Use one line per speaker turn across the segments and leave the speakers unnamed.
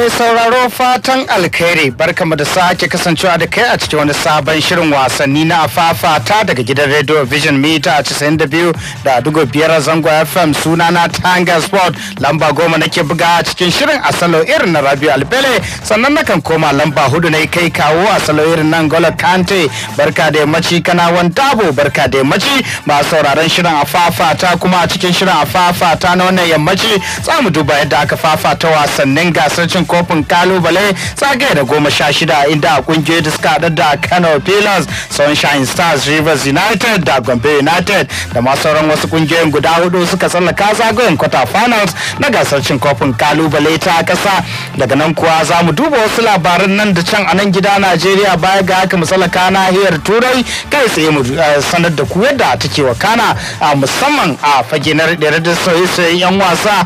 mai sauraro fatan alkhairi barkamu da sake kasancewa da kai a cikin wani sabon shirin wasanni na afafata daga gidan radio vision mita 92 da dugo biyar zango fm suna na tanga sport lamba goma nake buga a cikin shirin asalo irin na rabiu albele sannan nakan koma lamba hudu na kai kawo asalo irin nan gola kante barka da yammaci kana wan dabo barka da yammaci ba sauraron shirin afafata kuma a cikin shirin afafata na wannan yammaci za mu duba yadda aka fafata wasannin gasar cin kofin kalubale zagaye da goma sha shida inda kungiyar da suka haɗu da kano pillars sunshine stars rivers united da gombe united da masu sauran wasu kungiyoyin guda hudu suka tsallaka zagayen quarter finals na gasar cin kofin kalubale ta kasa daga nan kuwa za mu duba wasu labaran nan da can a nan gida najeriya baya ga haka mu tsallaka nahiyar turai kai tsaye mu eh, sanar da ku yadda take wakana musamman a fage na da sauye sauye yan wasa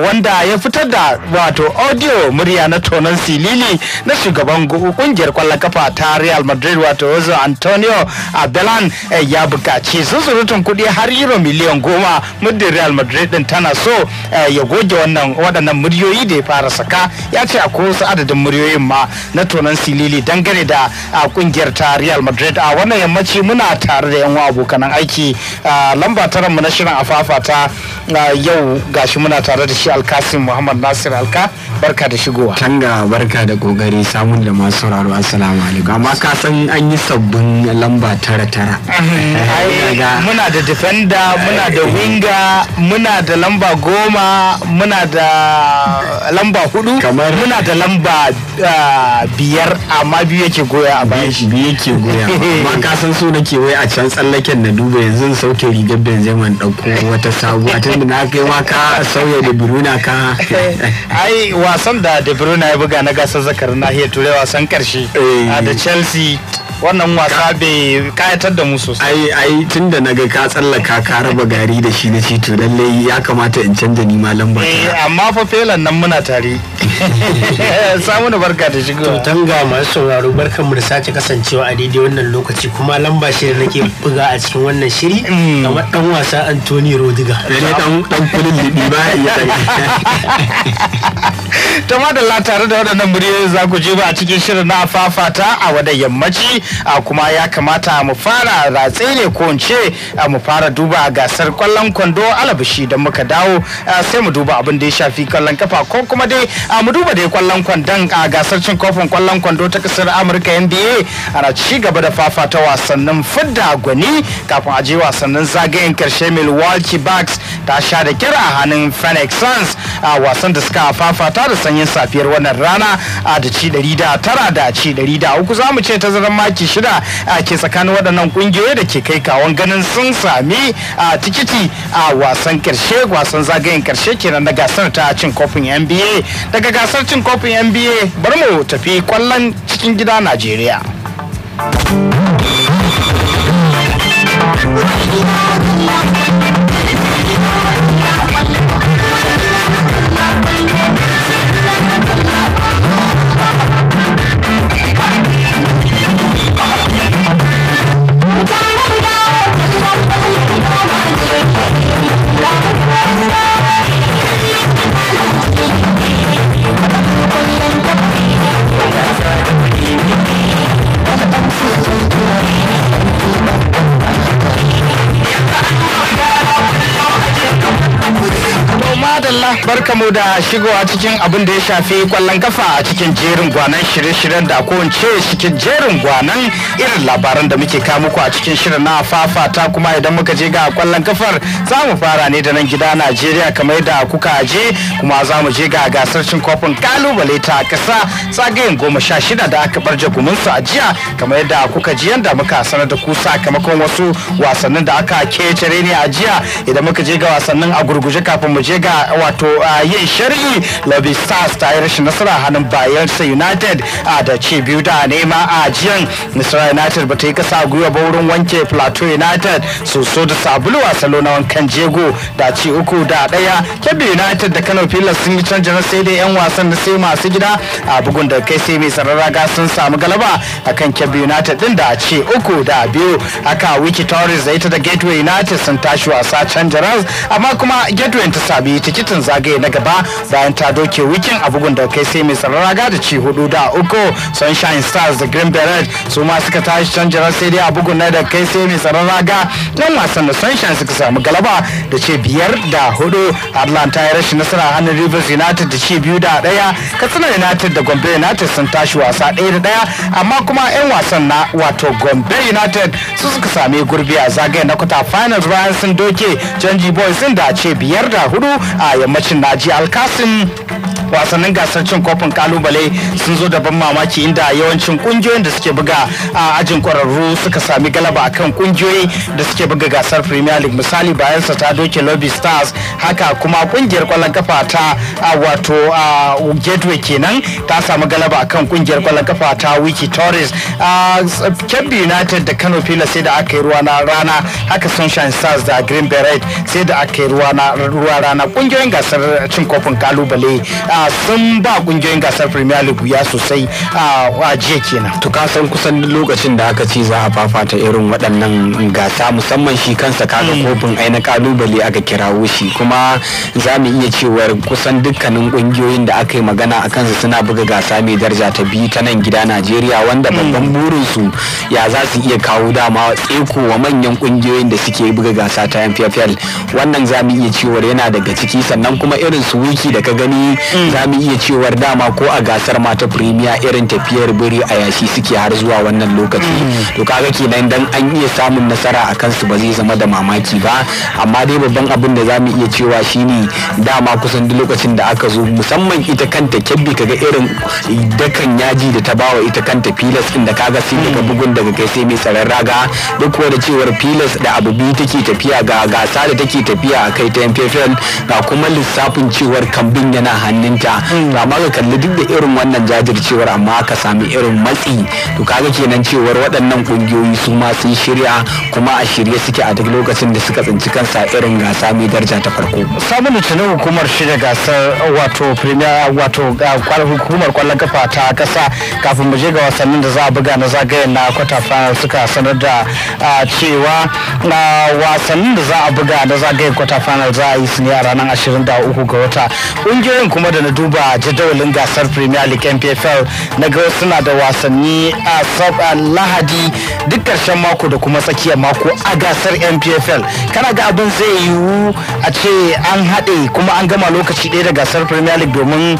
wanda ya fitar da wato audio mu murya na tonon silili na shugaban kungiyar kwallon kafa ta Real Madrid wato Jose Antonio Abelan eh, ya bukaci zuzurutun kuɗi har euro miliyan goma muddin Real Madrid din tana so eh, ya goge wannan waɗannan muryoyi da ya fara saka ya ce a wasu adadin muryoyin ma na tonon silili dangane da kungiyar ta Real Madrid a wannan yammaci muna tare da yan abokan aiki lamba tara mu na shirin afafa ta yau gashi muna tare da shi Alkasim Muhammad Nasir Alka barka da shi. shigowa tanga barka da kokari samun da masu sauraro assalamu alaikum amma ka san an yi sabbin lamba tara tara muna da defender muna da winga muna da lamba goma muna da lamba hudu muna da lamba ah, biyar amma biyu yake goya a bayan shi biyu yake goya amma ka san so nake wai a can tsallaken na duba yanzu sauke rigar benjamin dauko wata sabuwa tunda na kai ma ka sauya da biruna ka ai wasan da da Bruno ya buga na gasar zakar nahiyar turai wasan karshe eh. ah, da Chelsea wannan wasa bai kayatar da mu sosai ai tun da naga ka tsallaka ka raba gari da shi na shi to lalle ya kamata in canja ni ma lamba eh amma fa felan nan muna tare samu da barka da shigo to tanga masu sauraro barkanmu da sake kasancewa a daidai wannan lokaci kuma lamba shi da nake buga a cikin wannan shiri mm. kamar dan wasa Anthony Rodiga ne dan dan kulin libi ba ya to madalla tare da waɗannan muryoyi za ku je ba a cikin shirin na fafata a wadai yammaci A kuma ya kamata mu fara ratse ne ko ce mu fara duba gasar kwallon kwando alabishi don muka dawo sai mu duba abin da ya shafi kwallon kafa ko kuma dai mu duba dai kwallon kwandon a gasar cin kofin kwallon kwando ta kasar amurka nba ana ci gaba da fafata wasannin fidda gwani kafin a je wasannin zagayen karshe milwaukee bucks ta sha da kira a hannun phoenix suns a wasan da suka fafata da sanyin safiyar wannan rana a da ci 109 da ci uku za mu ce tazarar maki maki shida a ke tsakanin waɗannan ƙungiyoyi da ke kai kawon ganin sun sami a tikiti a wasan ƙarshe wasan zagayen ƙarshe kenan na gasar ta cin kofin nba daga gasar cin kofin nba bari mu tafi kwallon cikin gida najeriya Thank you. Allah barkamu da shigowa cikin abin da ya shafi kwallon kafa a cikin jerin gwanan shirye-shiryen da ko cikin jerin gwanan irin labaran da muke kawo muku a cikin shirin na fafata kuma idan muka je ga kwallon kafar za mu fara ne da nan gida Najeriya kamar da kuka je kuma za mu je ga gasar cin kofin kalubale ta kasa zagayen goma sha shida da aka bar su a jiya kamar da kuka ji yadda muka sanar da ku sakamakon wasu wasannin da aka kece ne a jiya idan muka je ga wasannin a gurguje kafin mu je ga wato yin sharhi lobby stars ta yi rashin nasara hannun bayelsa united da ce biyu da nema a jiyan nasara united ba yi kasa gwiwa ba wurin wanke plateau united soso da sabulu a salo na wankan jego da ci uku da daya kebbi united da kano pilas sun yi canja na sai dai yan wasan na sai masu gida a bugun da kai sai mai ga sun samu galaba akan kebbi united din da ce uku da biyu haka wiki torres da ita da gateway united sun tashi wasa canja amma kuma gateway ta sami tikitin cin zagaye na gaba bayan ta doke wikin a bugun da kai sai mai raga da ci hudu da uku sunshine stars da green beret su ma suka tashi can dai a bugun na da kai sai mai raga nan wasan da sunshine suka samu galaba da ce biyar da hudu atlanta ya rashin nasara hannun rivers united da ci biyu da daya katsina united da gombe united sun tashi wasa daya da daya amma kuma yan wasan na wato gombe united su suka sami gurbi a zagaye na kwata finals bayan sun doke canji boys sun da ce biyar da hudu a yammacin naji alkasin wasannin gasar cin kofin kalubale sun zo da ban mamaki inda yawancin kungiyoyin da suke buga a ajin kwararru suka sami galaba akan kungiyoyi da suke buga gasar premier league misali bayan sa ta doke lobby stars haka kuma kungiyar kwallon kafa ta wato gateway kenan ta samu galaba akan kungiyar kwallon kafa ta wiki torres kebbi united da kano pila sai da aka yi ruwa na rana haka sunshine stars da green beret sai da aka yi ruwa rana kungiyoyin gasar cin kofin kalubale sun ba kungiyoyin gasar premier league ya sosai a jiya kenan to ka san kusan lokacin da aka ce za a fafata irin waɗannan gasa musamman shi kansa kaga mm. kofin ai na kalubale aka kirawo shi kuma za mu iya cewar kusan dukkanin kungiyoyin da aka yi magana a kansu suna buga gasa mai daraja ta biyu ta nan gida najeriya wanda mm. babban burin su ya za su iya kawo dama tseko wa manyan kungiyoyin da suke buga gasa ta nffl wannan za mu iya cewar yana daga ciki sannan sannan kuma irin su wiki da ka gani mm. za mu iya cewar dama ko a gasar mata premier irin tafiyar biri a yashi suke har zuwa wannan lokaci mm. to kaga kenan dan an iya samun nasara a kansu ba zai zama da mamaki ba amma dai babban abin da za mu iya cewa shine dama kusan duk lokacin da aka zo musamman ita kanta kebbi kaga irin dakan yaji da ta bawa ita kanta filas din da kaga sai daga mm. bugun daga kai sai mai tsaron raga duk da cewar filas da abu biyu take tafiya ga gasa da take tafiya a kai ta mpfl ga kuma lissafin cewar kambin yana hannunta hmm. ta amma ka kalli duk da irin wannan jajircewar amma ka sami irin matsi to kaga kenan cewar waɗannan kungiyoyi su ma sun shirya kuma a shirye suke a duk lokacin da suka tsinci kansa irin gasa mai daraja ta farko sabon litinin hukumar shirya gasar uh, wato premier uh, wato uh, hukumar kwallon kafa ta kasa kafin mu je ga wasannin da za a buga na zagayen na kwata final suka sanar da cewa wasannin da za a buga na zagayen kwata final za a yi su ne a ranar ashirin da uku ga wata ƙungiyoyin kuma da na duba jadawalin gasar premier league npfl na ga suna da wasanni a lahadi duk ƙarshen mako da kuma tsakiyar mako a gasar npfl kana ga abin zai yiwu a ce an haɗe kuma an gama lokaci ɗaya da gasar premier league domin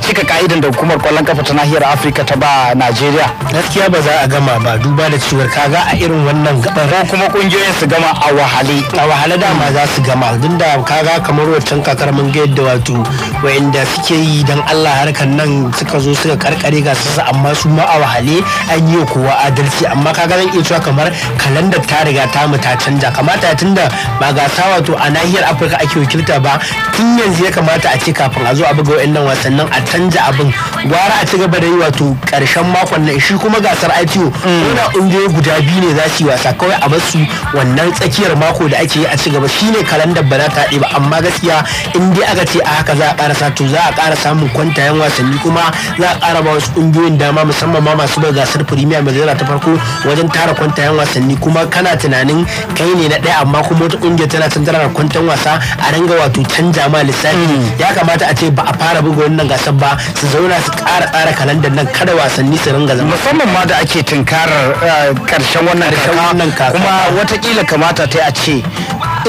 cika ka'idan da hukumar kwallon kafa ta nahiyar afirka ta ba najeriya gaskiya ba za a gama ba duba da cewar kaga a irin wannan gaban ko kuma ƙungiyoyin su gama a wahale a wahale dama za su gama duk da kaga kamar wancan Karamin mun ga yadda wato wayanda suke yi dan allah harkar nan suka zo suka karkare ga su amma su ma a wahale an yi kowa adalci amma kaga zan iya cewa kamar kalandar ta riga ta mu ta canja kamata tunda ba gasa wato a nahiyar afirka ake wakilta ba tun yanzu ya kamata a ce kafin a zo a buga wa'annan wasannin a canja abin gwara a ci gaba da yi wato karshen makon nan shi kuma gasar ITO mm. kuna ƙungiyoyi guda biyu ne za su yi wasa kawai a su wannan tsakiyar mako da ake yi a ci gaba shine kalandar ba za ta ba amma gaskiya in dai aka ce a haka za a ƙara to za a ƙara samun kwantayen wasanni kuma za a ƙara ba wasu ƙungiyoyin dama musamman ma masu bai gasar firimiya mai zira ta farko wajen tara kwantayen wasanni kuma kana tunanin kai ne na ɗaya amma kuma wata ƙungiya tana can tara kwantan wasa a ringa wato canja ma lissafi hmm. ya kamata a ce ba a fara buga wannan gasar ba su zauna su ƙara tsara kalandar nan kada wasanni su ringa zama musamman ma da ake tunkarar eh, ƙarshen wannan kaka kuma watakila kamata ta a ce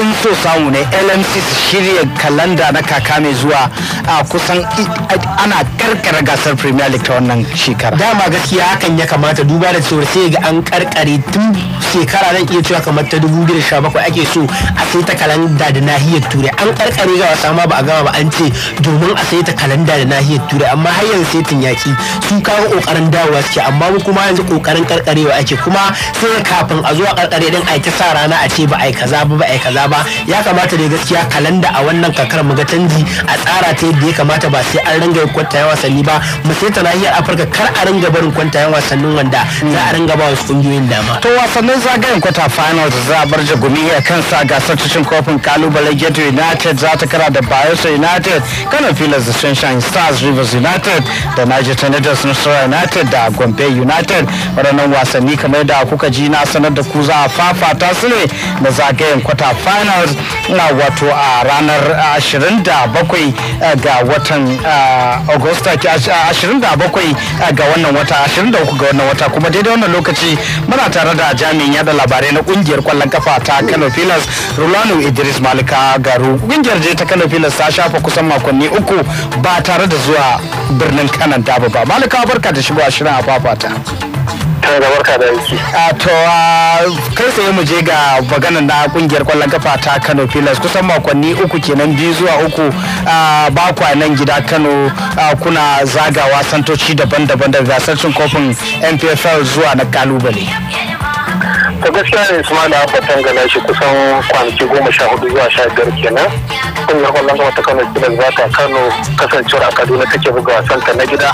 in so samu ne lmc shirya kalanda na kaka mai zuwa a kusan ana karkara gasar premier league ta wannan shekara dama gaskiya hakan ya kamata duba da cewar sai ga an karkare tun shekara nan iya cewa kamar ta 2017 ake so a sai ta kalanda da nahiyar turai an karkare ga wasa ma ba a gama ba an ce domin a sai ta kalanda da nahiyar turai amma har yanzu sai tun yaki su kawo kokarin dawowa suke amma mu kuma yanzu kokarin karkarewa ake kuma sai kafin a zuwa karkare din a ta sa rana a ce ba a kaza ba ba a kaza ba ya kamata ne gaskiya kalanda a wannan kakar mu ga canji a tsara ta yadda ya kamata ba sai an ringa kwantayen wasanni ba mu sai ta nahiyar afirka kar a ringa barin kwantayen wasannin wanda za a ringa ba wasu kungiyoyin dama. to wasannin zagayen kwata final da za a bar jagumi a kan sa gasar cikin kofin kalubalen gate united za ta kara da bayelsa united kanan filas da sunshine stars rivers united da niger tornadoes nasara united da gombe united waɗannan wasanni kamar da kuka ji na sanar da ku za a fafata su ne na zagayen kwata final finals na wato a ranar 27 eh, ga watan eh, agusta eh, 27 ga wannan wata 23 ga wannan wata kuma daidai wannan lokaci muna tare da jami'in yada labarai na kungiyar kwallon kafa ta kano filas rulanu idris malika garu kungiyar je ta kano filas ta shafa kusan makonni uku ba tare da zuwa birnin kanan daba ba malika barka da shigo a shirin a fafata tun barka da A to kai tsaye mu je ga maganar na kungiyar kwallon kafa ta Kano Pillars kusan makonni uku kenan biyu zuwa uku ba kwa nan gida Kano kuna zagawa santoci daban-daban daga gasar cin kofin MPFL zuwa na kalubale.
ta gaskiya ne ismail abba gana shi kusan kwanaki goma sha hudu zuwa sha biyar kenan kungiyar kwallon kafa ta kano kilas za ta kano kasancewar a kaduna take buga wasan ta na gida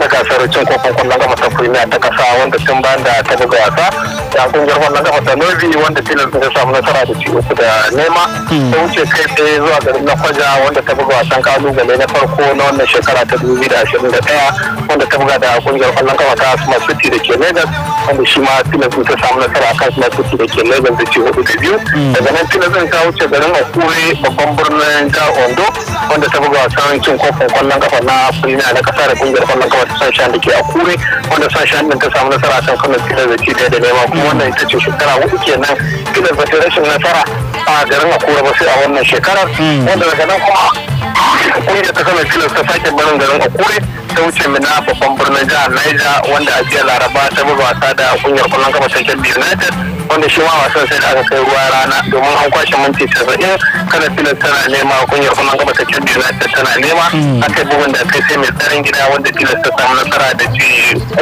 na gasar cin kofin kwallon kafa ta premier ta kasa wanda tun ban da ta buga wasa da kungiyar kwallon kafa ta novi wanda kilas sun samu nasara da ci uku da nema ta wuce kai tsaye zuwa garin na kwaja wanda ta buga wasan kalubale na farko na wannan shekara ta dubu biyu da ashirin da ɗaya wanda ta buga da kungiyar kwallon kafa ta smart city da ke lagos wanda shi ma tilas ta samu nasara akan su masu da ke lagos da ce hudu da biyu mm. daga nan tilas zan ta wuce garin akure babban birnin ta ondo wanda ta buga wasan cin kofin kwallon kafa na premier na kasa da kungiyar kwallon kafa ta sunshine da ke akure wanda sunshine din ta samu nasara kan kano tilas da ke da da nema kuma mm. wannan ita ce shekara hudu kenan tilas ba ta rashin nasara a garin akure ba sai a wannan shekarar mm. wanda daga nan kuma kungiyar ta kano filas ta sake barin garin akure ta wuce mina babban birnin jihar niger wanda a jiya laraba ta bi wasa da kungiyar kwallon kafa ta kebbi united wanda shi ma wasan sai da aka kai ruwa rana domin an kwashe minti casa'in kano filas tana nema kungiyar kwallon kafa ta kebbi united tana nema hmm. aka bi wanda kai sai mai tsarin gida wanda filas ta samu nasara da ci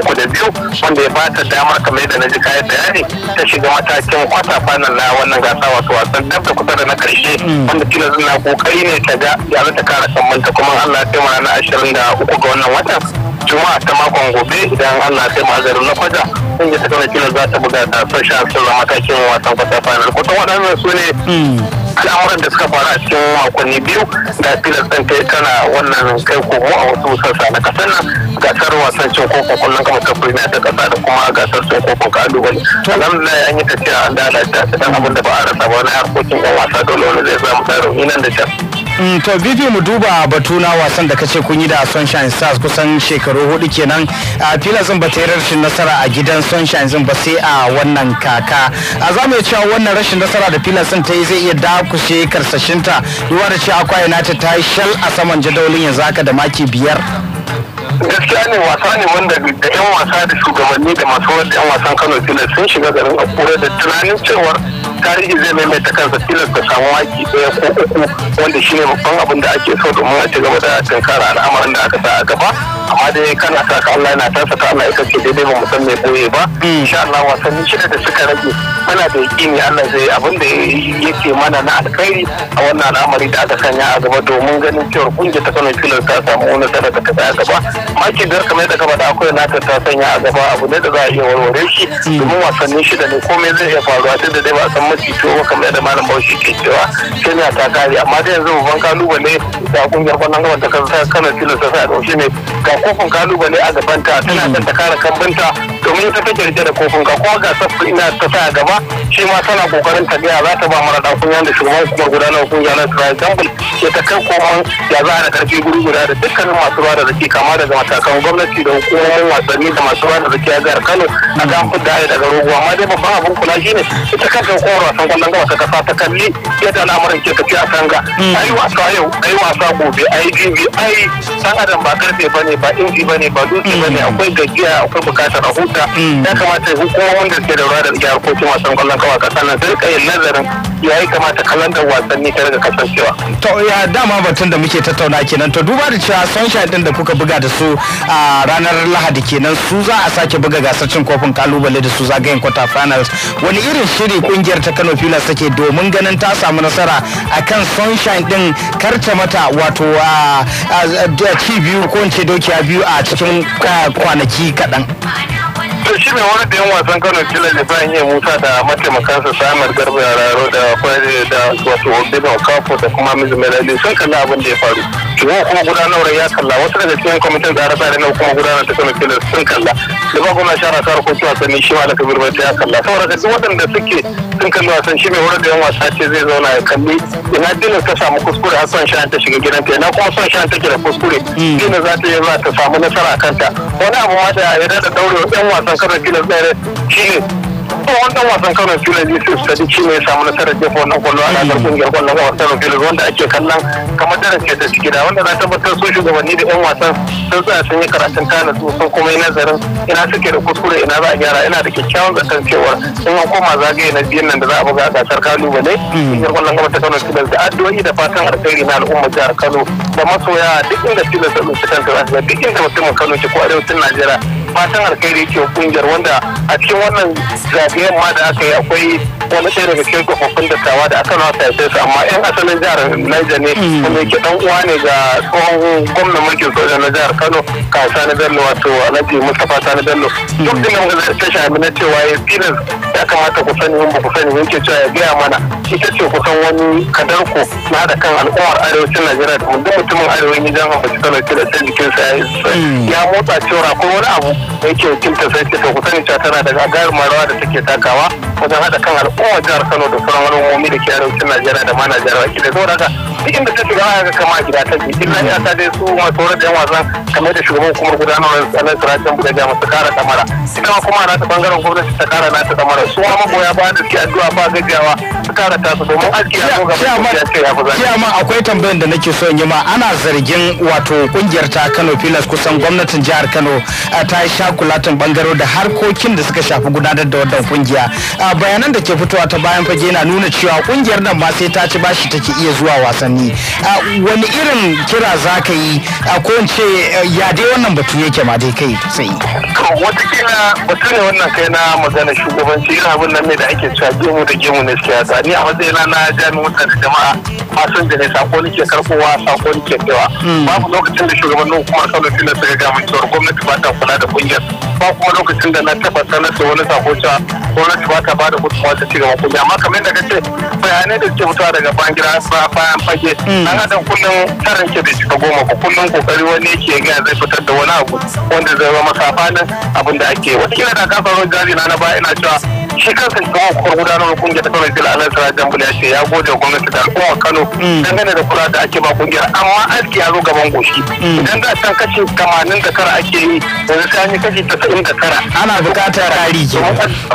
uku da biyu wanda ya bata damar kamar yadda na ji kayan bayani ta shiga matakin kwata final na wannan gasa wasan dab da kusa da na karshe hmm. wanda filas na kokari ne ta ga ya ta kara musamman ta kuma Allah ya kai ranar ashirin da uku ga wannan watan juma'a ta makon gobe idan Allah ya kai a garin na kwaja sun yi sakamakon za ta buga sun zama matakin wasan kwata final kusan waɗannan su ne al'amuran da suka faru a cikin makonni biyu da filas ɗin ta tana wannan kai kogo a wasu sassa na kasar nan gasar wasan cin kofin kullum kama ta premier ta ƙasa da kuma gasar cin a ne alhamdulillah an yi tafiya an dala ta dan abin da ba a rasa ba wani harkokin yan wasa dole wani zai samu rauni nan da can
Mm, to bibi mu duba batu na wasan da kace kun yi da sunshine stars kusan shekaru hudu kenan a filazin ba ta yi rashin nasara a gidan sunshine zin ba sai a wannan kaka a za mu cewa wannan rashin nasara da filazin ta yi zai iya dakushe karsashinta duwa da cewa akwai united ta yi shal a saman jadawalin yanzu haka da maki biyar
gaskiya ne wasa ne wanda da yan wasa da shugabanni da masu wasu yan wasan kano filas sun shiga garin a kura da tunanin cewar tarihi zai ta kansa tilas da samu waki ɗaya ko uku wanda shine babban abin da ake so domin a ci gaba da tunkara al'amarin da aka sa a gaba amma dai kana sa ka Allah yana tasa ta Allah ita ce daidai ba mu san mai boye ba hmm. insha Allah wasanni shida da suka rage muna da yaƙini Allah zai abin da yake mana na alkhairi a wannan al'amari da aka sanya a gaba domin ganin cewar kungiyar ta Kano tilas ta samu wani da ta a gaba maki da kamar da ka da akwai nata ta sanya a gaba abu ne da za a iya warware shi hmm. domin wasanni shida ne komai zai iya faruwa tunda dai ba a mafi tuwo kamar yadda malam bauchi ke cewa kenya ta kare amma da yanzu babban kalubale da kungiyar kwanan gaban ta kasa kanar tilas ta sa shi ne ga kofin kalubale a gabanta tana son ta kare kambinta domin ta take rike da kofin ka kuma ga safi ina ta sa gaba shi ma tana kokarin ta gaya za ta ba mara da kungiyar da shugaban kuma gudanar kungiyar na tsirai gambul ya ta kai koman ya za a karfi guri guda da dukkanin masu ruwa da zake kama daga matakan gwamnati da hukumomin wasanni da masu ruwa da zake a jihar kano a kan fudda daga rogo amma dai babban abin kula shi ne ita kanta hukumar wasan kwallon gaba ta kasa ta kalli yadda al'amuran ke tafiya kan ga hmm. ai wasa yau ai wasa gobe ai jibi ai dan adam ba karfe bane ba inji bane ba dutse hmm. bane akwai gajiya akwai bukatar a huta hmm. ya kamata hukumomin da ke da ruwa da suke harkokin wasan kwallon kawa ka nan sai rika yin nazarin ya yi kamata kalandar wasanni ta daga kasancewa.
to ya dama batun da muke tattauna kenan to duba da cewa sunshine din da kuka buga da su a ranar lahadi kenan su za a sake buga gasar cin kofin kalubale da su zagayen quarter finals wani irin shiri kungiyar ta Kano Pilas take domin ganin ta samu nasara a kan Sunshine din karta mata wato a ci biyu ko in ce dokiya biyu a cikin uh, kwanaki kaɗan.
to shi mai wani da yan wasan kano kila ibrahim ya musa da mataimakansa samar garba yararo da kwaje da wato obinna okafo da kuma mizu melali sun kalla abin da ya faru kiwo kuma gudanarwar ya kalla wasu daga cikin kwamitin tsare-tsare na kuma gudanar ta kano kila sun kalla da ba gwamna shara ta harkokin wasanni shi ma da kabir bai ya kalla saboda ka duk waɗanda suke sun kalli wasan shi mai wani da yan wasa ce zai zauna ya kalli ina dinin ta samu kuskure har son shan ta shiga gidanta ina kuma son shan take da kuskure hmm. dinin za ta yi za ta samu nasara a kanta wani abu ma da ya daɗa ɗaurewa yan wasan wasan kano tsere ɗaya shi ne to wasan kano filas yusuf sadiki ne ya samu nasarar jefa wannan kwallo a gasar kungiyar kwallon wasan kano filin wanda ake kallon kamar ke da suke da wanda na tabbatar sun shugabanni da yan wasan sun tsaya sun yi karatun kana su sun kuma yi nazarin ina suke da kuskure ina za a gyara ina da kyakkyawan zaton cewa in yi koma zagaye na biyan nan da za a buga a gasar kalubale hmm. kungiyar kwallon kafa ta kano filin da addu'o'i da fatan alkhairi na al'ummar jihar kano da masoya duk inda filas ta su kanta duk inda mutumin kano ke ko arewacin najeriya fatan alkhairi ke kungiyar wanda a cikin wannan zagayen ma da aka yi akwai wani ɗaya daga cikin da dattawa da aka nawa ya su amma yan asalin jihar Niger ne kuma hmm. yake dan uwa ne ga tsohon gwamnan mulkin soja na jihar Kano kasa na Bello wato Alhaji Mustapha Sani Bello hmm. duk da mun ga ta shafi na cewa ya tilas ya kamata ku sani mun ba ku sani yake cewa ya gaya mana ita ce kusan wani kadarko na da kan al'ummar arewacin Najeriya da mutumin arewacin jihar Bauchi Kano ke da sai jikinsa hmm. ya motsa cewa akwai wani abu yake wakiltar sai ce ku sanin cewa tana da gagarumar rawa da take takawa wajen haɗa kan al'ummar jihar Kano da sauran al'ummomi da ke arewacin Najeriya da ma Najeriya baki da saboda haka duk da ta shiga ga kama a gida ta ke illa ya ta dai su masu horar da yan wasan kamar da shugaban hukumar gudanarwar tsanan siracin buga jama su kara kamara ita ma kuma nata bangaren gwamnati ta kara nata kamara su ma magoya ba da suke addu'a ba gajiyawa su kara tasu domin aski ya zo gaba da ce ya fi
zai. akwai tambayar da nake so in yi ma ana zargin wato kungiyar ta Kano Pilas kusan gwamnatin jihar Kano eh, ta yi shakulatin bangaro da harkokin da suka shafi gudanar da wannan kungiya ah, bayanan da ke fitowa ta bayan fage na nuna cewa kungiyar nan ma sai ta ci bashi take iya zuwa wasanni gani wani irin kira za ka yi ko in ce eh, ya dai wannan batu yake ma dai kai sai
to watakila batu ne wannan kai na magana shugabanci ina abin nan ne da ake cewa gemu da gemu ne suke yasa ni a matsayina na jami'in mutane jama'a fasin da ne sako ke karfowa sako ke kaiwa hmm. babu lokacin da shugabannin hukumar da tilas suka ga mun cewar gwamnati ba ta kula da kungiyar ba kuma lokacin da na tabbata na wani sako cewa gwamnati ba ta ba da gudunmawa ta ci gaba amma kamar yadda ka ce bayanai da suke fitowa daga bayan gida gaske mm. dan adam kullum tara yake da shiga goma ko kullum kokari wani yake ga zai fitar da wani abu wanda zai zama safanin abin da ake wata kila da ka samu jari na na baya ina cewa shi kansa shugaban hukumar gudanarwar kungiyar ta kawai jila alai sara jambul ya shi. ya gode gwamnati da al'umma kano mm. dangane da kula da ake ba kungiyar amma aski ya zo gaban goshi mm. idan da can kashi tamanin da tara ake yi yanzu sai an yi kashi tasa'in da tara ana buƙatar ƙari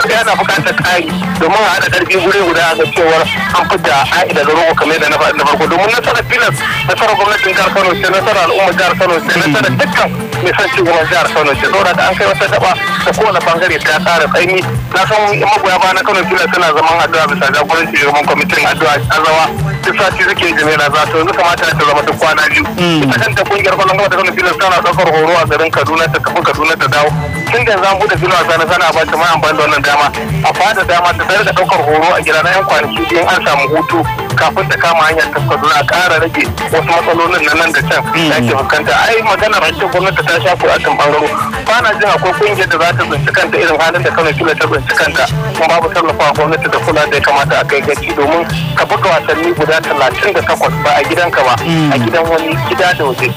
ke ana buƙatar ƙari domin a haɗa ƙarfi gure guda ga cewar an fita a'ida da rogo kamar yadda na farko kamar nasarar filas nasarar gwamnatin jihar kano ce nasarar al'ummar jihar kano ce nasarar dukkan mai son ci gaban jihar kano ce saboda da an kai wata daba ko kowane bangare ta tsara tsaini na san magoya ba na kano fila suna zaman addu'a bisa jagoranci shugaban kwamitin addu'a azawa duk sati suke jimela za to yanzu kamata ta zama duk kwana biyu ita mm. kanta kungiyar kwallon da ta kano filas tana ɗaukar horo a garin kaduna ta tafi kaduna ta dawo tun da zan bude fila a sana ba a bata da wannan dama a fada dama ta tare da daukar horo a gida na yan kwanaki in an samu hutu kafin ta kama hanyar tafkar na ƙara rage wasu matsalolin na nan da can mm-hmm. da ake fuskanta ai magana rashin gwamnati ta shafi a kan ɓangaro ba jin akwai kungiyar da za ta tsinci kanta irin halin da kano kila ta tsinci kanta kuma babu tallafa gwamnati da kula da ya kamata a kai gaci domin ka buga wasanni guda talatin da takwas ba a gidanka ba a mm-hmm. gidan wani gida da waje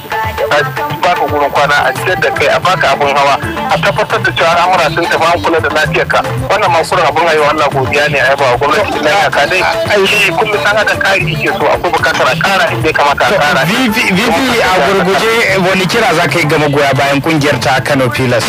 a baka gurin kwana a ciyar da kai a baka abin hawa a tabbatar da cewa al'amura sun tafi an kula da lafiyarka wannan ma kurin abin ayyuka Allah godiya ne a yaba wa gwamnati na dai ai kuma san haɗa kari ke so akwai bukatar bukatar kara inda ya kamata a kara vp a
gurguje wani kira za ka yi gama goya bayan kungiyar ta kano pilas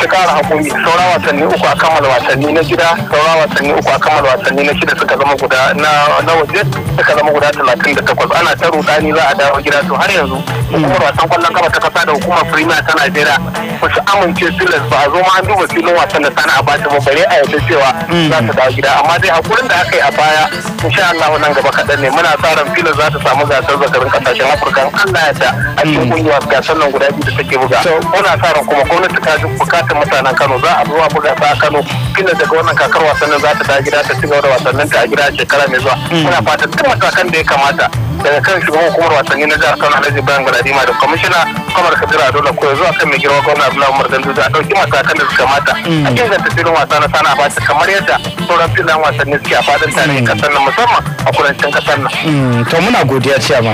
su kara hakuri sauran wasanni uku a kammala wasanni na gida sauran wasanni uku a kammala wasanni na shida suka zama guda na waje suka zama guda talatin da takwas ana ta rudani za a dawo gida to har yanzu hukumar wasan kwallon kama ta kasa da hukumar firima ta najeriya ba su amince pilas ba a zo ma an duba filin wasan da sana a ba bare a yadda cewa za su dawo gida amma dai hakurin da aka yi a baya insha Allah nan gaba kaɗan ne muna sa ran Ingila za ta samu gasar zakarin kasashen Afirka Allah ya da a cikin kungiyar gasar nan guda biyu da take buga. Muna sa ran kuma gwamnati ta ji bukatar mutanen Kano za a zuwa buga a Kano Ingila daga wannan kakar wasannin za ta ta gida ta cigaba da wasannin ta a gida shekara mai zuwa. Hmm. Muna fata duk matakan da ya kamata daga kan shugaban hukumar wasanni na jihar Kano Alhaji Ibrahim Galadima da kwamishina Kamar Kabiru Adola Koyo zuwa kan mai girma gwamna Abdullahi Umar Ganduza a ɗauki matakan da suka mata. Hmm. A inganta filin wasa na sana ba kamar yadda sauran filan wasanni suke a fadin tare kasar hmm. nan musamman a kudancin kasar
nan. to muna godiya ciyama.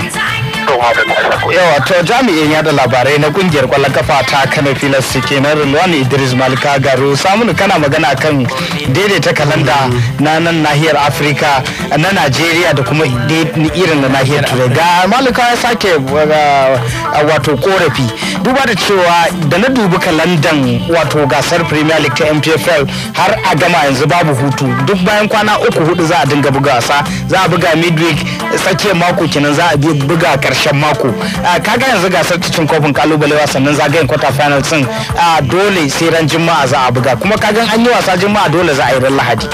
yawa to jami'in yada labarai na kungiyar kwallon kafa ta kano filas na rilwan idris malika garu samun kana magana kan daidaita kalanda na nan nahiyar afirka na najeriya da kuma irin na nahiyar turai ga malika ya sake uh, wato korafi duba da cewa da na dubi kalandan wato gasar premier league ta mpfl har a gama yanzu babu hutu duk bayan kwana uku hudu za a dinga buga wasa za a buga midweek tsakiyar mako kenan za a buga karshe karshen mako ah, kaga yanzu gasar cin kofin kalubale wasannin zagayen quarter final sun ah, dole sai ran juma'a za a buga kuma kaga an yi wasa juma'a dole za a yi ran lahadi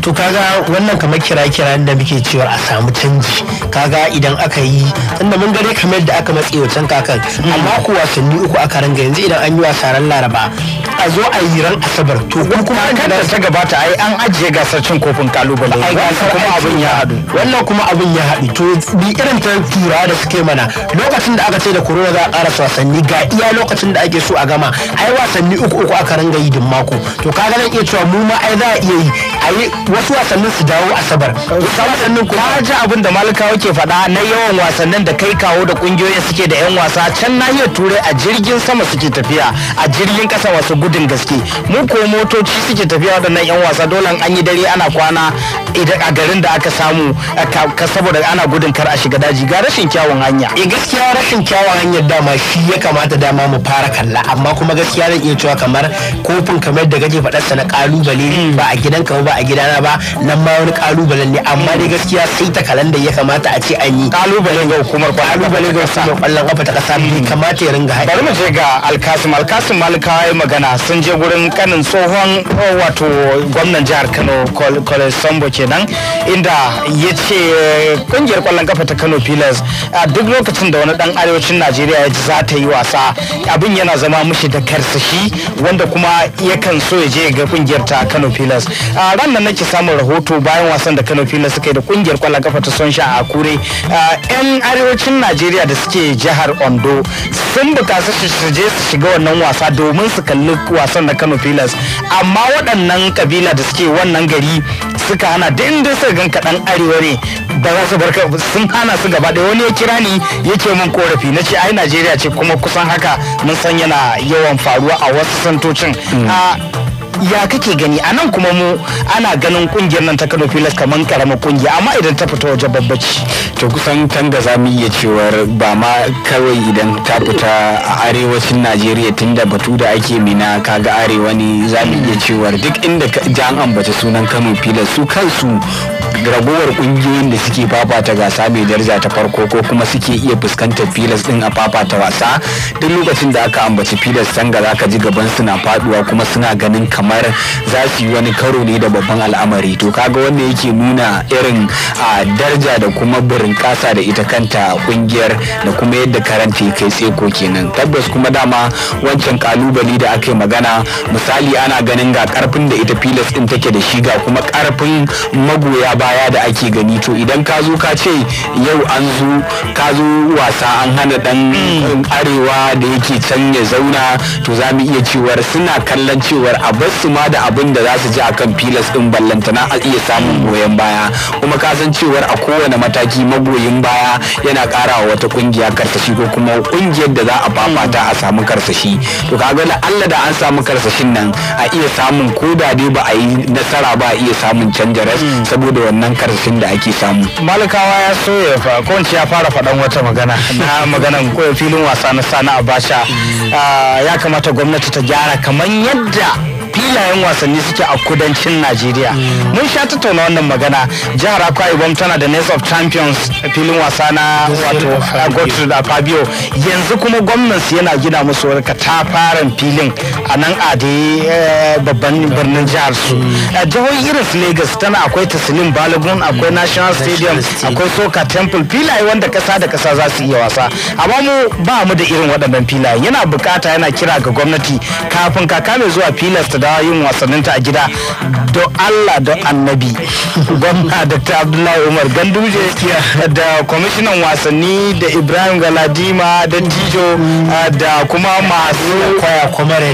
to kaga wannan kamar kira kira da
muke cewa a samu canji kaga idan aka yi tunda mun gare kamar da aka matse wancan kakan amma ko wasanni uku aka ranga yanzu idan an yi wasa ran laraba a zo a yi ran
asabar to kuma kan da ta gabata ai an ajiye gasar cin kofin kalubale kuma abin ya haɗu wannan kuma abin ya haɗu to bi irin ta tura da suke suke mana lokacin da aka ce da korona za a kara wasanni ga iya lokacin da ake so a gama ai wasanni uku uku aka ringa yi din mako to kaga zan iya cewa mu ma ai za a iya yi ayi wasu wasannin su dawo asabar wasannin ka ji abin da malika yake faɗa na yawan wasannin da kai kawo da kungiyoyin suke da yan wasa can nahiyar turai a jirgin sama suke tafiya a jirgin kasa wasu gudun gaske mu ko motoci suke tafiya waɗannan yan wasa dole an yi dare ana kwana a garin da aka samu saboda ana gudun kar a shiga daji ga rashin kyawun hanya e gaskiya rashin kyawun hanyar dama shi ya kamata dama mu fara kalla amma kuma gaskiya zan iya cewa kamar kofin kamar da kake faɗar sa na kalubale hmm. ba a gidan ka ba a gidana ba nan ma wani kalubalen ne amma dai gaskiya sai ta kalan da ya kamata a ce an yi kalubale ga hukumar ba kalubale ga sa kwallon kafa ta kasa ne kamata ya ringa haɗi bari mu je ga alkasim alkasim malika
ya magana sun je gurin kanin
tsohon wato gwamnan jihar kano kolesombo kenan inda ya ce kungiyar kwallon kafa ta kano pillars duk lokacin da wani dan arewacin najeriya ya ji za ta yi wasa abin yana zama mishi da karsashi wanda kuma yakan so ya je ga kungiyar ta kano pilas a ran nan nake samun rahoto bayan wasan da kano pilas suka yi da kungiyar kwallon kafa ta son sha a kure yan arewacin najeriya da suke jihar ondo sun bukaci su je su shiga wannan wasa domin su kalli wasan da kano pilas amma waɗannan kabila da suke wannan gari suka hana dindin suka gan kaɗan arewa ne ba za su barka sun hana su gaba ɗaya wani ya kira misali yake min korafi na ce ai najeriya ce kuma kusan haka mun san yana yawan faruwa a wasu santocin hmm. ah, ya kake gani a nan kuma mu ana ganin kungiyar nan ta kano filas kamar karamar kungiya amma idan ta fita waje babbaci to kusan kan da za mu iya cewar ba ma kawai idan ta fita a arewacin najeriya tunda batu da ake mina kaga arewa ne za mu iya hmm. cewar duk inda jan ambaci sunan kano filas su kansu ragowar kungiyoyin da suke fafata gasa mai daraja ta farko ko kuma suke iya fuskantar filas din a fafata wasa duk lokacin da aka ambaci filas sanga za ka ji gaban suna faduwa kuma suna ganin kamar za su yi wani karo ne da babban al'amari to kaga wanda yake nuna irin a daraja da kuma burin kasa da ita kanta kungiyar da kuma yadda karanta kai ko kenan tabbas kuma dama wancan kalubali da aka yi magana misali ana ganin ga karfin da ita filas din take da shi ga kuma karfin magoya baya da ake gani to idan ka zo ka ce yau an zo ka zo wasa an hana dan hmm. arewa da yake can ya zauna to za mu iya cewar suna kallon cewar a bas su ma da abin da za su ji akan filas din ballantana a iya samun goyon baya kuma ka san cewar a kowane mataki magoyin baya yana karawa wata kungiya karsashi ko kuma kungiyar da za a hmm. fafata a samu karsashi to kaga da Allah da an samu karsashin nan a iya samun koda da dai ba a yi nasara ba a iya samun canjaras. Hmm. saboda wannan karfin da ake samu. Malikawa ya so ya fa ko ya fara faɗan wata magana na maganan filin wasa na Sani Abacha mm. ah, ya kamata gwamnati ta gyara kamar yadda filayen wasanni suke a kudancin najeriya mun sha tattauna wannan magana jihar akwa ibom tana da nest of champions filin wasa na wato godfrey da fabio yanzu kuma gwamnansu yana gina musu wani katafaren filin a nan ade eh, babban birnin jihar su jihohi irin su lagos tana akwai taslim balogun akwai national stadium akwai soka temple filaye wanda kasa da kasa za su iya wasa amma mu ba mu da irin waɗannan filaye yana bukata yana kira ga gwamnati kafin kaka mai zuwa filas ta dawo yin wasanninta a gida don Allah don annabi gwamna da ta Abdullahi Umar Ganduje da kwamishinan wasanni da Ibrahim Galadima da Tijo da kuma masu kwaya kwamare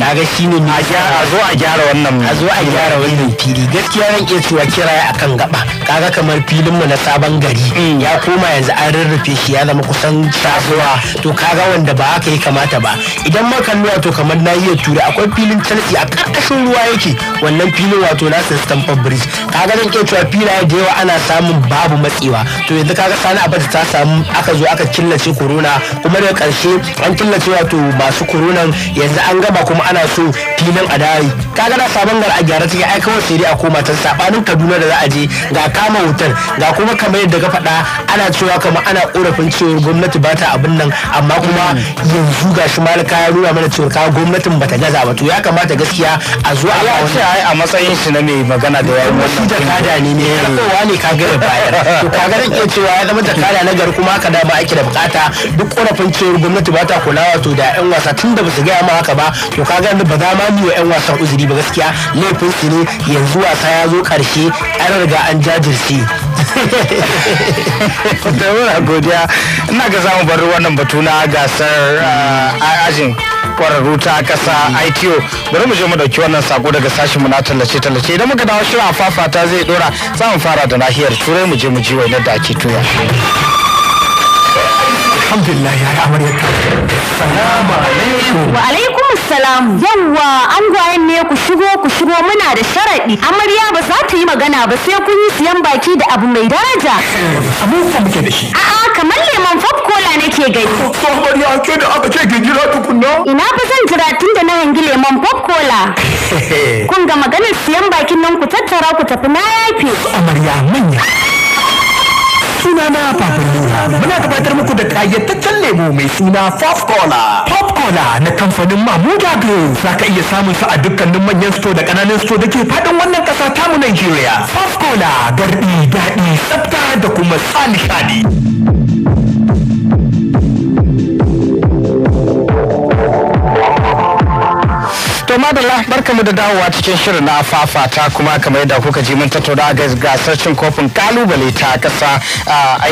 daga mm. shi ne a zo a gyara wannan a zo a gyara wannan fili gaskiya ran ke cewa kira akan gaba kaga kamar filin mu na sabon gari mm. ya koma yanzu an rarrafe shi ya zama kusan tasowa to kaga wanda ba haka yi kamata ba idan ma kan to kamar na iya tura akwai filin talci a ƙarƙashin ruwa yake wannan filin wato nasa stamford bridge kaga zan iya cewa filaye da yawa ana samun
babu matsewa to yanzu kaga sani abata ta samu aka zo aka killace korona kuma daga karshe an killace wato masu koronan yanzu an gama kuma ana so filin a dare kaga na sabon gar a gyara take ai kawai sai dai a koma ta sabanin kaduna da za a je ga kama hotel
ga kuma kamar yadda ka faɗa ana cewa kamar ana korafin cewar gwamnati ba ta abin nan amma kuma mm. yanzu ga gashi malaka ya nuna mana cewa gwamnatin bata gaza ba to ya kamata gaskiya a zuwa a wani ai a matsayin shi na mai magana da yayin wannan da kada ne ne eh. kowa ne ka ya
bayar to kaga zan iya cewa ya zama jakada na gari kuma haka da ba ake da bukata duk korafin cewar
gwamnati ba ta kula wato da yan wasa tunda ba su gaya ma haka ba to kaga ba za ma ni yan wasan uzuri ba gaskiya laifin su ne yanzu wasa ya zo karshe an riga an jajirce da godiya ina ga zamu bar wannan batu na gasar ah, ajin kwararru ta kasa ITO bari mu je mu dauki wannan sako daga sashin mu na tallace tallace idan muka dawo shirin afafata zai dora za mu fara da nahiyar turai
mu je mu ji wainar da ake tuya alhamdulillah ya yi amaryar salamu
alaikum salamu Yawwa angwayen ne ku shigo ku shigo muna da sharaɗi. Amarya ba za ta yi magana ba sai kun yi siyan baki da abu mai daraja. abu sa muke da shi. A'a kamar lemon pop cola nake gani. Ban bari ke da aka ce jira tukunna. Ina ba zan jira tun da na hangi lemon pop cola. Kun ga maganar siyan bakin nan ku tattara ku tafi na yafe. Amarya manya. suna na Fabrura. Muna gabatar muku da kayyataccen lemo mai suna
Pop Cola. Pop Cola na kamfanin Mamuda Group. Za ka iya samun su a dukkanin manyan store da kananan store da ke faɗin wannan ƙasa tamu Najeriya. Pop Cola garɗi daɗi tsafta da kuma sa nishaɗi.
to madalla barkamu da dawowa cikin shirin na fafata kuma kamar yadda kuka ji mun tattauna ga gasar cin kofin kalubale ta kasa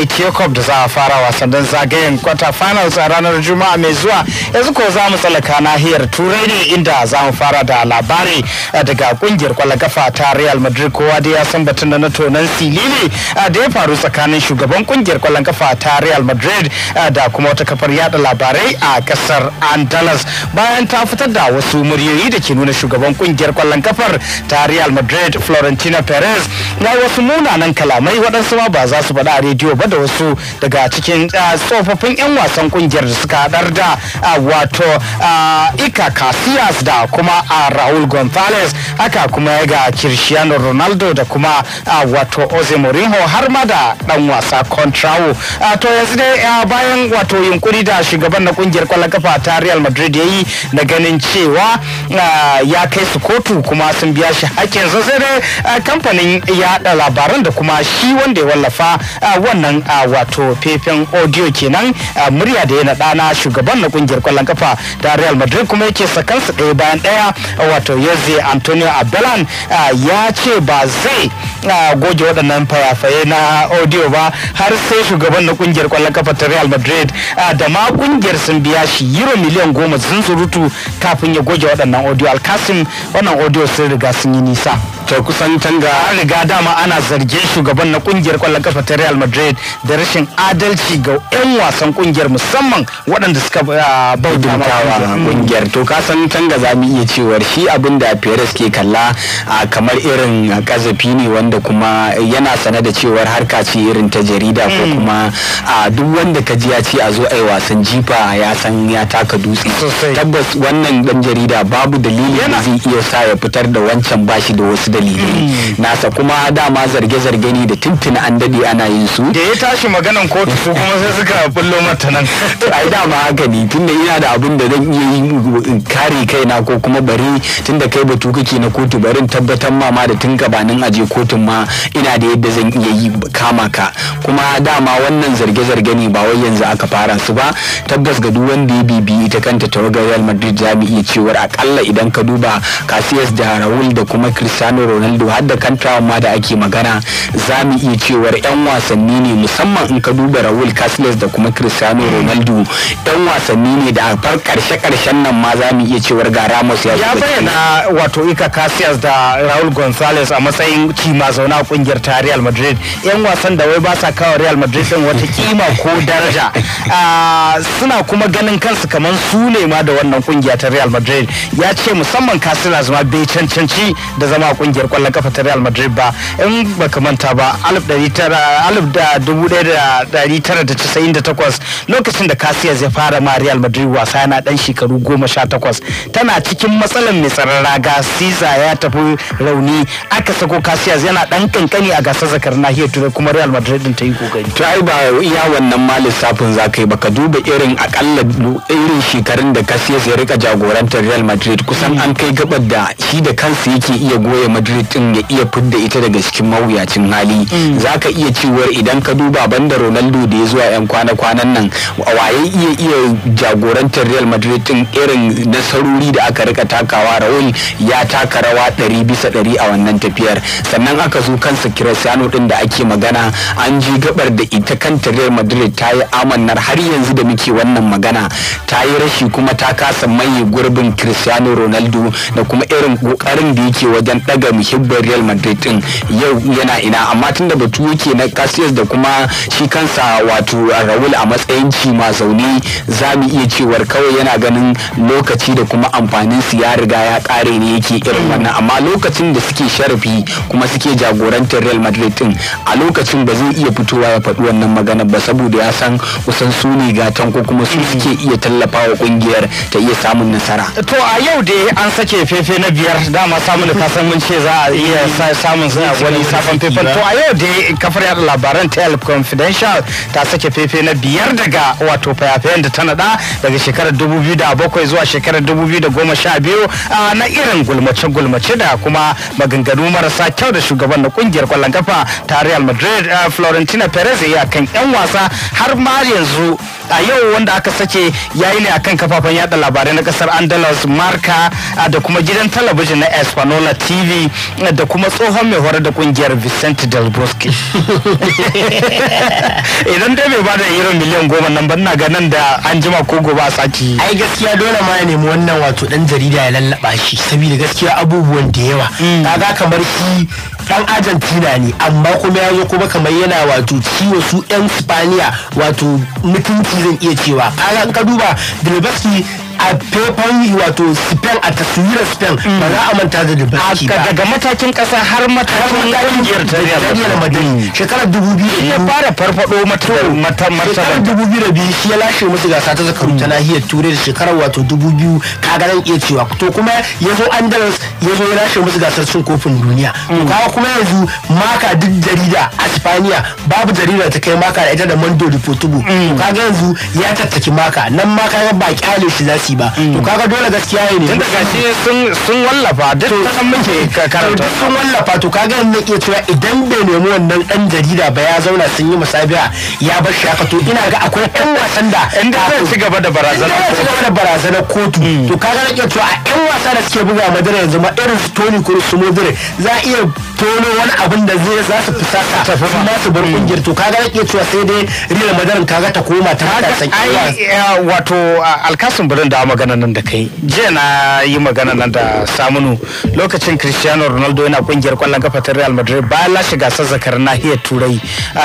ITA Cup da za a fara wasannin zagayen kwata finals a ranar Juma'a mai zuwa yanzu ko za mu tsallaka nahiyar Turai ne inda za mu fara da labari daga kungiyar kwallon ta Real Madrid kowa da ya san batun da na tonan silili da ya faru tsakanin shugaban kungiyar kwallon kafa ta Real Madrid da kuma wata kafar yada labarai a kasar Andalus bayan ta fitar da wasu muryoyi yi da ke nuna shugaban kungiyar kwallon kafar ta Real Madrid florentina Perez ya yi wasu munanan kalamai waɗansu ma ba za su faɗa a rediyo ba da wasu daga cikin tsofaffin 'yan wasan kungiyar da suka haɗar da wato Ika Casillas da kuma Raul Gonzalez haka kuma ga Cristiano Ronaldo da kuma wato Jose Mourinho har ma da ɗan wasa Contrao to yanzu dai bayan wato yunkuri da shugaban na kungiyar kwallon kafa ta Real Madrid ya yi na ganin cewa ya kai su kotu kuma sun biya shi hakkin zazzarar kamfanin yaɗa labaran da kuma shi wanda ya wallafa wannan wato fefen audio kenan murya da ya naɗa na shugaban na kungiyar kwallon kafa da Real Madrid kuma yake sakansu ɗaya bayan ɗaya wato Jose Antonio Abelan ya ce ba zai goge waɗannan fayafaye na audio ba har sai shugaban na kungiyar kwallon kafa ta Real Madrid da ma kungiyar sun biya shi euro miliyan goma surutu kafin ya goge waɗannan ɔde alkasim ɔna ɔde ɔsere gasi nyinisa. to kusan tanga an riga dama ana zargin shugaban na kungiyar kwallon kafa ta Real Madrid da rashin adalci ga 'yan wasan kungiyar musamman waɗanda suka ah, bautawa kungiyar to kasan san tanga za mu iya cewa shi abin da Perez ke kalla ah, kamar irin kazafi ne wanda kuma yana sane da cewar harka ce irin ta jarida ko mm. kuma a ah, duk wanda ka ji ya ce a zo a yi wasan jifa ya san ya taka dutse tabbas wannan dan jarida babu dalilin da zai iya sa ya fitar da wancan bashi da wasu dalili nasa kuma dama zarge-zarge ne da tuntuna an dade ana yin su da ya tashi maganan kotu su kuma sai suka bullo mata nan ai dama haka ne tunda ina da abin da zan iya yin kare kaina ko kuma bari tunda kai batu kake na kotu barin tabbatar mama da tun gabanin aje kotun ma ina da yadda zan iya yi kama ka kuma dama wannan zarge-zarge ne ba wai yanzu aka fara su ba tabbas ga duk wanda ya bibi ta kanta tawagar Real Madrid za iya cewar akalla idan ka duba Casillas da Raul da kuma Cristiano cristiano ronaldo har da kantrawan ma da ake magana za mu iya cewar 'yan wasanni ne musamman in ka duba raul casillas da kuma cristiano ronaldo 'yan wasanni ne da a karshe-karshen nan ma za mu iya cewar ga ramos ya ya bayyana wato ika casillas da raul gonzalez a matsayin kima zauna kungiyar ta real madrid 'yan wasan da wai ba sa kawo real madrid din wata kima ko daraja ah, suna kuma ganin kansu kamar su ne ma da wannan kungiya ta real madrid ya ce musamman casillas ma bai cancanci da zama kungiyar kungiyar kwallon kafa ta Real Madrid ba in baka manta ba 1998 lokacin da Casillas ya fara ma Real Madrid wasa yana dan shekaru 18 tana cikin matsalar mai tsaron raga Siza ya tafi rauni aka sako Casillas yana dan kankani a gasar zakar nahiyar Turai kuma Real Madrid din ta yi kokari to ai ba iya wannan ma lissafin za yi baka duba irin akalla irin shekarun da Casillas ya rika jagorantar Real Madrid kusan an kai gabar da shi da kansa yake iya goye Madrid din ya iya fidda ita daga cikin mawuyacin hali mm. zaka iya cewar idan ka duba banda Ronaldo da ya zuwa yan kwana-kwanan nan waye iya iya jagorantar Real Madrid din irin nasarori da aka rika takawa Raul ya taka rawa 100 bisa 100 a wannan tafiyar sannan aka zo kansa Cristiano din da ake magana an ji gabar da ita kanta Real Madrid ta yi amannar har yanzu da muke wannan magana ta yi rashi kuma ta kasa maye gurbin Cristiano Ronaldo da kuma irin kokarin da yake wajen daga muhibban real madrid din yau yana ina amma tun da batu yake na casillas da kuma shi kansa wato raul a matsayin ci ma zaune za mu iya cewar kawai yana ganin lokaci da kuma amfanin su ya riga ya kare ne yake irin wannan amma lokacin da suke sharafi kuma suke jagorantar real madrid din a lokacin ba zai iya fitowa ya faɗi wannan magana ba saboda ya san kusan su ne gatan ko kuma su suke iya tallafawa wa kungiyar ta iya samun nasara to a yau dai an sake fefe na biyar dama samun da ta san mun ce za a iya samun su wani sabon faifan to a yau da kafar yada labaran tel confidential ta sake fefe na biyar daga wato fayafayen da ta nada daga shekarar 2007 zuwa shekarar 2012 na irin gulmace-gulmace da kuma maganganu marasa kyau da shugaban na kungiyar kwallon kafa ta real madrid florentina perez ya kan yan wasa har ma yanzu a yau wanda aka sake yayi ne akan kafafen yada labarai na kasar andalus marka da kuma gidan talabijin na espanola tv da kuma tsohon mai horar da kungiyar Vicente Del Bosque. Idan dai bai bada euro miliyan goma nan ba na ganin da an jima ko gobe a
sati. Ai gaskiya dole ma ya nemi wannan wato dan jarida ya lallaba shi saboda gaskiya abubuwan da yawa. Mm. Kaga kamar shi dan Argentina ne amma kuma ya zo kuma kamar yana
wato ciwo su yan Spaniya wato mutunci zan iya cewa. Kaga in ka duba Del Bosque a faifan wato spell a taswirar spell ba za a manta da
dubarki ba daga
matakin kasa har matakin kungiyar tarayyar madani shekarar
dubu biyu ya fara farfado
mata shekarar
dubu biyu da biyu shi ya lashe musu gasa ta zakaru ta nahiyar
turai da shekarar wato dubu biyu kaga zan iya cewa to kuma ya zo andalus ya zo ya lashe
musu gasar cin kofin duniya mm. kawo kuma yanzu maka duk jarida a spaniya babu jarida ta kai maka da ita da mando da mm. kaga yanzu ya tattaki maka nan maka
ba kyale shi za su aiki ba to kaga dole gaskiya ne tunda gashi sun sun wallafa duk san muke karanta sun wallafa
to kaga ne ke cewa idan bai nemi wannan dan jarida ba ya zauna sun yi musabiya ya bar shi haka to ina ga akwai yan wasan da inda zai ci gaba da barazana ko ci gaba da barazana kotu mm. to kaga ke cewa a yan wasa da suke buga madara yanzu ma irin su Toni ko su Modric za a iya tono wani abin da zai za su fusata kuma su bar kungiyar mm. to kaga ke cewa sai dai Real Madrid kaga ta koma ta wasan
eh, wato alkasun birnin da magana nan da kai jiya na yi magana nan da samunu lokacin cristiano ronaldo yana kungiyar kwallon kafa ta real madrid bayan lashe gasar zakar nahiyar turai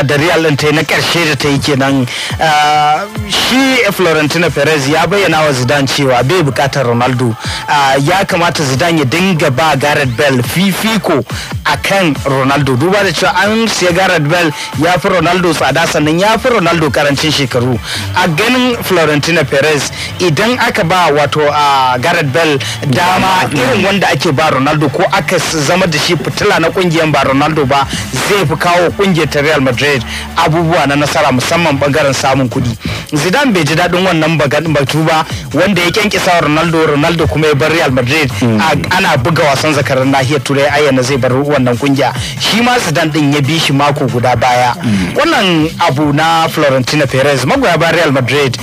da real din ta na karshe da ta yi kenan ah, shi florentino perez ya bayyana wa zidane cewa bai bukatar ronaldo ah, ya kamata zidane ya dinga ba gareth bell fifiko a kan ronaldo duba da cewa an siya gareth bell ya fi ronaldo tsada sannan ya fi ronaldo karancin shekaru a ganin florentino perez idan aka ba wato a Gareth Bale dama irin wanda ake ba Ronaldo ko aka zama da shi fitila na kungiyar ba Ronaldo ba zai fi kawo kungiyar ta Real Madrid abubuwa na nasara musamman bangaren samun kuɗi. Zidane bai ji daɗin wannan batu ba wanda ya kyankisa Ronaldo Ronaldo kuma ya bar Real Madrid hmm. ana buga wasan zakarar nahiyar Turai ayyana zai bar wannan kungiya shi ma Zidane din ya bi shi mako guda baya. Hmm. Wannan abu na florentina Perez magoya ba Real Madrid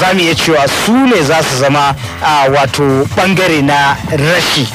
za mu iya cewa su ne za su su zama ah, wato bangare na rashi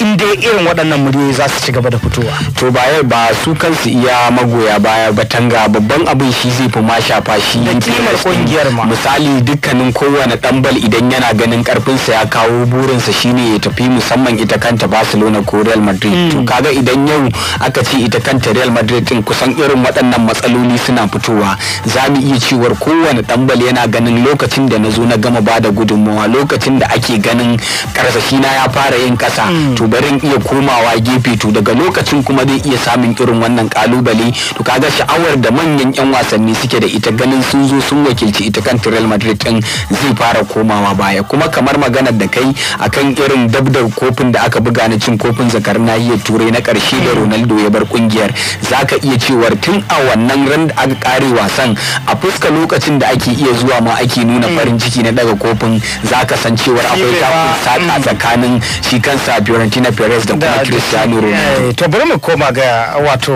in dai irin waɗannan muryoyi za su ci gaba da fitowa to ba yau ba su kansu iya magoya baya ba tanga babban abin shi zai fi ma shafa shi da kimar kungiyar ma misali dukkanin kowane ɗambal idan yana ganin ƙarfinsa ya kawo burinsa shine ya tafi musamman ita kanta Barcelona ko Real Madrid hmm. to kaga idan yau aka ce ita kanta Real Madrid din kusan irin waɗannan matsaloli suna fitowa za mu iya cewar kowane ɗambal yana ganin lokacin da na zo na gama bada gudunmawa lokacin da ake ganin
karsashi na ya fara yin ƙasa
to barin iya komawa gefe to daga lokacin kuma zai iya samun irin wannan kalubale to kaga sha'awar da manyan yan wasanni suke da ita ganin sun zo sun wakilci ita kan Real Madrid din zai fara komawa baya kuma kamar maganar da kai akan irin dabdar kofin da aka buga na cin kofin zakar nahiyar turai na karshe da Ronaldo ya bar kungiyar zaka iya cewar tun a wannan ran da aka kare wasan a fuska lokacin da ake iya zuwa ma ake nuna farin ciki na daga kofin zaka san cewar akwai takun saka mm. tsakanin shi kansa Fiorentina Perez da kuma
Cristiano Ronaldo
eh, to bari mu koma ga wato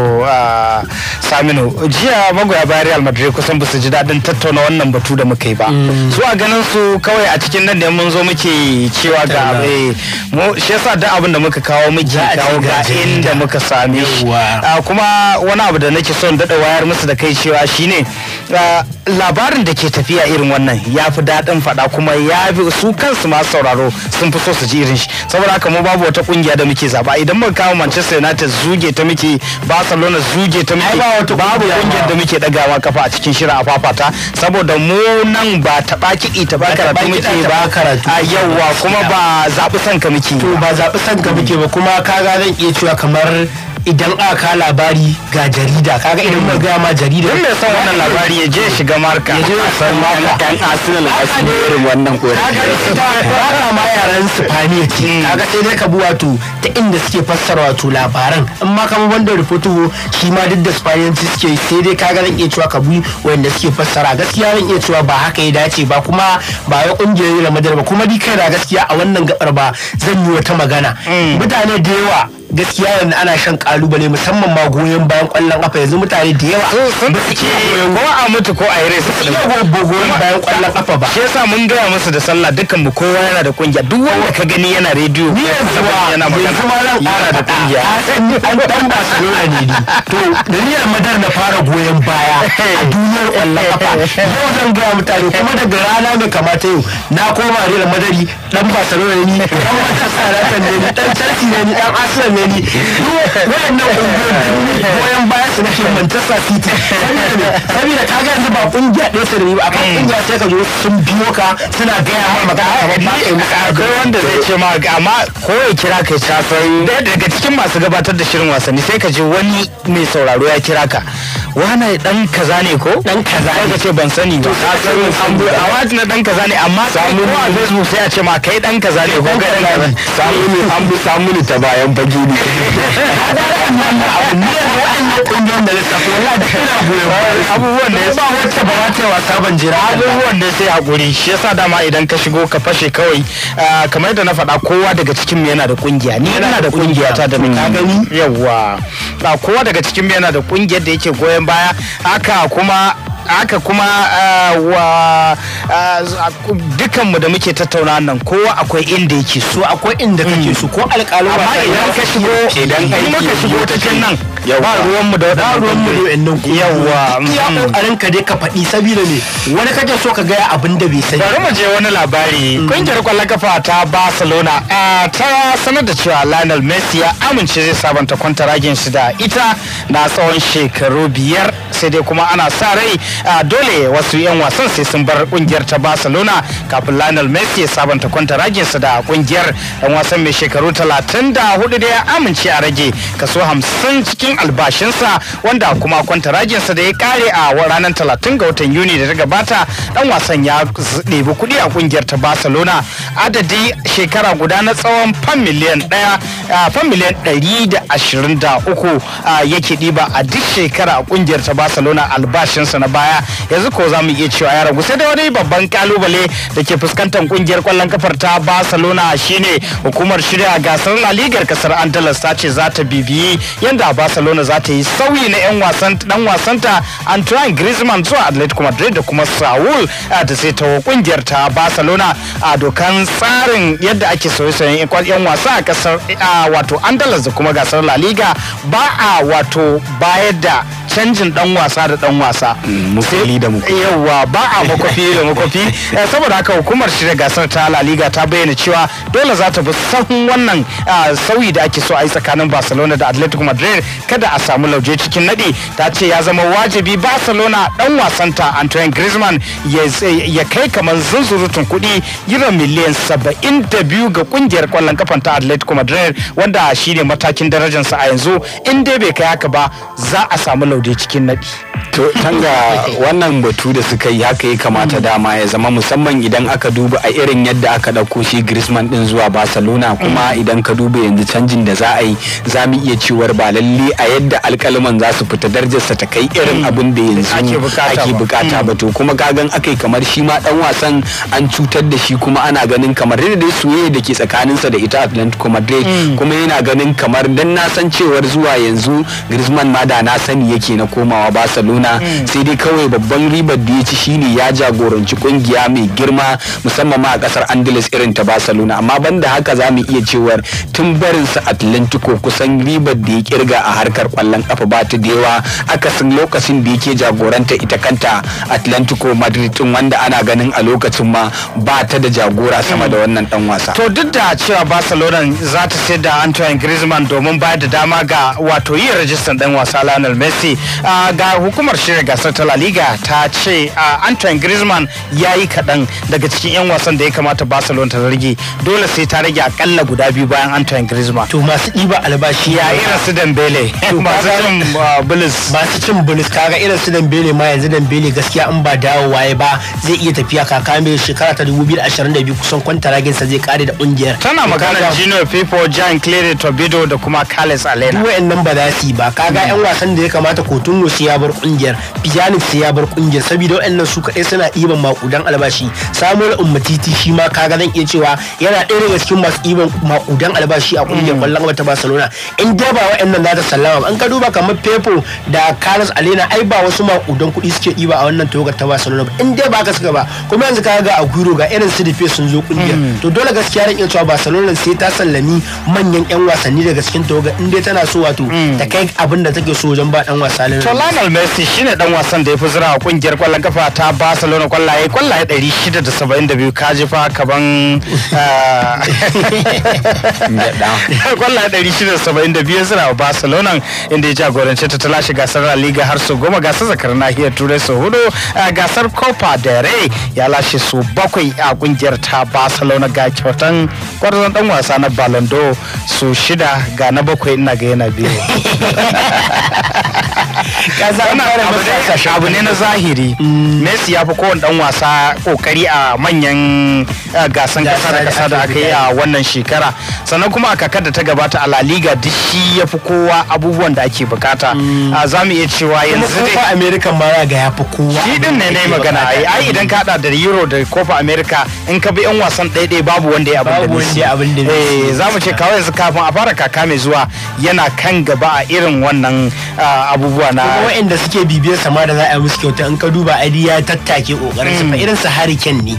Saminu jiya magoya bayan Real Madrid kusan ba su ji daɗin tattauna wannan batu da muka yi ba mm. su ganin su kawai a cikin nan da mun zo muke cewa ga eh, mu shi yasa da abin da muka kawo muke kawo ga inda muka same shi kuma wani abu da nake son daɗa wayar musu da kai cewa shine labarin da ke tafiya irin wannan ya fi daɗin faɗa kuma ya fi su kansu masu sauraro sun fi so su ji irin shi saboda haka mu babu babu wata kungiya da muke zaba idan muka kawo Manchester United zuge ta muke Barcelona zuge ta muke babu kungiyar da muke dagawa kafa a cikin shirin a fafata saboda mu nan ba ta baki ita ba karatu muke ba karatu a yawa kuma ba zabi sanka muke to ba zabi sanka muke ba kuma ka ga zan iya cewa kamar idan aka ka labari ga jarida kaga idan ba gaya ma jarida don mai son wannan labari ya je shiga marka ya je san marka kan arsenal arsenal irin wannan ko ya ka ma yaran spaniya ce hmm. kaga sai dai ka bi wato ta inda suke fassara wato labaran in ma kama wanda rubutu shi ma duk da spaniyanci suke sai dai kaga zan iya cewa ka bi wanda suke fassara gaskiya zan iya cewa ba haka ya dace ba kuma ba ya kungiyar madar ba kuma dai kai da gaskiya a wannan gabar ba zan yi wata magana hmm. mutane da yawa gaskiya yanzu ana shan kalubale musamman ma goyon bayan kwallon kafa yanzu mutane da yawa ba ko a mutu ko a yi rai su goyon bayan kwallon kafa ba shi yasa mun gaya musu da sallah dukkan mu kowa yana da kungiya duk wanda ka gani yana rediyo ni yanzu ba yana magana
yana da kungiya an dan ba su yana ne ni to a madar na fara goyon baya a duniyar kwallon kafa yau zan gaya mutane kuma daga rana mai kamata yau na koma real madari dan barcelona ne ni dan manchester united ne ni dan chelsea ne ni dan arsenal ne gani wayannan kungiyoyin goyon baya su nake Manchester City saboda ka ga ba kungiya ɗaya su da ba a kungiya hmm. sai ka zo sun biyo ka suna gaya ma magana kamar ba kai maka akwai wanda zai ce ma amma ko ya kira ka kai shafai daga
cikin masu gabatar da shirin wasanni sai ka ji wani mai sauraro ya kira ka wane dan kaza ne ko dan kaza ne ce ban sani ba ka sani an bu a wata dan kaza ne amma samu a
facebook sai a ce ma kai dan kaza ne ko kai dan kaza samu ne an bu samu ne ta bayan fage ne waɗannan abu ne abubuwan da ya ba wacce ba za wasa ban jira abubuwan da sai hakuri shi yasa dama idan
ka shigo ka fashe kawai ah, kamar yadda na faɗa kowa daga cikin mu yana da ƙungiya ni yana da ƙungiya ta da ka gani yawwa ah, kowa daga cikin mu yana da ƙungiyar da yake goyon baya haka kuma haka kuma eh, wa eh, dukanmu da muke tattauna nan kowa akwai inda yake so akwai inda kake so ko alƙalu amma idan ka shigo idan ka shigo cikin nan ba ruwanmu da wadannan ruwanmu da wadannan ku yawa iya kokarin ka dai ka faɗi sabila ne wani kake so ka gaya abin da bai sani bari mu je wani labari kungiyar mm. kwallon kafa ta Barcelona eh, ta sanar da cewa Lionel Messi ya amince zai sabanta kwantaragin shi da ita na tsawon shekaru biyar sai dai kuma ana sa rai dole wasu 'yan wasan sai sun bar kungiyar ta barcelona kafin lionel messi ya sabanta kwanta raginsa da kungiyar dan wasan mai shekaru talatin da ya amince a rage kaso hamsin cikin albashinsa wanda kuma kwanta raginsa da ya kare a ranar talatin ga watan yuni da ta gabata dan wasan ya ɗebi kuɗi a kungiyar ta barcelona adadi shekara guda na tsawon fan miliyan ɗaya fan miliyan ɗari da ashirin da uku yake ɗiba a duk shekara a kungiyar ta barcelona albashinsa na baya yanzu ko za mu iya cewa ya ragu sai da wani babban kalubale da ke fuskantar kungiyar kwallon kafar ta barcelona shine hukumar shirya gasar la ligar kasar andalus ta ce za ta bibiyi yanda barcelona za ta yi sauyi na yan wasan dan wasanta antoine griezmann zuwa atletico madrid da kuma saul da sai ta kungiyar ta barcelona a dokan tsarin yadda ake sauye-sauyen yan wasa a kasar wato andalus da kuma gasar la liga ba a wato bayar da canjin dan wasa da dan wasa mm, mukuli da mukuli yawa ba a makofi da makofi eh, saboda haka hukumar shirya gasar ta La Liga ta bayyana cewa dole za ta bi sahun wannan ah, sauyi da ake so a yi tsakanin Barcelona da Atletico Madrid kada a samu lauje cikin nadi ta ce ya zama wajibi Barcelona dan wasanta Antoine Griezmann ya kai kamar zunzurutun kuɗi euro miliyan saba'in da biyu ga kungiyar kwallon kafan ta Atletico Madrid wanda shine matakin darajarsa a yanzu in dai bai kai haka ba za a samu lauje dai cikin naɗi. to tanga wannan batu da suka yi haka ya kamata mm. dama ya zama musamman idan aka duba a irin yadda aka ɗauko shi Griezmann din zuwa Barcelona kuma mm. idan ka duba yanzu canjin da za a yi za mu iya cewar ba lalle a yadda alkalaman za su fita darajarsa ta kai irin mm. abin da yanzu ake bukata ba to kuma aka akai kamar shi ma dan wasan an cutar da shi kuma ana ganin kamar da dai soyayya da ke tsakaninsa da ita Atletico Madrid kuma yana ganin kamar dan na san cewar zuwa yanzu Griezmann ma da na sani yake yake na komawa barcelona mm. sai dai kawai babban ribar da ya ci shine ya jagoranci kungiya mai girma musamman ma a kasar andalus irin ta barcelona amma banda haka za mu iya cewar tun barinsa atlantico kusan ribar da ya kirga a harkar kwallon kafa ba ta da yawa akasin lokacin da yake jagoranta ita kanta atlantico madrid din wanda ana ganin a lokacin ma ba ta da jagora sama da mm. wannan dan wasa to duk da cewa barcelona za ta sayar da antoine griezmann domin bayar da dama ga wato yin rajistan dan wasa lionel messi Ah, ga hukumar shirya gasar ta La Liga ta ce ah, Antoine Griezmann ya yi kaɗan daga cikin 'yan wasan da ya kamata Barcelona ta rage dole sai ta rage akalla guda biyu bayan Antoine Griezmann. To masu ɗiba albashi ya irin su Dembele ah, masu cin bulis. Masu cin kaga irin su Dembele ma yanzu Dembele gaskiya in ba dawowa ya ba zai iya tafiya kaka mai shekara ta 2022 kusan kwantaraginsa zai kare da ƙungiyar. Tana magana Gino Pipo, Jean Cleary, Tobido da kuma Carlos Alena. Duk nan ba za su yi ba kaga 'yan hmm. wasan da ya kamata Hotun sai ya bar kungiyar, Pjanic sai ya bar kungiyar saboda waɗannan su kaɗai suna ɗiban makudan albashi. Samuel Ummatiti shi ma kaga zan iya cewa yana ɗaya daga cikin masu ɗiban makudan albashi a kungiyar kwallon mm. kafa ta Barcelona. In dai ba waɗannan za sallama an ka duba kamar Pepo da Carlos Alena ai ba wasu makudan kuɗi suke ɗiba a wannan tawagar ta Barcelona ba. In dai ba ka suka ba kuma yanzu ka ga Aguero ga irin su Defe sun zo kungiyar. Mm. To dole gaskiya ran iya cewa Barcelona sai ta sallami manyan 'yan wasanni daga cikin tawagar in dai tana so wato mm. ta kai abinda take so wajen ba dan wasa to Lionel Messi shine dan wasan da ya fi zira a kungiyar kwallon kafa ta Barcelona kwallaye kwallaye 672 kaji fa kaban ah, kwallaye
672
zira a Barcelona inda ya jagorance ta lashe gasar La Liga har su goma gasar zakar nahiyar Turai su hudu ah, gasar Copa del Rey ya lashe su bakwai a kungiyar ta Barcelona ga kyautan kwarzon dan wasa na Ballon d'Or su shida ga na bakwai ina ga yana biyu abu ne na zahiri mm. messi ya fi kowane dan wasa kokari a manyan gasan kasa da kasa da aka yi a wannan shekara sannan kuma a kakar da ta gabata a la liga duk shi ya fi kowa abubuwan da ake bukata mm. za mu iya cewa yanzu dai kofa america ma ga ya fi kowa shi din ne ne magana ai idan ka hada da euro da kofa america in ka bi yan wasan ɗaya babu wanda ya abin da ne eh, za mu ce kawai yanzu kafin a fara kaka mai zuwa yana kan gaba a irin wannan abubuwan. abubuwa na waɗanda suke bibiyar sama da za a yi musu kyauta in ka duba adi ya tattake kokarin su mm. irin su hariken ne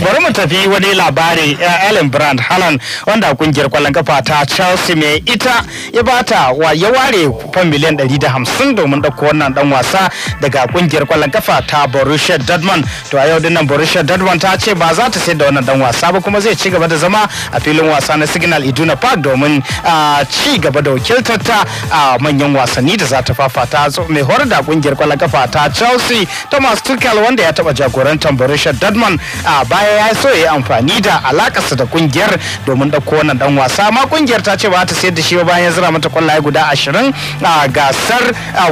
bari mu tafi wani labari eh, Ellen Brand halan wanda kungiyar kwallon kafa ta Chelsea mai ita ya bata wa ya ware fan miliyan 150 domin dauko wannan dan wasa daga kungiyar kwallon kafa ta Borussia Dortmund to a yau dinnan Borussia Dortmund ta ce ba za ta sayar da wannan dan wasa ba kuma zai ci gaba da zama a filin wasa na Signal Iduna Park domin ah, ci gaba da wakiltar ta a ah, manyan wasanni da za ta fafata mai horar da kungiyar kwallon kafa ta Chelsea Thomas Tuchel wanda ya taba jagorantar Borussia Dortmund a baya ya so ya yi amfani da alakarsa da kungiyar domin dauko wannan dan wasa ma kungiyar ta ce ba ta sayar da shi ba bayan zira mata kwallaye guda 20 a gasar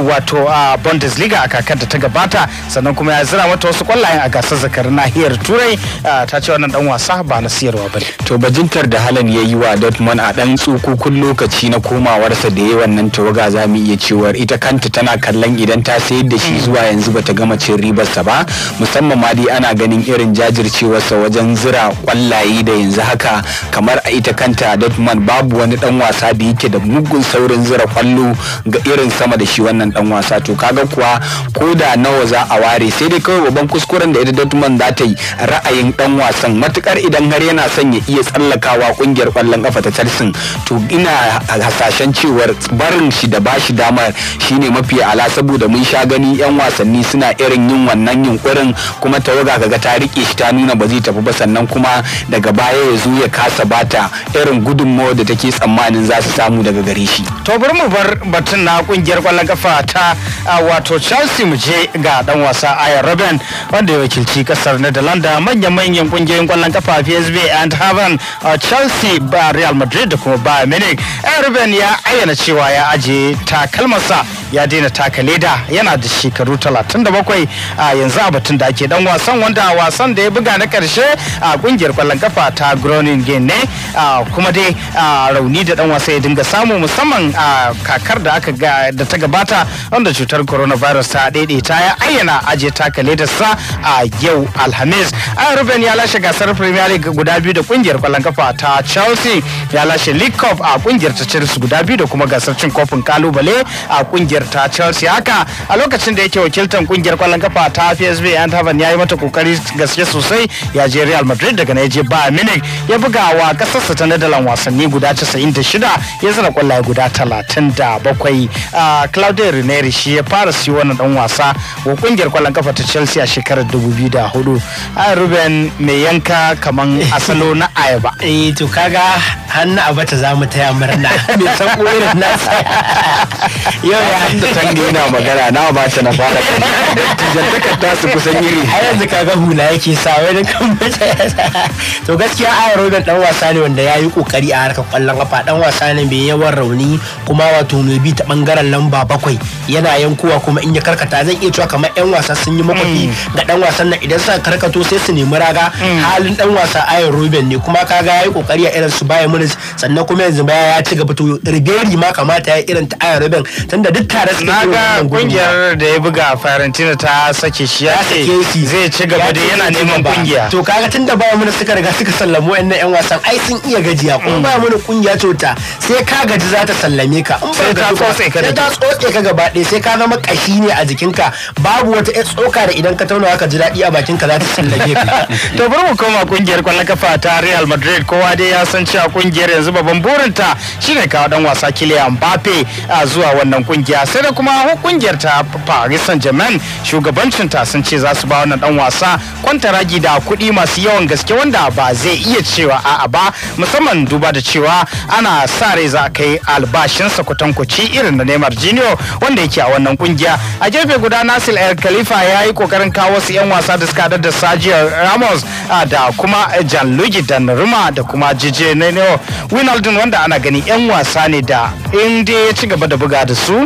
wato a Bundesliga a kakar da ta gabata sannan kuma ya zira mata wasu kwallayen a gasar zakar nahiyar Turai ta ce wannan dan wasa ba na siyarwa bane to bajintar da Halan yayi wa Dortmund a dan tsukukun lokaci na komawarsa da yayi wannan tawaga shawara za mu iya cewar ita kanta tana kallon idan ta sayar da shi mm. zuwa yanzu ba ta gama cin ribarsa ba musamman ma dai ana ganin irin jajircewarsa wajen zira kwallaye da yanzu haka kamar a ita kanta Dortmund babu wani dan wasa da yake da mugun saurin zira kwallo ga irin sama da shi wannan dan wasa to kaga kuwa ko da nawa za a ware sai dai kawai babban kuskuren da ita Dortmund za ta yi ra'ayin dan wasan matukar idan har yana son ya iya tsallakawa kungiyar kwallon kafa ta Chelsea to ina hasashen cewar barin shi da ba shi damar shine mafi ala saboda mun sha gani yan wasanni suna irin yin wannan yunkurin kuma tawaga kaga ta rike shi ta nuna ba zai tafi ba sannan kuma daga baya ya zo ya kasa bata irin gudunmawar da take tsammanin za su samu daga gare shi to bari mu bar batun na kungiyar kwallon kafa ta wato Chelsea mu je ga dan wasa Ayan Robben wanda ya wakilci kasar Netherlands manya-manyan kungiyoyin kwallon kafa PSV and Haven Chelsea ba Real Madrid da kuma Bayern Munich Ayan Robben ya ayyana cewa ya ajiye takalmarsa ya daina taka leda yana da shekaru 37 a yanzu a batun da ake dan wasan wanda wasan da ya buga na karshe a kungiyar kwallon kafa ta Groningen ne kuma dai rauni da dan wasa ya dinga samu musamman a kakar da aka da ta gabata wanda cutar coronavirus ta ta ya ayyana ajiye taka ledarsa a yau alhamis a ruben ya lashe gasar premier league guda biyu da kungiyar kwallon kafa ta chelsea ya lashe league cup a kungiyar ta chelsea guda biyu da kuma gasar cin kofin kalubale a kungiyar ta Chelsea haka a lokacin da yake wakiltar kungiyar kwallon kafa ta PSV Eindhoven ya yi mata kokari gaske sosai ya je Real Madrid daga nan ya je Bayern Munich ya buga wa kasarsa ta nadalan wasanni guda 96 ya zira kwallaye guda 37 Claudio Ranieri shi ya fara siyo wannan dan wasa wa kungiyar kwallon kafa ta Chelsea a shekarar 2004 a Ruben mai yanka kaman asalo na ayaba eh to kaga hannu abata za mu taya
murna mai san koyar nasa yau ya da tangi na magana na ba ta na fara jantaka ta su kusan yiri. a yanzu kaga hula yake sa wai da
kan to gaskiya a Robert dan wasa ne wanda ya yi kokari a harkar kwallon kafa dan wasa ne mai yawan rauni kuma wato mai bi ta bangaren lamba bakwai yana yankuwa kuma in ya karkata zai iya cewa kamar yan wasa sun yi makwafi mm. ga dan wasan nan idan suka karkato sai su nemi raga mm. halin dan wasa aya Robert ne kuma kaga ya yi kokari a irin su Bayern Munich sannan kuma yanzu baya
ya ci gaba to Ribery ma kamata ya irin ta aya rubin tunda duk tare suke ga kungiyar
da ya buga Fiorentina ta sake shi ya zai ci gaba da yana neman kungiya to
kaga tunda ba mu suka riga suka sallamu wayannan yan wasan ai sun iya gajiya kuma ba mu kungiya cota sai ka gaji za ta sallame ka in ba ka tsotse ka da tsotse ka gaba ɗaya sai ka zama kashi ne a jikinka babu wata ƴan tsoka da idan ka tauna ka ji daɗi a bakinka za ta sallame ka to bari mu koma kungiyar kwallon kafa ta Real Madrid kowa dai ya san cewa kungiyar yanzu babban burinta shine kawo dan wasa Kylian Mbappe A zuwa wannan kungiya sai da kuma kungiyar ta Paris Saint-Germain shugabancin ta sun ce za su ba wannan dan wasa kwanta ragi da kuɗi masu yawan gaske wanda ba zai iya cewa a'a ba musamman duba da cewa ana sa rai za kai albashinsa kwatankwaci irin da Neymar Junior wanda yake a wannan kungiya a gefe guda nasil El Khalifa ya yi kokarin kawo su yan wasa da suka da Sergio Ramos da kuma Gianluigi Donnarumma da kuma Jije Nenio Wijnaldum wanda ana gani yan wasa ne da in ci gaba da buga da su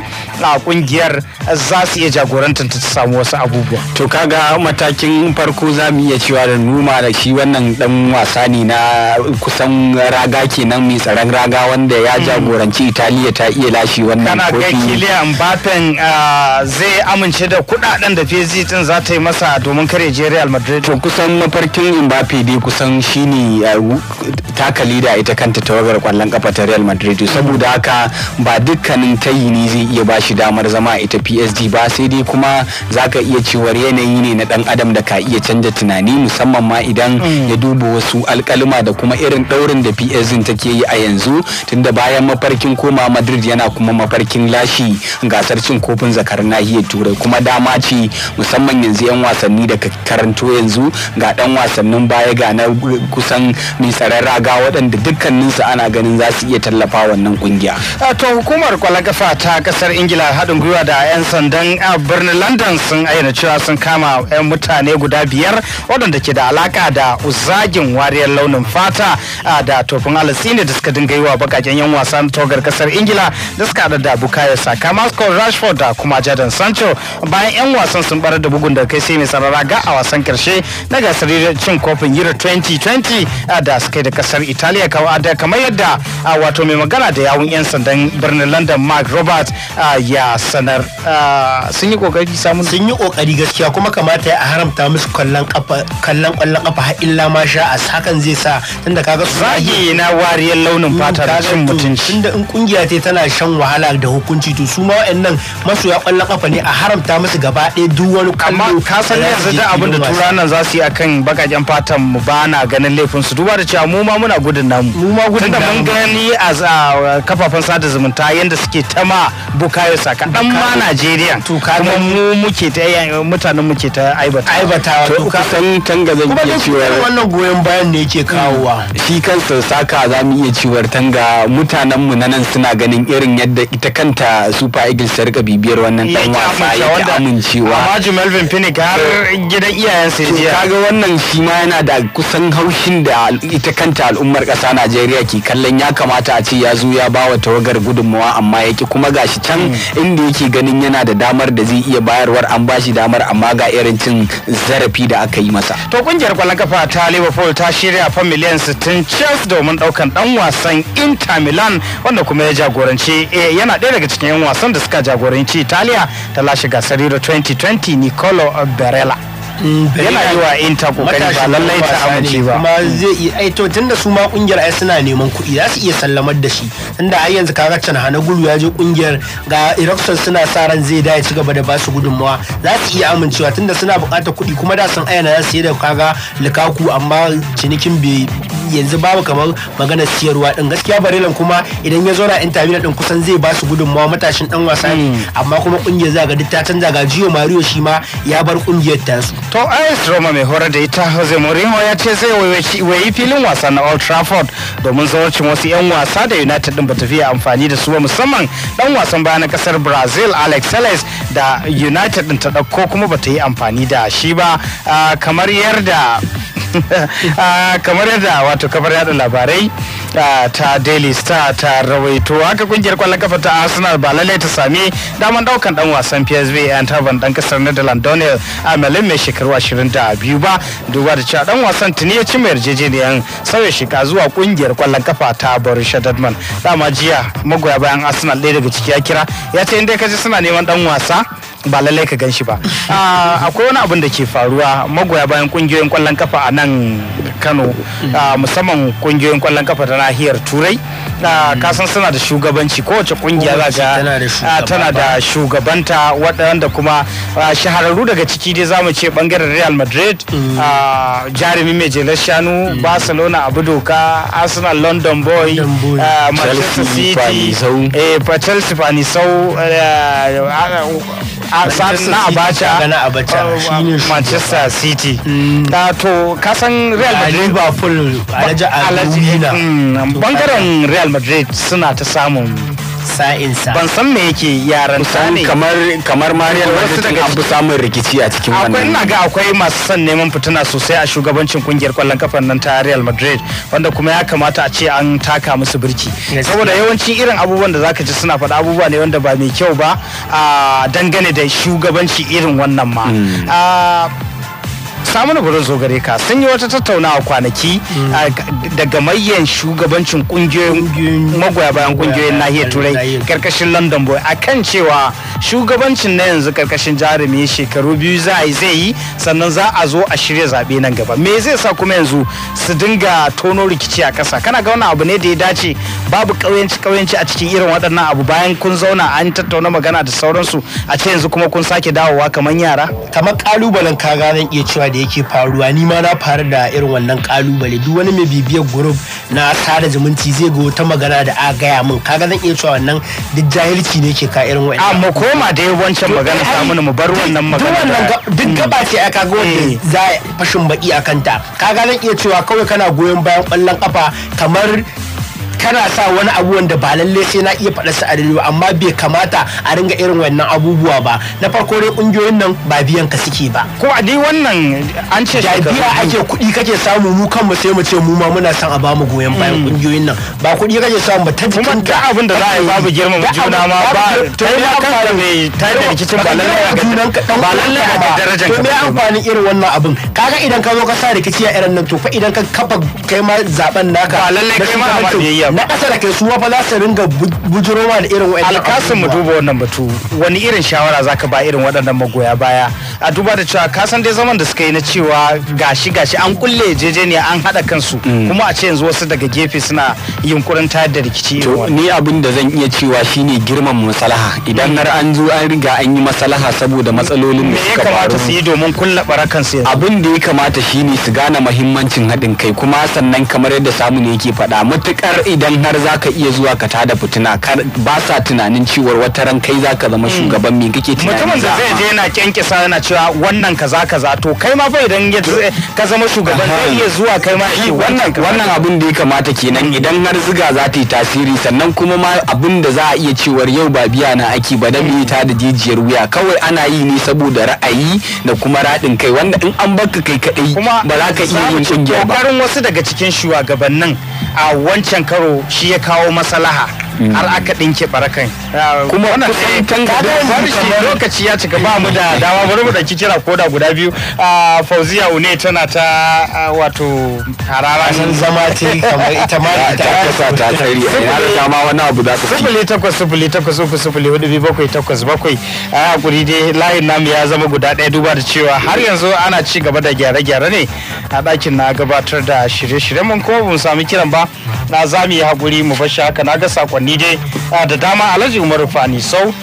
a kungiyar za su iya jagorantar ta samu wasu abubuwa to kaga matakin farko za mu iya cewa da numa da shi wannan dan wasa ne na kusan raga kenan mai tsaron raga wanda ya hmm. jagoranci italiya ta iya lashe wannan kofi kana ga kiliyan Mbappe ah, zai amince da kuɗaɗen da fezi din za ta yi masa domin kare je real madrid to kusan mafarkin mbappe dai kusan shine ah, takali da ita kanta tawagar kwallon kafa ta real madrid saboda haka ba duk dukkanin tayi ne zai iya shi damar zama a ita psd ba sai dai kuma zaka iya cewar yanayi ne na dan adam da ka iya canja tunani musamman ma idan mm. ya duba wasu alkalima da kuma irin daurin da psd take yi a yanzu tunda bayan mafarkin koma madrid yana kuma mafarkin lashi gasar cin kofin zakar nahiyar turai kuma dama ce musamman yanzu yan wasanni da karanto yanzu ga dan wasannin baya ga na kusan mai raga waɗanda dukkaninsu ana ganin za su iya tallafa wannan kungiya. to hukumar Ƙungiyar kwallon kafa ta kasar Ingila haɗin gwiwa da 'yan sandan a birnin London sun ayyana cewa sun kama 'yan mutane guda biyar waɗanda ke da alaka da uzagin wariyar launin fata a da tofin ne da suka dinga yi wa bakaken 'yan wasan togar kasar Ingila da suka haɗa da Bukayo Saka, Masco, Rashford da kuma Jadon Sancho bayan 'yan wasan sun barar da bugun da kai sai mai sarara ga a wasan karshe na gasar cin kofin Euro 2020 da suka yi da kasar Italiya kamar yadda a wato mai magana da yawun 'yan sandan birnin London da mark robert uh, ya sanar uh, sun yi kokari samun sun yi kokari gaskiya kuma kamata ya haramta musu kallon kwallon kafa har illa ma sha a hakan zai sa da kaga zagi na wariyar launin mm, fata da cin mutunci da in kungiya ce tana shan wahala da hukunci to su ma masu ya kwallon kafa ne a haramta musu gaba ɗaya duk wani amma ka san yanzu da abin da tura nan za su yi akan bakajen fatan mu ba na ganin laifin su duba da cewa mu ma muna gudun namu mu ma gudun namu mun gani a kafafen sada zumunta yadda suke ta ma bukayo saka dan ma najeriya kuma mu muke ta mutanen muke ta aibata aibata to kusan tanga zan iya cewa wannan goyon bayan ne yake kawowa mm. shi kansa saka za mu iya cewa tanga mutanen mu na nan suna ganin irin yadda ita kanta super eagles ta rika bibiyar wannan dan wasa ya amincewa amma jumelvin finnick har gidan iyayensa ya je kaga wannan shi ma yana da kusan haushin da ita kanta al'ummar ƙasa najeriya ke kallon ya kamata a ce ya zo ya bawa tawagar gudunmawa a amma yake kuma gashi can inda yake ganin yana da damar da zai iya bayarwar an bashi damar amma ga irin cin zarafi da aka yi masa to kungiyar kwallon kafa ta Liverpool ta shirya fa miliyan 60 Chelsea domin daukan dan wasan Inter Milan wanda kuma ya jagoranci eh, yana ɗaya daga cikin 'yan wasan da suka jagoranci Italiya ta lashe gasar Euro 2020 Nicolo Barella yana yi wa inter kokari ba lallai ta amince ba kuma zai iya ai to tunda su ma kungiyar ai suna neman kuɗi za su iya sallamar da shi tunda ai yanzu kaga can hana gulu ya je kungiyar ga Eroxon suna sa ran zai da ya ci gaba da ba su gudunmawa za su iya amincewa tunda suna buƙatar kuɗi kuma da sun ayyana za su yi da kaga likaku amma cinikin bai yanzu babu kamar magana siyarwa din gaskiya Barelan kuma idan ya zauna Inter Milan din kusan zai ba su gudunmawa matashin dan wasa ne hmm. amma kuma kungiyar za ga duk ta canza ga jiyo Mario shi ma ya bar kungiyar tasu to is roma mai horar da ita jose mourinho ya ce zai wayi filin wasa na old trafford domin zawarcin wasu 'yan wasa da united din bata fiye amfani da su ba musamman dan wasan baya na kasar brazil alex Sales da united din ta ɗauko kuma bata yi amfani da shi ba kamar yarda kamar yadda wato kafar yada labarai ta daily star ta rawaito haka kungiyar kwallon kafa ta arsenal ba lallai ta sami daman daukan dan wasan psv yan taban dan kasar netherlands daniel amelin mai shekaru 22 ba duba da cewa dan wasan tuni ya ci mai yarjejeniyar sauya shika zuwa kungiyar kwallon kafa ta Borussia Dortmund dama jiya magoya bayan Arsenal ɗaya daga ciki ya kira ya ce inda kaji suna neman dan wasa ba lallai ka gan shi ba ah, akwai wani abin da ke faruwa magoya bayan kungiyoyin kwallon kafa a nan Kano mm. ah, musamman kungiyoyin kwallon kafa ta nahiyar Turai kasan suna da shugabanci kowace kungiya za ga ah, tana da shugabanta waɗanda kuma
ah, shahararru daga ciki dai zamu ce bangaren real madrid mm. ah, jarumi mai jelar shanu mm. barcelona abu doka arsenal london boy manchester city eh, chelsea fanisau eh,
na abacha na abacha manchester city mm. ta to kasan real madrid
liverpool alhaji mm, bangaren real madrid suna ta samun
sa'insa ban san
me yake yaran ta ne kamar kamar mariyar wasu
daga abu samun rikici a cikin wannan akwai ina ga akwai masu son neman fituna sosai a shugabancin kungiyar kwallon kafan nan ta Real Madrid wanda kuma ya kamata a ce an taka musu birki saboda yawancin irin abubuwan da zaka ji suna faɗa abubuwa ne wanda ba mai kyau ba a dangane da shugabanci irin wannan ma hmm. Samun burin zo gare ka sun yi wata tattaunawa kwanaki mm. daga mayan shugabancin kungiyoyin magoya bayan kungiyoyin nahiyar turai karkashin london boy a kan cewa shugabancin na yanzu karkashin jarumi shekaru biyu za a zai yi sannan za a zo a shirya zaɓe nan gaba me zai sa kuma yanzu su dinga tono rikici a ƙasa kana ga wani abu ne da ya dace babu ƙauyenci ƙauyenci a cikin irin waɗannan abu bayan kun zauna an tattauna magana da sauransu a ce yanzu kuma kun sake dawowa kamar yara kamar ƙalubalen ka gane iya cewa da yake faruwa ni ma na faru da irin wannan kalubale duk wani mai bibiyar group na sada zumunci zai ga wata magana da a gaya min kaga zan iya cewa wannan duk jahilci ne ke ka irin A amma ah, koma da wancan magana samun mu bar wannan magana duk hmm. gaba ce a kaga wanda hmm. za fashin baki a kanta kaga zan iya cewa kawai kana goyon bayan kwallon kafa kamar kana sa wani abu wanda ba lalle sai na iya faɗa a rediyo amma bai kamata a ringa irin wannan abubuwa ba na farko dai kungiyoyin nan ba biyan ka suke ba ko a
dai wannan
an ce da biya ake kuɗi kake samu mu kanmu sai mu ce mu ma muna son a bamu goyon bayan kungiyoyin hmm. nan ba kuɗi kake samu ba ta jikin da abin da za a yi babu girman juna ma ba to ya kanka mai ta da rikicin ba lalle a ga ba lalle a ga darajar ka ba amfani irin wannan abin kaga idan ka zo ka sa rikici a irin nan to
fa idan ka kafa kai ma zaben
naka ba lalle kai ma ba biyayya najeriya na ƙasa da kai suwa fa za su ringa bujirowa da irin wa'annan alkasin mu duba wannan batu wani irin shawara zaka ba irin waɗannan magoya baya a duba da cewa ka san dai zaman da suka yi na cewa gashi gashi an kulle yarjejeniya an haɗa kansu mm. kuma a ce yanzu wasu daga gefe suna yunkurin tayar da rikici ni abin da zan iya cewa shine girman masalaha idan har an zo an riga an yi masalaha saboda
matsalolin da suka faru ya kamata su
yi domin kulla barakan su abin da ya kamata shine su gane muhimmancin haɗin kai kuma sannan kamar yadda samu ne yake faɗa matukar idan har za ka iya zuwa ka tada fitina ba sa tunanin cewar wata ran kai za ka zama shugaban me kake tunani mutumin da zai je yana kyankyasa yana cewa wannan ka za ka zato kai ma fa idan eh, ka zama shugaban zai iya zuwa kai ma wannan wannan abin da ya kamata kenan idan har ziga za ta yi tasiri sannan kuma ma abin da za a iya cewar yau ba biya na aiki ba da ta da jijiyar wuya kawai ana yi ne saboda ra'ayi da kuma raɗin kai wanda in an baka kai kadai ba za ka iya yin kungiya ba kokarin wasu daga cikin shugabannin a wancan karo yaro shi ya kawo maslaha har aka ɗinke barakan kuma kusan tangar lokaci ya cika ba mu da dama bari mu ɗauki kira koda guda biyu fauziya une tana ta wato harara san zama ce kamar ita ma ta ta ta tari ya da ma
wani abu da ka
sifili takwas sifili takwas uku sifili hudu biyu bakwai takwas bakwai a hakuri dai layin namu ya zama guda ɗaya duba da cewa har yanzu ana ci gaba da gyare-gyare ne a ɗakin na gabatar da shirye-shiryen mun kuma mun sami kiran ba na za mu yi hakuri mu bar shi haka na ga sakonni ni
dai da dama alhaji umaru fani sau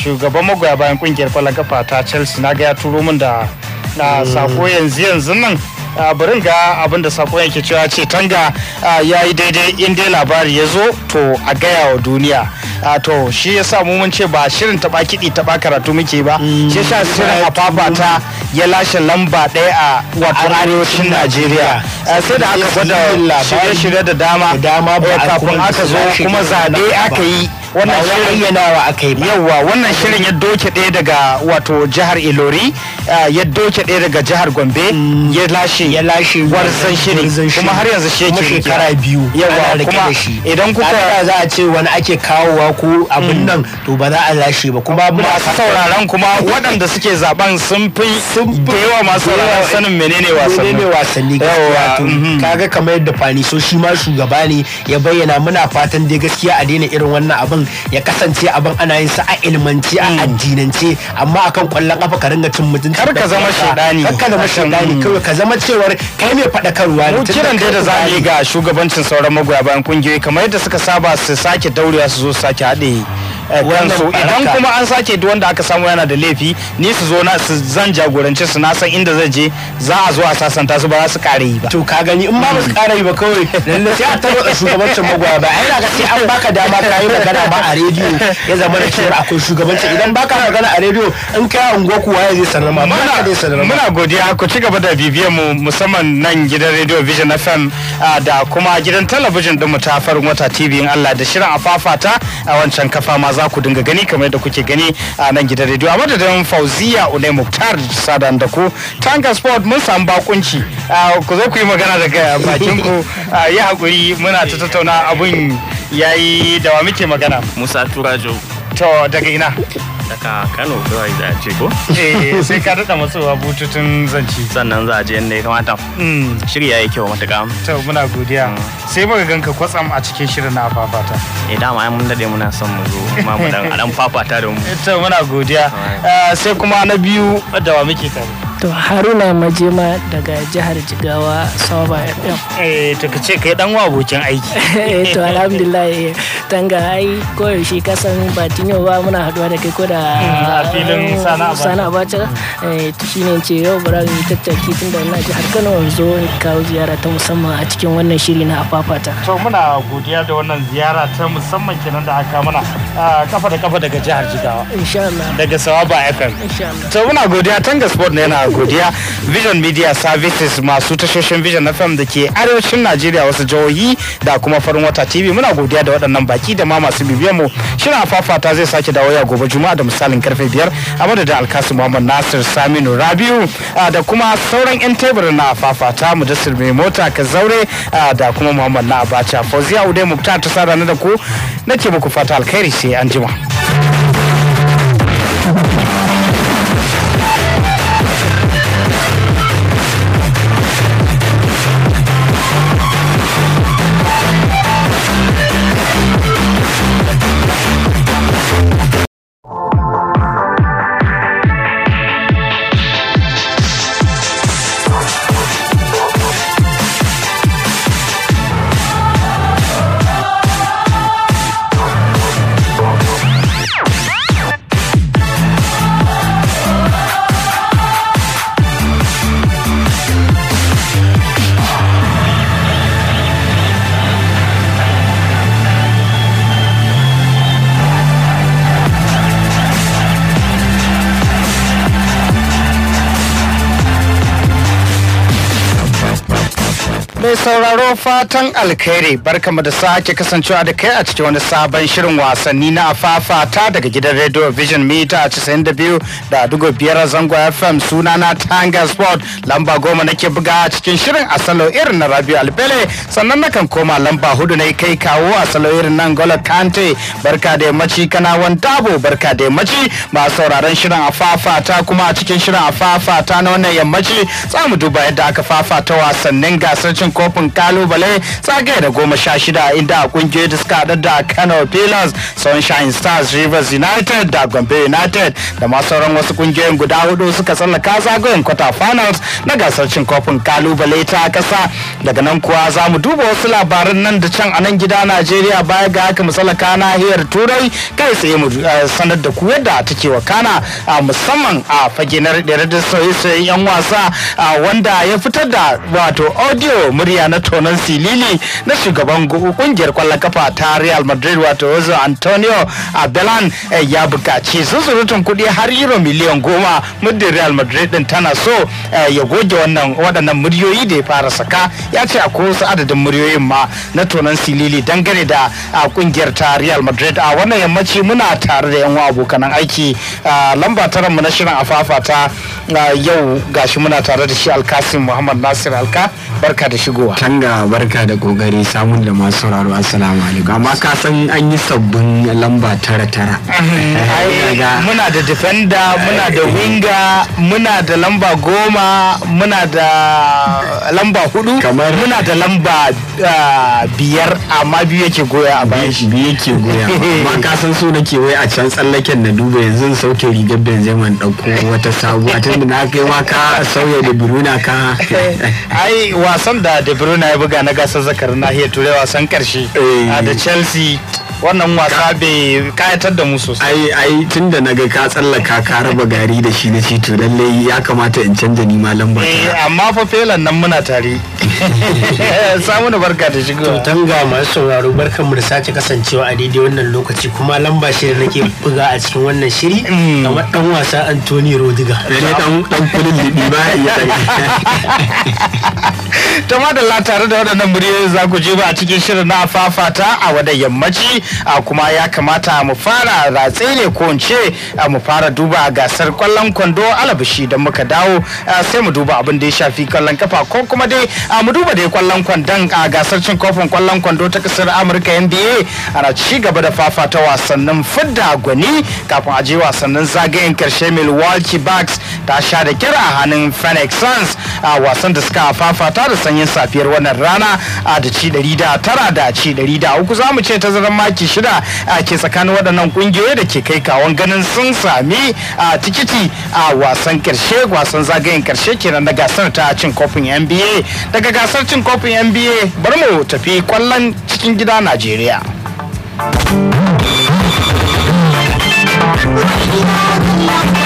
shugaban magoya bayan kungiyar falon kafa ta chelsea na ga ya turo min da mm. sako yanzu yanzu nan barin ga abin
da sakon yake cewa ce tanga ya yi daidai in dai labari ya zo to a gaya wa duniya to shi ya sa mun ce ba shirin taba kiɗi taba karatu muke ba mm. shi sa shirin a fafata ya lashe lamba ɗaya a wato arewacin najeriya sai da aka gwada shirye-shirye da dama eh, kafin aka zo kuma zaɓe aka yi wannan shirin aka yi ba yawa wannan shirin ya doke ɗaya daga wato jihar ilori ya doke ɗaya daga jihar gombe mm. ya lashe lashe ya lashe gwarzon shiri kuma har yanzu shi yake shekara biyu yawa kuma idan kuka za a ce wani ake kawowa ko abin hmm. nan to ba za a lashe ba kuma masu sauraron kuma waɗanda suke zaben sun fi da yawa masu sauraron sanin menene wasanni menene wasanni yawa hmm. kaga kamar yadda fani so shi ma shugaba ne ya bayyana muna fatan dai gaskiya a daina irin wannan abin ya kasance abin ana yin sa a ilmanci a hmm. addinance amma akan kwallon kafa ka ringa cin mutunci kar ka zama shedani kar ka zama shedani kawai ka zama cewa cewar kai mai faɗakarwa ne kiran da za a yi ga shugabancin sauran magoya bayan kungiyoyi kamar yadda suka saba su sake daurewa su zo sake haɗe kansu eh, idan kuma an sake duk wanda aka samu yana da laifi ni su zo na su zan jagorance su na san inda zai je za a zo a sasanta su ba za su kare yi ba to ka gani in ba su kare yi ba kawai lalle sai a taro da shugabancin magoya ba ai ga sai an baka dama ka yi magana ba a rediyo ya zama da cewa akwai shugabanci idan baka magana a rediyo in kai unguwa kuwa ya zai sanar ma muna godiya ku ci gaba da bibiyar mu musamman nan gidan radio vision fm da kuma gidan talabijin din mu ta farin wata tv in Allah da shirin afafata a wancan kafa ma za ku dinga gani kamar yadda kuke gani a nan gidan rediyo a madadin fauziya unai muktar sadan da ku tanga sport mun samu bakunci ku zo ku yi magana
daga bakin ku yi hakuri muna ta tattauna abun yayi da wa muke magana musa turajo To daga ina? Daga Kano kawai za a ce ko? Eh sai ka daɗa masu bututun zanci. Sannan za a je yadda ya kamata. Mm. Shiri ya yi kyau matuƙa. To muna godiya. Mm. Sai muka ganka kwatsam a cikin shirin na fafata. Eh dama ai mun daɗe muna son mu zo ma mu dan fafata da mu. Eh, to muna godiya. Eh, sai kuma na biyu da wa muke tare.
to haruna majema daga jihar jigawa saba fm
eh to kace ce kai dan abokin aiki
eh to alhamdulillah eh, tanga ai koyaushe shi kasan ba tinyo ba muna haduwa da kai ko da mm, a filin mm, ba abacha eh to shine ce yau bara mu tattaki tun da ina jihar Kano zo kawo ziyara ta musamman a cikin wannan shiri na afafata to muna godiya da
wannan ziyara ta musamman kenan da aka mana kafa da kafa daga jihar jigawa insha Allah daga sawaba fm insha Allah to
muna godiya tanga sport ne yana godiya vision media services masu tashoshin vision fm da ke arewacin najeriya wasu jihohi da kuma farin wata tv muna godiya da waɗannan baki da ma masu bibiyar mu shirin fafata zai sake dawo ya gobe juma'a da misalin karfe biyar a madadin alkasi muhammad nasir saminu rabiu da kuma sauran yan tebur na fafata mujassir mai mota ka zaure da kuma muhammad na abacha fauziya udai muktar ta sada da ku nake muku fata alkhairi sai an jima. fatan alkhairi barkamu da sake kasancewa da kai a cikin wani sabon shirin wasanni na afafata daga gidan radio vision mita a 92 da dugo biyar zango fm suna na tanga sport lamba goma nake buga a cikin shirin asalo irin na rabiu albele sannan nakan koma lamba hudu na kai kawo asalo irin nan gola kante barka da yammaci kana wan dabo barka da yammaci ba sauraron shirin afafata kuma a cikin shirin afafata na wannan yammaci za mu duba yadda aka fafata wasannin gasar cin kofin kalubale ne tsagaya da goma sha shida inda kungiyoyi da suka haɗar da Kano Pillars, Sunshine Stars, Rivers United da Gombe United da ma sauran wasu kungiyoyin guda hudu suka tsallaka zagayen kwata finals na gasar cin kofin kalubale ta kasa daga nan kuwa za mu duba wasu labaran nan da can a nan gida Najeriya baya ga haka mu tsallaka nahiyar Turai kai tsaye mu eh, sanar da ku yadda take wakana musamman a fage na da sauye-sauyen 'yan wasa wanda ya fitar da wato audio murya na tonansi fili na shugaban kungiyar kwallon kafa ta Real Madrid wato Jose Antonio Abelan eh, ya bukaci zuzurutun kuɗi har euro miliyan goma muddin Real Madrid din tana so eh, ya goge wannan waɗannan muryoyi da ya fara saka ya ce a kusa adadin muryoyin ma na tonan silili dangane da kungiyar ta Real Madrid a wannan yammaci muna tare da yan abokan aiki lamba tara mu na shirin afafa ta yau gashi muna tare da shi Alkasim Muhammad Nasir Alka barka da shigowa. Tanga bar barka da kokari samun da masu sauraro assalamu alaikum amma ka san an yi sabbin lamba tara tara
eh,
muna da defender muna da winga muna da lamba goma muna da lamba hudu muna da lamba ah, biyar amma biyu yake goya a bayan shi biyu yake goya amma ka san so ke wai a can tsallaken na duba yanzu sauke rigar benzema dauko wata sabuwa tunda na kai ma ka sauya da biruna ka eh, ai wasan da da biruna ya buga na gasar zakar nahiyar turai wasan karshe eh. da chelsea wannan wasa bai kayatar da mu sosai ai tun da naga ka tsallaka ka raba gari da shi na shi to lalle ya kamata in canja ni ma lamba eh amma fa felan nan muna tare samu da barka da shigo to tanga masu sauraro barkanmu da sake kasancewa a daidai wannan lokaci kuma lamba shi da nake buga a cikin wannan shiri mm. kamar dan wasa Anthony Rodiga ne dan dan kudin libi ba ya tare to madalla tare da waɗannan muryoyi za ku je ba a cikin shirin na fafata a wadai yammaci A kuma ya kamata mu fara ratse ne ko in ce mu fara duba gasar kwallon kwando alabishi don muka dawo sai mu duba abin da ya shafi kwallon kafa ko kuma dai mu duba dai kwallon kwandon a gasar cin kofin kwallon kwando ta kasar amurka nba ana ci gaba da fafata wasannin fidda gwani kafin a je wasannin zagayen karshe milwaukee bucks ta sha da kira a hannun phoenix suns a wasan da suka fafata da sanyin safiyar wannan rana a da ci 109 da ci 103 za mu ce tazarar maki maki shida a ke tsakanin waɗannan ƙungiyoyi da ke kai kawon ganin sun sami a tikiti a wasan ƙarshe wasan zagayen ƙarshe kenan na gasar ta cin kofin nba daga gasar cin kofin nba bari mu tafi kwallon cikin gida najeriya Thank you.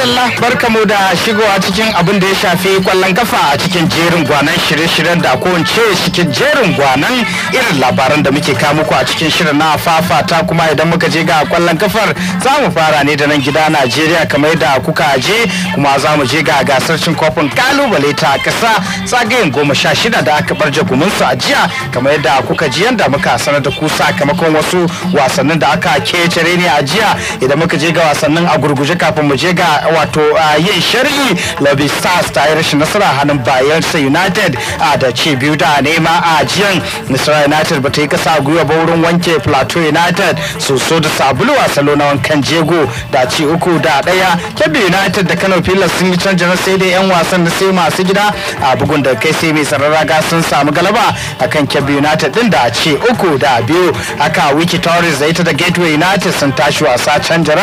madalla barkamu da shigowa cikin abin da ya shafi kwallon kafa a cikin jerin gwanan shirye-shiryen da ko ce cikin jerin gwanan irin labaran da muke kawo muku a cikin shirin na fafata kuma idan muka je ga kwallon kafar za mu fara ne da nan gida Najeriya kamar da kuka je kuma za mu je ga gasar cin kofin kalubale ta kasa zagayen goma sha shida da aka bar su a jiya kamar da kuka ji yadda muka sanar da ku sakamakon wasu wasannin da aka kece ne a jiya idan muka je ga wasannin a gurguje kafin mu je ga wato yin sharhi lobby stars ta yi rashin nasara hannun bayelsa united da ce biyu da nema a jiyan nasara united bata yi kasa gwiwa ba wurin wanke plateau united soso da sabulu a salo na wankan jego da ci uku da daya kebbi united da kano pilas sun yi canja na sai dai yan wasan da sai masu gida a bugun da kai sai mai ga sun samu galaba akan kebbi united din da ce uku da biyu haka wiki torres da ita da gateway united sun tashi wasa canja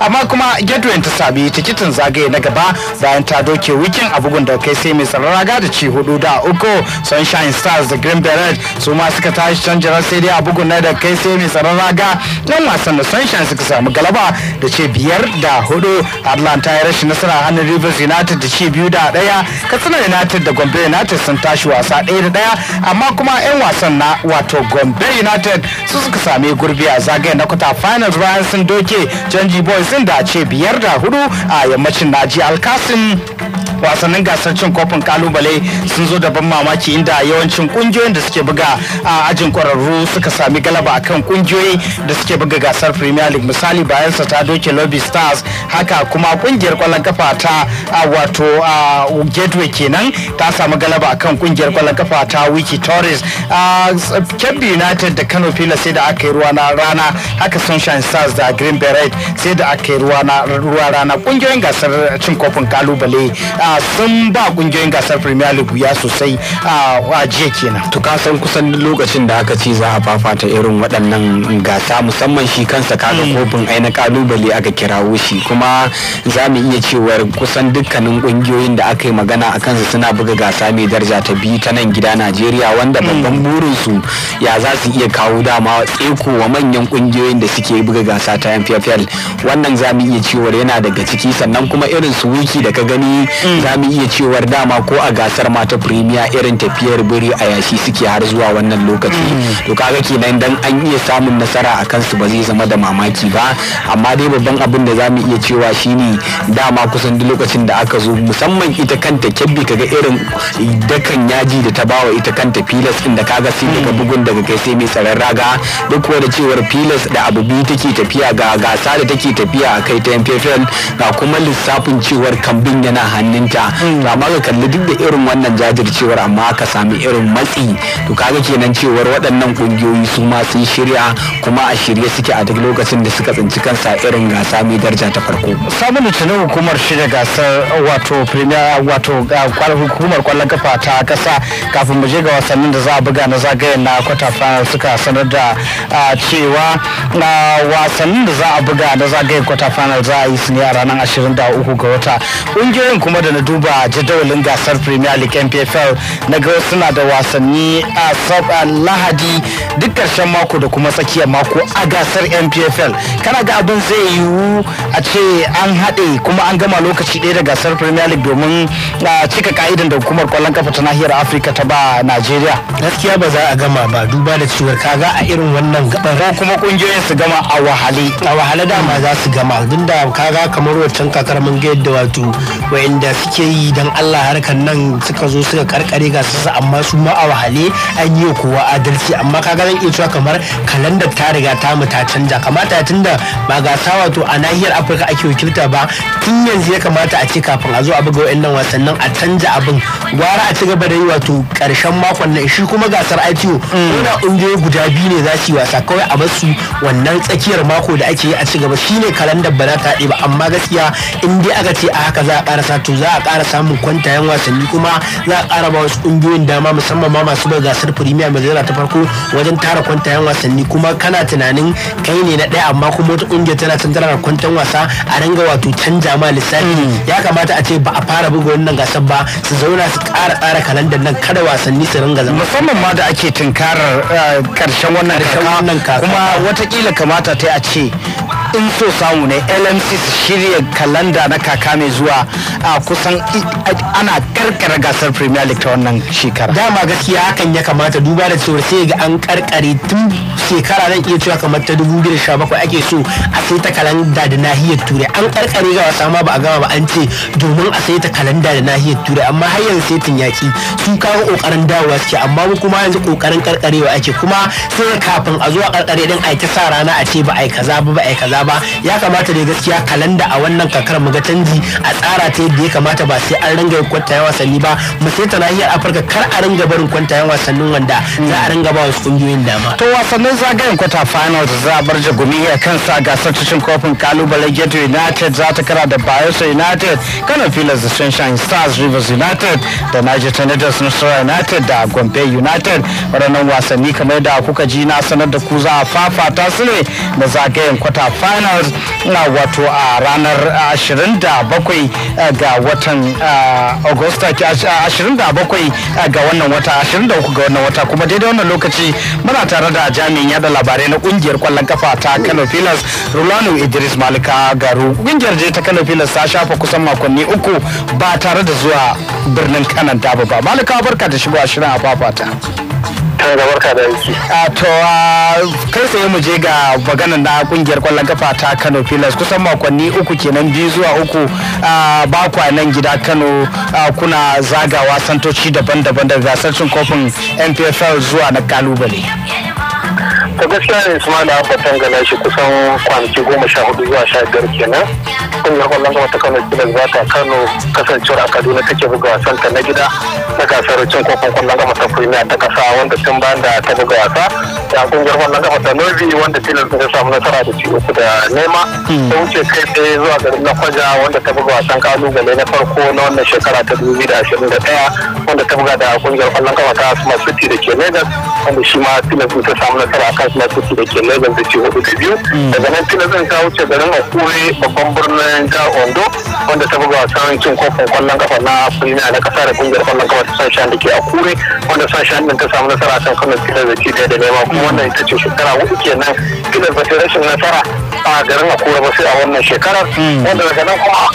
amma kuma gateway ta sami tiki titin zagaye na gaba bayan ta doke wikin a bugun da kai sai mai raga da ci hudu da uku sunshine stars da green beret su ma suka tashi can sai dai a bugun na da kai sai mai raga nan wasan da sunshine suka samu galaba da ce biyar da hudu atlanta ya rashin nasara hannun rivers united da ci biyu da daya katsina united da gombe united sun tashi wasa daya da daya amma kuma yan wasan na wato gombe united su suka sami gurbi a zagaye na kwata finals bayan sun doke canji boys sun da ce biyar da hudu a yammacin naji alkasin wasannin gasar cin kofin kalubale sun zo da ban mamaki inda yawancin kungiyoyin da suke buga a ajin kwararru suka sami galaba a kan kungiyoyi da suke buga gasar premier league misali bayansa ta doke lobby stars haka kuma kungiyar kwallon kafa ta wato gateway kenan ta sami galaba a kan kungiyar kwallon kafa ta wiki torres kebbi united da kano pila sai da aka yi ruwa na rana haka sunshine stars da green beret sai da aka yi ruwa rana kungiyoyin Kungiyoyin gasar cin kofin kalubale sun ba kungiyoyin gasar premier league buya sosai a jiya kenan to ka san kusan lokacin da aka ce za a fafata irin waɗannan gasa musamman shi kansa kaga mm. kofin ai na kalubale aka kirawo shi kuma za mu iya cewar kusan dukkanin kungiyoyin da aka yi magana a kansu suna buga gasa mai daraja ta biyu ta nan gida najeriya wanda mm. babban burin su ya za su iya kawo dama tseko wa manyan kungiyoyin da suke buga gasa ta mffl wannan za mu iya cewar yana daga ciki sa sannan kuma irin su wiki da ka gani mm. za mu iya cewar dama ko a gasar mata premier irin tafiyar biri a yashi suke har zuwa wannan lokaci mm. to kaga kenan dan an iya samun nasara a kansu ba zai zama da mamaki ba amma dai babban abin da za mu iya cewa shine dama kusan duk lokacin da aka zo musamman ita kanta kebbi kaga irin dakan yaji da ta bawa ita kanta filas din da kaga sai daga mm. bugun daga kai sai mai tsaron raga duk da cewar filas da abu biyu take tafiya ga gasa da take tafiya a kai ta mpfl ga kuma kuma lissafin cewar kambin yana hannunta hmm. to amma ka kalli duk da irin wannan jajircewar amma ka sami irin matsi to kaga kenan cewar waɗannan kungiyoyi su ma sun shirya kuma a shirye suke a duk lokacin da suka tsinci kansa irin gasa mai daraja ta farko sabon litinin hukumar shirya gasar uh, wato premier uh, wato uh, hukumar kwallon kafa ta kasa kafin mu je ga wasannin da za a buga na zagayen na kwata final suka sanar da cewa wasannin da za a buga na zagayen kwata final za a yi su ne a ranar ashirin uku ga wata ƙungiyoyin kuma da na duba jadawalin gasar premier league npfl na ga suna da wasanni a lahadi duk ƙarshen mako da kuma tsakiyar mako a gasar npfl kana ga abin zai yiwu a ce an haɗe kuma an gama lokaci ɗaya da gasar premier league domin cika ka'idan da hukumar kwallon kafa ta nahiyar afirka ta ba najeriya gaskiya ba za a gama ba duba da cewar kaga
a irin wannan gaban ko kuma ƙungiyoyin su gama a wahale a wahale dama za
su gama duk da kaga kamar wacce yan kakar mun ga yadda wato wayanda suke yi dan Allah harkar nan suka zo suka karkare ga sassa amma su ma a wahale an yi kowa adalci amma ka zan iya cewa kamar kalandar ta riga ta mu ta canja kamata tunda ba gasa wato a nahiyar Afirka ake wakilta ba tun yanzu ya kamata a ce kafin a zo a buga wayannan wasannin a canja abin gwara a ci gaba da yi wato karshen makon nan shi kuma gasar ITO mm. da ungiyoyi guda biyu ne za su yi wasa kawai a su wannan tsakiyar mako da ake yi a ci gaba shine kalandar ba za ta ba amma gaskiya in dai aka ce a haka za a ƙara to za a ƙara samun kwantayen wasanni kuma za a ƙara ba wasu ƙungiyoyin dama musamman ma masu bai gasar firimiya mai zira ta farko wajen tara kwantayen wasanni kuma kana tunanin kai ne na ɗaya amma kuma wata ƙungiya tana can tara kwantan wasa a ringa wato canja ma lissafi hmm. ya kamata a ce ba a fara buga wannan gasar ba su zauna su ƙara tsara kalandar nan kada wasanni su ringa zama musamman ma da ake tunkarar eh, ƙarshen wannan kaka kuma watakila kamata ta a ce in so samu ne lmc shirya kalanda na kaka mai zuwa a kusan ana karkara gasar premier league ta wannan shekara dama gaskiya hakan ya kamata duba da cewar sai ga an karkare tun shekara nan iya cewa kamar ta 2017 ake so a sai kalanda da nahiyar turai an karkare ga wasa ma ba a gama ba an ce domin a sai kalanda da nahiyar turai amma har yanzu sai tun yaki su kawo kokarin dawowa suke amma mu kuma yanzu kokarin karkarewa ake kuma sai kafin a zuwa karkare din a ta sa rana a ce ba a kaza ba ba a kaza ba ya kamata ne gaskiya kalanda a wannan kakar mu ga canji a tsara ta yadda ya kamata ba sai an ringa kwantayen wasanni ba mu sai ta nahiyar afirka kar a ringa barin kwantayen wasannin wanda za a ringa ba wasu kungiyoyin dama. to wasannin zagayen kwata final za a bar jagumi a kan sa gasar cikin kofin kalubalen gate united za ta kara da bayelsa united kano filas da sunshine stars rivers united da niger tornadoes nasara united da gombe united waɗannan wasanni kamar da kuka ji na sanar da ku za a fafata su ne da zagayen kwata final finals na wato a ranar 27 eh, ga watan eh, agusta 27 eh, ga wannan wata 23 ga wannan wata kuma daidai wannan lokaci muna tare da jami'in yada labarai na kungiyar kwallon kafa ta kano filas rulanu idris malika garu kungiyar je ta kano filas ta shafa kusan makonni uku ba tare da zuwa birnin kanan daba ba malika barka da shigo a shirin a fafata to kai sai mu je ga maganar na kungiyar kwallon kafa ta Kano Pilas kusan makonni uku kenan biyu zuwa uku ba kwa nan gida Kano kuna zagawa santoci daban-daban da gasar cin kofin MPFL zuwa na kalubale
ta gaskiya ne ismail abba tangala shi kusan kwanaki goma sha hudu zuwa sha biyar kenan kungiyar kwallon kafa ta kano kilas za ta kano kasancewar a kaduna take buga wasan ta na gida na gasar cin kofin kwallon kafa ta premier ta kasa wanda tun ban da ta buga wasa da kungiyar wannan kafa ta novi wanda tilas ta samu nasara da ci uku da nema hmm. ta wuce kai tsaye zuwa garin na kwaja wanda ta buga wasan kalubale na farko na wannan shekara ta dubu da ashirin da ɗaya wanda ta buga da kungiyar kwallon kafa ta smart city da ke lagos wanda shi ma tilas ta samu nasara kan smart city da ke lagos da ci hudu da biyu hmm. daga nan tilas zan ta wuce garin akure babban birnin jihar ondo wanda ta buga wasan cin kofin kwallon kafa na premier na kasa da kungiyar kwallon kafa ta sashen da ke akure wanda sashen din ta samu nasara kan kano tilas da ci da nema wannan ita ce shekara hudu kenan tilas ba rashin nasara a garin Akura ba sai a wannan shekarar hmm. wanda daga nan kuma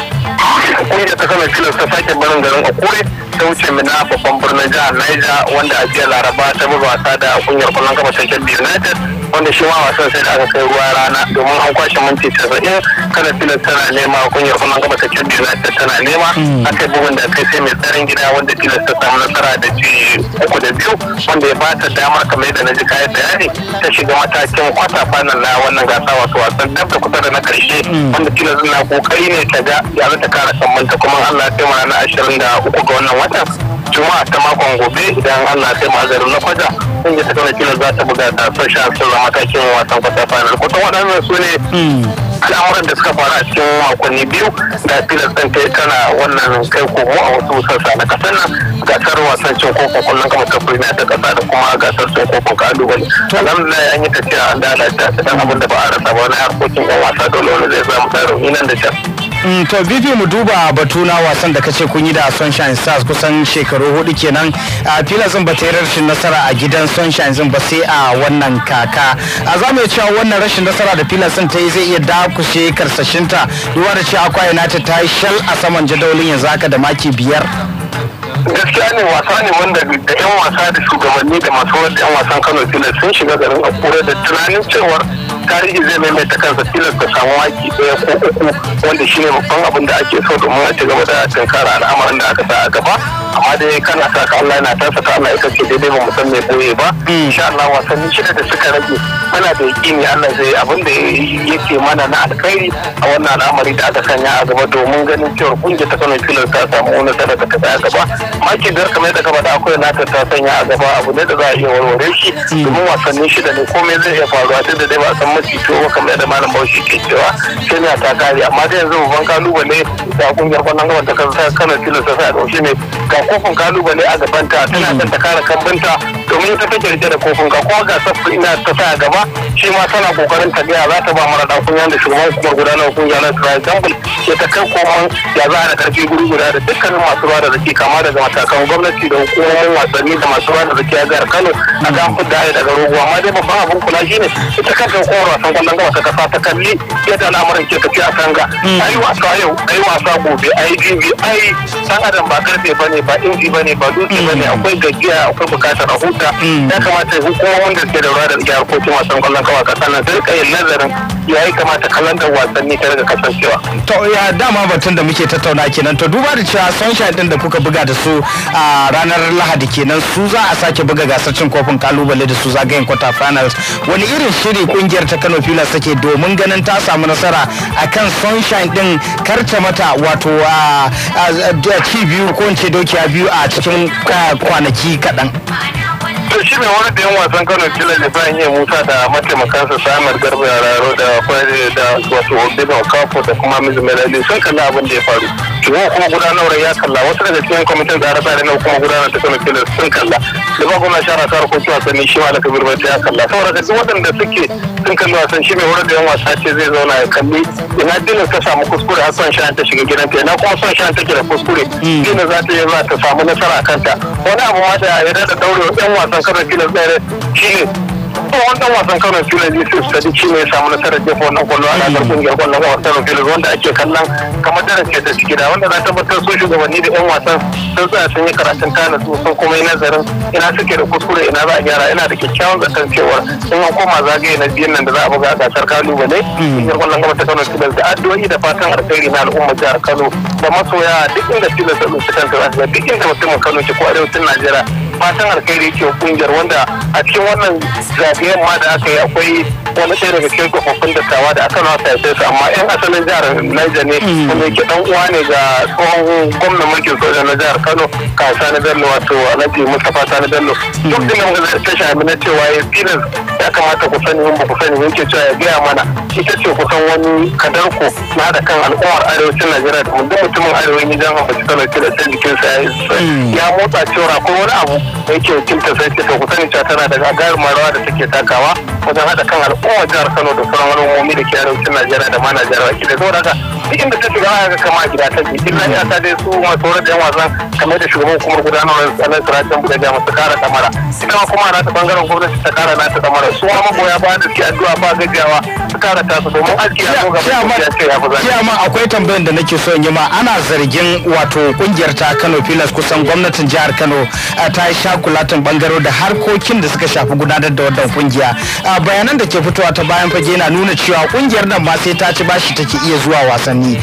kungiyar ta kano kilos ta sake barin garin Akure ta wuce mina babban birnin jihar Niger wanda a jiya Laraba ta bi wasa da kungiyar kwallon kafa ta Kebbi United wanda shi ma wasan sai da aka kai ruwa rana domin an kwashe minti casa'in kada filas tana nema kungiyar kwallon kafa ta Kebbi United tana nema hmm. aka bugun da kai sai mai tsarin gida wanda filas ta samu nasara da ci uku da biyu wanda ya bata damar kamar yadda na ji kayan bayani ta shiga matakin kwata final na wannan gasa wato wasan dab kusa da na karshe wanda kila na kokari ne ta ga ya za ta kara sammanta kuma Allah ya taimaka na ashirin da uku ga wannan watan juma'a ta makon gobe idan Allah ya taimaka garin na kwaja sun ji ta kila za ta buga ta sashen sun matakin wasan kwata final kusan waɗannan su ne al'amuran da suka faru a cikin makonni biyu da tilastan ɗin ta tana wannan kai kogo a wasu sassa na kasar nan gasar wasan cin koko kullum kama ta na ta ƙasa da kuma gasar cin a kalubale alhamdulillah ya yi tafiya an da ta dan abin da ba a rasa ba wani harkokin yan wasa dole wani zai zama ɗan rauni nan da can
Mm, to bibi mu duba batu na wasan da kace kun yi da sunshine stars kusan shekaru hudu kenan a filazin ba ta yi rashin nasara a gidan sunshine zin ba sai a wannan kaka a za mu cewa wannan rashin nasara da filazin ta yi zai iya dakushe karsashinta duwa da cewa akwai united ta yi shal a saman jadawalin yanzu haka da maki biyar
gaskiya ne wasa ne wanda da yan wasa da shugabanni da masu wasu yan wasan kano tilas sun shiga garin akure da tunanin cewar tarihi zai ta kansa tilas da samu waki daya ko uku wanda shine babban abin da ake so domin a ci gaba da tunkara al'amarin da aka sa a gaba amma dai kana sa ka Allah yana tasa ka Allah ita ce daidai ba mu san me boye ba hmm. insha Allah wasanni shida da suka rage ana da yakini Allah zai abin da ya yake mana na alkhairi a wannan al'amari da aka sanya a gaba domin ganin cewa kungiyar ta Kano tilas ta samu wani da ta gaba maki biyar kamar yadda ka faɗa akwai nata ta sanya a gaba abu ne da za a iya warware shi domin wasanni shida ne komai zai iya faruwa tun da dai ba a san mafi ciwo kamar yadda malam bauchi ke cewa kenya ta kare amma dai yanzu babban kalubale da kungiyar kwallon gaba ta kasa kana tilasta sa a ɗauke ne ga kofin kalubale a gabanta tana son ta kare kambinta domin ita ta kirje da kofin ka kuma ga safu ina ta sa a gaba shi ma tana kokarin ta gaya za ta ba mara da kungiyar da shugaban hukumar gudanar kungiyar na Tsirai Gamble ke ta kai koman ya za a da karfi guri guda da dukkanin masu ruwa da zaki kama daga matakan gwamnati da hukumar wasanni da masu rana da zakiya jihar kano a kan da ya daga rogo amma dai babban abin kula ne ita kanta hukumar wasan kwallon gaba ta kasa ta kalli yadda al'amuran ke tafiya kan ga yi hmm. wasa yau a yi wasa gobe a ai jibi yi san adam ba karfe ne ba inji ba ne ba dutse hmm. ne. akwai gajiya akwai bukatar a huta hmm. ya kamata hukumar da ke da ruwa da jihar harkokin wasan kwallon kawa kasar nan sai yin nazarin ya yi kamata kalandar wasanni ta daga kasancewa. to
ya dama batun da muke tattauna kenan to duba da cewa sunshine din da kuka buga da su a ranar lahadi kenan su za a sake buga gasar cin kofin kalubale da su zagayen quarter finals wani irin shiri kungiyar ta kano pilas take domin ganin ta samu nasara a kan sunshine din karta mata wato a ci biyu ko in ce dokiya biyu a cikin kwanaki kaɗan.
to shi mai wani da yan wasan kano kila ibrahim ya musa da mataimakansa samar garba yararo da kwaje da wato obinna okafo da kuma mizu melali sun kalla abin da ya faru kiwo kuma gudanarwar ya kalla wasu daga cikin kwamitin tsare tsare na kuma gudanar ta kano kila sun kalla da ba gwamna shara ta harkokin wasanni shi ma da kabir ya kalla saboda duk waɗanda suke tun kalli wasan shi mai wurin da yan wasa ce zai zauna ya kalli ina dinin ta samu kuskure har son shan ta shiga gidanta ina kuma son shan ta da kuskure hmm. dinin za ta yi za ta samu nasara a kanta wani abu ma da ya daɗa daure yan wasan karar dinin tsere shi ne babban wasan dan wasan Kano Filas Yusuf Sadiki ne ya samu nasarar jefa wannan kwallo a gasar kungiyar kwallon kafa Kano Filas wanda ake kallon kamar darasi ta ciki da wanda na tabbatar su shugabanni da yan wasan sun tsaya sun yi karatun tana su sun kuma yi nazarin ina suke da kuskure ina za a gyara ina da kyakkyawan zaton cewa in an koma zagaye na biyan nan da za a buga a gasar kalubale kungiyar kwallon a ta Kano Filas da addu'o'i da fatan alkhairi na al'ummar jihar Kano da masoya duk inda Filas ta su kanta duk inda mutumin Kano ke ko arewacin Najeriya fatan alkhairi ke kungiyar wanda a cikin wannan zagayen ma da aka yi akwai wani ɗaya daga cikin da dattawa da aka nawa ya sai su amma yan asalin jihar Niger ne kuma mm. yake dan uwa ne ga tsohon gwamnan mulkin soja na jihar Kano kasa na Bello wato Alhaji Mustapha Sani Bello mm. duk da mun ta shafi na cewa ya tilas ya kamata ku sani mun ba ku sani yake cewa ya gaya mana ita ce kusan wani kadarko na da kan al'ummar arewacin Najeriya da mutumin arewacin jihar Kano ke da sai jikinsa mm. ya motsa cewa akwai wani abu da yake wakiltar sai ce ku sani cewa tana da gagarumar rawa da take takawa wajen haɗa kan al'umma jihar Kano da sauran al'ummomi da ke arewacin Najeriya da ma Najeriya baki da saboda haka duk inda ta shiga aka kama a gida ta ji illa ya ta dai su ma horar da yan wasan kamar da shugaban hukumar gudanarwar tsanan sirajin buga jama su kara kamara ita ma kuma na ta bangaren gwamnati ta kara na ta kamara su ma magoya ba da suke addu'a ba gajiyawa su kara tasu domin aski a ba ya ce ya fi zai. akwai
tambayan da nake so in yi ma ana zargin wato kungiyar ta Kano Pilas kusan gwamnatin jihar Kano eh, ta shakulatan bangaro da harkokin da suka shafi gudanar da wannan kungiya a bayanan da ke fitowa ta bayan fage na nuna cewa kungiyar nan ba sai ta ci bashi take iya zuwa wasanni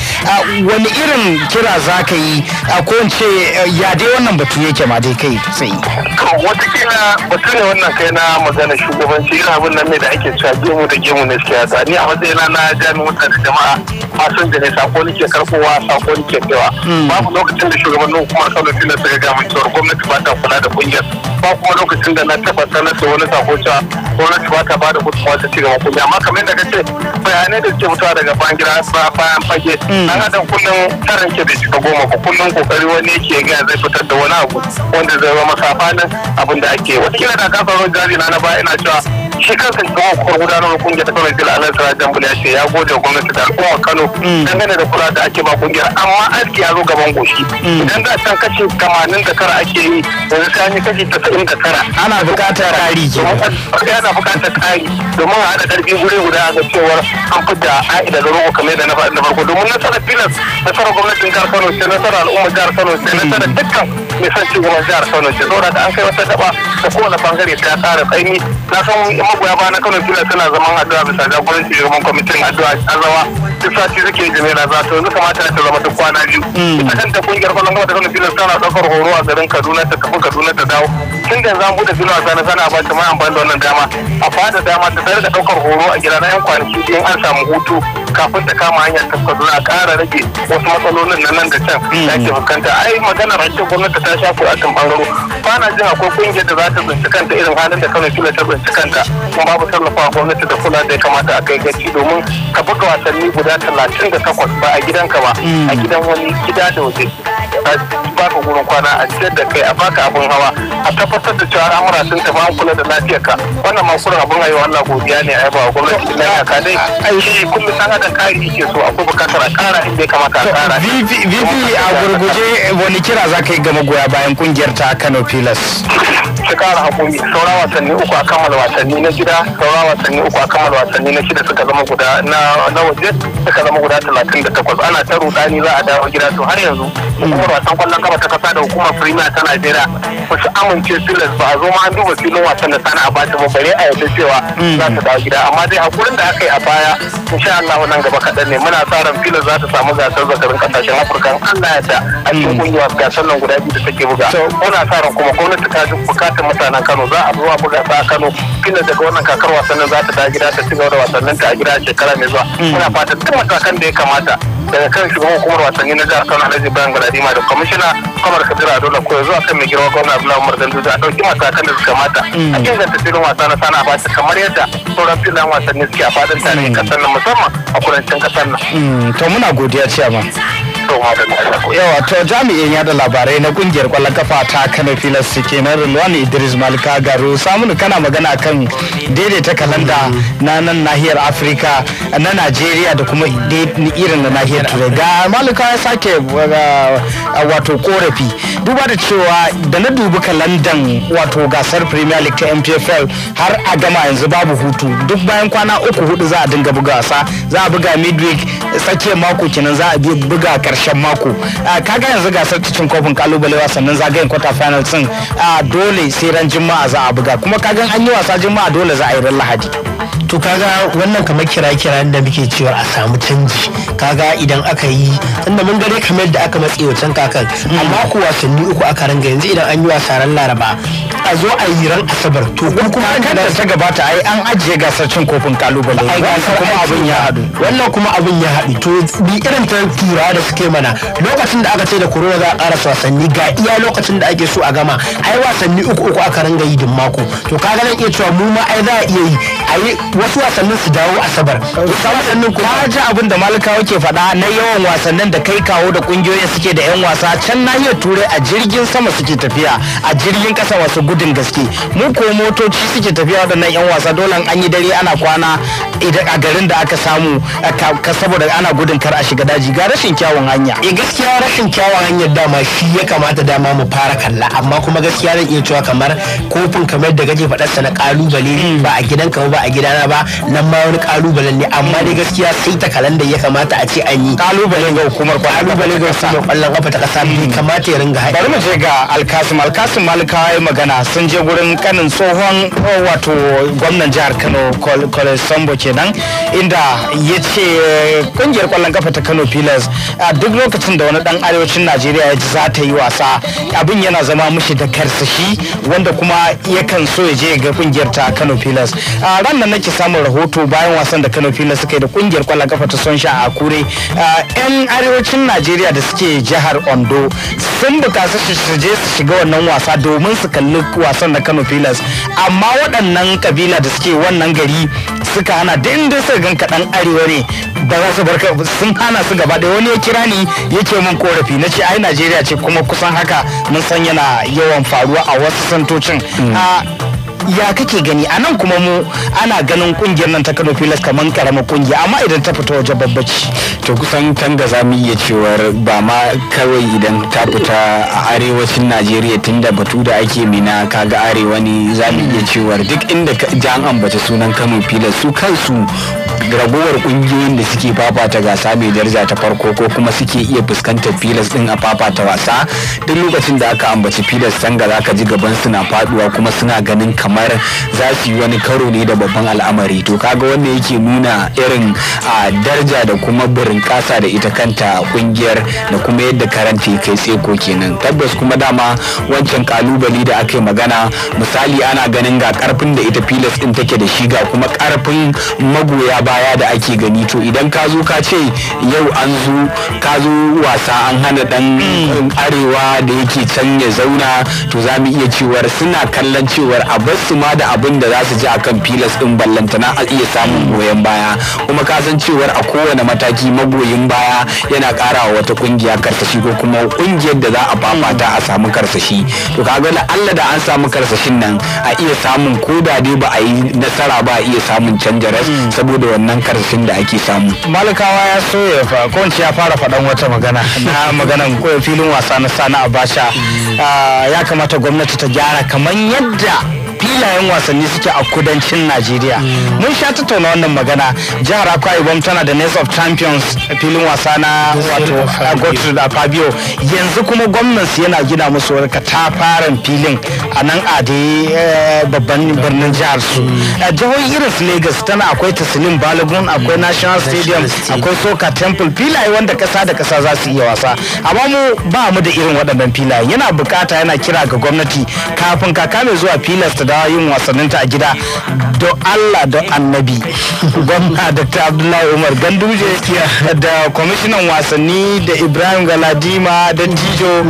wani irin kira za ka yi ko in ce eh, ya dai wannan batu yake ma dai kai sai to
watakila batu ne wannan kai na magana shugabanci ina abin nan ne da ake cewa gemu da gemu ne suke yasa ni a matsayina na jami'in da jama'a fasin da ne sako ne ke karkowa sako ne nake kaiwa hmm. babu lokacin da shugabannin hukumar kano filas daga gamacewar gwamnati ba ta kula da kungiya just ba kuma lokacin da na taba sanar da wani sako cewa gwamnati ba ta ba da gudunmawa ta ci gaba kuma amma kamar yadda kace bayanai da suke fitowa daga bayan ba bayan fage hmm. An adam kullum tarin ke da cika goma ko kullum kokari wani yake ga zai fitar da wani abu wanda zai zama safanin abin da ake wata kila da ka samu gari na na baya ina cewa shi kansa shugaban gudanar da kungiyar ta kawai jila alan sara jambul ya ce ya gode gwamnati da al'umma kano hmm. dangane da kula da ake ba kungiyar amma aski ya zo gaban goshi hmm. idan da can kashi tamanin da kara ake yi yanzu sai an yi kashi casa'in da tara. Ana buƙatar ƙari ke. Ana buƙatar ƙari domin a haɗa ƙarfi guri guda a ga cewar an fita a'i daga rogo kamar yadda na farko domin nasarar filas nasarar gwamnatin jihar Kano ce nasarar al'ummar jihar Kano ce hmm. nasarar dukkan mai son ci gaban jihar Kano ce saboda da an kai wata daba da kowane bangare ta tsara tsaini na san magoya ba na Kano filas suna zaman addu'a bisa jagoranci shugaban kwamitin addu'a azawa duk sati suke jimela za to yanzu kamata ta zama duk kwana biyu. Hmm. Ita kanta kungiyar kwallon gaba ta Kano filas tana ɗaukar horo a garin Kaduna ta tafi Kaduna ta dawo tun da zamu bude filin a na sana ba ta ma amfani da dama a fada dama ta tare da ɗaukar horo a gida na yan kwanaki in an samu hutu kafin ta kama hanyar tafka a ƙara rage wasu matsalolin na nan da can hmm. da ake fuskanta ai magana rashin gwamnati ta shafi a kan ɓangaro kwana jin akwai ƙungiyar da za ta kanta irin halin da kano kila ta tsinci kanta kuma babu tallafa gwamnati da kula da ya kamata a kai gaci domin ka buga wasanni guda talatin da takwas ba a gidanka ba a hmm. gidan wani gida da waje baka gurin kwana a cikin da kai a baka abin hawa a tabbatar da cewa al'amura sun tafi an kula da lafiyar ka wannan ma kuma abin rayuwa Allah godiya ne a yaba gwamnati na yaka dai shi kullum san haɗa kari yake so akwai bukatar a ƙara inda ya
kamata a ƙara. Vivi a gurguje wani kira za ka yi ga magoya bayan kungiyar ta Kano
Pilas. Su
kara hakuri saura wasanni uku a kammala wasanni na gida saura wasanni uku a kammala wasanni na gida suka zama guda na waje suka zama guda talatin da takwas ana ta rudani za a dawo gida to har yanzu kuma wasan kwallon kama ta kasa da hukumar firimiya ta najeriya wasu amince silas ba a zo ma an duba filin wasan da sana a ba ba bare a yadda cewa za ta dawo gida amma dai hakurin da aka yi a baya insha allahu nan gaba kaɗan ne muna sa ran filin za ta samu gasar zakarin kasashen afirka allah ya da a cikin kungiya hmm. gasar nan guda biyu da take buga muna sa ran kuma gwamnati ta ji bukatar mutanen kano za a zuwa buga ta kano filin daga wannan kakar wasannin za ta dawo gida ta ci gaba da wasannin ta a gida shekara mai zuwa hmm. muna fata duk matakan da ya kamata daga kan shugaban hukumar wasanni na jihar Kano Alhaji Bayan Galadima da kwamishina Kamar a dole Koyo zuwa kan mai girma gwamna Abdullahi Umar Ganduje a ɗauki matakan da suka mata a mm. inganta filin wasa na sana bata kamar yadda sauran filin wasanni suke a fadin tarihin kasar mm. nan musamman a kudancin kasar nan.
Mm. To muna godiya
ciyama.
yawa to jami'in yada labarai na kungiyar kwallon kafa ta kano filas na rilwan idris malika garu samun kana magana kan daidaita kalanda na nan nahiyar afirka na najeriya da kuma irin na nahiyar turai ga malika ya sake wato korafi duba da cewa da na dubi kalandan wato gasar premier league ta mpfl har a gama yanzu babu hutu duk bayan kwana uku hudu za a dinga buga wasa za a buga midweek tsakiyar mako kenan za a buga karshe karshen mako ah, kaga yanzu gasar ta cin kofin kalubale wasannin zagayen quarter final sun ah, dole sai ran juma'a za a buga kuma kaga an yi wasa juma'a dole za a yi ran lahadi
to kaga wannan kamar kira kira da muke cewa a samu canji kaga idan aka yi tunda mun gare kamar da aka matse wancan kakan amma ku wasanni uku aka ranga yanzu idan an yi wasa
ran laraba a zo a yi ran asabar to kuma kan da ta gabata ai an ajiye gasar cin kofin kalubale kuma abin ya haɗu wannan kuma abin ya haɗu to bi irin ta tura da suke mana lokacin da aka ce da korona za a karasa wasanni ga iya lokacin da ake so a gama ai wasanni uku uku aka ringa yi din mako to kaga nan iya cewa mu ma ai za a iya yi ayi wasu wasannin su dawo asabar wasannin ka ji abin da malika yake faɗa na yawan wasannin da kai kawo da kungiyoyin suke da yan wasa can nahiyar turai a jirgin sama suke tafiya a jirgin kasa wasu gudun gaske mu ko motoci suke tafiya da waɗannan yan wasa dole an yi dare ana kwana a garin da aka samu saboda ana gudun kar a shiga daji ga rashin kyawun hanya e gaskiya rashin kyawun hanyar dama shi ya kamata dama mu fara kalla amma kuma gaskiya zan iya cewa kamar kofin kamar da kake faɗar sa na kalubale hmm. ba a gidan ka ba a gidana ba nan ma wani kalubalen ne amma dai gaskiya sai ta kalanda ya kamata a ce an yi kalubalen ga hukumar ko kalubale ga sabon kwallon kafa ta kasa bi hmm. kamata ya ringa haɗi bari mu je ga alkasim alkasim malika ya magana sun je gurin kanin tsohon wato gwamnan jihar kano kole kenan inda ya ce kungiyar kwallon kafa ta kano pillars duk lokacin da wani dan arewacin najeriya ya ji za ta yi wasa abin yana zama mishi da karsashi wanda kuma yakan so ya je ga kungiyar ta kano pilas a ran nan nake samun rahoto bayan wasan da kano pilas suka yi da kungiyar kwallon kafa ta sonsha a kure yan arewacin najeriya da suke jihar ondo sun bukaci su je su shiga wannan wasa domin su kalli wasan da kano pilas amma waɗannan kabila da suke wannan gari suka hana dindin suka gan kaɗan arewa ne ba za su bar sun hana su gaba da wani ya kira misali yake min korafi na ce ai najeriya ce kuma kusan haka mun san yana yawan faruwa a wasu santocin hmm. ya kake gani a nan kuma mu ana ganin kungiyar nan ta kano filas kamar karamar kungiya amma idan ta fita waje babbaci to kusan kan da za mu iya cewar ba ma kawai idan ta fita a arewacin najeriya tunda batu da ake mina kaga arewa ne za mu iya hmm. cewar duk inda jan ambata sunan kano filas su kansu ragowar kungiyoyin da suke fafata gasa mai daraja ta farko ko kuma suke iya fuskantar filas din a fafata wasa duk lokacin da aka ambaci filas sanga za ka ji gaban suna faduwa kuma suna ganin kamar za su yi wani karo ne da babban al'amari to kaga wanda yake nuna irin a daraja da kuma burin kasa da ita kanta kungiyar da kuma yadda karanta kai ko kenan tabbas kuma dama wancan kalubali da aka yi magana misali ana ganin ga karfin da ita filas din take da shi ga kuma karfin magoya baya da ake gani to idan ka zo ka ce yau an zo ka zo wasa an hana dan arewa da yake can ya zauna to za mu iya cewar suna kallon cewar a bar su ma da abin da za su ji akan filas din ballantana a iya samun goyon baya kuma ka san cewar a kowane mataki magoyin baya yana karawa wata kungiya karsashi ko kuma kungiyar da za a fafata a samu karsashi to kaga da Allah da an samu karsashin nan a iya samun ko da dai ba a yi nasara ba a iya samun canjaras. Mm. saboda wannan karfin da ake samu. Malakawa ya so
ya fa kowace ya fara faɗan
wata magana na maganan filin wasa na sana abasha mm. ah, ya kamata gwamnati ta gyara kamar yadda filayen wasanni suke a kudancin najeriya mun sha tattauna wannan magana jihar akwa ibom tana da nest of champions filin wasa na wato godfrey da fabio yanzu kuma gwamnansu yana gina musu wani katafaren filin a nan ade eh, babban birnin jihar su jihohi irin su lagos tana akwai taslim balogun akwai mm. national stadium akwai soka temple filaye wanda kasa da kasa za su iya wasa amma mu ba mu da irin waɗannan filayen yana bukata yana kira ga gwamnati kafin kaka mai zuwa filas ta dawo yin wasanninta a gida don Allah don annabi gwamna da ta Abdullahi Umar Ganduje da kwamishinan wasanni da Ibrahim Galadima da Tijo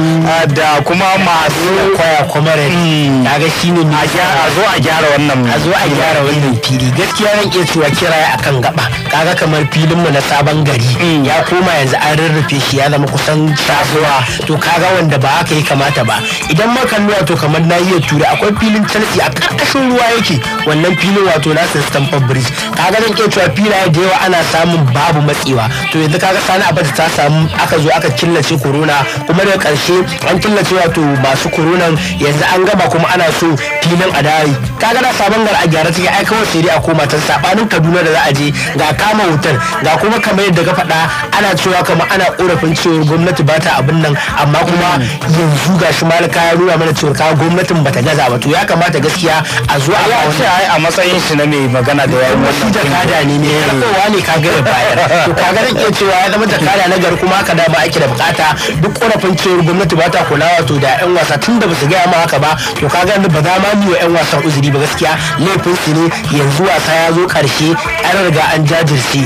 da kuma masu kwaya kwamare da mm. shine a zo a gyara wannan a zo a gyara wannan
fili gaskiya
ran ke cewa kira kan gaba kaga kamar filin mu na sabon gari mm. ya koma yanzu an rarrafe shi ya zama kusan tasowa to kaga wanda ba haka ya kamata ba idan ma kallo to kamar na iya tura akwai filin chelsea karkashin ruwa yake wannan filin wato na Stamford Bridge
ga zan iya cewa filaye da yawa ana samun babu matsewa to yanzu kaga sani abata ta samu aka zo aka killace corona kuma daga karshe an killace wato masu corona yanzu an gama kuma ana so filin a dare kaga da sabon gar a gyara take ai kawai sai dai a koma ta sabanin Kaduna da za a je ga kama hotel ga kuma kamar yadda ka faɗa ana cewa kamar ana korafin cewa gwamnati ba ta abin nan amma kuma mm. yanzu ga shi malaka ya nuna mana cewa gwamnatin
bata gaza ba to ya kamata gaskiya gaskiya a zuwa a ya ce a matsayin shi na mai magana da yayin wannan jakada ne eh. ne kowa ne kaga ya bayar to kaga zan cewa ya zama jakada na gari kuma haka da
ba ake da bukata duk korafin cewar gwamnati ba ta kula wato da yan wasa tunda ba su gaya ma haka ba
to kaga yanzu ba za ma wa yan wasan uzuri ba gaskiya laifin su ne yanzu wasa ya zo karshe an riga an jajirce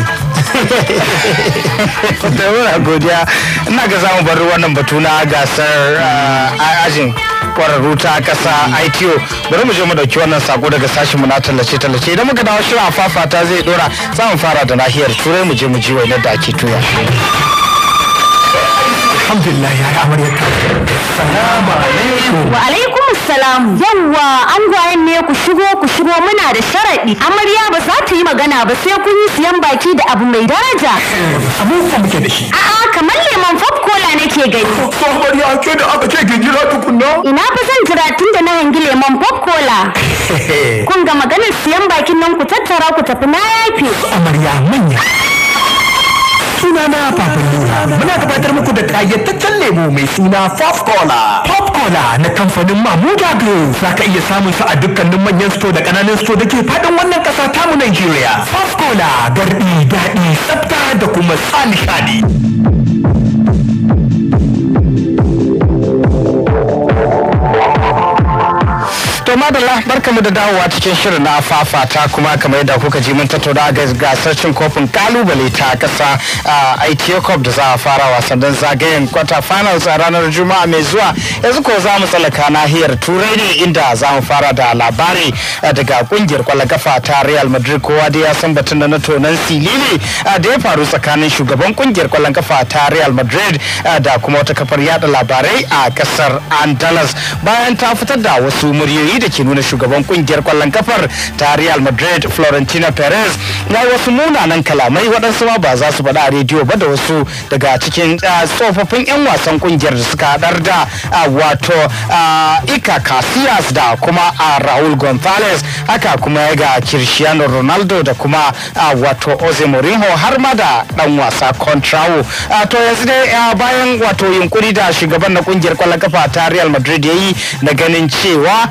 da godiya
ina ga zamu bar wannan batu na gasar ah, ajin kwararru ta kasa ITO bari mu je mu dauki wannan sako daga sashin mu na tallace tallace idan muka dawo shirin afafata zai dora za mu fara da nahiyar turai mu je mu ji wainar da ake tuya alhamdulillah ya yi amaryar
salamu alaikum salamu Yawwa angwayen ne ku shigo ku shigo muna da sharaɗi. Amarya ba za ta yi magana ba sai kun yi siyan baki da abu mai daraja. abu sa muke da shi. A'a kamar lemon pop cola nake gani. Ko bari a ke da aka ce ki jira tukunna. Ina ba zan jira tun da na hangi lemon pop cola. Kun ga maganar siyan bakin nan ku tattara ku tafi na yafe. Amarya manya. suna na Papa Muna gabatar
muku da kayyataccen lemo mai suna Pop Cola. Pop Cola na kamfanin Mamuda Group. Za ka iya samun su a dukkanin manyan sto da kananan sto da ke faɗin wannan ƙasa tamu Nigeria. Pop Cola garɗi, daɗi, tsafta da kuma sa nishaɗi.
To madalla barkamu da dawowa cikin shirin na fafata kuma kamar yadda kuka ji mun tattauna ga gasar cin kofin kalubale ta kasa a ITA Cup da za a fara wasan zagayen kwata finals a ranar Juma'a mai zuwa yanzu ko za mu tsallaka nahiyar Turai ne inda za mu fara da labari daga kungiyar kwallon ta Real Madrid kowa da ya san batun na tonan silili da ya faru tsakanin shugaban kungiyar kwallon kafa ta Real Madrid da kuma wata kafar yada labarai a kasar Andalus bayan ta fitar da wasu muryoyi da ke nuna shugaban kungiyar kwallon kafar ta Real Madrid florentina Perez ya yi wasu munanan kalamai waɗansu ma ba za su faɗa a rediyo ba da wasu daga cikin tsofaffin 'yan wasan kungiyar da suka haɗar da wato Ika Casillas da kuma a Raul Gonzalez haka kuma ga Cristiano Ronaldo da kuma wato Jose Mourinho har ma da ɗan wasa Contrao to yanzu dai bayan wato yunkuri da shugaban na kungiyar kwallon kafa ta Real Madrid ya yi na ganin cewa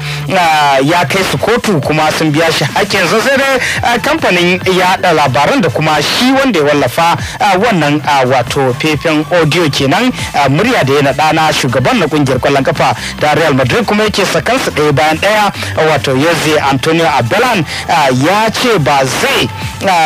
ya kai su kotu kuma sun biya shi sai zazzarar kamfanin yaɗa labaran da kuma shi wanda ya wallafa wannan wato fefen audio kenan murya da ya naɗa na shugaban na kungiyar kwallon kafa da real madrid kuma yake su ɗaya bayan ɗaya wato yanzu antonio abelan ya ce ba zai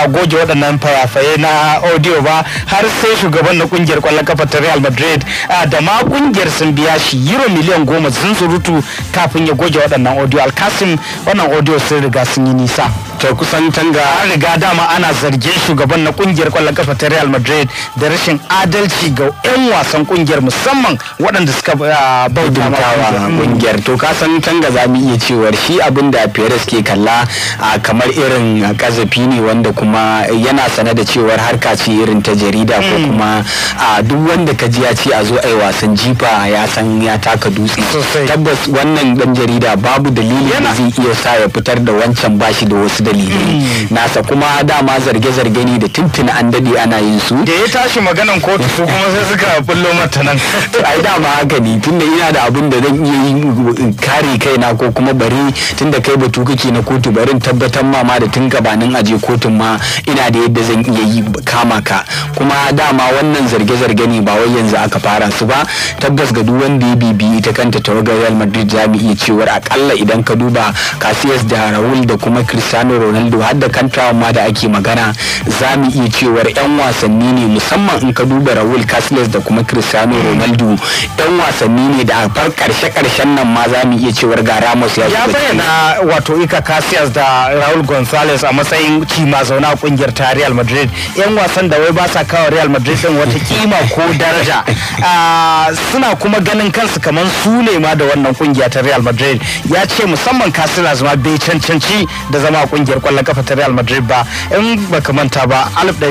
goge waɗannan fayafaye na audio ba har sai shugaban na kungiyar kwallon kafa ta real madrid da ma kungiyar sun biya shi euro miliyan goma surutu kafin ya goge waɗannan audio alkasim wannan audio sun riga sun yi nisa to kusan tanga an riga dama ana zargin shugaban na kungiyar kwallon kafa ta Real Madrid da rashin adalci ga 'yan wasan kungiyar musamman waɗanda suka ah, bautawa kungiyar to kasan canga tanga za mu iya cewar shi abin da Perez ke kalla ah, kamar irin kazafi ne wanda kuma yana sane da cewar harka ce irin ta jarida ko mm. kuma a ah, duk wanda ka ji ya ce a zo a yi wasan jifa ya san ya taka dutse tabbas wannan dan jarida babu dalilin da zai iya sa ya fitar da wancan bashi da wasu dalilai hmm. nasa kuma dama zarge-zarge ne da tuntuna an dade ana yin su da ya tashi maganan kotu su kuma
sai suka bullo mata nan
ai dama haka ne tunda ina da abin da zan iya yin kare kaina ko kuma bari tunda kai batu kake na kotu barin tabbatar ma da tun gabanin aje kotun ma ina da yadda zan iya yi kama ka kuma dama wannan zarge-zarge ne ba wai yanzu aka fara su ba tabbas ga duk wanda ya bibiyi ta kanta tawagar Real Madrid jami'i cewar akalla idan ka duba casillas da raul da kuma cristiano ronaldo har da kantrawa ma da ake magana za mu iya cewar yan wasanni ne musamman in ka duba raul casillas da kuma cristiano ronaldo yan wasanni ne da a karshe karshen nan ma za mu iya cewar ga ramos ya ya bayyana wato ika casillas da raul gonzalez a matsayin kima zauna kungiyar ta real madrid yan wasan da wai ba sa kawo real madrid din wata kima ko daraja ah, suna kuma ganin kansu kamar su ne ma da wannan kungiya ta real madrid ya ce ce musamman Casillas zama bai cancanci da zama a kungiyar kwallon kafa ta Real Madrid ba in baka manta ba alif da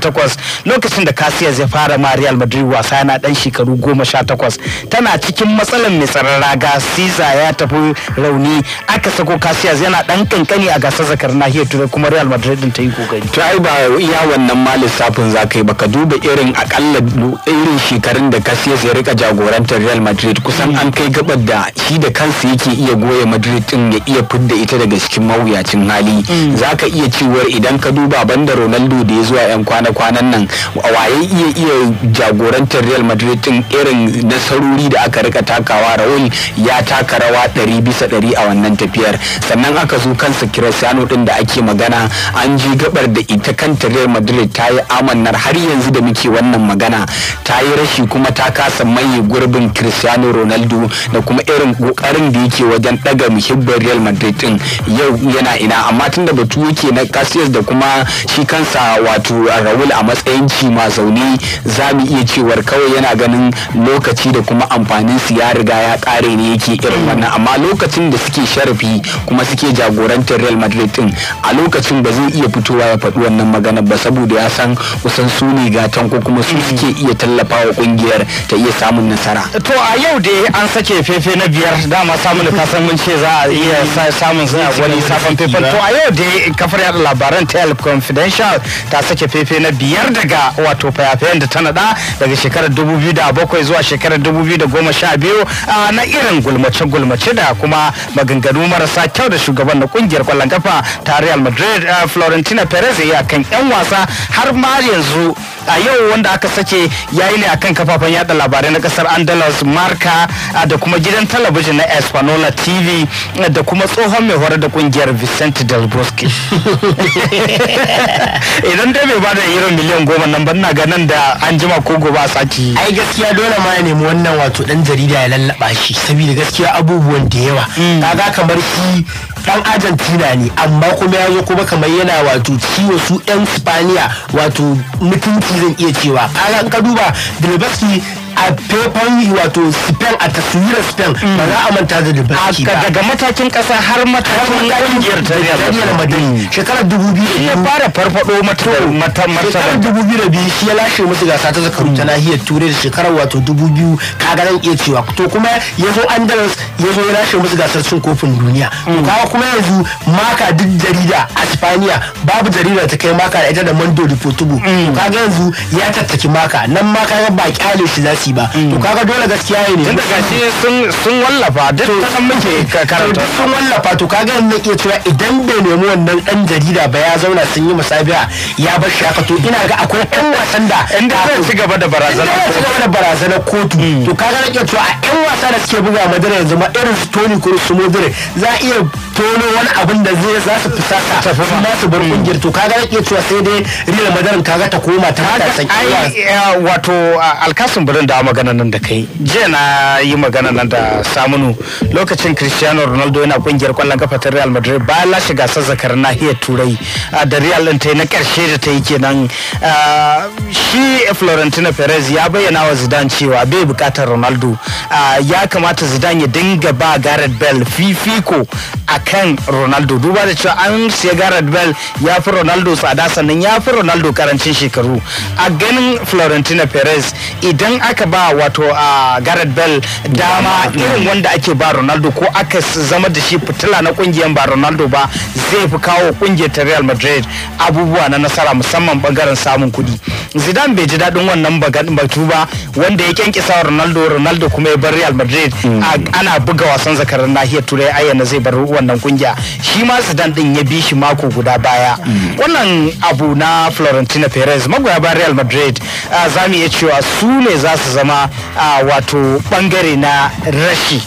takwas lokacin da kasiyas ya fara ma Real Madrid wasa yana dan shekaru goma sha takwas tana cikin matsalar mai tsaron raga Siza ya tafi rauni aka sako kasiyas yana dan kankani a gasar zakar nahiyar Turai kuma Real Madrid din ta yi kokari to ai ba iya wannan ma lissafin zakai baka duba irin akalla irin shekarun da Casillas ya rika jagorantar Real Madrid kusan an kai gabar da shi da kansa yake iya goya madrid din ya iya fidda ita daga cikin mawuyacin hali mm. zaka iya cewar idan ka duba banda ronaldo da ya zuwa yan kwana-kwanan nan waye iya iya jagorantar real madrid din irin nasarori da aka rika takawa raul ya taka rawa ɗari bisa ɗari a wannan tafiyar sannan aka zo kansa cristiano din da ake magana an ji gabar da ita kanta real madrid ta yi amannar har yanzu da muke wannan magana ta yi rashi kuma ta kasa maye gurbin cristiano ronaldo da kuma irin kokarin da yake wajen daga muhibbar real madrid din yau yana ina amma tun da batu yake na casillas da kuma shi kansa wato raul a matsayin ma zaune za mu iya cewar kawai yana ganin lokaci da kuma amfanin su ya riga ya kare ne yake irin wannan amma lokacin da suke sharafi kuma suke jagorantar real madrid din a lokacin ba zai iya fitowa ya faɗi wannan magana ba saboda ya san kusan su ne gatan ko kuma su suke iya tallafawa kungiyar ta iya samun nasara to a yau dai an sake fefe na biyar dama samun da kasan mun ce za a iya samun sa wani sabon fefen to a yau dai kafar yada labaran tel confidential ta sake fefe na biyar daga wato fayafayen da ta nada daga shekarar 2007 zuwa shekarar 2012 na irin gulmace-gulmace da kuma maganganu marasa kyau da shugaban na kungiyar kwallon kafa ta Real Madrid Florentina Perez ya kan 'yan wasa har ma yanzu a yau wanda aka sace sake yayi ne kan kafafen yada labarai na kasar andalus marka da kuma gidan talabijin na espanola tv da kuma tsohon mai horar da kungiyar vicente del bosque idan dai bai ba da irin miliyan goma nan ba na ganin da an jima ko gobe a sati ai gaskiya dole ma ya nemi wannan wato dan jarida ya
lallaba shi saboda gaskiya abubuwan da yawa mm. kaga kamar shi dan argentina ne amma kuma ya zo kuma kamar yana wato ciwo su yan spaniya wato mutunci
zan iya cewa karan ka duba da Dilbaki a faifan wato spell a
taswirar spell ba za a manta da baki
ba daga matakin kasa har matakin kungiyar tarayyar madani shekarar dubu biyu ya fara farfado matan shekarar dubu biyu da biyu shi ya lashe musu gasa ta zakaru ta nahiyar turai da shekarar wato dubu biyu kaga zan iya cewa to
kuma ya zo andalus ya zo ya lashe musu gasar cin kofin duniya mm. kawo kuma yanzu maka duk jarida a spaniya babu jarida ta kai maka da ita da mando da potubu mm. kaga
yanzu ya tattaki maka nan maka ba kyale shi za su aiki ba to mm. kaga dole gaskiya ne tunda gashi sun sun wallafa duk san muke karanta sun wallafa to kaga yanzu ke cewa idan
bai nemi wannan dan jarida ba ya zauna sun yi musabiya ya bar shi haka to ina ga akwai ɗan wasan da inda zai ci gaba da barazana kotu ci gaba da barazana kotu mm. to kaga ke cewa a ɗan wasa da suke buga madara yanzu ma irin su Toni Kroos su Modric za a iya tono wani abin da zai za su fi ta fi ma su bar kungiyar to kaga yake cewa sai dai real madarin kaga ta koma ta ta saki
eh, wato alkasin birin da magana nan da kai jiya na yi magana nan da saminu lokacin cristiano ronaldo yana kungiyar kwallon kafa ta real madrid bayan lashe gasar zakar nahiyar turai da real din tai na karshe da ta yi kenan shi florentino perez ya bayyana wa zidane cewa bai bukatar ronaldo ya kamata zidane ya dinga ba gareth bell fifiko a kan Ronaldo duba da cewa an siya Gareth Bale ya fi Ronaldo tsada sannan ya fi Ronaldo karancin shekaru a ganin florentina Perez idan aka ba wato a Gareth Bale dama irin wanda ake ba Ronaldo ko aka zama da shi fitila na kungiyar ba Ronaldo ba zai fi kawo kungiyar ta Real Madrid abubuwa na nasara musamman bangaren samun kudi Zidane bai ji daɗin wannan batu ba wanda ya kyankisa Ronaldo Ronaldo kuma ya bar Real Madrid ana buga wasan zakarar nahiyar Turai ayyana zai bar wannan kungiya shi ma Zidane din ya bi shi mako guda baya wannan abu na florentina Perez magoya bayan Real Madrid za mu iya cewa su ne za su zama wato bangare na rashi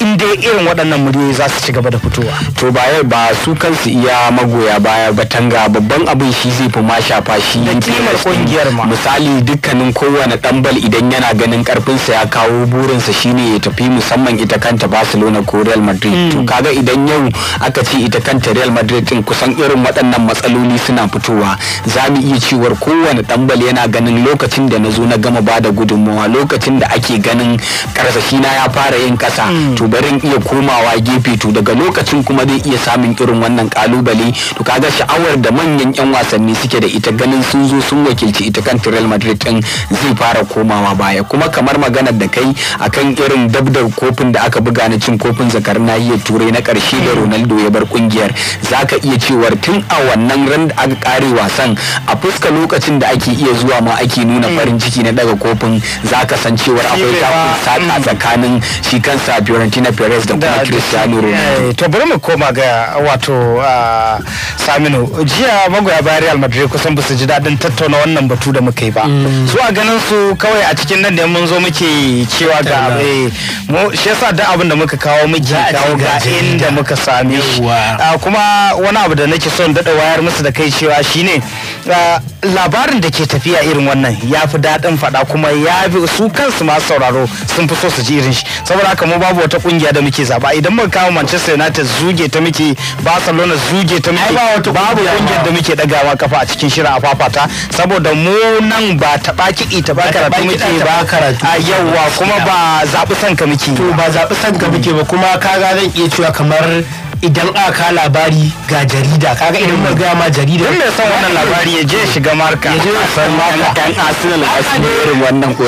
in dai irin waɗannan muryoyi za su ci gaba da fitowa to ba yau ba su kansu iya magoya baya ba tanga babban abin shi zai fi ma shafa shi da kimar kungiyar ma misali dukkanin kowane ɗambal idan yana ganin ƙarfinsa ya kawo burinsa shine ya tafi musamman ita kanta Barcelona ko Real Madrid hmm. to kaga idan yau aka ce ita kanta Real Madrid din kusan irin waɗannan matsaloli suna fitowa za mu iya cewar kowane ɗambal yana ganin lokacin da na zo na gama bada gudunmawa lokacin da ake ganin karsashi na ya fara yin ƙasa to barin iya komawa gefe to daga lokacin kuma zai iya samun irin wannan kalubale to kaga sha'awar da manyan yan wasanni suke da ita ganin sun zo sun wakilci ita kan Real Madrid din zai fara komawa baya kuma kamar maganar da kai akan irin dabdar kofin da aka buga na cin kofin zakar nahiyar turai na karshe da Ronaldo ya bar kungiyar zaka iya cewar tun a wannan ran da aka kare wasan a fuska lokacin da ake iya zuwa ma ake nuna farin ciki na daga kofin zaka san cewar akwai takun saka tsakanin shi kansa Fiorentina Perez da kuma Cristiano Ronaldo eh, to bari mu koma ga wato Saminu jiya magoya bayan Real Madrid kusan ba su ji dadin tattauna wannan batu da muka yi ba mm. su a ganin su kawai a cikin nan
da mun zo muke cewa ga
eh, mu shi yasa da abin da muka kawo muke kawo ga inda muka same shi kuma wani abu da nake son dada wayar musu da kai cewa shine labarin da ke tafiya irin wannan ya fi daɗin faɗa kuma ya fi su kansu masu sauraro sun fi so su ji irin shi saboda haka mu babu babu wata kungiya da muke zaba idan muka kawo Manchester United zuge ta muke Barcelona zuge ta muke babu kungiyar da muke dagawa kafa a cikin shirin a fafata saboda mu nan ba ta baki ta ba karatu muke ba karatu a yawwa kuma ba zabi sanka muke to ba zabi sanka muke ba kuma ka ga zan iya cewa kamar idan aka ka labari ga jarida kaga idan ba ga ma jarida don mai san wannan labari ya je shiga marka ya je san
marka kan arsenal arsenal irin wannan ko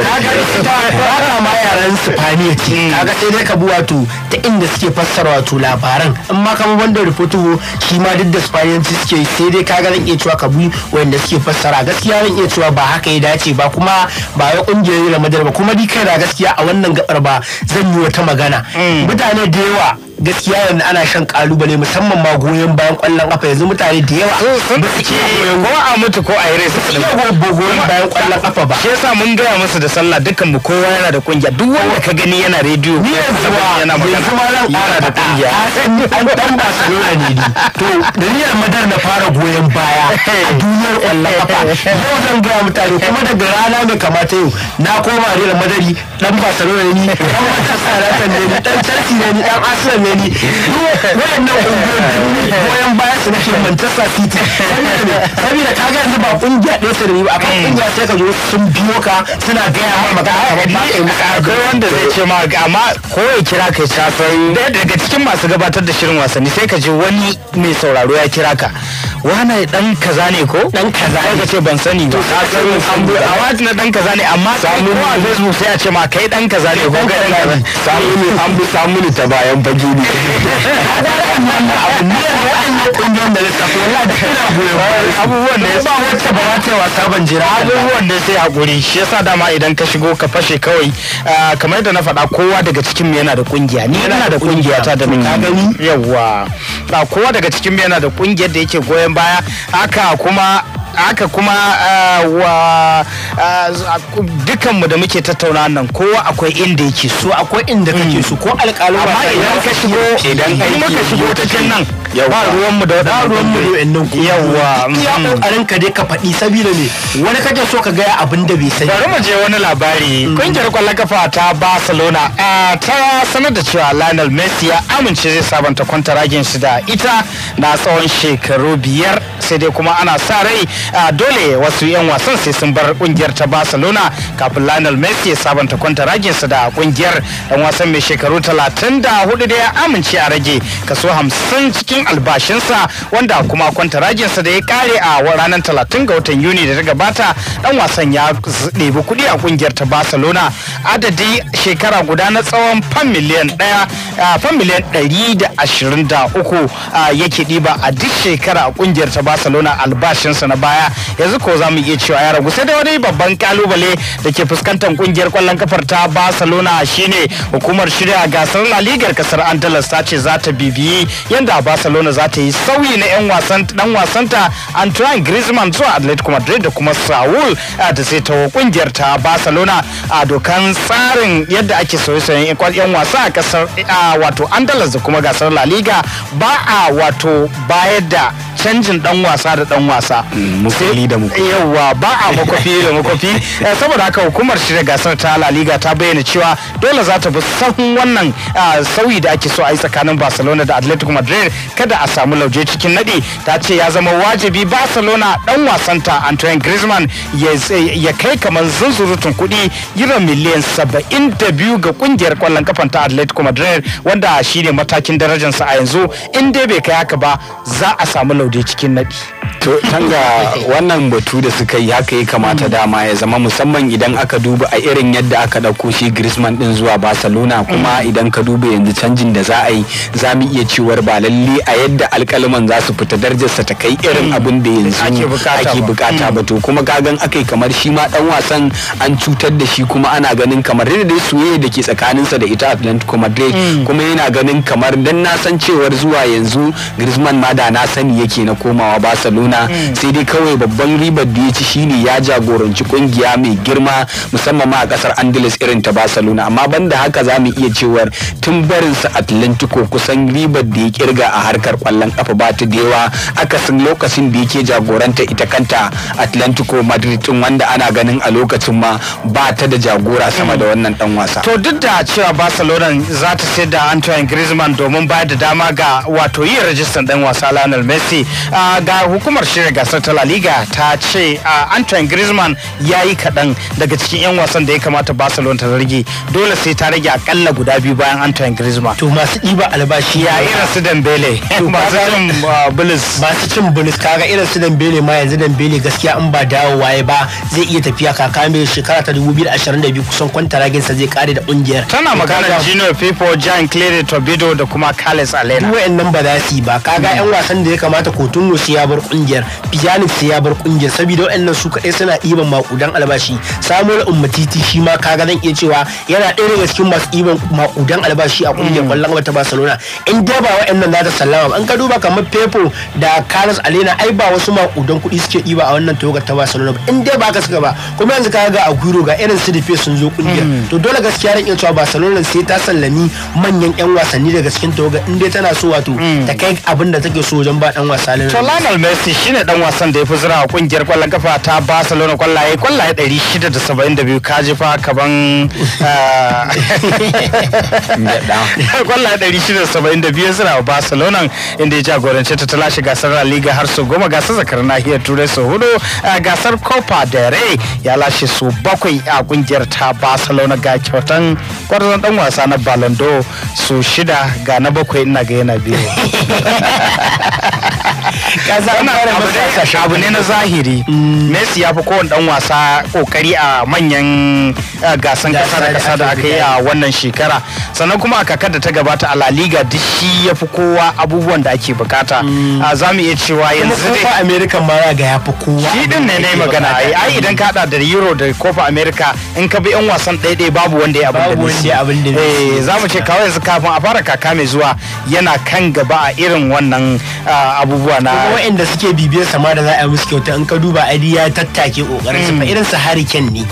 ba
ma yaran spaniya ce hmm. kaga sai dai ka bi wato ta inda suke fassara wato labaran amma kama wanda rubutu shi ma duk da spaniyanci suke sai dai kaga zan iya cewa ka bi wanda suke fassara gaskiya zan iya cewa ba haka ya dace ba kuma ba ya kungiyar madar ba kuma ni kai da gaskiya a wannan gabar ba zan yi wata magana hmm. mutane da yawa gaskiya yanzu ana shan kalubale musamman ma goyon bayan kwallon kafa yanzu mutane da yawa ba mm-hmm. ko a mutu ko a yi rai su goyon bayan kwallon kafa ba shi yasa mun gaya musu da sallah dukkan mu kowa yana da kungiya duk wanda ka gani yana rediyo
ni yanzu ba yana magana
yana da kungiya an dan ba su yana ne ni to a madar na fara goyon baya a duniyar kwallon kafa yau zan gaya mutane kuma daga rana mai kamata yau na koma real madari dan barcelona ne ni dan manchester united ne ni dan chelsea ne ni dan arsenal ne gani wayannan ƙungiyoyin goyon baya su nake Manchester City Sabida ka ga yanzu ba ƙungiya ɗaya su da ba akan ƙungiya sai ka zo sun biyo ka suna gaya ma magana kamar ba ka yi maka akwai wanda zai ce ma amma
ko ya kira ka ya daga cikin masu gabatar da shirin wasanni sai ka ji wani mai sauraro ya kira ka wane dan kaza ne ko dan kaza ne kace ban sani ba ka sani a wata na dan kaza ne amma samu a facebook
sai a ce ma kai dan kaza ne ko kai dan kaza samu ne an bi samu ne ta bayan fage ne waɗannan ne waɗannan ƙungiyoyin da lissafi wallahi abubuwan da ya ba wacce ba ta wasa ban jira
abubuwan da sai hakuri shi yasa dama idan ka shigo ka fashe kawai kamar yadda na faɗa kowa daga cikin mu yana da kungiya ni yana da kungiya ta da ka gani yawa kowa daga cikin mu yana da kungiyar da yake goyon baya haka kuma haka kuma eh, wa eh, dukanmu da muke tattauna nan kowa akwai inda yake so akwai inda kake so ko alƙalu ba idan ka shigo idan ka shigo can nan ba mu da ruwan mu da ku yawa iya kokarin mm. ka dai ka faɗi sabila ne wani kake so ka gaya abin da bai sani bari mu je wani labari kungiyar mm. kwallon kafa ta Barcelona eh, ta sanar da cewa Lionel Messi ya amince zai sabanta kwantaragin shi da ita na tsawon shekaru biyar sai dai kuma ana sa rai dole wasu 'yan wasan sai sun bar kungiyar ta barcelona kafin lionel messi ya sabanta kwanta raginsa da kungiyar dan wasan mai shekaru 34 da ya amince a rage kaso 50 cikin albashinsa wanda kuma kwanta raginsa da ya kare a ranar 30 ga watan yuni da ta gabata dan wasan ya ɗebi kuɗi a kungiyar ta barcelona adadi shekara guda na tsawon fan miliyan ɗaya fan miliyan 123 yake ɗiba a duk shekara a kungiyar ta barcelona albashinsa na baya yanzu ko za mu iya cewa ya ragu sai da wani babban kalubale da ke fuskantar kungiyar kwallon kafar ta barcelona shine hukumar shirya gasar la ligar kasar andalus ta ce za ta bibiyi yadda barcelona za ta yi sauyi na yan wasan dan wasanta antoine griezmann zuwa atletico madrid da kuma saul da sai ta kungiyar ta barcelona a dokan tsarin yadda ake sauye-sauyen yan wasa a kasar wato andalus da kuma gasar la liga ba a wato bayar da canjin dan wasa da dan wasa mm. mukuli da mukuli yawa ba a makofi da makofi eh, saboda haka hukumar shirya gasar ta La Liga ta bayyana cewa dole za ta bi sahun wannan ah, sauyi da ake so a yi tsakanin Barcelona da Atletico Madrid kada a samu lauje cikin nadi ta ce ya zama wajibi Barcelona dan wasanta Antoine Griezmann ya kai kamar zunzurutun kuɗi euro miliyan saba'in da biyu ga kungiyar kwallon kafan ta Atletico Madrid wanda shine matakin darajarsa a yanzu in dai bai kai haka ba za a samu lauje cikin nadi to tanga Eh. wannan batu da suka yi haka ya kamata mm. dama ya zama musamman idan aka duba a irin yadda aka ɗauko shi Griezmann din zuwa Barcelona kuma mm. idan ka duba yanzu canjin da za a yi za mu iya cewar ba lalle a yadda alkalaman za su fita darajarsa ta kai irin mm. abin da yanzu ake bukata ba to kuma gan akai kamar shi ma dan wasan an cutar da shi kuma ana ganin kamar da dai soyayya da ke tsakaninsa da ita atlantic Madrid kuma yana ganin kamar dan na san cewar zuwa yanzu Griezmann ma da na sani yake na komawa Barcelona sai dai kawai kawai babban ribar da ya ci shine ya jagoranci kungiya mai girma musamman ma a kasar Andalus irin ta Barcelona amma banda haka za mu iya cewar tun barin sa Atlantico kusan ribar da ya kirga a harkar kwallon kafa ba ta da yawa akasin lokacin da yake jagoranta ita kanta Atlantico Madrid din wanda ana ganin a lokacin ma ba ta da jagora sama da wannan dan wasa to duk da cewa Barcelona za ta sayar da Antoine Griezmann domin bayar da dama ga wato yin rajistan dan wasa Lionel Messi ga hukumar shirya gasar ta La liga ta ce antoine griezmann ya yi kaɗan daga cikin 'yan wasan da ya kamata barcelona ta rage dole sai ta rage akalla guda biyu bayan antoine griezmann to masu ɗiba albashi ya irin su Dembele. Uh, masu cin bulus masu cin kaga irin su Dembele ma yanzu Dembele gaskiya in ba dawowa ya ba zai iya tafiya kaka mai shekara ta 2022 kusan sa zai kare da ƙungiyar tana magana gino pipo jan clare tobido da kuma Carlos alena duk wa'annan ba za su yi ba kaga 'yan hmm. wasan da ya kamata kotun su ya bar ƙungiyar Pianis sai ya bar kungiyar saboda waɗannan su kaɗai suna ɗiban makudan albashi samuel ummatiti shi ma kaga zan iya cewa yana ɗaya daga cikin masu ɗiban makudan albashi a kungiyar kwallon mm. ta barcelona in dai ba waɗannan za ta sallama in ka duba kamar pepo da carlos alena ai ba wasu makudan kuɗi suke ɗiba a wannan tawagar ta barcelona ba in dai ba ka suka ba kuma yanzu ka ga aguero ga irin su rufe sun zo kungiyar mm. to dole gaskiya zan iya cewa barcelona sai ta sallami manyan 'yan wasanni daga cikin tawagar in dai tana so wato mm. ta kai abinda take so wajen ba dan wasa. to lionel messi shine dan wasan da fi zira kungiyar kwallon kafa ta barcelona kwallaye kwallaye 672 ka jefa kaban eh, kwallaye 672 ya zira a barcelona inda ya jagorance ta lashe gasar la liga har su goma gasar zakar nahiyar turai su hudu eh, gasar copa del rey ya lashe su bakwai a kungiyar ta barcelona ga kyautan kwarzon dan wasa na ballon d'or su shida ga na bakwai ina ga yana biyu ne na zahiri mm. Messi ya fi kowane dan wasa kokari a manyan gasan kasa da kasa da aka yi a wannan shekara sannan kuma a kakar da ta gabata a La Liga duk shi ya fi kowa abubuwan da ake bukata mm. za mu iya cewa yanzu dai kofa America ma ga ya fi kowa shi din ne ne magana ai idan ka hada da Euro da kofa America in ka bi yan wasan ɗaya babu wanda ya abin da ne eh, za mu ce kawai yanzu kafin a fara kaka mai zuwa yana kan gaba a irin wannan abubuwa na waɗanda suke bibiyar sama da za a musu kyauta in ka duba adi ya tattake kokarin sa fa hmm. irin su hariken ne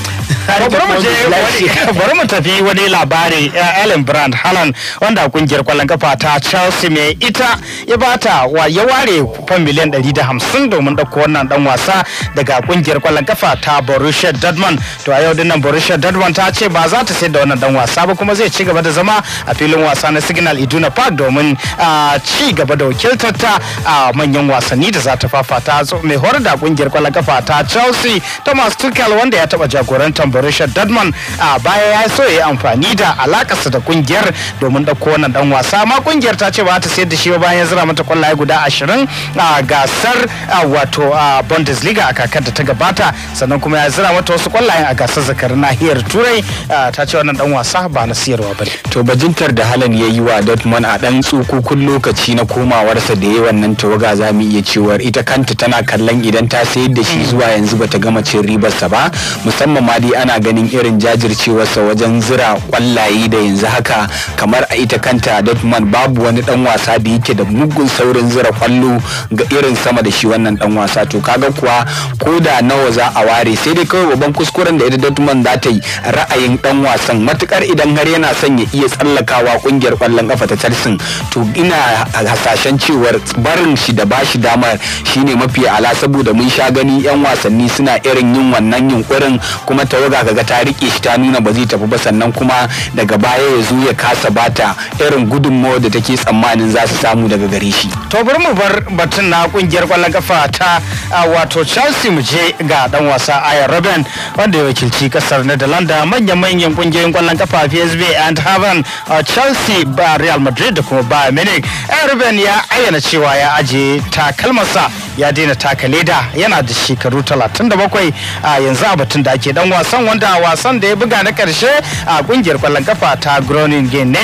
bari mu tafi wani labari eh, Ellen Brand Haaland wanda kungiyar kwallon kafa ta Chelsea mai ita ya bata wa ya ware fan miliyan 150 domin ɗauko wannan dan wasa daga kungiyar kwallon kafa ta Borussia Dortmund to a yau dinnan Borussia Dortmund ta ce ba za ta sayar da wannan dan wasa ba kuma zai ci gaba da zama a filin wasa na Signal Iduna Park domin ah, ci gaba da wakiltar ta a manyan wasanni da za ta fafata mai horar da kungiyar kwallon kafa ta Chelsea Thomas Tuchel wanda ya taba jagorantar Borussia Dortmund a baya ya so ya yi amfani da alakarsa da kungiyar domin dauko wannan dan wasa ma kungiyar ta ce ba ta sayar da shi ba bayan zira mata kwallaye guda 20 a gasar wato a Bundesliga a kakar da ta gabata sannan kuma ya zira mata wasu kwallayen a gasar zakar nahiyar Turai ta ce wannan dan wasa ba na siyarwa bane to bajintar da Halan ya yi wa Dortmund a dan tsukukun lokaci na komawarsa da yawan wannan tawaga zamu iya cewa ita kanta tana kallon kallon idan ta sayar da shi mm. zuwa yanzu bata gama cin ribarsa ba musamman ma dai ana ganin irin jajircewarsa wajen zira kwallaye da yanzu haka kamar a ita kanta Dortmund babu wani dan wasa da yake da mugun saurin zira kwallo ga irin sama da shi wannan dan wasa to kaga kuwa ko da nawa za a ware sai dai kawai babban kuskuren da ita Dortmund za ta yi ra'ayin dan wasan matukar idan har yana son ya iya tsallakawa kungiyar kwallon kafa ta Chelsea to ina hasashen cewar barin shi da bashi damar shine mafi ala saboda mun sha gani yan wasanni suna irin yin wannan yunkurin kuma tawaga kaga ta rike shi ta nuna ba zai tafi ba sannan kuma daga baya ya zo ya kasa bata irin gudunmawar da take tsammanin za su samu daga gare shi to bari mu bar batun na kungiyar kwallon kafa ta wato Chelsea mu je ga dan wasa Ayan robin wanda ya wakilci kasar Netherlands manyan-manyan kungiyoyin kwallon kafa PSV and Haven Chelsea ba Real Madrid da kuma Bayern Munich. Ayan ya ayyana cewa ya aje takalmarsa ya daina taka Kaleda yana da shekaru 37 a yanzu a batun da ake dan wasan wanda wasan da ya buga na karshe a kungiyar kwallon kafa ta Groningen ne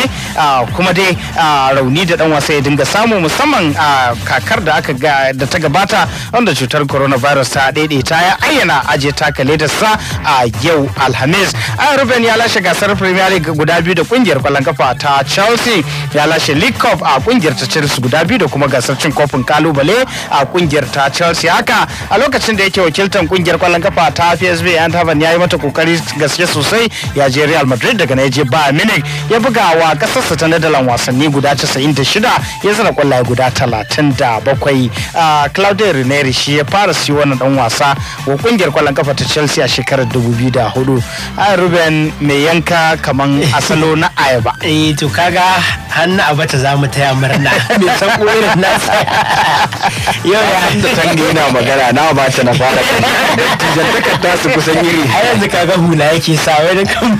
kuma dai rauni da dan wasa ya dinga samu musamman a kakar da aka da ta gabata wanda cutar coronavirus ta ta ya ayyana aje ta Kaleda sa a yau Alhamis. A Ruben ya lashe gasar Premier League guda biyu da kungiyar kwallon kafa ta Chelsea ya lashe League Cup a kungiyar ta Chelsea guda biyu da kuma gasar cin kofin kalubale a kungiyar ta Chelsea haka a lokacin da yake wakiltar kungiyar kwallon kafa ta PSV Eindhoven ya yi mata kokari gaske sosai ya je Real Madrid daga nan ya je Bayern Munich ya buga wa sa ta Netherlands wasanni guda 96 ya zira kwallaye guda 37 Claudio Ranieri shi ya fara siyo wannan dan wasa wa kungiyar kwallon kafa ta Chelsea a shekarar 2004 a Ruben mai yanka kaman asalo na ayaba eh to
kaga hannu abata za mu taya murna
mai san koyar nasa
yau ya da tangina muna magana na ba ta na fara jantakar ta su kusan iri a yanzu kaga hula yake sa wai da kan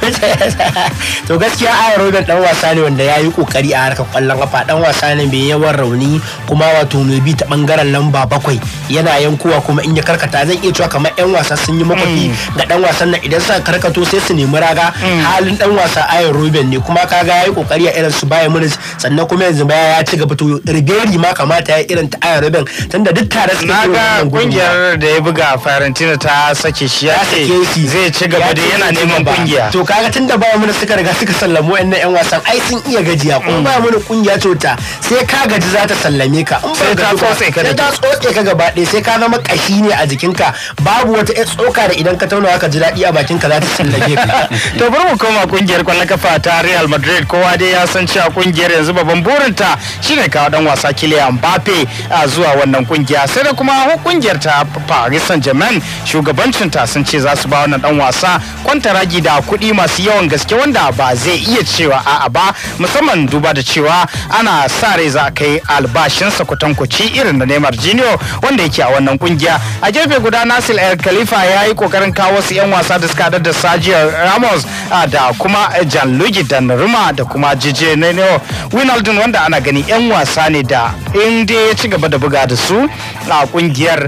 to gaskiya a da dan wasa ne
wanda ya yi kokari a harkar kwallon kafa dan wasa ne mai yawan rauni kuma wato mai bi ta bangaren lamba bakwai yana yankuwa kuma in ya karkata zai iya cewa kamar yan wasa sun yi makwafi hmm. ga dan wasan nan idan suka karkato sai su nemi raga hmm. halin dan wasa Ayan ruben ne kuma kaga ya yi kokari
a irin su Bayern Munich sannan kuma yanzu baya ya ci gaba to Ribery ma kamata ya irin ta Ayan ruben
tunda duk tare su ga kungiyar da ya buga Fiorentina ta sake shi ya ce zai ci gaba da yana neman kungiya to
kaga tun da bayan mana suka riga suka sallamo wayannan yan wasan ai sun
iya gajiya kuma bayan mana kungiya cota sai ka gaji za ta sallame ka in ba ka tsotse ka da tsotse ka gaba ɗaya sai ka zama kashi ne a jikinka babu wata ƴar tsoka da idan ka tauna ka ji daɗi a bakinka za ta sallame ka to bari mu koma kungiyar kwallon kafa ta Real Madrid kowa dai ya san cewa kungiyar yanzu babban burinta shine kawo dan wasa Kylian Mbappe zuwa wannan kungiya sai da kuma shugaban kungiyar ta Paris Saint-Germain shugabancin ta sun ce za su ba wannan dan wasa ragi da kuɗi masu yawan gaske wanda ba zai iya cewa a'a ba musamman duba da cewa ana sa rai za a kai albashinsa kwatankwaci irin da Neymar Junior wanda yake a wannan kungiya a gefe guda Nasir El Khalifa ya yi kokarin kawo su yan wasa da suka da Sergio Ramos da kuma Gianluigi Donnarumma da kuma Jije Nenio Wijnaldum wanda ana gani yan wasa ne da in dai ya ci gaba da buga da su a kungiya biyar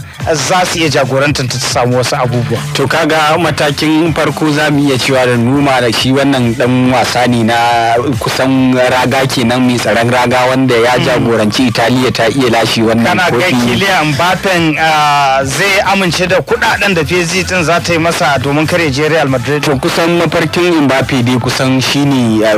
za su iya jagorantar ta samu wasu abubuwa to kaga matakin farko za mu iya cewa da numa da shi wannan dan wasa ne na kusan raga kenan mai tsaron raga wanda ya hmm. jagoranci italiya ta iya lashe wannan kofi kana ga kiliyan mbappen ah, zai amince da kudaden da psg din za ta yi masa domin kare je real madrid to kusan mafarkin mbappe dai kusan shine ah,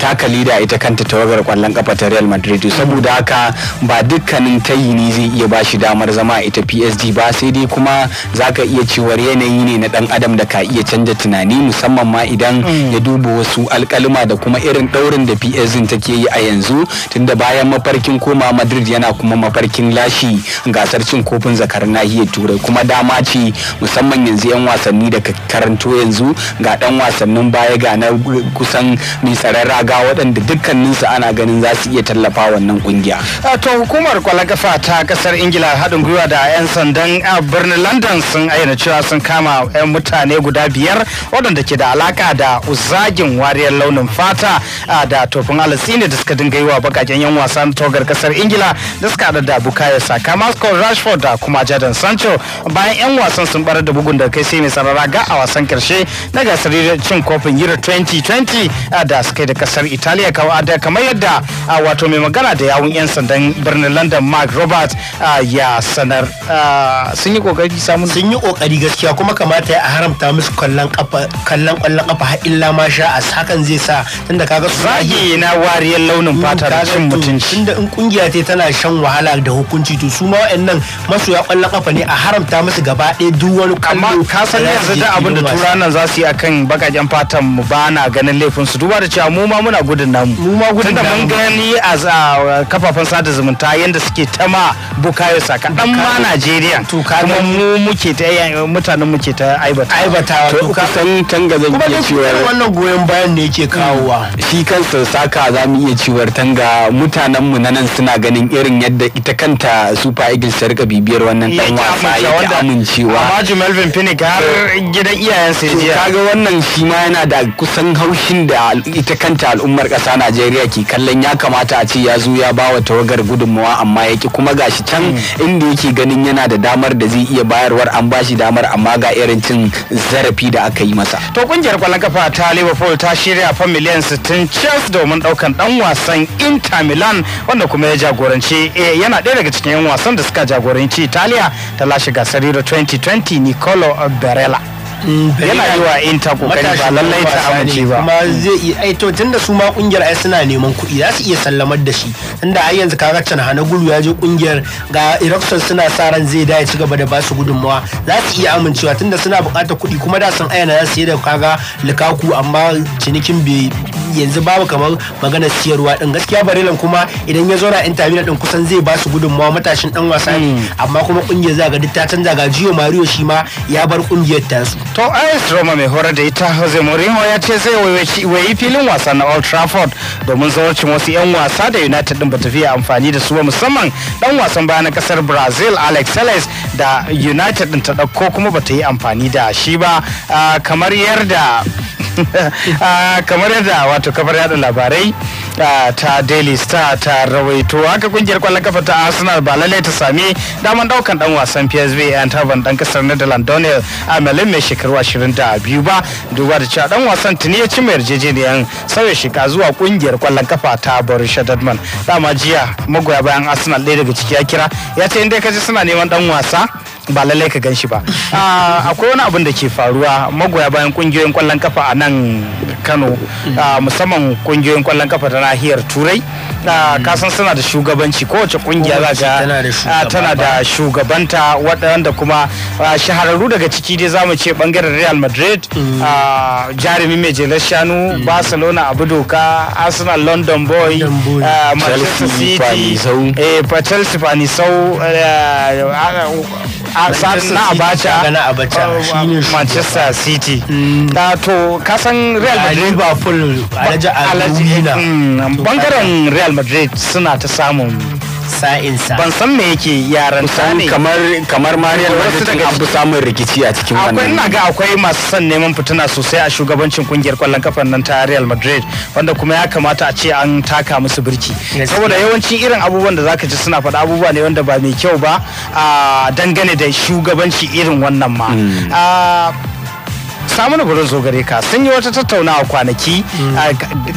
taka leda ita kanta tawagar kwallon kafa ta real madrid saboda haka ba dukkanin tayi ne zai iya bashi damar zama kuma ita psd ba sai dai kuma zaka iya cewar yanayi ne na dan adam da ka iya canja tunani musamman ma idan mm. ya duba wasu alkalima da kuma irin daurin da psd take yi a yanzu tunda bayan mafarkin koma madrid yana kuma mafarkin lashi gasar cin kofin zakar nahiyar turai kuma dama ce musamman yanzu yan wasanni da karanto yanzu ga dan wasannin baya ga na kusan nisarar raga waɗanda su ana ganin za su iya tallafa wannan kungiya. to hukumar kwalakafa ta kasar ingila haɗin gwiwa Arewa da 'yan sandan birnin London sun ayyana cewa sun kama 'yan mutane guda biyar waɗanda ke da alaka da uzagin wariyar launin fata da tofin ne da suka dinga yi wa bakaken 'yan wasan togar kasar Ingila da suka haɗa da Bukayo Saka, Rashford da kuma Jadon Sancho bayan 'yan wasan sun barar da bugun da kai sai mai sarara ga a wasan karshe na gasar cin kofin Euro 2020 da suka yi da kasar Italiya kamar yadda wato mai magana da yawun 'yan sandan birnin London Mark Robert ya san sanar ah, sun yi kokari samun sun yi kokari gaskiya kuma kamata ya haramta musu kallon kafa kallon kallon kafa har illa ma sha a hakan zai sa tunda kaga su zage na wariyar launin mm, fata da cin mutunci tunda in kungiya ce tana shan wahala da hukunci to su ma masu ya kallon kafa ne a haramta musu gaba ɗaya duk wani amma ka san yanzu da abin da tura nan za su yi akan bakajen fatan mu ba na ganin laifin su duba da cewa mu ma muna gudun namu mu ma gudun namu tunda mun gani a kafafen sada zumunta yanda suke ta ma bukayo saka dan ma Najeriya kuma mu muke ta mutanen muke ta aibata aibatawa to kusan tanga zan iya cewa wannan goyon bayan ne yake kawowa hmm. shi kansa saka za mu iya cewa tanga mutanen mu nan suna ganin irin yadda ita kanta Super Eagles ta rika bibiyar wannan dan wasa ya amincewa amma Melvin Pinnick har gidan iyayensa ya je kaga wannan shi ma yana da kusan haushin da ita kanta al'ummar ƙasa Najeriya ke kallon ya kamata a ce ya zo ya bawa tawagar gudunmawa amma yake kuma gashi can hmm. inda yake ganin yana da damar da zai iya bayarwar an bashi damar amma ga irin cin zarafi da aka yi masa to kungiyar kwallon kafa ta Liverpool ta shirya fa miliyan 60 Chelsea domin daukan dan wasan Inter Milan wanda kuma ya jagoranci eh, yana ɗaya daga cikin 'yan wasan da suka jagoranci Italiya ta lashe gasar Euro 2020 Nicolo Barella
yana yi wa inter kokari ba lallai ta amince ba kuma zai
iya ai to tunda su ma kungiyar ai suna neman kuɗi za su iya sallamar da shi tunda ai yanzu kaga can hana gulu ya je kungiyar ga Erikson suna sa ran zai da ci gaba da ba su gudunmawa za su iya amincewa tunda suna buƙatar kuɗi kuma da sun ayyana za su yi da kaga likaku amma cinikin bai yanzu babu kamar magana siyarwa din gaskiya Barelan kuma idan ya zauna Inter Milan din kusan zai ba su gudunmawa matashin dan wasa ne hmm. amma kuma kungiyar za ga duk ta canza ga jiyo Mario shi ma ya bar kungiyar tasu to AS eh, Roma mai horar da ita Jose Mourinho ya ce zai wayi filin wasa na Old Trafford domin zawarcin wasu 'yan wasa da United din bata fiye amfani da su ba musamman dan wasan baya na kasar Brazil Alex Telles da United din ta dauko kuma bata yi amfani da shi ba ah, kamar yarda Ah, kamar yadda wato kamar yada labarai ah, ta daily star ta rawaito haka kungiyar kwallon kafa ta arsenal ba lallai ta sami daman daukan dan wasan psv antavan dan kasar netherlands daniel amelin mai shekaru 22 ba duba da cewa dan wasan tuni ya ci mai yarjejeniyar sauya shika zuwa kungiyar kwallon kafa ta borussia dortmund dama jiya magoya bayan arsenal ɗaya daga ciki ya kira ya ce inda ka ji suna neman dan wasa ba lallai ka gan shi ba ah, akwai wani abin da ke faruwa magoya bayan kungiyoyin kwallon kafa a nan kano ah, musamman kungiyoyin kwallon kafa ta nahiyar turai ah, kasan suna da shugabanci kowace kungiya za ga tana
da shugabanta waɗanda kuma shahararru daga ciki dai zamu ce bangaren real madrid mm. jarumi mai jelar shanu mm. barcelona abu doka arsenal london boy manchester city eh, chelsea fanisau
eh, na abacha na abacha shine manchester city
ta mm. to kasan real madrid liverpool alaji mm, bangaren real madrid suna ta samun
sa'insa ban san me yake yaran ta ne kamar kamar mariyar wasu daga abu samun rikici a cikin wannan akwai ina ga akwai masu son neman fituna sosai a shugabancin kungiyar kwallon kafan nan ta Real Madrid wanda kuma ya kamata a ce an taka musu birki saboda yawancin irin abubuwan da zaka ji suna faɗa abubuwa ne wanda ba mai kyau ba a dangane da shugabanci irin wannan ma hmm. samun burin zo gare ka sun yi wata tattaunawa kwanaki mm.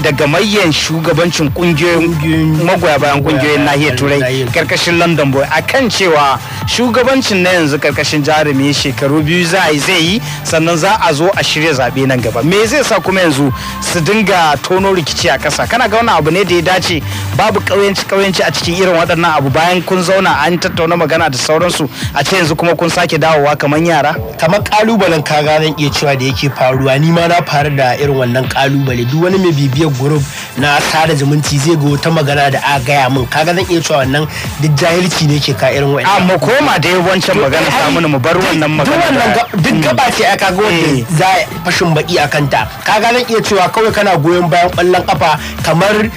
daga mayan shugabancin kungiyoyin magoya bayan kungiyoyin nahiyar turai karkashin london boy kan cewa shugabancin na yanzu karkashin jarumi shekaru biyu za a zai yi sannan za a zo a shirya zaɓe nan gaba me zai sa kuma yanzu su dinga tono rikici a ƙasa kana ga wani abu ne da ya dace babu ƙauyenci ƙauyenci a cikin irin waɗannan abu bayan kun zauna an tattauna magana da sauransu a ce yanzu kuma kun sake dawowa kamar yara kamar ƙalubalen ka gane iya cewa da yake faruwa ni ma na faru da irin wannan kalubale duk wani mai bibiyar group na sada zumunci zai ga wata magana da a gaya min kaga zan iya cewa wannan duk jahilci ne ke ka irin wa'annan amma koma da wancan magana samu mu bar wannan magana duk gaba ce a kaga wanda mm. za fashin baki akan ta kaga zan iya cewa kawai kana goyon bayan kwallon kafa kamar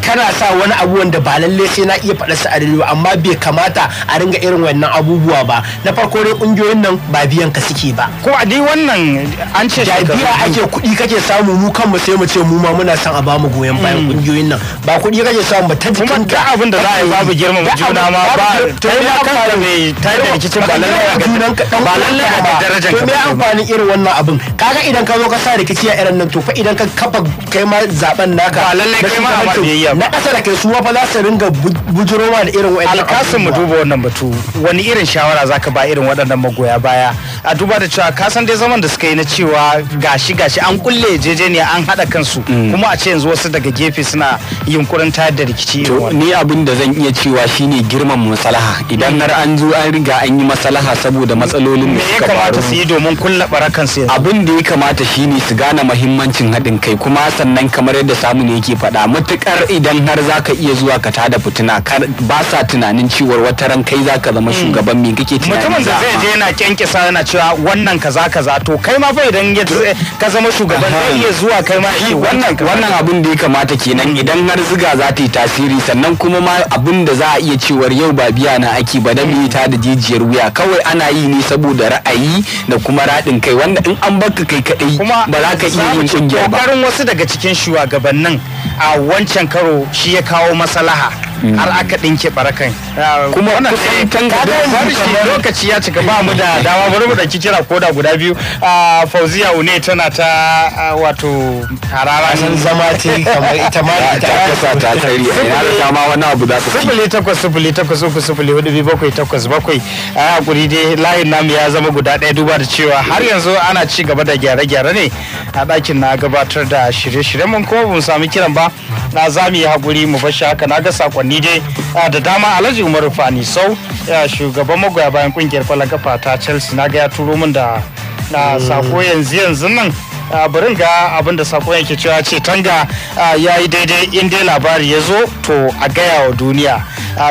kana sa wani abu wanda ba lalle sai na iya faɗa a rediyo amma bai kamata a ringa irin wannan abubuwa ba na farko dai kungiyoyin nan ba biyan ka suke ba ko a dai wannan an ce ga biya ake kuɗi kake samu mu kanmu sai mu ce mu ma muna son a bamu goyon bayan kungiyoyin mm. nan ba kuɗi kake samu ba ta jikin ka abin da za a yi babu mu juna ma ba ta yi kanka mai ta da rikicin ba lalle a ka ba lalle a ga darajar ka me amfani irin wannan abin kaga idan ka zo ka sa rikici a irin nan to fa idan ka kafa kai ma zaben naka ba lalle kai ma ba biyayya Najeriya Na da kai su fa za su ringa bujurowa da irin wa'annan. Alkasin mu duba wannan batu wani irin shawara zaka ba irin waɗannan magoya baya a duba da cewa kasan dai zaman da suka yi na cewa gashi gashi an kulle yarjejeniya an haɗa kansu mm. kuma a ce yanzu wasu daga gefe suna yunkurin tayar da rikici. To ni abin da zan iya cewa shine girman masalaha idan har an zo an riga an yi masalaha saboda matsalolin da suka faru. kamata su yi domin kulla barakansu yanzu? Abin da ya kamata shine su gane muhimmancin haɗin kai kuma sannan kamar yadda samu ne yake faɗa matukar idan har ka iya zuwa ka tada fitina ba sa tunanin cewar wata ran kai za ka zama shugaban me kake tunani mutumin da zai je yana kyankyasa yana cewa wannan ka za ka to kai ma fa idan eh, ka zama shugaban zai iya zuwa kai ma wannan wannan abin da ya kamata kenan idan har ziga za ta yi tasiri sannan kuma ma abin da za a iya cewar yau ba biya na aiki ba da ta da jijiyar wuya kawai ana yi ne saboda ra'ayi da kuma raɗin kai wanda in an baka kai kadai ba za ka iya yin kungiya ba kokarin wasu daga cikin shugabannin a wancan karo yaro shi ya kawo maslaha har aka ɗinke barakan kuma eh, lokaci ya cika ba mu da dama bari mu ɗauki kira koda guda biyu ah, fauziya une tana ta ah, wato harara san zama ce kamar ita ma ah, ta kasa ta tari ina da dama wani abu da ka sifili
takwas sifili takwas uku sifili hudu biyu bakwai takwas
bakwai a hakuri dai layin namu ya zama guda ɗaya duba da cewa har yanzu ana ci gaba da gyare-gyare ne a ɗakin na gabatar da shirye-shiryen mun kuma mun sami kiran ba na za mu yi hakuri mu bar haka na ga sakonni ni dai da dama alhaji umaru fani sau shugaban magoya bayan kungiyar kwallon kafa ta chelsea na ga ya turo min da mm. sako yanzu yanzu nan barin ga abin da sakon yake cewa ce tanga ya yi daidai in dai labari ya zo to a gaya wa duniya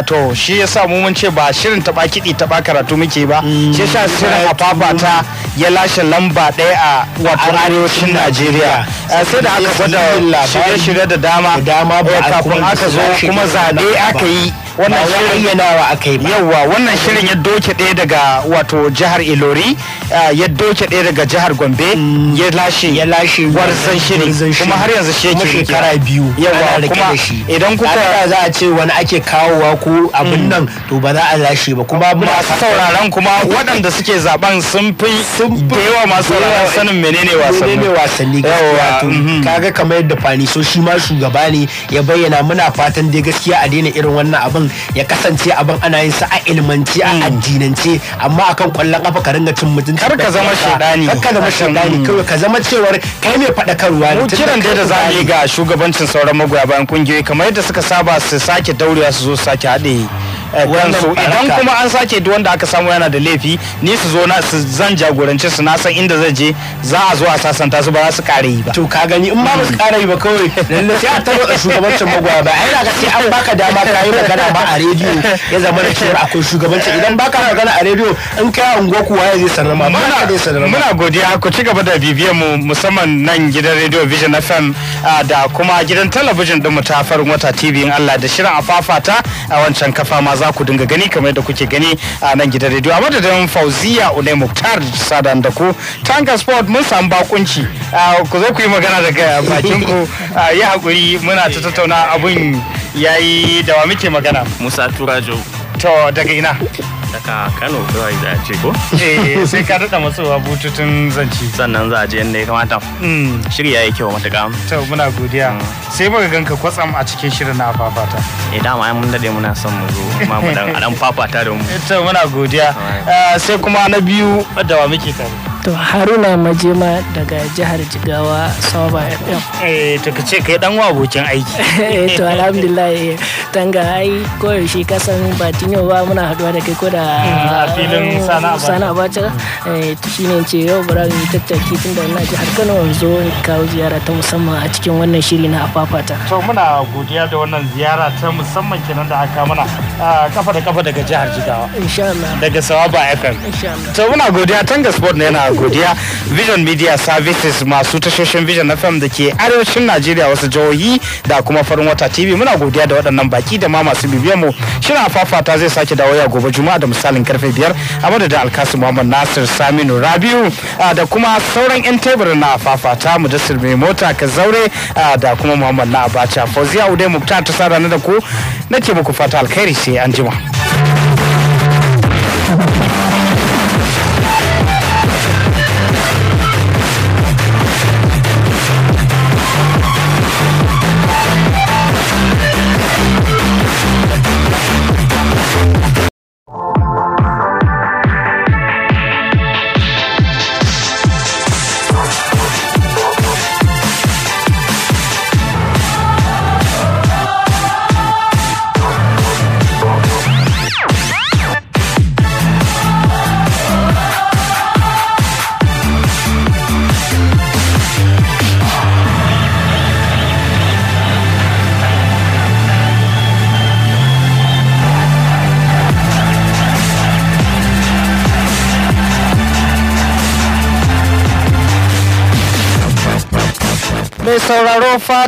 to shi ya sa mun ce ba shirin taba kiɗi taba karatu muke ba mm. shi sa shirin a fafata ya lashe lamba ɗaya a
wato arewacin najeriya sai da aka gwada shirye-shirye da dama eh, kafin aka zo kuma zaɓe aka yi wannan shirin aka yi ba yawa wannan
shirin ya doke ɗaya daga wato jihar Ilori eh, ya doke ɗaya daga jihar Gombe mm. ya lashe ya lashe warzan shirin kuma har yanzu shi yake shekara biyu yawa kuma idan kuka za a ce wani ake kawowa ko abin mm. nan to ba za a lashe ba kuma masu sauraron kuma waɗanda suke zaben sun fi da yawa masu sauraron sanin menene wasanni menene wasanni yawa mm-hmm. kaga kamar yadda fani so shi ma shugaba ne ya bayyana muna fatan dai gaskiya a daina irin wannan abin ya kasance abin ana yin sa a ilmanci a hmm. addinance amma akan kwallon kafa ka ringa cin mutunci kar ka zama shaidani kar ka zama shaidani hmm. kawai ka zama cewar kai mai fadakarwa ne kiran da za a yi ga shugabancin sauran magoya bayan kungiyoyi kamar yadda suka saba su sake daurewa su zo sake haɗe kansu eh, idan kuma an sake duk wanda aka samu yana da laifi ni su zo na su zan jagorance su na san inda zai je za a zo a sasanta su ba za su kare yi ba to ka gani in ba su kare yi ba kawai lalle sai a taro da shugabancin magoya ba ai ga sai an baka dama ka yi magana ba a rediyo ya zama da cewa akwai shugabanci idan baka magana a rediyo in kai unguwa kuwa ya zai sanar ma muna godiya ku ci gaba da bibiyar mu musamman nan gidan radio vision fm da kuma gidan talabijin din mu ta farin wata tv in Allah da shirin afafata a wancan kafa ma za ku dinga gani kamar yadda kuke gani a nan gidan rediyo a madadin fauziya unai muktar sadan da ku tanga sport mun samu
bakunci ku zo ku yi magana daga bakin ku yi hakuri muna ta tattauna abun yayi da wa muke magana musa turajo to daga ina daga kano kawai za a ce ko eh sai ka daɗa wa bututun zanci sannan za a je yadda ya kamata mm. shirya ya kyau matuƙa to muna godiya mm. sai muka ganka kwatsam a cikin shirin na fafata eh dama ai mun daɗe muna son mu zo ma mu dan fafata da mu eh, to muna godiya eh, sai kuma na biyu da wa muke tare
to haruna majema daga jihar jigawa saba fm
eh to kace kai dan abokin aiki
eh to alhamdulillah eh, tanga ai ko ka kasan ba tinyo ba muna haduwa da kai ko da mm, a filin ba ta eh shine ce yau bara mu tattaki tun da ina jihar Kano zo kawo ziyara ta musamman a cikin wannan shiri na afafata to muna
godiya da wannan ziyara ta musamman kenan da aka mana kafa da kafa daga jihar jigawa insha Allah daga sawaba fm insha Allah
to muna godiya tanga sport ne yana godiya vision media services masu tashoshin vision fam da ke arewacin najeriya wasu jihohi da kuma farin wata tv muna godiya da waɗannan baki da ma masu bibiyar mu shirin fafata zai sake dawo ya gobe juma'a da misalin karfe biyar a madadin alkasu muhammad nasir saminu rabiu da kuma sauran yan tebur na fafata mujassir mai mota ka zaure da kuma muhammad na abacha fauziya udai muktar ta sa da ku nake muku fata alkhairi sai an jima.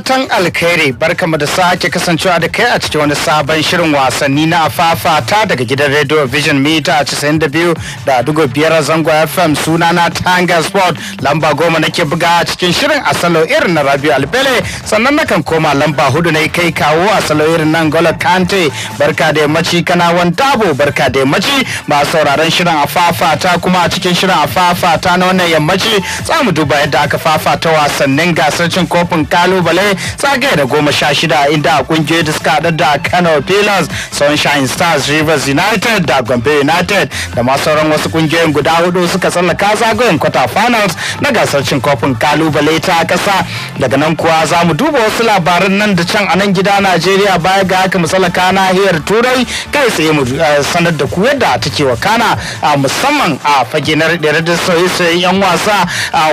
fatan alkhairi barkamu da sake kasancewa da kai a cikin wani sabon shirin wasanni na afafata daga gidan radio vision mita a 92 da dugo biyar zango fm suna na tanga sport lamba goma nake buga a cikin shirin asalo irin na rabiu albele sannan nakan koma lamba hudu na kai kawo asalo irin nan gola kante barka da yammaci kana wan tabo barka da yammaci ba sauraron shirin afafata kuma a cikin shirin afafata na wannan yammaci za mu duba yadda aka fafata wasannin gasar cin kofin kalubale a tsagaya da goma sha shida inda kungiyoyi da suka haɗar da Kano Pillars, Sunshine Stars, Rivers United da Gombe United da ma sauran wasu kungiyoyin guda hudu suka tsallaka zagayen quarter finals na gasar cin kofin kalubale ta kasa daga nan kuwa za mu duba wasu labaran nan da can a nan gida Najeriya baya ga haka mu tsallaka nahiyar Turai kai tsaye mu eh, sanar da ku yadda take A musamman a fage na da sauye-sauyen 'yan wasa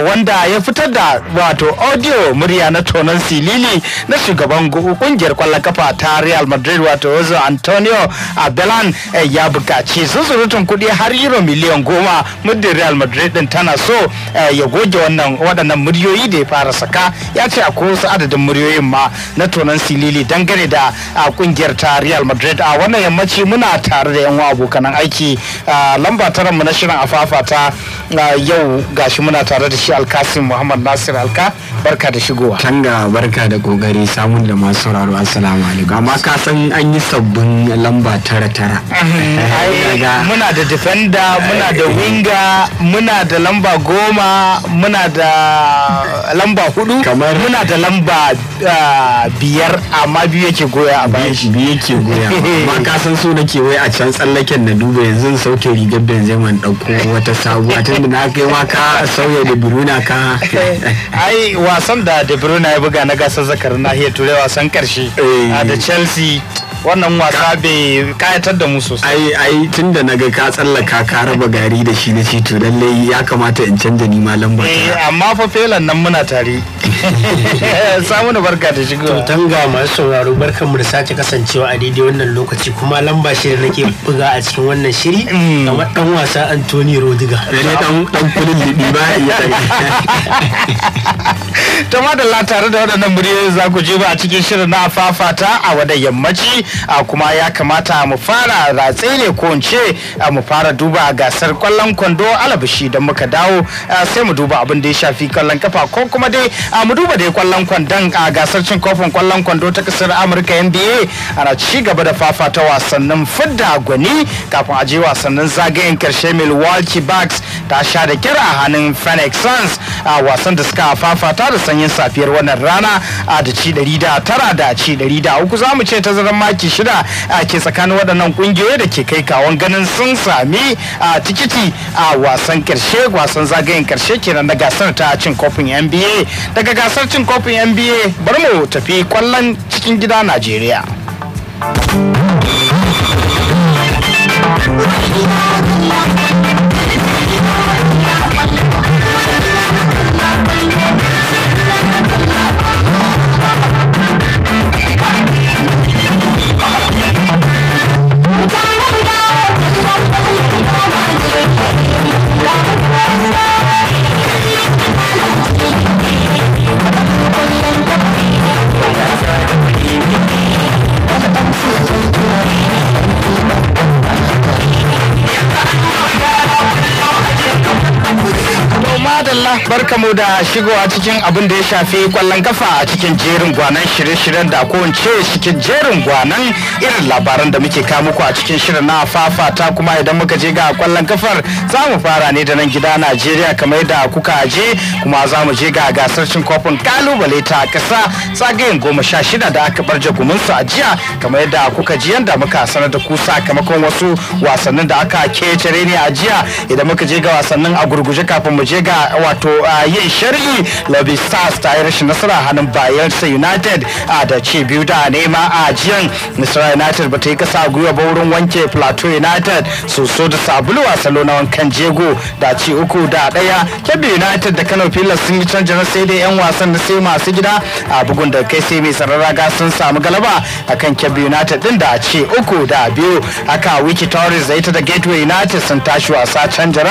wanda ya fitar da wato audio murya na tonansi fili ne na shugaban kungiyar kwallon kafa ta Real Madrid wato Jose Antonio Abelan eh, ya bukaci zuzurutun kuɗi har euro miliyan goma muddin Real Madrid din tana so eh, ya goge wannan waɗannan muryoyi da ya fara saka ya ce akwai wasu adadin muryoyin ma na tonan silili dangane da kungiyar ta Real Madrid a wannan yammaci muna tare da yan abokan aiki lamba tara mu na shirin afafa ta yau gashi muna tare da shi Alkasim Muhammad Nasir Alka barka da shigowa. Tanga barka da kokari samun da masu sauraro assalamu alaikum amma ka san an yi sabbin lamba tara tara
eh, muna
da defender muna da winga muna da lamba goma muna da lamba hudu muna da lamba ah, biyar amma biyu yake goya a bayan shi biyu yake goya amma ka san so nake wai a can tsallaken na duba yanzu sauke rigar benzema dauko wata sabuwa da na kai ma ka sauya da bruna ka eh, ai wasan da da bruna ya buga na gasar zakar nahiyar turai wasan karshe eh. a da chelsea wannan wasa bai kayatar da mu sosai ai tun tunda naga ka tsallaka ka raba gari da shi na to lalle ya kamata in canja ni ma lamba ta. eh amma fa felan nan muna tare samu da barka da shigo to tanga masu sauraro barkan mu da sake kasancewa a daidai wannan lokaci kuma lamba shi da nake buga a cikin wannan shiri mm. kamar dan wasa Anthony Rodiga ne dan dan kudin libi ba ya madalla tare da waɗannan muryoyin za ku je ba a cikin shirin na fafata a wadda yammaci A kuma ya kamata mu fara ratse ne ko in ce mu fara duba gasar kwallon kwando alabishi don muka dawo sai mu duba abin da ya shafi kwallon kafa ko kuma dai mu duba dai kwallon kwandon a gasar cin kofin kwallon kwando ta kasar amurka nba ana ci gaba da fafata wasannin fidda gwani kafin a je wasannin zagayen karshe milwaukee bucks ta sha da kira a hannun phoenix suns a wasan da suka fafata da sanyin safiyar wannan rana a da ci 109 da ci za mu ce tazarar maki maki shida a ke tsakanin waɗannan ƙungiyoyi da ke kai kawon ganin sun sami a tikiti a wasan ƙarshe wasan zagayen ƙarshe kenan na gasar ta cin kofin nba daga gasar cin kofin nba bari mu tafi kwallon cikin gida najeriya Thank you. barka mu da shigowa cikin abin da ya shafi kwallon kafa a cikin jerin gwanan shirye-shiryen da ko ce cikin jerin gwanan irin labaran da muke kawo muku a cikin shirin na fafata kuma idan muka je ga kwallon kafar za mu fara ne da nan gida Najeriya kamar da kuka je kuma za mu je ga gasar cin kofin kalubale ta kasa zagayen goma sha shida da aka bar jagumansu a jiya kamar da kuka ji yanda muka sanar da ku sakamakon wasu wasannin da aka kecere ne a jiya idan muka je ga wasannin a gurguje kafin mu je ga wato yin sharhi lobby stars ta yi rashin nasara hannun bayelsa united da ce biyu da nema a jiyan nasara united bata yi kasa gwiwa ba wurin wanke plateau united soso da sabulu a salo na wankan jego da ci uku da daya kebbi united da kano pilas sun yi canja na sai dai yan wasan na sai masu gida a bugun da kai sai mai ga sun samu galaba akan kebbi united din da ce uku da biyu haka wiki torres da ita da gateway united sun tashi wasa canja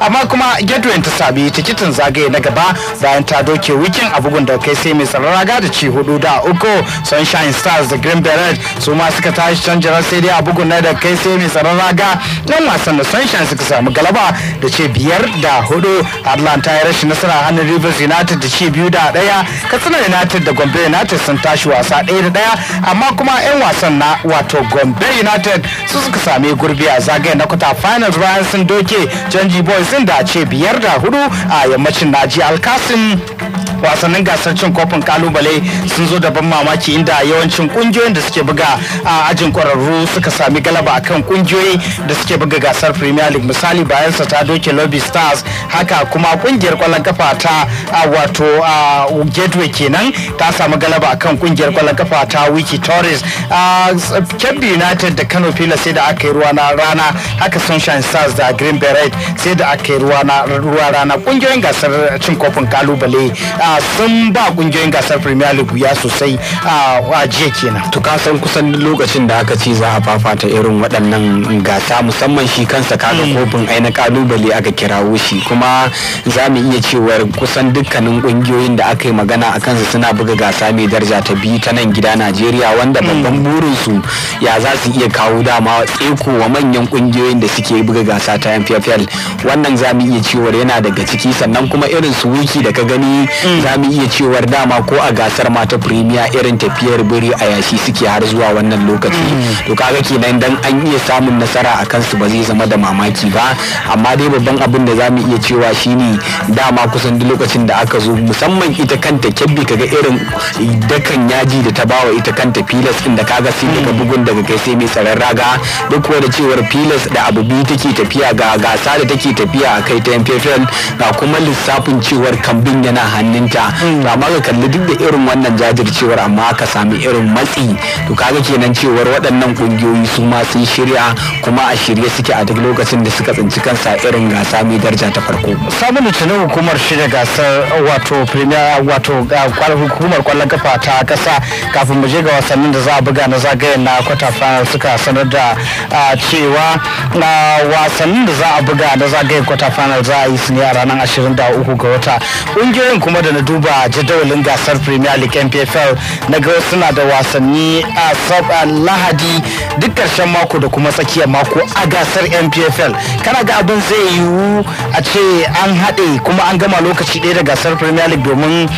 amma kuma gateway ta sami ta titin zagaye na gaba bayan ta doke wikin a bugun da kai sai mai raga da ci hudu da uku sunshine stars da green beret su ma suka tashi can jirar dai a bugun na da kai sai mai raga nan wasan da sunshine suka samu galaba da ce biyar da hudu atlanta ya rashin nasara hannun rivers united da ci biyu da daya katsina united da gombe united sun tashi wasa daya da daya amma kuma yan wasan na wato gombe united su suka sami gurbi a zagaye na kwata finals bayan sun doke canji boys sun da ce biyar da hudu a yammacin naji alkasim wasannin gasar cin kofin kalubale sun zo da ban mamaki inda yawancin kungiyoyin da suke buga a ajin kwararru suka sami galaba kan kungiyoyi da suke buga gasar premier league misali bayansa ta doke lobby stars haka kuma kungiyar kwallon kafa ta wato gateway kenan ta samu galaba kan kungiyar kwallon kafa ta wiki torres kebbi united da kano pila sai da aka yi ruwa na rana haka sunshine stars da green beret sai da aka yi ruwa na rana kungiyar kungiyoyin gasar cin kofin kalubale sun ba kungiyoyin gasar premier league ya sosai a jiya kenan to ka san kusan lokacin da aka ce za a fafata irin waɗannan gasa musamman shi kansa kaga mm. kofin ai na kalubale aka kirawo shi kuma za mu iya cewar kusan dukkanin kungiyoyin da aka yi magana a kansu suna buga gasa mai daraja ta biyu ta nan gida najeriya wanda mm. babban burin su ya za su iya kawo dama tseko wa manyan kungiyoyin da suke buga gasa ta mffl wannan za mu iya cewar yana daga ciki sannan kuma irin su wiki da ka gani mm. za mu iya cewar dama ko a gasar mata premier irin tafiyar biri a yashi suke har zuwa wannan lokaci mm. to kaga kenan dan an iya samun nasara a kansu ba zai zama da mamaki ba amma dai babban abin da za mu iya cewa shine dama kusan duk lokacin da aka zo musamman ita kanta kebbi kaga irin dakan yaji da ta bawa ita kanta filas din da kaga sai daga mm. bugun daga kai sai mai tsaron raga duk da cewar filas da abu biyu take tafiya ga gasa da take tafiya a kai ta mpfl ga kuma lissafin cewar kambin yana hannunta ba hmm. ma ka kalli duk da irin wannan jajircewar amma ka sami irin matsi to kaga kenan cewar waɗannan kungiyoyi su ma sun shirya kuma a shirye suke a duk lokacin da suka tsinci kansa irin gasa mai daraja ta farko samun tunan hukumar shirya gasar wato premier wato ah, hukumar kwallon kafa ta kasa kafin mu je ga wasannin da za a buga na zagayen na kwata final suka sanar da ah, cewa ah, wasannin da za a buga na zagayen kwata final za a yi su ne a ranar 23 ga wata ƙungiyoyin kuma da na duba jadawalin gasar premier league npfl na ga suna da wasanni a lahadi duk ƙarshen mako da kuma tsakiyar mako a gasar npfl kana ga abin zai yiwu a ce an haɗe kuma an gama lokaci ɗaya da gasar premier league domin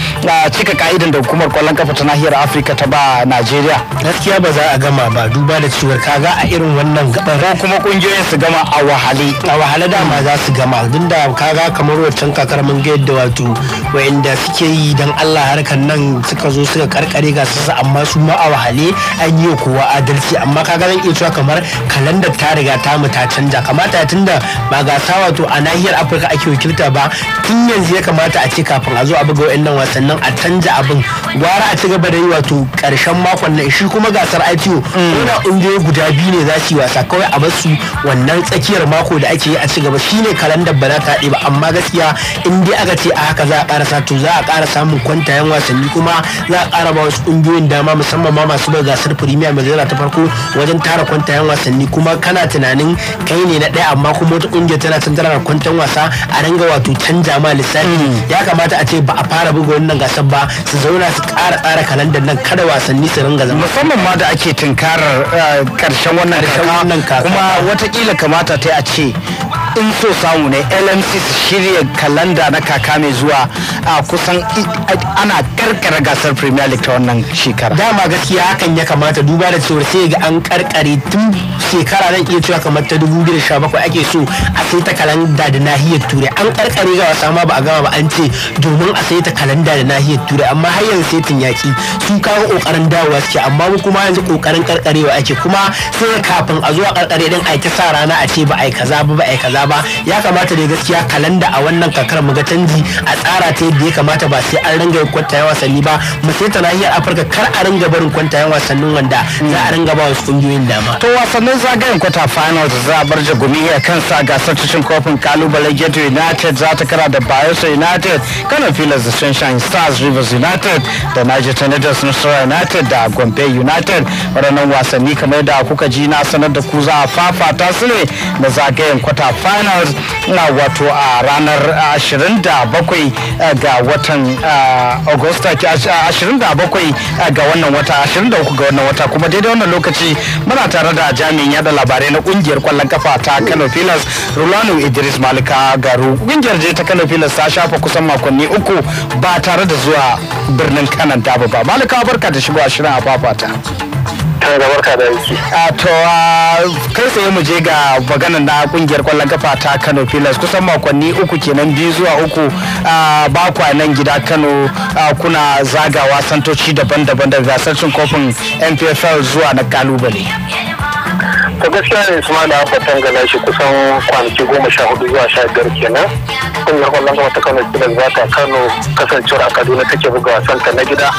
cika ka'idan da hukumar kwallon kafa ta nahiyar afirka ta ba najeriya gaskiya ba za a gama ba duba da cewar kaga a irin wannan gaban ko kuma ƙungiyoyin su gama a wahale a wahale dama za su gama duk da kaga kamar can kakar mun ga yadda wato waanda suke yi dan Allah harkar nan suka zo suka karkare ga su amma su ma a wahale an yi kowa adalci amma ka zan iya cewa kamar kalandar ta riga ta mu ta canja kamata tunda ba gasa wato a nahiyar Afirka ake wakilta ba tun yanzu ya kamata a ce kafin a zo a buga wayannan wasannin a canja abin gwara a ci gaba da yi wato karshen makon na shi kuma gasar ITO mm. ko da ungiyoyi guda biyu ne za su yi wasa kawai a basu wannan tsakiyar mako da ake yi a ci gaba shine kalandar ba za ta ba amma gaskiya cewa in dai aka ce a haka za a ƙara to za a kara samun kwantayen wasanni kuma za a kara ba wasu ƙungiyoyin dama musamman ma masu bai gasar firimiya mai ta farko wajen tara kwantayen wasanni kuma kana tunanin kai ne na ɗaya amma kuma wata ƙungiyar tana can tara kwantan wasa a ringa wato canja ma lissafi hmm. ya kamata a ce ba a fara buga wannan gasar ba su zauna su ƙara tsara kalandar nan kada wasanni su ringa zama musamman ma da ake tunkarar karshen eh, wannan kaka kuma watakila kamata ta a ce in so samu ne lmc shirya kalanda na kaka mai zuwa a kusan ana karkara gasar premier league ta wannan shekara dama gaskiya hakan ya kamata duba da cewar sai ga an karkare tun shekara nan iya cewa kamar ta 2017 ake so a sai ta kalanda da nahiyar turai an karkare ga wasa ma ba a gama ba an ce domin a sai ta kalanda da nahiyar turai amma har yanzu sai tun yaki su kawo kokarin dawowa suke amma mu kuma yanzu kokarin karkarewa ake kuma sai kafin a zuwa karkare din a ta sa rana a ce ba a yi kaza ba ba a kaza kaza ba ya kamata da gaskiya kalanda a wannan kakar mu ga canji a tsara ta yadda ya kamata ba sai an ringa kwantayen wasanni ba mu sai ta nahiyar afirka kar a ringa barin kwantayen wasannin wanda za a ringa ba wasu kungiyoyin dama. to wasannin zagayen kwata finals za a bar jagumi a kan sa gasar cikin kofin kalubalen gate united za ta kara da bayelsa united kano filas da sunshine stars rivers united da niger tornadoes nasara united da gombe united waɗannan wasanni kamar da kuka ji na sanar da ku za a fafata su ne da zagayen kwata finals finals na wato a ranar 27 eh, ga watan eh, agusta eh, 27 ga wannan wata 23 ga wannan wata kuma daidai wannan lokaci muna tare da jami'in yada labarai na kungiyar kwallon kafa ta kano filas rulanu idris malika garu kungiyar je ta kano filas ta shafa kusan makonni uku ba tare da zuwa birnin kanan daba ba malika barka da shigo a shirin a fafata barka da aiki. A to kai sai mu je ga maganan na kungiyar kwallon kafa kafa ta kano pillars kusan makonni uku kenan biyu zuwa uku ba kwa nan gida kano kuna zagawa santoci daban-daban daga gasar cin kofin mpfl zuwa na kalubale
ta gaskiya ne su mala fatan gana shi kusan kwanaki goma sha hudu zuwa sha biyar kenan kungiyar kwallon kafa ta kano kilas za ta kano kasancewar a kaduna take buga wasan ta na gida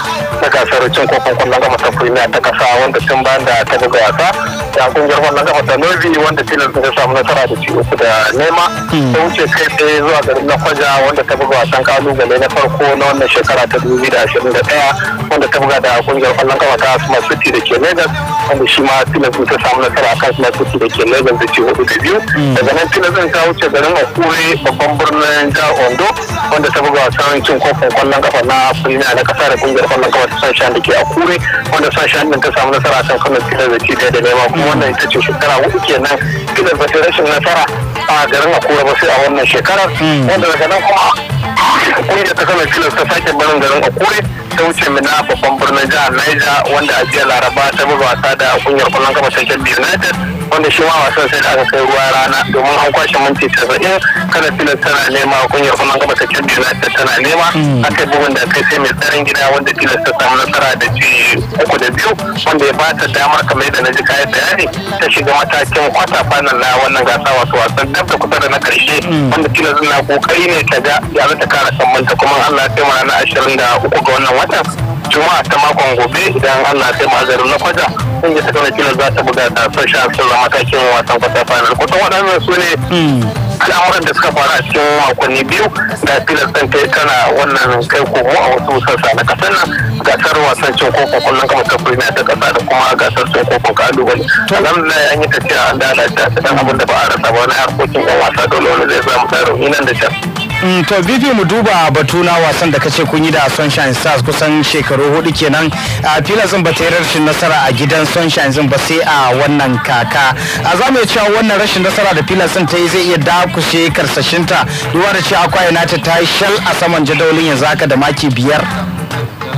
na gasar cin kofin kwallon kafa ta premier ta kasa wanda tun bayan da ta buga wasa da kungiyar kwallon kafa ta novi wanda kilas ta samu nasara da ci uku da nema hmm. ta wuce kai tsaye zuwa garin na kwaja wanda ta buga wasan kalubale na farko na wannan shekara ta dubu biyu da ashirin da ɗaya wanda ta buga da kungiyar kwallon kafa ta asma city da ke lagos wanda shi ma kilas ta samu nasara house na kutu da ke level da hudu da biyu mm. daga nan tuna zan kawo ce garin akure babban birnin jihar ondo wanda ta buga wasan cin kofin kwallon kafa na premier na kasa da kungiyar kwallon kafa ta sashen da ke akure wanda sashen din ta samu nasara kan kano tuna da ci da nema kuma mm. wannan ita ce shekara hudu kenan tuna ba rashin nasara a garin akure ba sai a wannan shekarar mm. wanda daga nan kuma kungiyar ta sama filas ta sake barin garin akure ta wuce mina babban birnin jihar niger wanda a jiya laraba ta buga wasa da kungiyar kwallon kafa ta united wanda shi ma wasan sai da aka kai ruwa rana domin an kwashe minti tasa'in kada fila tana nema kungiyar kuma gaba ta cin united tana nema hmm. aka bugun da kai sai mai tsarin gida wanda filas ta samu nasara da ci uku da biyu wanda ya bata damar kamar yadda na ji kayan bayani ta shiga matakin kwata final na wannan gasa wasu wasan dab da kusa da na karshe hmm. wanda filas na kokari ne ta ga ya ta kara sammanta kuma Allah ya kai na ashirin da uku ga wannan watan juma'a ta makon gobe idan Allah ya taimaka na kwaja kungiyar ta kawai filas za ta buga ta sashen matakin wasan kwata final kusan waɗannan su ne hmm. al'amuran da suka faru a cikin makonni biyu da filas ɗin ta tana wannan kai komo a wasu sassa na ƙasar nan gasar wasan cin kofin kullum kama ta firina ta ƙasa da kuma gasar cin kofin kalubale alhamdulillah an yi tafiya an da ta dan abin da ba a rasa ba wani harkokin yan wasa dole wani zai samu ɗan rauni nan da can
Mm, to bibi mu duba batu na wasan da kace kun yi da sunshine stars kusan shekaru hudu kenan a filazin ba ta yi rashin nasara a gidan sunshine zin ba sai a wannan kaka a za mu cewa wannan rashin nasara da filazin ta yi zai iya dakushe ta duwa da cewa akwai na ta yi shal a saman jadawalin yanzu haka da maki biyar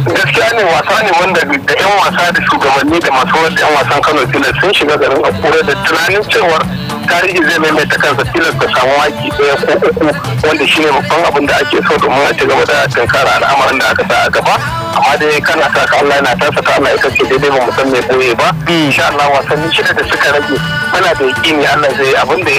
gaskiya ne wasa ne wanda da yan wasa da shugabanni da masu wasu yan wasan kano filas sun shiga garin a kura da tunanin cewar tarihi zai ta kansa tilas da samu waki ɗaya ko uku wanda shine babban abin da ake so domin a ci gaba da tunkara al'amarin da aka sa a gaba amma dai kana sa ka Allah yana tasa ta Allah ita ce daidai ba mu san mai boye ba hmm. insha Allah wasanni shida da suka rage muna da yakini Allah zai abin da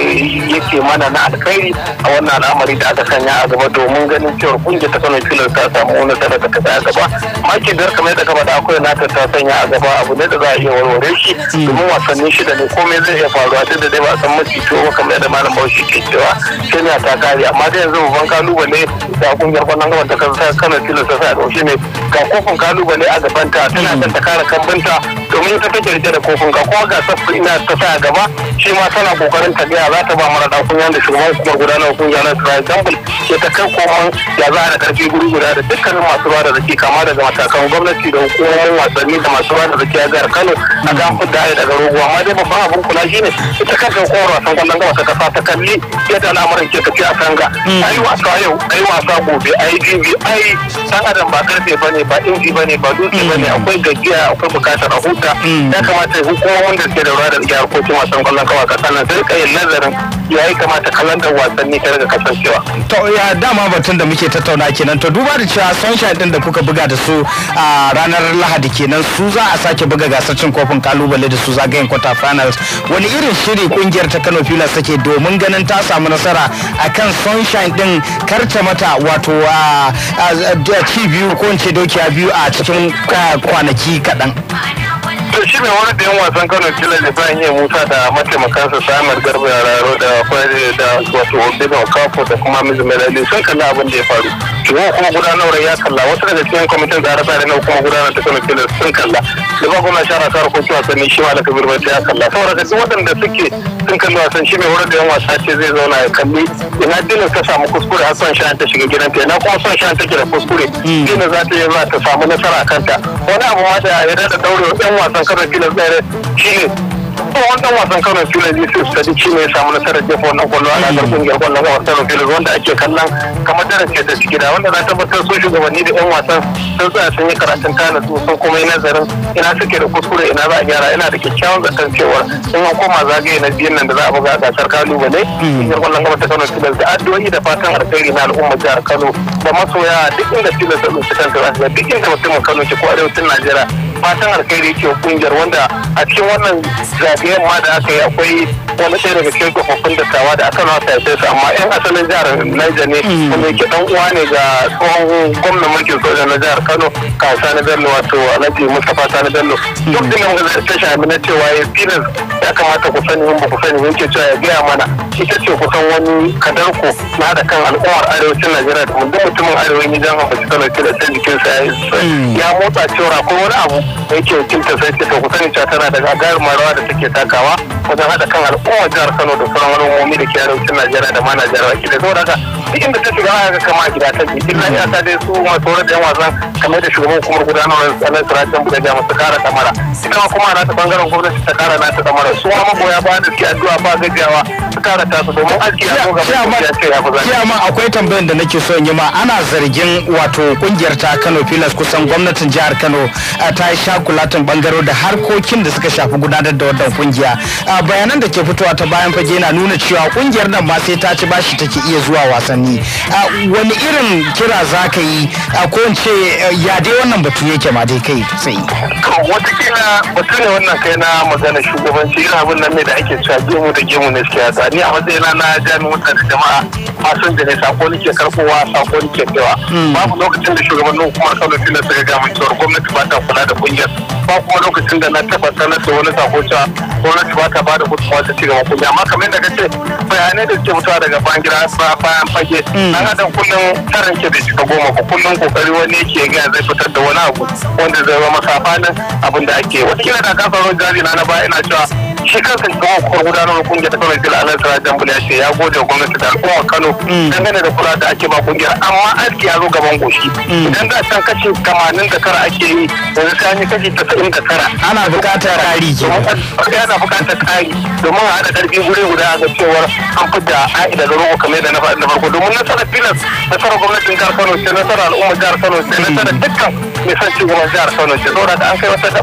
yake mana na alkhairi a wannan al'amari da aka sanya a gaba domin ganin cewa kungiyar ta Kano tilas ta samu wani da ta a gaba ke da kamar da kaba da akwai nata ta sanya a gaba abu ne da za a iya warware shi hmm. domin wasanni shida ne komai zai iya faruwa tunda dai ba a san to ba kamar da malam bauchi ke cewa kenya ta kare amma da yanzu babban kalubale da kungiyar kwallon gaban ta kasa kana tilasta sa ɗauki ne ga kofin kalubale a ta tana son ta kare kambinta domin ta take rike da kofin ka ko ga safu ina ta sa gaba shi ma tana kokarin ta ga za ta ba mara da kungiyar da shugaban hukumar gudanar kungiyar na Sura Gamble ke ta kai koman ya za da karfi guri guda da dukkanin masu ba da zaki kama daga matakan gwamnati da hukumomin wasanni da masu ba da zaki a jihar Kano a kan fudda daga rogo amma dai babban abin kula ne ita kanta hukumar wasan kwallon gaba ta kasa ta kalli yadda al'amuran ke tafiya a kanga hmm. ai wasa yau ai wasa gobe a yi jibi a yi san adam ba karfe bane ba inji ba ne ba dutse hmm. ne. akwai gajiya akwai bukatar a huta hmm. ya kamata hukumomin da suke da ruwa da suke harkokin wasan kwallon kawa ka nan su rika yin nazarin ya yi kamata kalandar wasanni ta daga kasancewa.
to ya dama batun da muke tattauna kenan to duba da cewa sunshine din da kuka buga da su a ranar lahadi kenan su za a sake buga gasar cin kofin kalubale da su zagayen quarter finals wani irin shiri kungiyar ta Kano Pilas take domin ganin ta samu nasara akan Sunshine din karta mata wato uh, uh, uh, ci biyu ko in dokiya biyu a cikin kwanaki kaɗan.
to shi ne wani da yan wasan kano kila lisan iya musa da mataimakansa samar garba yararo da kwaje da wato obinna kafo da kuma mizumela sun kalli abin da ya faru yau kuma gudanarwar ya kalla wasu daga cikin kwamitin tsare-tsare na kuma gudanar da kwamitin sun kalla da ba gwamna shara ta harkokin wasanni shi ma kabir ya kalla saboda ga duk waɗanda suke sun kalli wasan shi mai wurin da yan wasa ce zai zauna ya kalli ina dinin ka samu kuskure har son shan ta shiga gidan ta ina kuma son shan ke da kuskure hmm. dinin za ta yi za ta samu nasara a kanta wani abu ma da ya daɗa daurewa yan wasan karar filin tsere shi ne ba wani wasan Kano Filas Yusuf Sadiq shine ya samu nasarar jefa wannan kwallo a gasar kungiyar kwallon kafa Kano Filas wanda ake kallon kamar darasi ta ciki da wanda na tabbatar su shugabanni da yan wasan sun tsaya sun yi karatun tana su sun kuma yi nazarin ina suke da kuskure ina za a gyara ina da kyakkyawan zaton cewa in an koma zagaye na biyan nan da za a buga a gasar kalubale kungiyar kwallon kafa ta Kano Filas da addu'o'i da fatan alkhairi na al'umma jihar Kano da masoya duk inda Filas suka kanta duk inda mutumin Kano ke ko arewacin Najeriya fatan alkhairi ke kungiyar wanda a cikin wannan zagayen ma da aka yi akwai wani ɗaya daga cikin da dattawa da aka nasa ya su amma yan asalin jihar Niger ne kuma mm. yake dan uwa ne ga tsohon gwamnan mulkin soja na jihar Kano kasa na Bello wato Alhaji Mustapha Sani Bello mm. duk da nan ta shafi na cewa ya tilas ya kamata ku sani in ba ku sani yake cewa ya gaya mana ita ce kusan wani kadarko na da kan al'ummar arewacin Najeriya da mutumin arewacin jihar Kano ke da sa ya motsa cewa ko wani abu da yake wakiltar sai ke to ku cewa tana da gagarumar marawa da take takawa wajen haɗa kan al'umma jihar Kano da sauran al'ummomi da ke arewacin Najeriya da ma Najeriya baki da saboda haka duk inda ta shiga aka kama a gida ta ji illa ya ta dai su masu horar da yan wasan kamar da shugaban hukumar da tsanan sirajin buɗe jama su kara kamara ita ma kuma na ta bangaren gwamnati ta kara na ta kamara su ma magoya ba da ke addu'a ba gajiyawa su kara su domin aski ya zo gaba ya ce ya fi
zai. akwai tambayan da nake so in yi ma ana zargin wato kungiyar ta Kano filas kusan gwamnatin jihar Kano eh, ta yi shakulatin bangaro da harkokin da suka shafi gudanar da wannan kungiya bayanan da ke fitowa ta bayan fage na nuna cewa kungiyar nan ma sai ta ci bashi take iya zuwa wasanni wani irin kira za ka yi ko in ce eh, ya dai wannan batu yake ma dai kai sai to
watakila batu ne wannan kai na magana shugabanci ina abin nan ne da ake cewa gemu da gemu ne suke yasa ni a matsayina na jami'in da jama'a da ne sako nake karbowa sako nake kaiwa hmm. babu lokacin da shugabannin hukumar kano suna suka ga mun gwamnati ba ta kula da kungiya Niger ba kuma lokacin da na sanar da wani sako cewa gwamnati ba ta ba da gudunmawa ta ci gaba kuma amma kamar yadda kace bayanai da suke fitowa daga bayan gida bayan fage hmm. dan adam kullum tarin ke da shiga goma ko kullum kokari wani yake ga zai fitar da wani abu wanda zai zama safanin abin da ake wata kila da kasar gari na na ba ina cewa shi kansa shugaban hukumar gudanar kungiyar ta kawai a anan sara jambul ya ce ya gode wa gwamnati da al'umma kano mm. dangane da kula da ake ba kungiyar amma aski ya zo gaban goshi mm. idan da can kashi da tara ake yi yanzu sai an yi kashi tasa'in da tara ana buƙatar ke ana buƙatar domin a haɗa ƙarfi guri guda ga cewar an fita a'ida da rogo kamar yadda na farko domin nasarar filas nasarar gwamnatin jihar kano ce nasarar jihar kano ce mm. nasarar dukkan mai son ci jihar kano ce saboda an kai wata da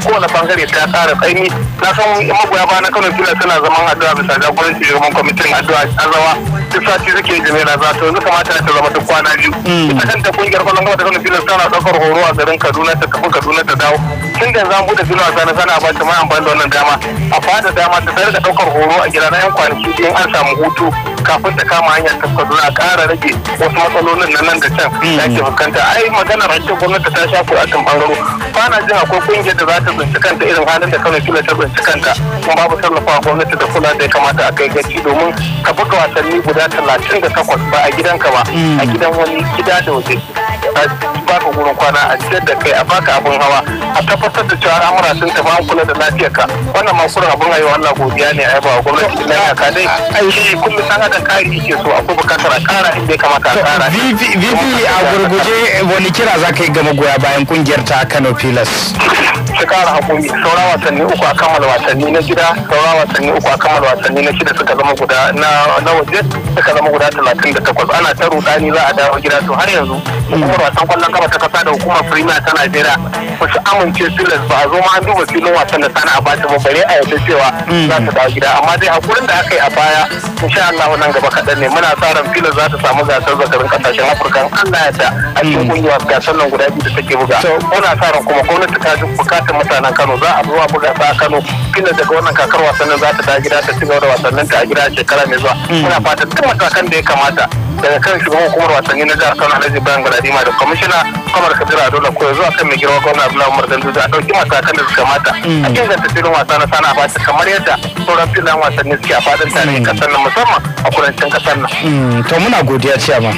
kowane bangare ta ƙara tsaini na san magoya ba na Kano Pilas suna zaman addu'a bisa jagoranci shugaban kwamitin addu'a Azawa duk sati suke jimela za to yanzu kamata ta zama duk kwana biyu. Hmm. Ita kanta kungiyar kwallon kuma da Kano Pilas tana ɗaukar horo a garin Kaduna ta tafi Kaduna ta dawo. Tun da zan mu filin wasa na sana a bata mai amfani da wannan dama a fada dama ta tare da ɗaukar horo a gida na 'yan kwanaki in an samu hutu kafin ta kama hanyar ta Kaduna a ƙara rage wasu matsalolin na nan da can hmm. da ake fuskanta. Ai magana rancen gwamnati ta sha kuɗaɗin ɓangaro. Ba na jin akwai kungiyar da za ta irin halin da Kano Pilas ta bincikanta. kuma babu sarrafa gwamnati da kula da ya kamata a kai gaci domin ka buga wasanni guda talatin da takwas ba a gidanka ba a hmm. gidan wani gida da waje ba ka gurin kwana a ciyar da kai a baka abin hawa a tabbatar da cewa al'amura sun tafi an kula da lafiyarka wannan ma kurin abin ayyuka Allah godiya ne a yaba wa gwamnati lafiya ka dai ai kullum san hada kari yake so akwai bukatar a kara inda ya kamata a
kara VP a gurguje wani kira za ka yi gama goya bayan kungiyar ta Kano Pilas
su kara hakuri sauran wasanni uku a kammala wasanni na gida sauran wasanni uku a wasanni na shida suka zama guda na waje suka zama guda talatin da takwas ana ta rudani za a dawo gida to har yanzu hukumar wasan kwallon kama ta kasa da hukumar firimiya ta najeriya ba su amince silas ba a zo ma an duba filin wasan da sana a ba ta bare a yadda cewa za su dawo gida amma dai hakurin da aka yi a baya insha Allah nan gaba kaɗan ne muna sa ran filin za ta samu gasar zakarin kasashen afirka Allah ya yadda a cikin kungiyar hmm. gasar nan guda biyu da take buga muna sa ran kuma gwamnati ta ji bukatar mutanen kano za a zo a buga ta kano filin da ga wannan kakar wasannin za ta da gida ta gaba da wasannin ta a gida shekara mai zuwa hmm. muna fata duk matakan da ya kamata daga kan shugaban hukumar wasanni na jihar Kano Alhaji Ibrahim Galadima da kwamishina Kamar Kabir Adola ko zuwa kan mai girma gwamna Abdullahi Umar Dandudu a dauki matakan da suka mata hmm. a inganta filin wasa na sana fata kamar yadda sauran filin wasanni suke a fadin tarihin kasar hmm. nan musamman a kudancin
kasar nan. To muna godiya ciyama.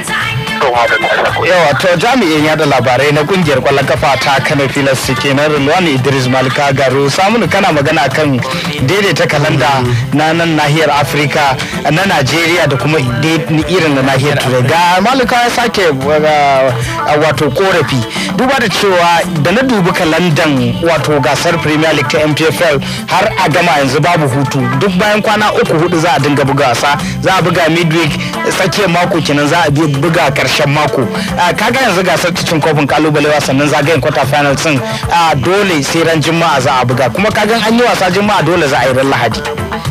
yawa to jami'in yada labarai na kungiyar kwallon kafa ta kano filas na rilwan idris malika garu samun kana magana kan daidaita kalanda na nan nahiyar afirka na najeriya da kuma irin na nahiyar turai ga malika ya sake uh, wato korafi duba da cewa da na dubi kalandan wato gasar premier league ta mpfl har a gama yanzu babu hutu duk bayan kwana uku hudu za a dinga buga wasa za a buga midweek tsakiyar mako kenan za a buga karshe karshen mako ah, kaga yanzu gasar cin kofin kalubale wasannin zagayen quarter final sun ah, dole sai ran juma'a za a buga kuma kaga an yi wasa juma'a dole za a yi ran lahadi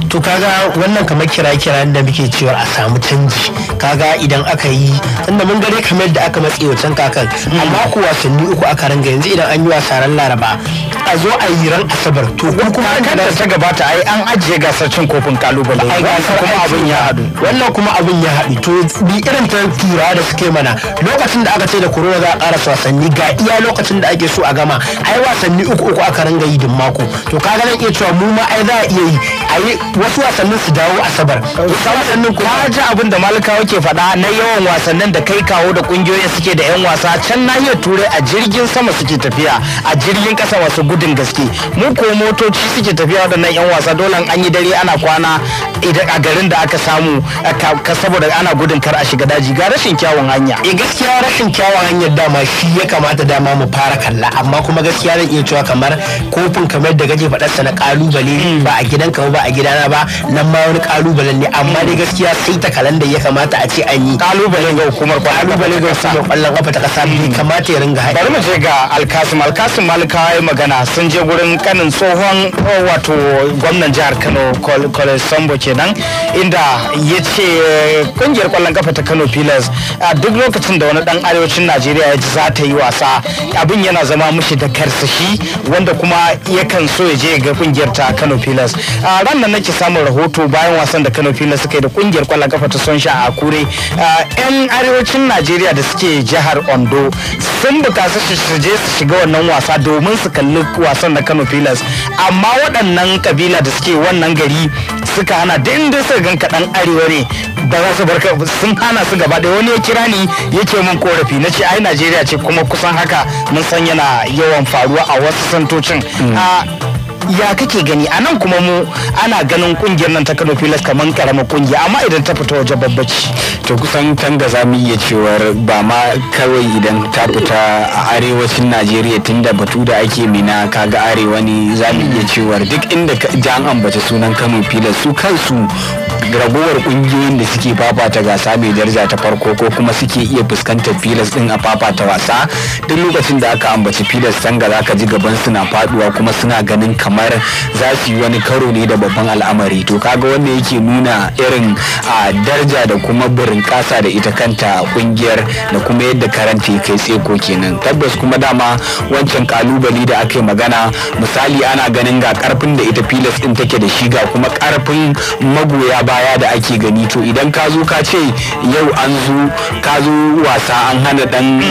to kaga wannan kamar kira kira da muke cewa a samu canji kaga idan aka yi tunda mun gare kamar da aka matse wancan kakan amma ko wasanni uku aka ranga yanzu idan an yi wasa ran laraba a zo a yi ran asabar to kuma kan ta gabata ai an ajiye gasar cin kofin kalubale kuma abin ya haɗu wannan kuma abin ya haɗu to bi irin ta tura da suke mana lokacin da aka ce da korona za a karasa wasanni
ga iya lokacin da ake so a gama ai wasanni uku uku aka ringa yi din mako to kaga zan iya cewa mu ma ai za a iya yi ayi wasu wasannin su dawo asabar wasannin ka ji
abin da malikawa ke faɗa na yawan wasannin da kai kawo da kungiyoyi suke da yan wasa can nahiyar turai a jirgin sama suke tafiya a jirgin kasa wasu gudun gaske mu ko motoci suke tafiya da waɗannan yan wasa dole an yi dare ana kwana a garin da aka samu saboda ana gudun kar a shiga daji ga rashin kyawun hali hanya e gaskiya rashin kyawun hanyar dama shi ya kamata dama mu fara kalla amma kuma gaskiya zan iya cewa kamar kofin kamar da kake faɗar sa na kalubale hmm. ba a gidan ka ba a gidana ba nan ma wani kalubalen ne amma dai gaskiya sai ta kalanda ya kamata a ce an yi kalubalen ga hukumar ko kalubale ga hukumar kallon kafa ta
kasa bai hmm. kamata ya ringa
haɗi bari mu je ga alkasim alkasim malika ya magana sun je gurin kanin tsohon wato gwamnan jihar kano kole sambo kenan inda ya ce kungiyar eh, kwallon kafa ta kano pillars a duk lokacin da wani dan arewacin najeriya ya ji za ta yi wasa abin yana zama mushi da karsashi wanda kuma yakan so ya je ga kungiyar ta kano pilas a ran nake samun rahoto bayan wasan da kano pilas suka yi da kungiyar kwallon kafa ta sonsha a kure yan arewacin najeriya da suke jihar ondo sun bukaci su je su shiga wannan wasa domin su kalli wasan da kano pilas amma waɗannan kabila da suke wannan gari suka hana dindin suka gan kaɗan arewa ne ba za su sun hana su gaba da wani ya kira ni yake mun korafi na ce ai najeriya ce kuma kusan haka mun san yana yawan faruwa a wasu santocin hmm. ah, ya kake gani a nan kuma mu ana ganin kungiyar nan ta kano filas kamar karamar kungiya amma idan ta fita waje babbaci to kusan tanga da za mu iya cewar ba ma kawai idan ta fita a arewacin najeriya tunda batu da ake mina kaga arewa ne za mu iya cewar duk inda jan ambaci sunan kano filas su kansu ragowar kungiyoyin da suke fafata gasa mai daraja ta farko ko kuma suke iya fuskantar filas din a fafata wasa duk lokacin da aka ambaci filas tanga za ka ji gaban suna faduwa kuma suna ganin kamar kamar za su yi wani karo ne da babban al'amari to kaga wanda yake nuna irin a darja da kuma birin kasa da ita kanta kungiyar da kuma yadda karanta kai tseko kenan tabbas kuma dama wancan kalubali da aka yi magana misali ana ganin ga karfin da ita filas din take da shi ga kuma karfin magoya baya da ake gani to idan ka zo ka ce yau an zo ka zo wasa an hana dan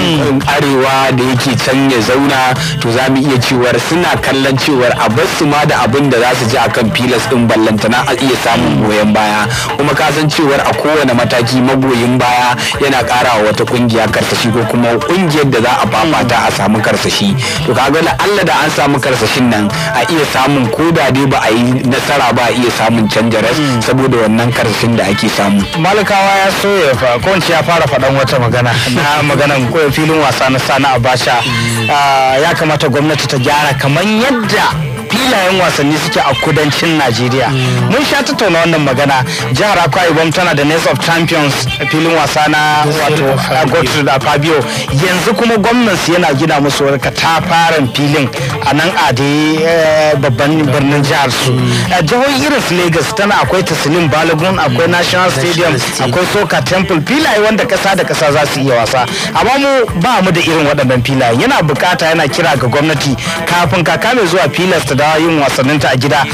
arewa da yake can ya zauna to za mu iya cewar suna kallon cewar a bas su ma da abin da za su ji akan filas din ballantana a iya samun goyon baya kuma ka cewar a kowane mataki magoyin baya yana karawa wata kungiya karsashi ko kuma kungiyar da za a fafata a samu karsashi to kaga da Allah da an samu karsashin nan a iya samun ko da dai ba a yi nasara ba a iya samun canja ras hmm. saboda wannan karsashin da ake samu malakawa ya so ya fa ko ya fara faɗan wata magana na maganan filin wasa na sana abasha hmm. ah, ya kamata gwamnati ta gyara kamar yadda filayen wasanni suke a kudancin najeriya mun sha tattauna wannan magana jihar akwa ibom tana da nest of champions filin wasa na wato gotu da fabio yanzu kuma gwamnansu yana gina musu wani katafaren filin a nan ade eh, babban birnin jihar su mm. jihar irin lagos tana akwai taslim balogun akwai national stadium akwai soka temple filaye wanda kasa da kasa za su iya wasa amma mu ba mu da irin waɗannan filayen yana bukata yana kira ga gwamnati kafin kaka mai zuwa filas dawo yin wasanninta a gida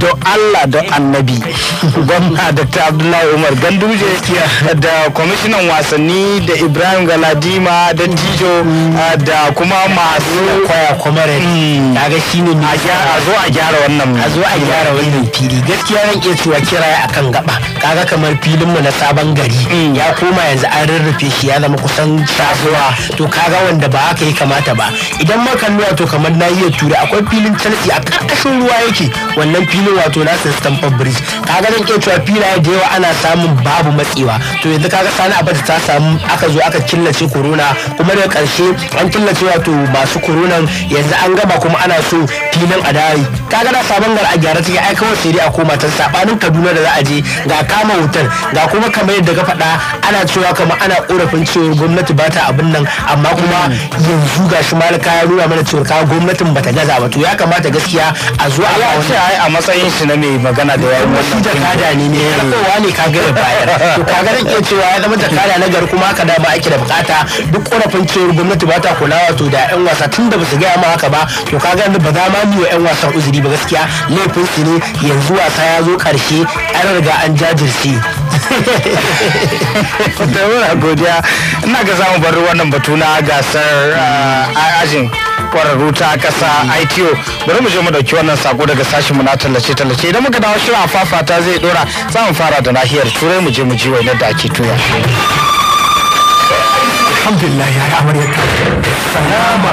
don Allah don annabi gwamna da ta Abdullahi Umar Ganduje da kwamishinan wasanni da Ibrahim Galadima da Tijo da kuma masu kwaya kwamare shi mm. shine a zo a gyara wannan a zo a gyara wannan fili gaskiya ran ke cewa kira akan gaba kaga kamar filin mu na sabon gari mm. ya koma yanzu an rarrafe shi ya zama kusan tasowa to kaga wanda ba haka ya kamata ba idan ma kan to kamar iya tura akwai filin chelsea a ƙarƙashin ruwa yake wannan filin wato na Stamford Bridge kaga zan iya cewa filaye da yawa ana samun babu matsewa
to yanzu kaga sani abada ta samu aka zo aka killace corona kuma daga ƙarshe an killace wato masu corona yanzu an gaba kuma ana so filin a dare kaga na sabon gar a gyara take ai kawai sai dai a koma ta sabanin Kaduna da za a je ga kama hotel ga kuma kamar yadda
ka faɗa ana cewa kamar ana korafin cewa gwamnati ba ta abin nan amma kuma mm. yanzu shi malaka ya nuna mana cewa gwamnatin bata gaza ba to ya kamata gaskiya gaskiya a zo a ba ai a matsayin shi na mai magana da yayin wannan da kada ne ne kowa ne kaga da bayar to kaga da ke cewa ya zama jakada na gari kuma haka da ba ake da bukata duk korafin cewar gwamnati ba ta kula wato
da yan wasa tunda ba su gaya ma haka ba to kaga yanzu ba za ma wa yan wasan uzuri ba gaskiya laifin su ne yanzu wasa ya zo karshe an riga an jajirce
da godiya ina ga zamu bar wannan batu na gasar ah, ajin kwararru ta kasa ITO bari mu je mu dauki wannan sako daga sashin mu na tallace tallace idan muka dawo shirin afafata zai dora za mu fara da nahiyar turai mu je mu ji wainar da ake tuya alhamdulillah
ya yi amaryar salamu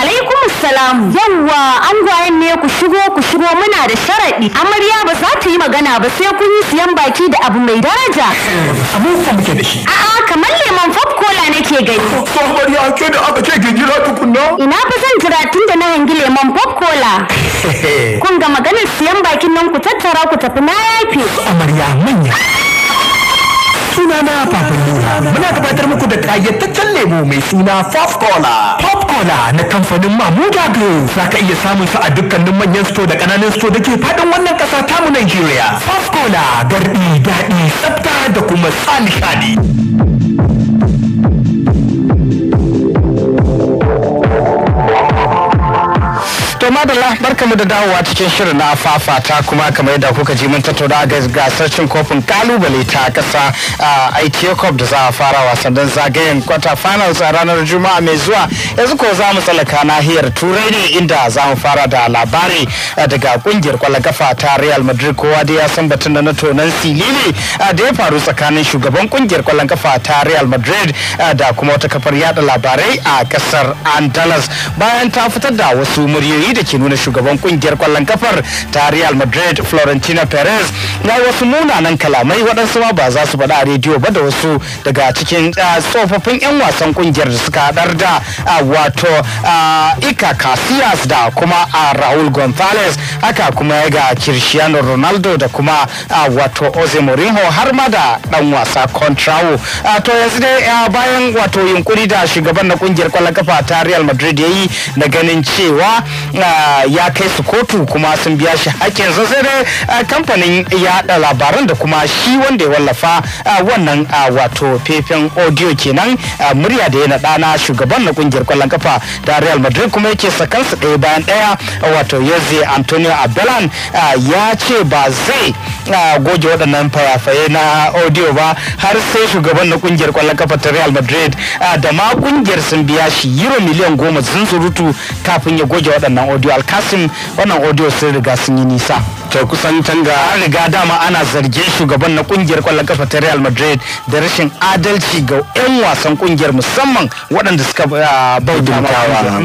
alaikum Assalamu. Yawwa angwayen ne ku shigo ku shigo muna da sharaɗi. Amarya ba za ta yi magana ba sai kun yi siyan baki da abu mai daraja. Abin muke da shi. A'a kamar lemon pop cola nake gani. Ban amarya ke da aka ce ki tukunna. Ina ba zan jira tun da na hangi lemon pop cola. Kun ga maganar siyan bakin nan ku tattara ku tafi na yafe. Amarya manya. suna na Papa Muna gabatar muku da kayyataccen lemo mai suna Pop Cola.
Pop Cola na kamfanin Mamuda Group. Za ka iya samun su a dukkanin manyan store da kananan store da ke faɗin wannan ƙasa tamu Nigeria. Pop Cola garɗi, daɗi, tsafta da kuma
tsalishani.
to madalla barkamu da dawowa cikin shirin na
fafata kuma kamar yadda kuka ji mun tattauna ga gasar cin kofin kalubale ta kasa a ITA Cup da za a fara wasan zagayen kwata finals a ranar Juma'a mai zuwa yanzu ko za mu tsallaka nahiyar Turai ne inda za mu fara da labari daga kungiyar kwallon ta Real Madrid kowa da ya san batun na tonan silili da ya faru tsakanin shugaban kungiyar kwallon kafa ta Real Madrid da kuma wata kafar yada labarai a kasar Andalus bayan ta fitar da wasu muryoyi da ke nuna shugaban kungiyar kwallon kafar ta Real Madrid Florentina Perez ya wasu munanan kalamai waɗansu ma ba za su faɗa a rediyo ba da wasu daga cikin tsofaffin 'yan wasan kungiyar da suka haɗar da wato Ika Casillas da kuma a Raul Gonzalez haka kuma ga Cristiano Ronaldo da kuma wato Jose Mourinho har ma da ɗan wasa Contrao to yanzu dai bayan wato yunkuri da shugaban na kungiyar kwallon kafa ta Real Madrid ya yi na ganin cewa ya kai su kotu kuma sun biya shi hakkin da kamfanin yaɗa labaran da kuma shi wanda ya wallafa wannan wato fefen audio kenan murya da ya naɗa na shugaban na kungiyar kwallon kafa da Real Madrid kuma yake su ɗaya bayan ɗaya wato Jose Antonio Abelan ya ce ba zai goge waɗannan fayafaye na audio ba har sai shugaban na kungiyar kwallon kafa ta Real Madrid da ma ƙungiyar sun biya shi euro miliyan goma zunzurutu kafin ya goge waɗannan audio alkasim wannan audio sun riga sun yi nisa to kusan tanga an riga dama ana zargin shugaban na kungiyar kwallon kafa ta Real Madrid da rashin adalci ga 'yan wasan kungiyar musamman waɗanda suka ah, bautawa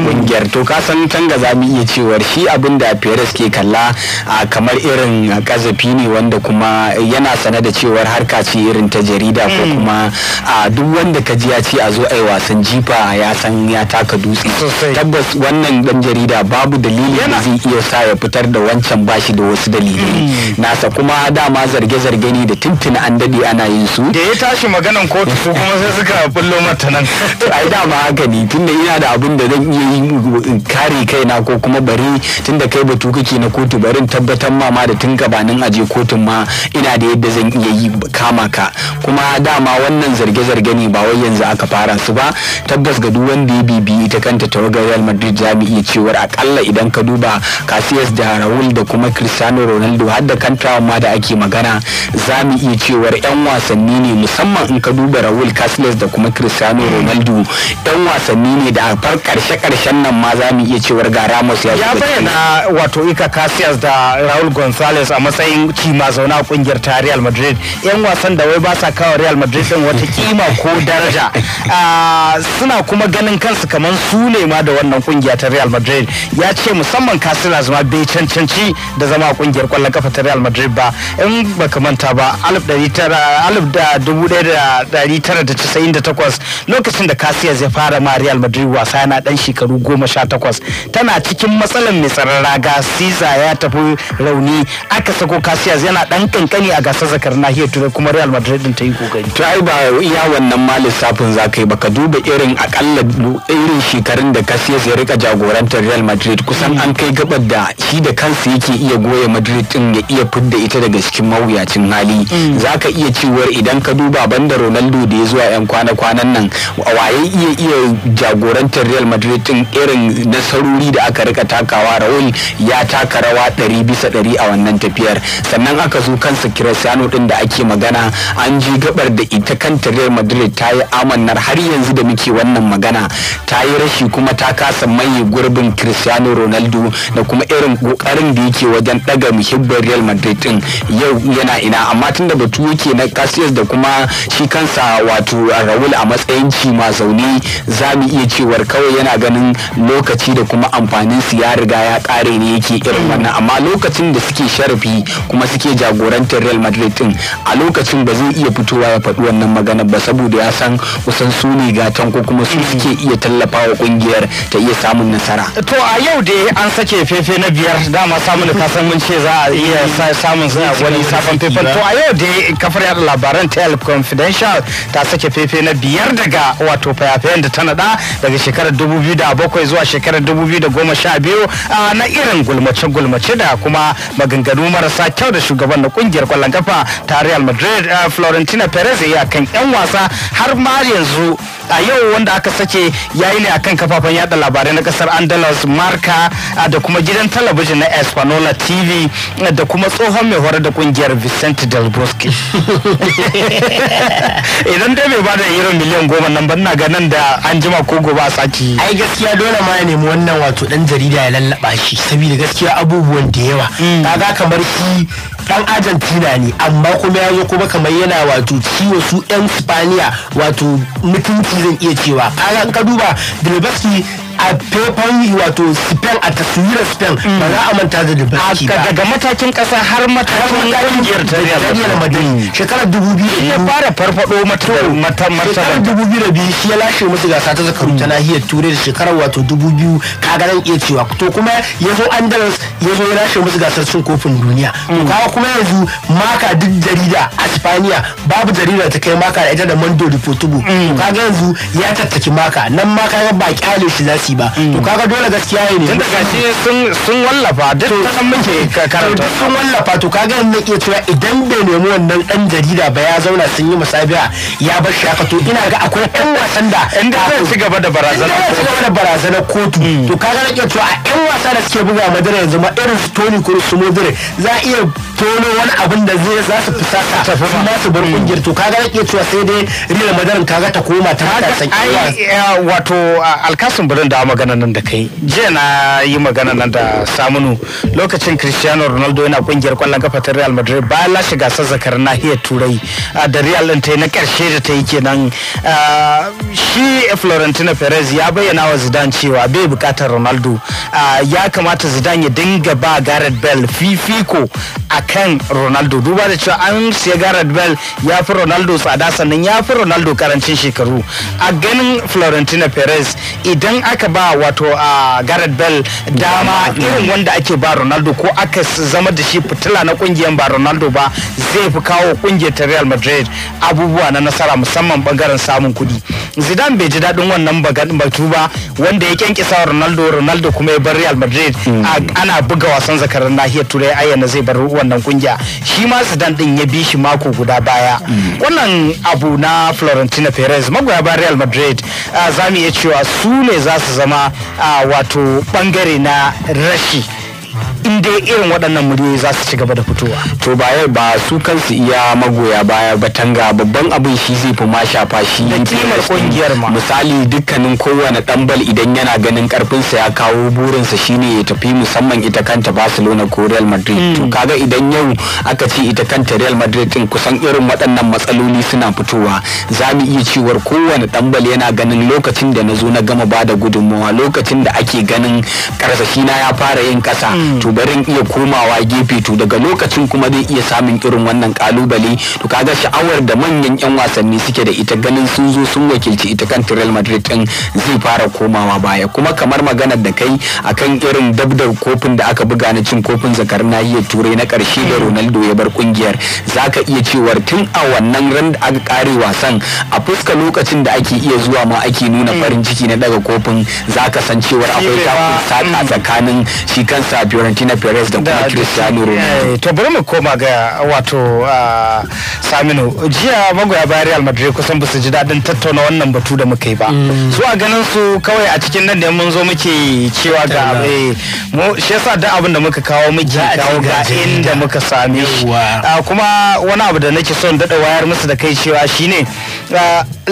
kungiyar to ka san tanga za mu iya cewar shi abin da Perez ke kalla ah, kamar irin kazafi ne wanda kuma yana sane da cewar harka ce irin ta jarida ko mm. kuma ah, duk wanda ka ji ya ce a zo a yi wasan jifa ya san ya taka dutse tabbas wannan dan jarida babu babu dalili da zai iya sa ya fitar da wancan bashi da wasu dalili hmm. nasa kuma dama zarge-zarge ne da tuntuna an dade ana yin su da ya tashi maganan kotu su kuma sai suka bullo mata nan ai dama haka ne tunda ina da abin da zan iya yin kare na ko kuma bari tunda kai batu kake na kotu barin tabbatar mama da tun gabanin aje kotun ma ina da yadda zan iya yi kama ka kuma dama wannan zarge-zarge ne ba wai yanzu aka fara su ba tabbas ga duk wanda ya bibiyi ta kanta tawagar Real Madrid za mu iya cewar akalla idan ka duba casillas da raul da kuma cristiano ronaldo har da kantrawa ma da ake magana za mu iya cewar yan wasanni ne musamman in ka duba raul casillas da kuma cristiano ronaldo yan wasanni ne da far karshe karshen nan ma za mu iya cewar ga ramos ya ya bayyana wato ika casillas da raul gonzalez a matsayin kima zauna kungiyar ta real madrid yan wasan da wai ba sa kawo real madrid din wata kima ko daraja ah, suna kuma ganin kansu kamar su ne ma da wannan kungiya ta real madrid ya ya ce musamman Casillas ma bai cancanci da zama a kungiyar kwallon kafa ta Real Madrid ba in baka manta ba alif da takwas lokacin da Casillas ya fara ma Real Madrid wasa yana dan shekaru goma sha takwas tana cikin matsalar mai tsaron raga Siza ya tafi rauni aka sako Casillas yana dan kankani a gasar zakar nahiyar Turai kuma Real Madrid din ta yi kokari to ai ba iya wannan ma lissafin zakai baka duba irin akalla irin shekarun da Casillas ya rika jagorantar Real Madrid kusan an kai gabar da shi da kansa yake iya goya Madrid din ya iya fidda ita daga cikin mawuyacin hali mm. zaka iya cewar idan ka duba banda Ronaldo da ya zuwa yan kwana-kwanan nan waye iya iya jagorantar Real Madrid din irin nasarori da aka rika takawa Raul ya taka rawa ɗari bisa ɗari a wannan tafiyar sannan aka zo kansa Cristiano din da ake magana an ji gabar da ita kanta Real Madrid ta yi amannar har yanzu da muke wannan magana ta yi rashi kuma ta kasa maye gurbin Cristiano Ronaldo da kuma irin kokarin da yake wajen daga muhibbar Real Madrid din yau yana ina amma tun da batu yake na Casillas da kuma shi kansa wato Raul a matsayin ci ma zaune za mu iya cewa kawai yana ganin lokaci da kuma amfanin su ya riga ya kare ne yake irin wannan amma lokacin da suke sharafi kuma suke jagorantar Real Madrid din a lokacin ba zai iya fitowa ya faɗi wannan magana ba saboda ya san kusan su ne gatan ko kuma su suke iya tallafawa kungiyar ta iya samun nasara to a yau yau dai an sake fefe na biyar dama samun da kasan mun ce za a iya samun suna wani sabon fefen to a yau dai kafar yada labaran tel confidential ta sake fefe na biyar daga wato fayafayen da ta nada daga shekarar 2007 zuwa shekarar 2012 na irin gulmace-gulmace da kuma maganganu marasa kyau da shugaban na kungiyar kwallon kafa ta Real Madrid Florentina Perez ya kan 'yan wasa har ma yanzu a yau wanda aka sace sake yi ne kan kafafen yada labarai na kasar andalus marka da kuma gidan talabijin na espanola tv da kuma tsohon mai horar da kungiyar vicente del bosque idan dai mai ba da irin miliyan goma nan ba na ganin da an jima ko gobe a sati ai
gaskiya
dole ma ya nemi wannan wato dan jarida ya lallaba shi saboda gaskiya abubuwan da yawa mm. kaga kamar shi dan argentina ne amma kuma ya zo kuma kamar yana wato ciwo su
yan spaniya wato mutunci zan iya cewa ka duba Dilberti a faifan wato spain a taswirar spain ba za a manta da dubaki ba daga matakin kasa har matakin kungiyar tarayyar madani shekarar dubu biyu ya fara farfado mata shekarar dubu biyu da biyu shi ya lashe musu gasa ta zakaru ta nahiyar turai da shekarar wato
dubu biyu kaga zan iya cewa to kuma ya zo andalus ya zo ya lashe musu gasar cin kofin duniya mm. kawo kuma yanzu maka duk jarida a spaniya babu jarida ta kai
maka
da ita da mando da mm. kaga yanzu ya tattaki maka nan maka ya ba kyale shi su
ba to mm. kaga dole gaskiya ne tunda gashi sun sun wallafa duk san muke karanta sun wallafa to kaga yanzu nake cewa idan bai nemi wannan dan jarida ba ya zauna sun yi musabiya ya bar shi haka to ina ga akwai ɗan wasan da inda zai ci gaba da barazana kotu ci gaba da barazana kotu mm. to kaga nake cewa a ɗan wasa da suke buga madara yanzu ma irin su Toni ko su Modric za iya tono wani abin da zai za su ta su ma su bar kungiyar mm. to kaga nake cewa sai dai Real Madrid kaga ta koma ta ta san eh,
wato alkasun Brand da magana nan da kai jiya na yi magana nan da samunu lokacin cristiano ronaldo yana kungiyar kwallon kafa ta real madrid bayan lashe gasar zakar nahiyar turai da real din ta na karshe da ta yi kenan shi florentina perez ya bayyana wa zidan cewa bai bukatar ronaldo ya kamata zidan ya dinga ba gareth bell fifiko a kan ronaldo duba da cewa an siya gareth bell ya fi ronaldo tsada sannan ya fi ronaldo karancin shekaru a ganin florentina perez idan aka aka ba wato a Gareth Bell dama irin wanda ake ba Ronaldo ko aka zama da shi fitila na kungiyar ba Ronaldo ba zai fi kawo kungiyar ta Real Madrid abubuwa na nasara musamman bangaren samun kuɗi. Zidane bai ji daɗin wannan batu ba wanda ya kyankisa Ronaldo Ronaldo kuma ya bar Real Madrid hmm. ana buga wasan zakarar nahiyar Turai ayyana zai bar wannan kungiya shi ma Zidane din ya bi shi mako guda baya. Hmm. Wannan abu na florentina Perez magoya ba Real Madrid za mu iya cewa su ne za su su zama ah, wato bangare na rashi in dai irin waɗannan muryoyi za su ci gaba da fitowa. To ba yau ba su kansu iya magoya baya ba tanga babban abin shi zai fi ma shafa shi. Da kimar kungiyar ma. Misali dukkanin kowane ɗambal idan yana ganin karfinsa ya kawo burinsa shine ya tafi musamman ita kanta Barcelona ko Real Madrid. Hmm. To kaga idan yau aka ce ita kanta Real Madrid din kusan irin waɗannan matsaloli suna fitowa za mu iya cewar kowane ɗambal yana ganin lokacin da na zo na gama bada da gudunmawa lokacin da ake ganin karsashina ya fara yin ƙasa. Hmm. to barin iya komawa gefe to daga lokacin kuma zai iya samun irin wannan kalubale to kaga sha'awar da manyan yan wasanni suke da ita ganin sun zo sun wakilci ita kan Real Madrid din zai fara komawa baya kuma kamar maganar da kai akan irin dabdar kofin da aka buga na cin kofin zakar nahiyar turai na karshe da Ronaldo ya bar kungiyar zaka iya cewar tun a wannan ran da aka kare wasan a fuska lokacin da ake iya zuwa ma ake nuna farin ciki na daga kofin zaka san cewar akwai takun saka mm. tsakanin shi kansa Fiorentina Perez da kuma Cristiano Ronaldo eh, to bari mu koma ga wato Saminu jiya magoya bayan Real Madrid kusan ba su ji dadin tattauna wannan batu da muka yi ba mm. su a ganin su kawai a cikin nan da mun zo muke cewa ga eh, mu shi yasa da abin da muka kawo muke kawo ga inda muka same shi kuma wani abu da nake son dada wayar musu da kai cewa shine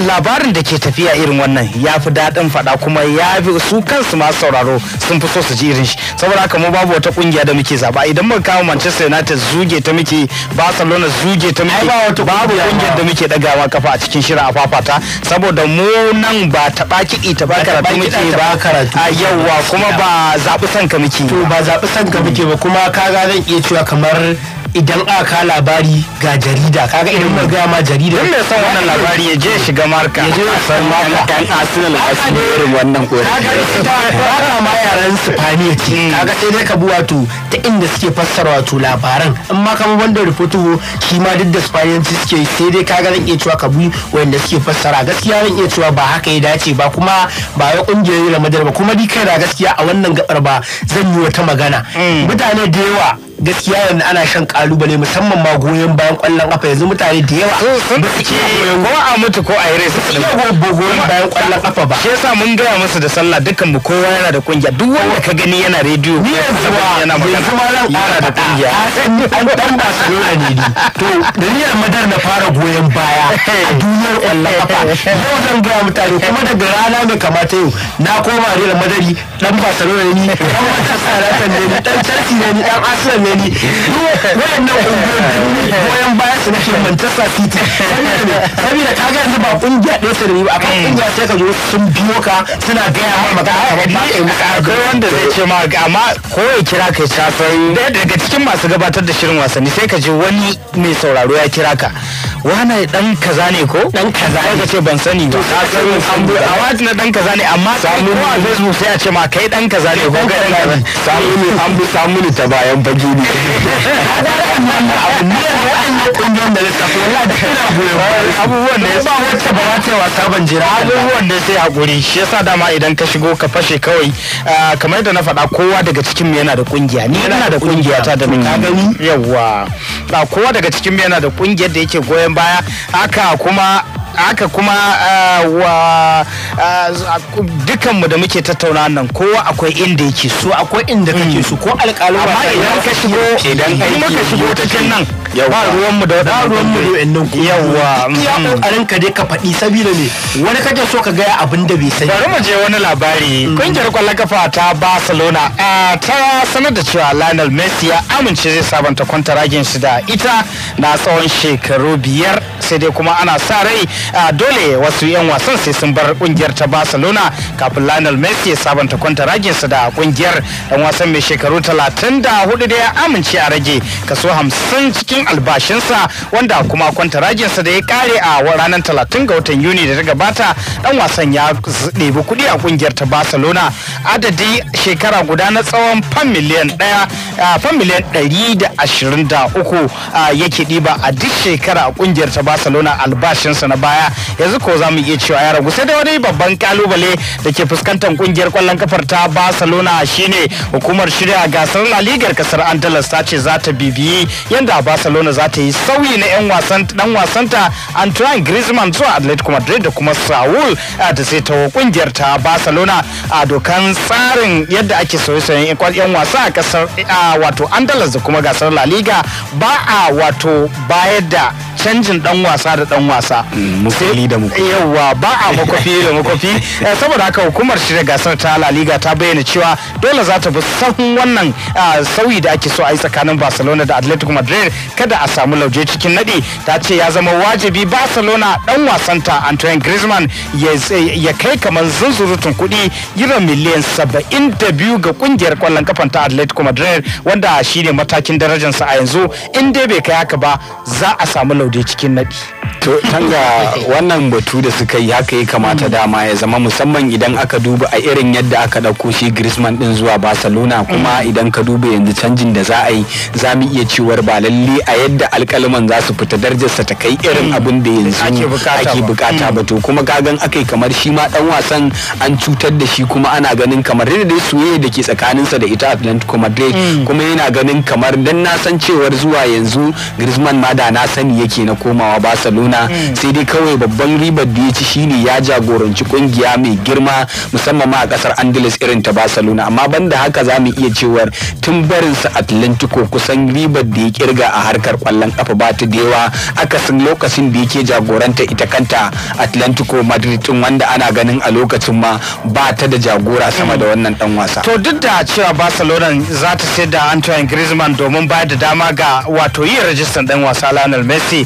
labarin da ke tafiya irin wannan ya fi daɗin faɗa kuma ya fi su kansu masu sauraro sun fi so su ji irin shi saboda haka mu babu babu wata kungiya da muke zaba idan muka kawo Manchester United zuge ta muke Barcelona zuge ta muke babu kungiyar da muke dagawa kafa a cikin shirin a fafata saboda mu nan ba ta baki ta ba karatu muke ba a yauwa kuma ba zabi sanka muke to ba zabi sanka muke ba kuma ka ga zan iya cewa kamar idan aka ka labari ga jarida kaga idan ba gaya ma jarida don mai son wannan labari ya je shiga marka ya je san marka kan asirin a cikin irin wannan ka ba ma yaran spaniya ce hmm. kaga sai dai ka bi wato ta inda suke fassara wato labaran amma ka wanda rubutu shi ma duk da spaniyanci suke sai dai kaga zan iya cewa ka bi wanda suke fassara gaskiya zan iya cewa ba haka ya dace ba kuma ba ya kungiyoyi da madar ba kuma ni kai da gaskiya a wannan gabar ba zan yi wata magana hmm. mutane da yawa gaskiya yanzu ana shan kalubale musamman ma goyon bayan kwallon kafa yanzu mutane da yawa ko a mutu ko a yi rai su goyon bayan kwallon kafa ba shi yasa mun gaya musu da sallah dukkan mu kowa
yana da kungiya duk wanda ka gani yana rediyo ni yanzu yana magana yana da kungiya an dan ba su yana ne ni to a madar na fara goyon baya a duniyar kwallon kafa yau zan gaya mutane kuma daga rana mai kamata yau na koma rera madari dan Barcelona ne ni dan Manchester United ne ni dan Chelsea ne ni dan Arsenal ne gani wayannan ƙungiyoyin goyon baya su nake Manchester City saboda ka ga yanzu ba ƙungiya ɗaya su da ba akan ƙungiya sai ka zo sun biyo ka suna gaya ma magana kamar ba ka akwai wanda zai ce ma amma ko ya kira ka ya daga cikin masu gabatar
da shirin wasanni sai ka ji wani mai sauraro ya kira ka wane dan kaza ne ko dan kaza ne ce ban sani ba ka sani an bu a wata
na dan kaza ne amma samu a facebook sai a ce ma kai dan kaza ne ko ga dan kaza samu ne an bu samu ne ta bayan fage ne
abubuwan da littafi wallahi da abubuwan da ya ba wata ba wata wasa ban jira abubuwan da sai hakuri shi yasa dama idan ka shigo ka fashe kawai ah, kamar yadda na faɗa kowa daga cikin mu yana da kungiya ni yana da kungiya ta da mun gani yawa kowa daga cikin mu yana da kungiyar da yake goyon goyon baya haka kuma haka kuma eh, wa eh, dukanmu da muke tattauna nan kowa akwai inda yake so akwai inda kake so ko alƙalu ba idan ka shigo idan ka shigo ta nan ba ruwanmu da waɗannan da wa'annan ku yawa iya kokarin ka dai ka faɗi sabila ne wani kake so ka gaya abin da bai sani bari mu je wani labari mm. kungiyar kwallon kafa ta Barcelona ta sanar da cewa Lionel Messi ya amince zai sabanta kwantaragin shi da ita na tsawon shekaru biyar sai dai kuma ana sa rai dole wasu 'yan wasan sai sun bar kungiyar ta Barcelona kafin Lionel Messi ya sabanta kwantaragin sa da kungiyar dan wasan mai shekaru talatin da ya amince a rage kaso hamsin cikin cikin albashinsa wanda kuma kwantarajinsa da ya kare a ranar talatin ga watan yuni da ta gabata dan wasan ya ɗebi kuɗi a kungiyar ta barcelona adadi shekara guda na tsawon fan miliyan ɗaya fan miliyan ɗari da ashirin da uku yake ɗiba a duk shekara a ƙungiyar ta barcelona albashinsa na baya yanzu ko za mu iya cewa ya ragu sai da wani babban kalubale da ke fuskantar ƙungiyar kwallon kafar ta barcelona shine hukumar shirya gasar la ligar kasar andalus ta ce za ta bibiyi yanda barcelona barcelona za ta yi sauyi na yan wasan dan wasanta antoine griezmann zuwa atletico madrid da kuma saul da sai ta kungiyar ta barcelona a dokan tsarin yadda ake sauye-sauyen yan wasa a kasar wato andalus da kuma gasar la liga ba a wato bayar da canjin dan wasa da dan wasa mm, musali da muku yawa ba a makofi da makofi eh, saboda haka hukumar shirya gasar ta la liga ta bayyana cewa dole za ta bi sahun wannan sauyi da ake so a yi tsakanin barcelona da atletico madrid kada a samu lauje cikin nadi ta ce ya zama wajibi barcelona dan wasanta antoine griezmann ya kai kamar zunzurutun kudi euro miliyan saba'in da biyu ga kungiyar kwallon kafan ta atletico madrid wanda shine matakin darajarsa a yanzu in dai bai kai haka ba za a samu lauje cikin nadi to tanga wannan batu da suka yi haka ya kamata mm. dama ya zama musamman idan aka duba a irin yadda aka dauko shi griezmann din zuwa barcelona kuma mm. idan ka duba yanzu canjin da za a yi za mu iya cewar ba lalle a yadda alkaliman za su fita darajarsa ta kai irin hmm. abin da yanzu ake bukata hmm. ba to kuma kagan akai kamar shi ma dan wasan an cutar da shi kuma ana ganin kamar da dai soyayya da ke sa da ita Atlantico Madrid hmm. kuma yana ganin kamar dan na san cewar zuwa yanzu Griezmann ma da na sani yake na komawa Barcelona sai dai kawai babban ribar da ya ci shine ya jagoranci kungiya mai girma musamman ma a kasar Angeles irin ta Barcelona amma banda haka za mu iya cewar tun barinsa Atlantico kusan ribar da ya kirga a har harkar kwallon kafa ba ta da yawa san lokacin da yake jagoranta ita kanta atlantico madrid din wanda ana ganin a lokacin ma ba ta da jagora sama da wannan dan wasa to duk da cewa barcelona za ta sai da antoine griezmann domin bayar da dama ga wato yin rajistan dan wasa lionel messi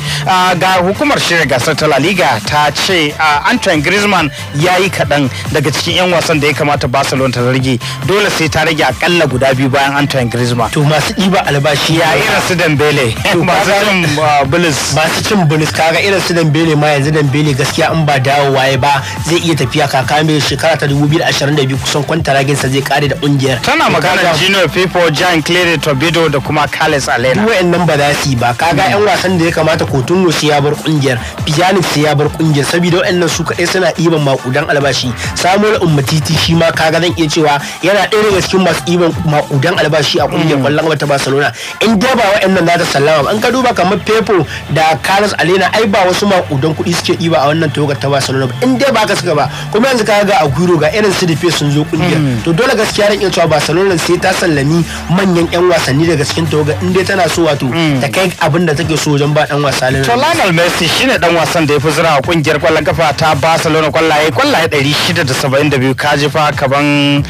ga hukumar shirya gasar ta la liga ta ce antoine griezmann ya yi kaɗan daga cikin 'yan wasan da ya kamata barcelona ta rage dole sai ta rage akalla guda biyu bayan antoine griezmann to masu ɗiba albashi ya irin su
dembele Uh, masu cin
bulis masu cin bulis kaga irin su dambele ma yanzu dambele gaskiya in ba dawo waye ba zai iya tafiya kaka mai shekara ta 2022 kusan kwantaragen sa zai kare da kungiyar tana magana Gino Pipo Jan clare Tobido da kuma Carles Alena duk nan ba za su yi ba kaga hmm. yan wasan da ya kamata Coutinho sai ya bar kungiyar pianic sai ya bar kungiyar saboda wayannan su kadai suna iban makudan albashi Samuel Ummatiti shi ma kaga zan iya cewa yana ɗaya daga cikin masu iban makudan albashi a kungiyar kwallon hmm. ta Barcelona in da ba wayannan za ta sallama na'am an ka duba kamar pepo da carlos alena ai ba wasu makudan kuɗi suke ɗiba a wannan tawagar ta barcelona ba in dai ba ka suka ba kuma yanzu ka ga aguero ga irin su dafe sun zo kungiyar hmm. to dole gaskiya ran cewa barcelona sai ta sallami manyan yan wasanni daga cikin tawagar in dai tana so wato hmm. ta kai abin da take so wajen ba dan wasa ne to Lionel Messi shine dan wasan da ya fi zira a kungiyar kwallon kafa ta Barcelona kwallaye kwallaye 672 ka jefa kaban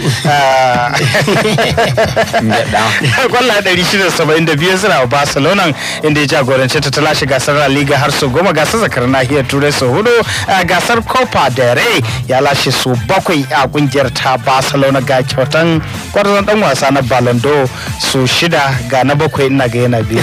kwallaye 672 ya zira a Barcelona Milan inda ya jagorance ta lashe gasar La Liga har su goma gasar zakar nahiyar Turai su hudu a gasar Copa del Rey ya lashe su bakwai a kungiyar ta Barcelona ga kyautan kwarzon dan wasa na Ballon su shida ga na bakwai ina ga yana biyu.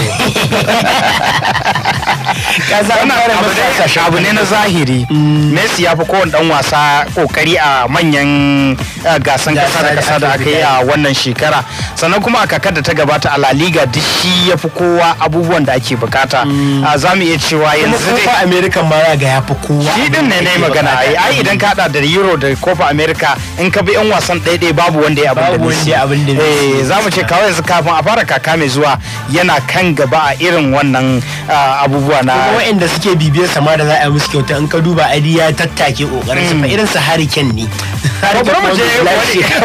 abu ne na zahiri
mm. messi
ya fi kowane dan wasa kokari a manyan gasan kasa da kasa da aka yi a wannan shekara sannan kuma a kakar da ta gabata a la liga duk shi ya fi kowa abubuwan da ake bukata mm. ah, za mu iya cewa yanzu dai kofa america ma ga yafi kowa shi din ne ne magana ai idan ka hada da euro da kofa america in ka bi yan wasan ɗaya babu wanda ya abin da ne za mu ce kawai yanzu kafin a fara kaka mai zuwa yana kan gaba a irin wannan ah, abubuwa na kuma waɗanda suke bibiyar sama da za a yi musu kyauta in ka duba adi ya tattake kokarin su mm. irin su hariken ne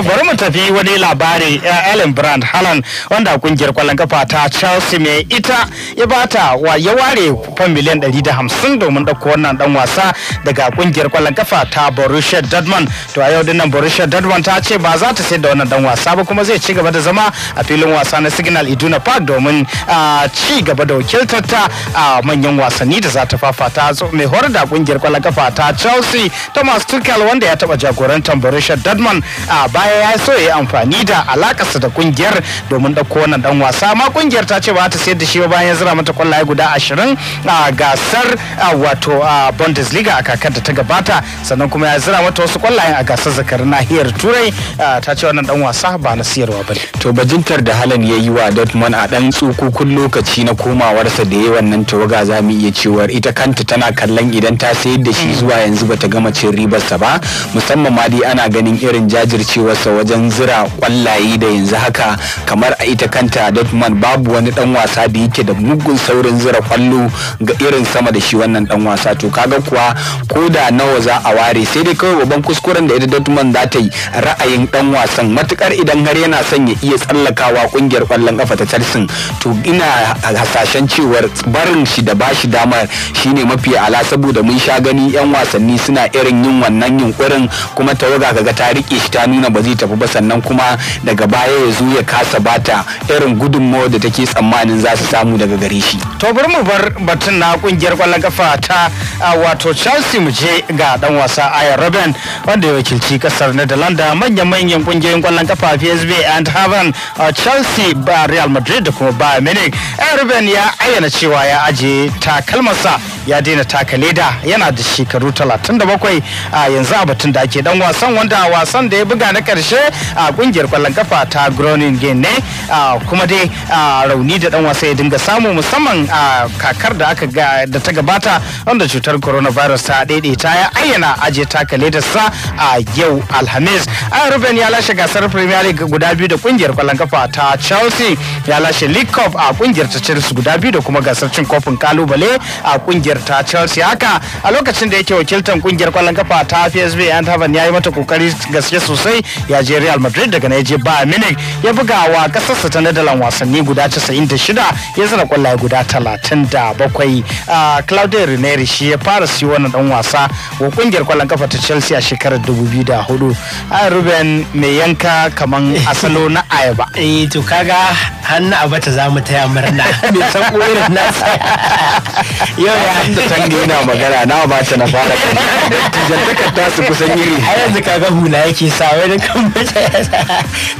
bari mu tafi wani labarin eh, Ellen Brand Haaland wanda kungiyar kwallon kafa ta Chelsea mai ita kyauta ya bata wa ya ware kufan miliyan 150 domin ɗauko wannan dan wasa daga kungiyar kwallon kafa ta Borussia Dortmund to a yau nan Borussia Dortmund ta ce ba za ta sayar da wannan dan wasa ba kuma zai ci gaba da zama a filin wasa na Signal Iduna Park domin ci gaba da wakiltar ta a manyan wasanni da za ta fafata mai horar da kungiyar kwallon kafa ta Chelsea Thomas Tuchel wanda ya taba jagorantar Borussia Dortmund a baya ya so ya yi amfani da alakarsa da kungiyar domin ɗauko wannan dan wasa ma kungiyar ta ce ba ta sayar da shi bayan zira mata kwallaye guda ashirin a gasar wato a bundesliga a kakar da ta gabata sannan kuma ya zira mata wasu kwallaye a gasar zakar nahiyar turai ta ce wannan dan wasa ba na siyarwa ba to bajintar da halan ya yi wa dortmund a dan tsukukun lokaci na komawarsa da ya wannan tawaga za mu iya cewar ita kanta tana kallon idan ta sayar da shi mm. zuwa yanzu ba ta gama cin ribarsa ba musamman ma dai ana ganin irin jajircewarsa wajen zira kwallaye da yanzu haka kamar a ita kanta dortmund babu wani dan wasa da yake yake da mugun saurin zira kwallo ga irin sama da shi wannan dan wasa to kaga kuwa ko da nawa za a ware sai dai kawai babban kuskuren da ita Dortmund za ta yi ra'ayin dan wasan matukar idan har yana son ya iya tsallakawa kungiyar kwallon kafa ta Chelsea to ina hasashen cewar barin shi da bashi damar shine mafi ala saboda mun sha gani yan wasanni suna irin yin wannan yunkurin kuma tawaga kaga ta rike shi ta nuna ba zai tafi ba sannan kuma daga baya ya zo ya kasa bata irin gudunmawar da take tsammanin za su samu samu daga gare shi to bari mu bar batun na kungiyar kwallon kafa ta wato Chelsea mu je ga dan wasa Ayan Robben wanda ya wakilci kasar Netherlands manyan manyan kungiyoyin kwallon kafa PSV and Haven Chelsea ba Real Madrid da kuma Bayern Munich Ayan Robben ya ayyana cewa ya aje takalmarsa ya daina taka leda yana da shekaru 37 a yanzu a batun da ake dan wasan wanda wasan da ya buga na karshe a kungiyar kwallon kafa ta Groningen ne kuma dai rauni da dan wasa ya dinga da samu musamman a kakar da aka da ta gabata wanda cutar coronavirus ta ta ya ayyana aje taka sa a yau alhamis a ruben ya lashe gasar premier league guda biyu da kungiyar kwallon kafa ta chelsea ya lashe league cup a kungiyar ta chelsea guda biyu da kuma gasar cin kofin kalubale a kungiyar ta chelsea haka a lokacin da yake wakiltar kungiyar kwallon kafa ta psv eindhoven ya yi mata kokari gaske sosai ya je real madrid daga na ya je bayern munich ya buga wa kasarsa ta nadalan wasanni guda 96 ya zira kwallaye guda 37 claudio ranieri shi ya fara siyo wani dan wasa wa kungiyar kwallon kafa ta chelsea a shekarar 2004 a ruben mai yanka kaman asalo na ayaba eh to kaga hannu bata za mu taya murna mai san koyar nasa yau ya da tangi yana magana nawa ba ta na fara jantakar ta su kusan yi. a yanzu kaga hula yake sa wani kan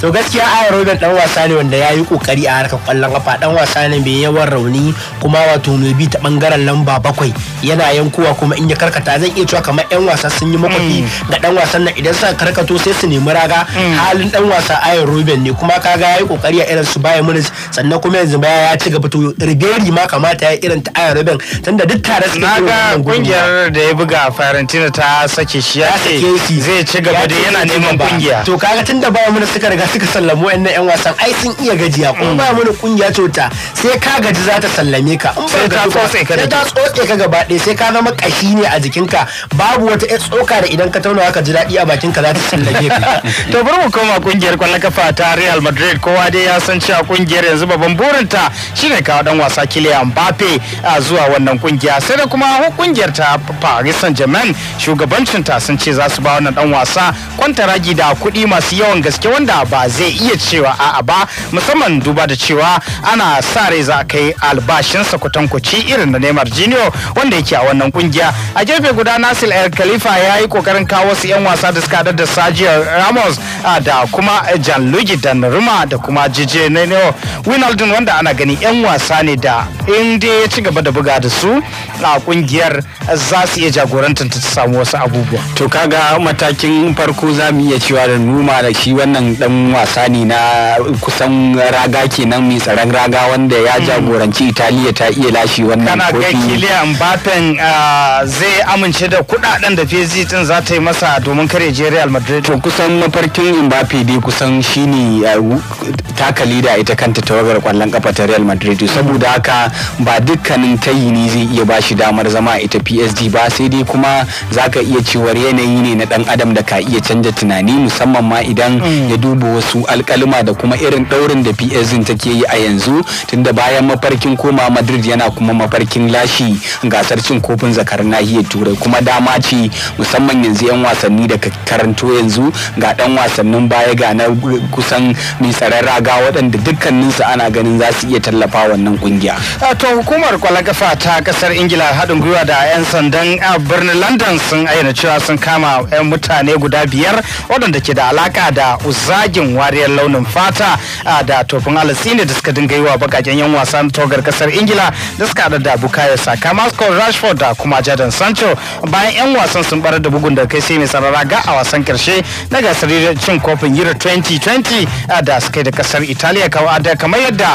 to gaskiya a ruben dan wasa ne wanda ya yi kokari a harkar kwallon kafa dan wasa ne mai yawan rauni kuma wato mai bi ta bangaren lamba bakwai yana yankowa kuma in ya karkata zan iya cewa kamar yan wasa sun yi makwafi mm. ga dan wasan nan idan suka karkato sai su nemi raga mm. halin dan wasa ayon ruben ne kuma kaga yayi kokari a irin su bayan munis sannan kuma yanzu baya ya ci gaba to
ribery ma kamata ya irin ta ayon ruben tunda duk
tare su ga kungiyar
da ya buga farantina ta sake shi ya shi zai ci gaba da yana neman kungiya to
kaga tunda bayan munis
suka riga suka sallamo wayannan yan wasan ai sun iya gajiya kuma mm. bayan munis kungiya ce ta sai ka gaji za ta sallame ka sai ta tsotse ka gaba ɗaya sai ka zama kashi ne a jikinka babu wata ya tsoka da idan ka tauna ka ji daɗi a bakinka za ta sallame ka to bari mu koma kungiyar kwallon kafa ta Real Madrid kowa dai ya san cewa kungiyar yanzu babban burinta shine kawo dan wasa Kylian Mbappe zuwa wannan kungiya sai da kuma kungiyar ta Paris Saint-Germain shugabancin ta sun ce za su ba wannan dan wasa kwantaragi da kuɗi masu yawan gaske wanda ba zai iya cewa a'a ba musamman duba da cewa ana sa rai za a kai albashinsa kwatankwaci irin da Neymar Junior wanda yake a wannan kungiya. A jefe guda Nasir El Khalifa ya yi kokarin kawo su 'yan wasa da suka da Sergio Ramos da kuma Gianluigi Donnarumma da kuma Jije Nenio Wijnaldum wanda ana gani 'yan wasa ne da in dai ya ci gaba da buga da su a kungiyar za su iya jagorantar ta samu wasu abubuwa. To kaga matakin farko za mu iya cewa da numa da shi wannan dan wasa ne na kusan raga kenan mai tsaron raga wanda ya jagoranci Italiya ta iya lashe wannan kofi. Kana ga Kylian Mbappe ah, zai amince da kudaden da PSG din za ta yi masa domin kare je Real Madrid. To kusan mafarkin Mbappe dai kusan shine ah, taka da ita kanta tawagar kwallon kafa ta Real Madrid saboda haka ba dukkanin tayi ne zai iya bashi damar zama ita PSG ba sai dai kuma zaka iya cewar yanayi ne na dan adam da ka iya canja tunani musamman ma idan mm. ya duba wasu alkalima da kuma irin daurin da PSG take yi a yanzu tunda ba bayan mafarkin koma madrid yana kuma mafarkin lashi gasar cin kofin zakar nahiyar turai kuma dama ce musamman yanzu 'yan wasanni da karanto yanzu ga dan wasannin baya ga na kusan nisarar raga waɗanda su ana ganin za su iya tallafa wannan kungiya. to hukumar kwalagafa ta kasar ingila haɗin gwiwa da 'yan sandan birnin london sun ayyana cewa sun kama 'yan mutane guda biyar waɗanda ke da alaka da uzagin wariyar launin fata da tofin alasini da suka dinga yi wa bakaken yan wasan togar kasar ingila da suka hada da bukayo saka mascot rashford da kuma jadon sancho bayan yan wasan sun barar da bugun da kai sai mai sarara ga a wasan karshe na gasar cin kofin euro 2020 da suka da kasar italiya da kamar yadda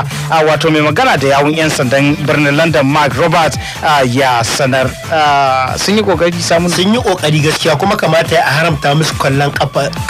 wato mai magana da yawun yan sandan birnin london mark robert ya sanar sun yi kokari samun sun yi kokari gaskiya kuma kamata a haramta musu kallon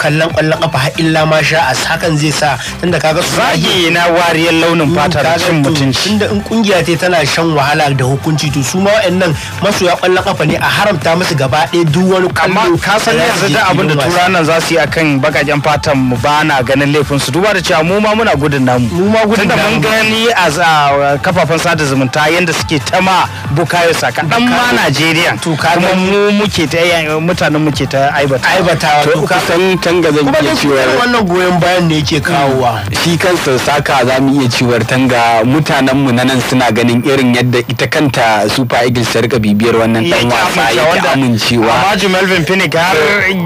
kallon kwallon kafa har illa ma sha a hakan zai sa tunda kaga su zagi na wariyar launin mm, fata da cin mutum mutunci tunda in kungiya ce tana shan wahala da hukunci to su ma masu masoya kwallon kafa ne a haramta musu gaba ɗaya duk wani amma ka san yanzu da abin da tura nan za su yi akan bakajen fatan mu ba na ganin laifin su duba da cewa mu ma muna gudun namu mu ma gudun namu mun gani a kafafen sada zumunta yanda suke ta ma bukayo saka dan ma Najeriya to kuma mu muke ta mutanen muke ta aibata aibata to san
tanga zan iya cewa wannan goyon
bayan ne yake kawowa shi kansa saka za mu iya cewa tanga mutane mutanenmu na nan suna ganin irin yadda ita kanta super eagles ta rika bibiyar wannan dan wasa ya amincewa amma Melvin finnick har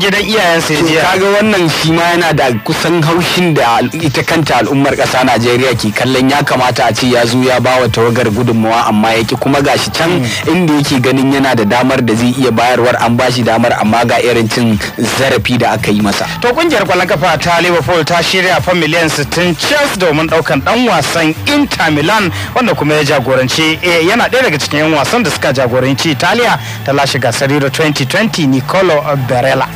gidan iyayen ya jiya kaga wannan shi ma yana da kusan haushin da ita kanta al'ummar ƙasa najeriya ke kallon ya kamata a ce ya zo ya ba wa tawagar gudunmawa amma yake kuma gashi can hmm. inda yake ganin yana da damar da zai iya bayarwar an bashi damar amma ga irin cin zarafi da aka yi masa to kungiyar kwallon kafa ta liverpool ta shirya fa miliyan 60 chance domin daukan dan wasan inter milan wanda kuma ya jagoranci eh, yana ɗaya daga cikin 'yan wasan da suka jagoranci italiya ta lashe gasar euro 2020 nicolo barella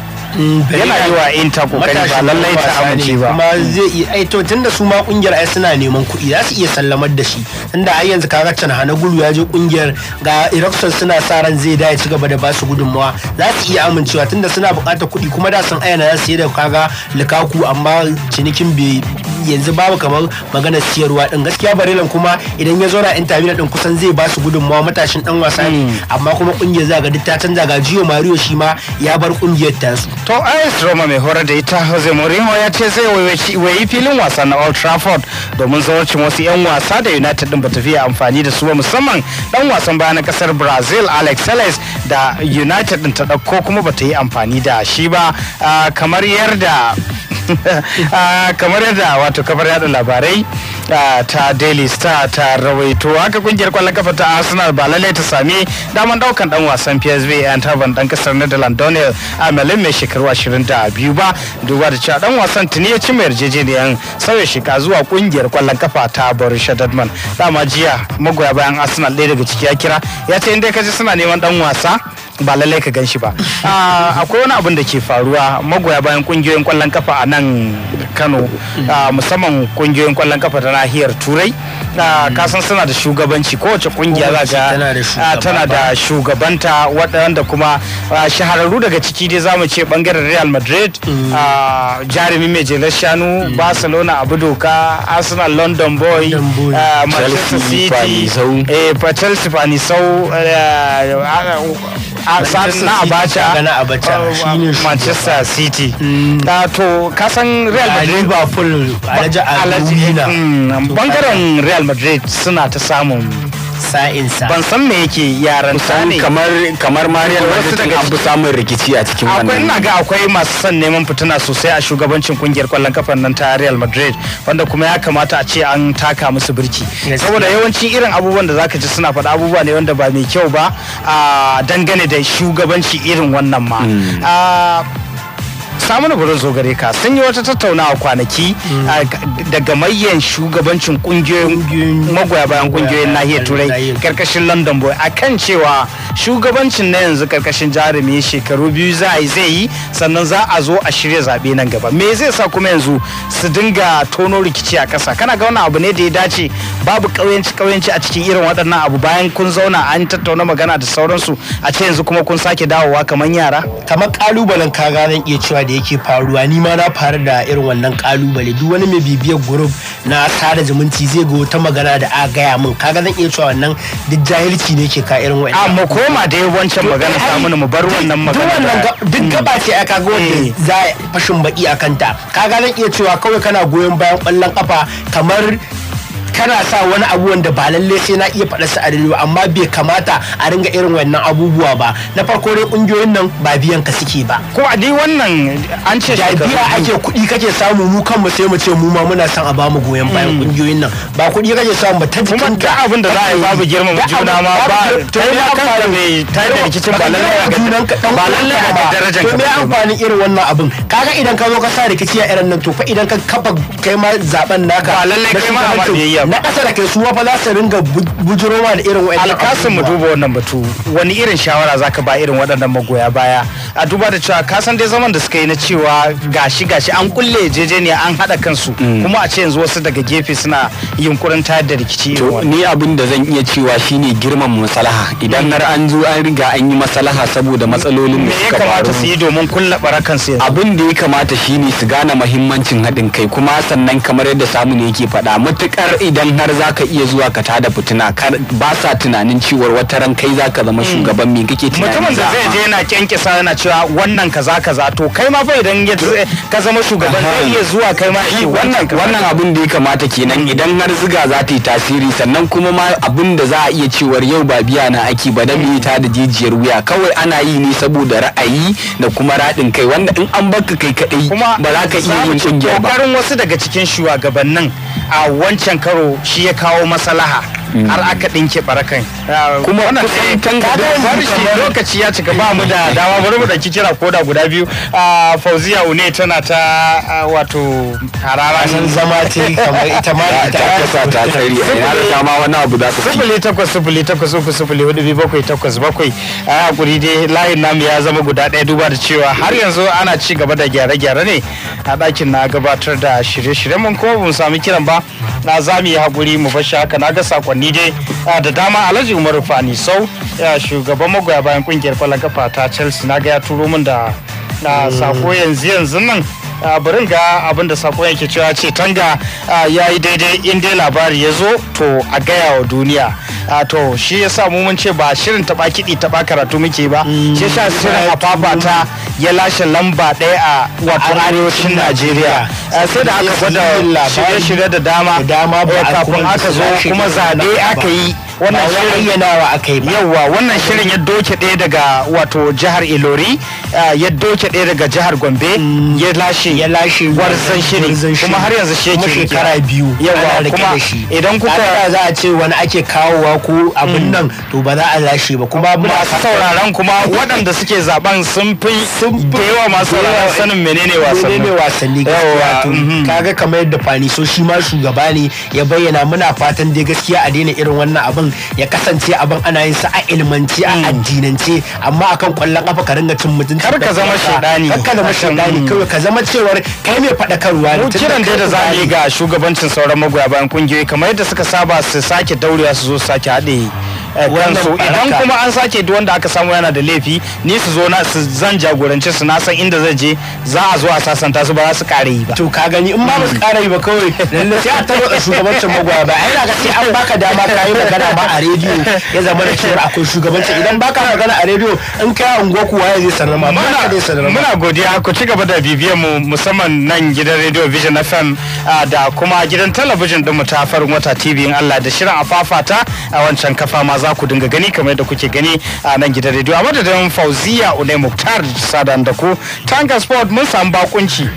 yana yi wa inter kokari ba lallai ta amince ba kuma zai iya ai to tunda su ma kungiyar ai suna neman kuɗi za su iya sallamar da shi tunda ai yanzu kaga can hana gulu ya je kungiyar ga Erikson suna sa ran zai da ci gaba da ba su gudunmawa za su iya amincewa tunda suna buƙatar kuɗi kuma da sun ayyana za su yi da kaga likaku amma cinikin bai yanzu babu kamar magana siyarwa din gaskiya Barelan kuma idan ya zauna Inter Milan din kusan zai ba su gudunmawa matashin dan wasa ne hmm. amma kuma kungiyar za ga duk ta canza ga jiyo Mario shi ma ya bar kungiyar tasu to AS eh, Roma mai horar da ita Jose Mourinho ya ce zai wayi filin wasa na Old Trafford domin zawarcin wasu 'yan wasa da United din bata fiye amfani da su ba musamman dan wasan baya na kasar Brazil Alex Sales da United din ta dauko kuma bata yi amfani da shi ba ah, kamar yarda ah, kamar yadda wato kamar yada labarai ah, ta daily star ta rawaito haka kungiyar kwallon kafa ta arsenal ba lallai ta sami daman daukan dan wasan psv yan taban dan kasar netherlands daniel amelin mai shekaru 22 ba duba da cewa dan wasan tuni ya ci mai yarjejeniyar sauya shika zuwa kungiyar kwallon kafa ta Borussia Dortmund dama jiya magoya bayan Arsenal ɗaya daga ciki ya kira ya ce inda kaji suna neman dan wasa ba lallai ka gan shi ba ah, akwai wani abin da ke faruwa magoya bayan kungiyoyin kwallon kafa a nan kano mm. ah, musamman kungiyoyin kwallon kafa ta nahiyar turai ah, mm. kasan suna da shugabanci kowace kungiya za ga ah, tana da shugabanta waɗanda kuma shahararru
daga ciki dai zamu ce bangaren real madrid mm. jarumi mai jelar shanu barcelona abu doka arsenal london boy manchester city eh, chelsea fanisau eh, na abacha na abacha shine manchester city ta mm. ah, to kasan real madrid
liverpool
alaji alaji mm, bangaren real madrid suna ta samun sa'insa ban san me yake yaran ta ne kamar kamar Mariam wasu daga abu samun
rikici a cikin wannan akwai ina ga akwai masu son neman fitina sosai a shugabancin kungiyar kwallon kafa nan ta Real Madrid wanda kuma ya kamata a ce an taka musu birki saboda yawancin irin abubuwan da zaka ji suna faɗa abubuwa ne wanda ba mai kyau ba a dangane da shugabanci irin wannan ma hmm. samun burin zo gare ka sun yi wata tattaunawa kwanaki daga gamayyan shugabancin kungiyoyin magoya bayan kungiyoyin nahiyar turai karkashin london boy a kan cewa shugabancin na yanzu karkashin jarumi shekaru biyu za a zai yi sannan za a zo a shirya zaɓe nan gaba me zai sa kuma yanzu su dinga tono rikici a ƙasa kana ga wani abu ne da ya dace babu ƙauyenci ƙauyenci a cikin irin waɗannan abu bayan kun zauna an tattauna magana da sauransu a ce yanzu kuma kun sake dawowa kamar yara kamar ƙalubalen ka gane iya cewa da yake faruwa ni ma na faru da irin wannan kalubale duk wani mai bibiyar group na sada zumunci zai ga wata magana da a gaya min kaga zan iya cewa wannan duk jahilci ne ke ka irin wa'in amma koma da wancan magana samu mu bar wannan magana duk gaba ce a kaga wanda mm. za fashin baki akan ta kaga zan iya cewa kawai kana goyon bayan kwallon kafa kamar kana sa wani abu wanda ba lalle sai na iya faɗa sa a rediyo amma bai kamata a ringa irin wannan abubuwa ba na farko dai kungiyoyin nan ba biyan ka suke ba Ko a dai wannan an ce da biya ake kuɗi kake samu mu kanmu sai mu ce mu ma muna son a bamu goyon bayan kungiyoyin hmm. nan ba kuɗi kake samu ba ta jikin kuma da abin da za a yi babu girma juna ma ba ta yi kanka mai ta yi rikicin ba lalle ba lalle a ga darajar ka me amfani irin wannan abin kaga idan ka zo ka sa rikici a irin nan to fa idan ka kafa kai ma zaben naka ba lalle kai ma ba biyayya najeriya na kasa da kai su fa za su ringa bujirowa da irin wa'adda alkasin mu duba wannan batu wani irin shawara zaka ba irin waɗannan magoya baya a duba da cewa kasan dai zaman da suka yi na cewa gashi gashi an kulle jejeniya an haɗa kansu mm. kuma a ce yanzu wasu daga gefe suna yunkurin tayar da rikici To ni abin da zan iya cewa shine girman masalaha idan har an zo an riga an yi masalaha saboda matsalolin da suka faru su yi domin kulla barakan su abin da ya kamata shine su gane muhimmancin haɗin kai kuma sannan kamar yadda samu ne yake faɗa matukar idan har za ka iya zuwa ka tada fitina ba sa tunanin cewar wata ran kai za ka zama hmm. shugaban me kake za mutumin da zai je yana kyankyasa yana cewa wannan ka za ka to kai ma fa idan eh, ka zama shugaban zai iya zuwa kai ma wannan wannan abin da ya kamata kenan idan har ziga za ta yi tasiri sannan kuma ma abin da za a iya cewar yau ba biya na aiki ba da ta da jijiyar wuya kawai ana yi ne saboda ra'ayi da kuma raɗin kai wanda in an baka kai kadai ba za ka iya yin kungiya ba kokarin wasu daga cikin shugabannin a wancan karo yaro shi ya kawo maslaha har aka ɗinke barakan kuma kusan eh, lokaci ya cika ba mu da dama bari mu ɗauki kira koda guda biyu ah, fauziya une tana ta ah, wato harara san zama ce kamar ita ma ah, ta kasa ta tari ina da dama
wani abu da su sifili
takwas sifili takwas uku sifili hudu biyu bakwai takwas bakwai a hakuri dai layin namu ya zama guda ɗaya duba da cewa har yanzu ana ci gaba da gyare-gyare ne a ɗakin na gabatar da shirye-shiryen mun kuma mun sami kiran ba na za mu yi hakuri mu bar haka na ga sakonni ni dai da dama
alhaji Umar fani sau shugaban magoya bayan kungiyar kwallon kafa ta chelsea na ga ya turo min da mm. sako yanzu yanzu nan bari ga abin da yake cewa ce
tanga ya yi daidai in dai labari ya zo to a gaya wa duniya to shi ya sa mun ce ba shirin taba kiɗi taba karatu muke ba mm. shi sa shirin a fafata ya lashe lamba ɗaya a wato arewacin najeriya sai da aka gwada shirye-shirye da dama eh, kafin aka zo kuma zaɓe aka yi wannan shirin aka akai ba yawwa wannan shirin ya doke ɗaya daga wato jihar Ilori eh, ya doke ɗaya daga jihar Gombe mm. ya lashe ya lashe warzan shirin kuma har yanzu shi yake shekara biyu yawwa kuma idan kuka za a ce wani ake kawowa ko abin mm. nan to ba za a lashe ba kuma masu sauraron kuma waɗanda suke zaben sun fi fi yawa masu sauraron sanin menene wasanni menene wasanni yawa mm-hmm. kaga kamar yadda fani so shi ma shugaba ne ya bayyana muna fatan dai gaskiya a daina irin wannan abin ya kasance abin ana yin sa a ilmanci. a hmm. addinance amma akan kwallon kafa ka ringa cin mutunci kar ka zama shaidani kar ka zama shaidani hmm. kawai ka zama cewar kai mai fadakarwa ne kiran da za a yi ga shugabancin sauran magoya bayan kungiyoyi kamar yadda suka saba su sake daurewa su zo su sake haɗe Eh, idan kuma an sake duk wanda aka samu yana da laifi ni su zo na su zan jagorance su na san inda zai je za a zo a sasanta su ba za su kare yi ba to ka gani in ba su kare yi ba kawai lalle sai a taro da shugabancin magoya ba ai daga sai an baka dama ka yi magana ba a rediyo ya zama da cewa akwai shugabanci idan baka magana a rediyo in kai unguwa kuwa ya zai sanar ma muna godiya ku ci gaba da bibiyar mu musamman nan gidan rediyo vision fm da kuma gidan talabijin din mu ta farin wata tv in Allah da shirin afafata a wancan kafa ma za ku dinga gani kamar yadda kuke gani a nan gidan rediyo a madadin fauziya unai muktar sadan da ku tanga sport mun samu bakunci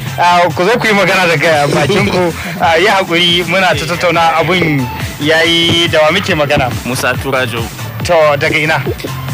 ku zo ku yi magana daga bakin ku
yi hakuri muna ta tattauna abun yayi da wa muke magana musa turajo to daga ina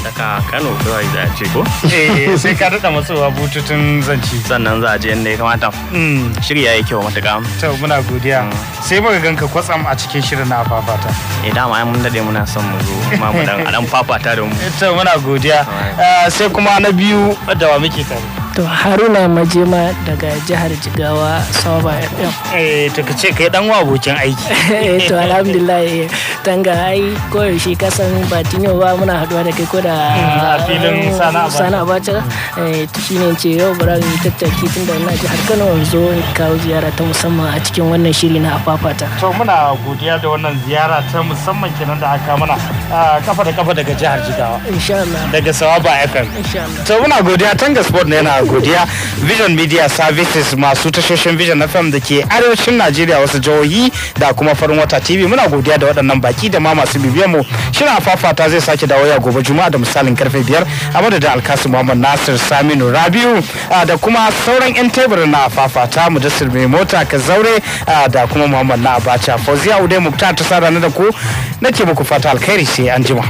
daga kano kawai za a ce ko eh sai ka daɗa wa bututun zanci sannan za a je inda ya kamata mm. shirya ya kyau matuƙa to muna godiya mm. sai muka ganka kwatsam a cikin shirin na fafata eh dama ai mun daɗe muna son mu zo ma mu dan fafata da mu eh, to muna godiya eh, sai kuma na biyu da wa muke
tare to haruna majema daga jihar jigawa saba fm eh to ka
ce kai dan wa abokin aiki
eh to alhamdulillah eh tanga ai ko ka san ba tinyo ba muna haduwa da kai ko da mm, a filin oh, sana'a sana'a ba ta eh to shine in ce yau bara mu tattaki tun da ina jihar Kano zo kawo ziyara ta musamman a cikin wannan shiri na afafata to muna
godiya da wannan ziyara ta musamman kenan da aka mana kafa da kafa daga jihar jigawa insha Allah daga sawaba fm insha Allah to muna godiya tanga
sport ne na godiya vision media services masu tashoshin vision fm da ke arewacin najeriya wasu jihohi da kuma farin wata tv muna godiya da waɗannan baki da ma masu bibiyar mu shirin fafata zai sake dawo ya gobe juma'a da misalin karfe biyar a madadin alkasu muhammad nasir saminu rabiu da kuma sauran yan tebur na fafata mujassir mai mota ka zaure da kuma muhammad na abacha fauziya udai muktar ta sa da ku nake muku fata alkhairi sai an jima.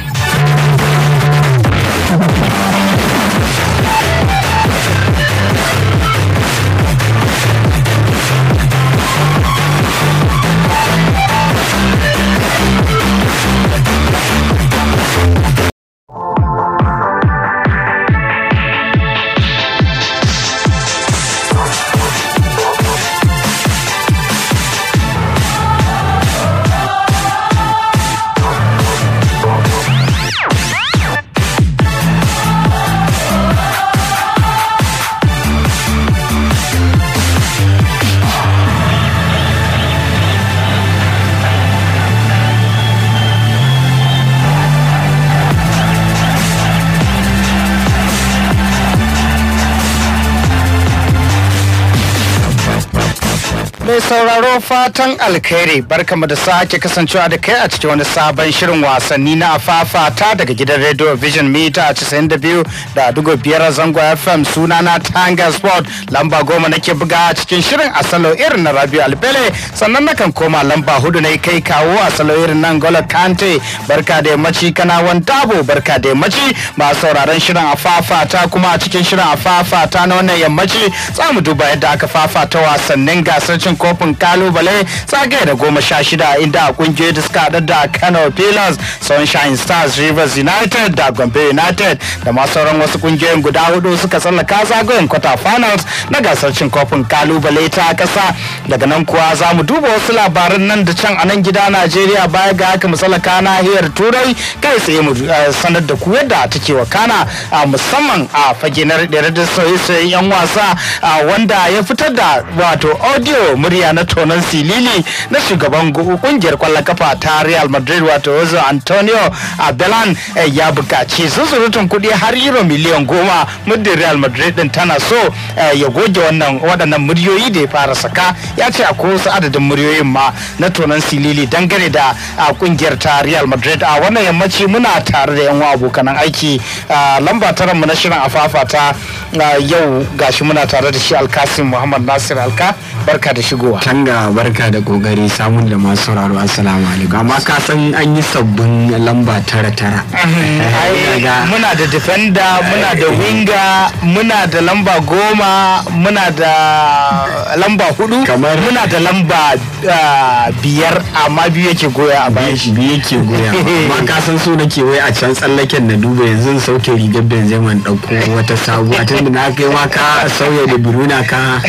sauraro fatan alkhairi barkamu da sake kasancewa da kai a cikin wani sabon shirin wasanni na afafata daga gidan radio vision mita 92 da dugo biyar zango fm suna na tanga sport lamba goma nake buga a cikin shirin a salo irin na rabiu albele sannan nakan koma lamba hudu na kai kawo a salo irin nan gola kante barka da yammaci kana wan dabo barka da yammaci ba sauraron shirin afafata kuma a cikin shirin afafata na wannan yammaci za mu duba yadda aka fafata wasannin gasar cin kofi kofin kalubale tsage da goma sha shida inda kungiyar da suka da Kano Pillars, Sunshine Stars, Rivers United da Gombe United da ma sauran wasu kungiyoyin guda hudu suka tsallaka zagayen kwata finals na gasar cin kofin kalubale ta kasa. daga nan kuwa za mu duba wasu labaran nan da can a nan gida Najeriya baya ga haka mu tsallaka nahiyar Turai kai tsaye mu eh, sanar da ku yadda take a musamman a fage na da sauye sauye 'yan wasa wanda ya fitar da wato audio murya na tonon silili na shugaban kungiyar kwallon kafa ta Real Madrid wato Jose Antonio Abelan eh, ya bukaci zuzurutun kudi har euro miliyan goma muddin Real Madrid din tana so eh, ya goge wannan waɗannan muryoyi da ya fara saka ya ce a wasu adadin muryoyin ma na tonon silili dangane da kungiyar ta Real Madrid a wannan yammaci muna tare da yan abokan aiki lamba tara mu na shirin afafata yau gashi muna tare da shi alkasim muhammad nasir alka barka da shigowa Tanga barka da kokari samun da masu sauraro assalamu alaikum amma ka san an yi sabbin lamba tara tara. Muna da defender muna da winger muna da lamba goma muna da lamba hudu muna da lamba ah, biyar amma biyu yake goya a baya Biyu yake goya amma ka san so ke wai a can tsallaken na duba yanzu sauke rigar Benzema ɗauko wata sabuwa da na kai ma ka sauya da biruna ka.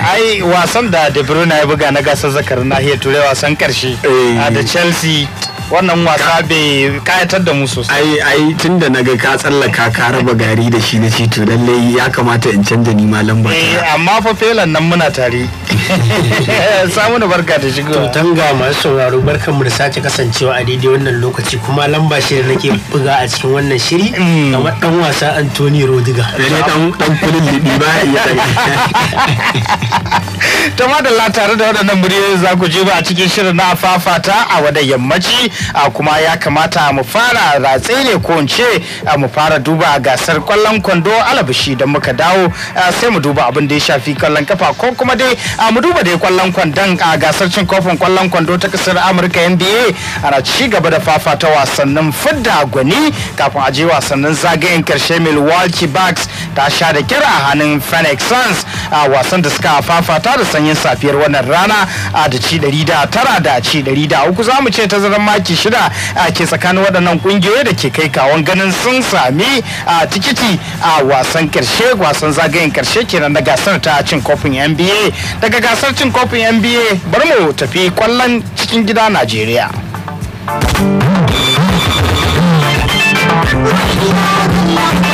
Ai wasan da da bruna ya buga na gasar zakar nahiyar turai wasan karshe eh. a da chelsea wannan wasa bai kayatar da mu sosai ai tun da naga ka tsallaka ka raba gari da shi na shi to lalle ya kamata in canja ni ma lamba ta. eh amma fa felan nan muna tare samu da barka da shigo to tanga masu sauraro barkan mu da sake kasancewa a daidai wannan lokaci kuma lamba shi da nake buga a cikin wannan shiri ga mm. dan wasa Anthony Rodiga ne dan dan kulin libi ba ya ta madalla tare da waɗannan muryoyi za ku ji ba a cikin shirin na fafata a wadda yammaci kuma ya kamata mu fara ratse ne ko in ce mu fara duba gasar kwallon kwando alabishi don muka dawo sai mu duba abin da ya shafi kwallon kafa ko kuma dai mu duba dai kwallon kwandon a gasar cin kofin kwallon kwando ta kasar amurka nba ana ci gaba da fafata wasannin fidda gwani kafin a je wasannin zagayen karshe milwaukee bucks ta sha da kira a hannun phoenix suns a wasan da suka fafata da sanyin safiyar wannan rana a da ci 109 da ci za mu ce tazarar maki maki shida a ke tsakanin waɗannan ƙungiyoyi da ke kai kawon ganin sun sami a tikiti a wasan ƙarshe wasan zagayen ƙarshe kenan na gasar ta cin kofin nba daga gasar cin kofin nba bari mu tafi kwallon cikin gida najeriya Thank you.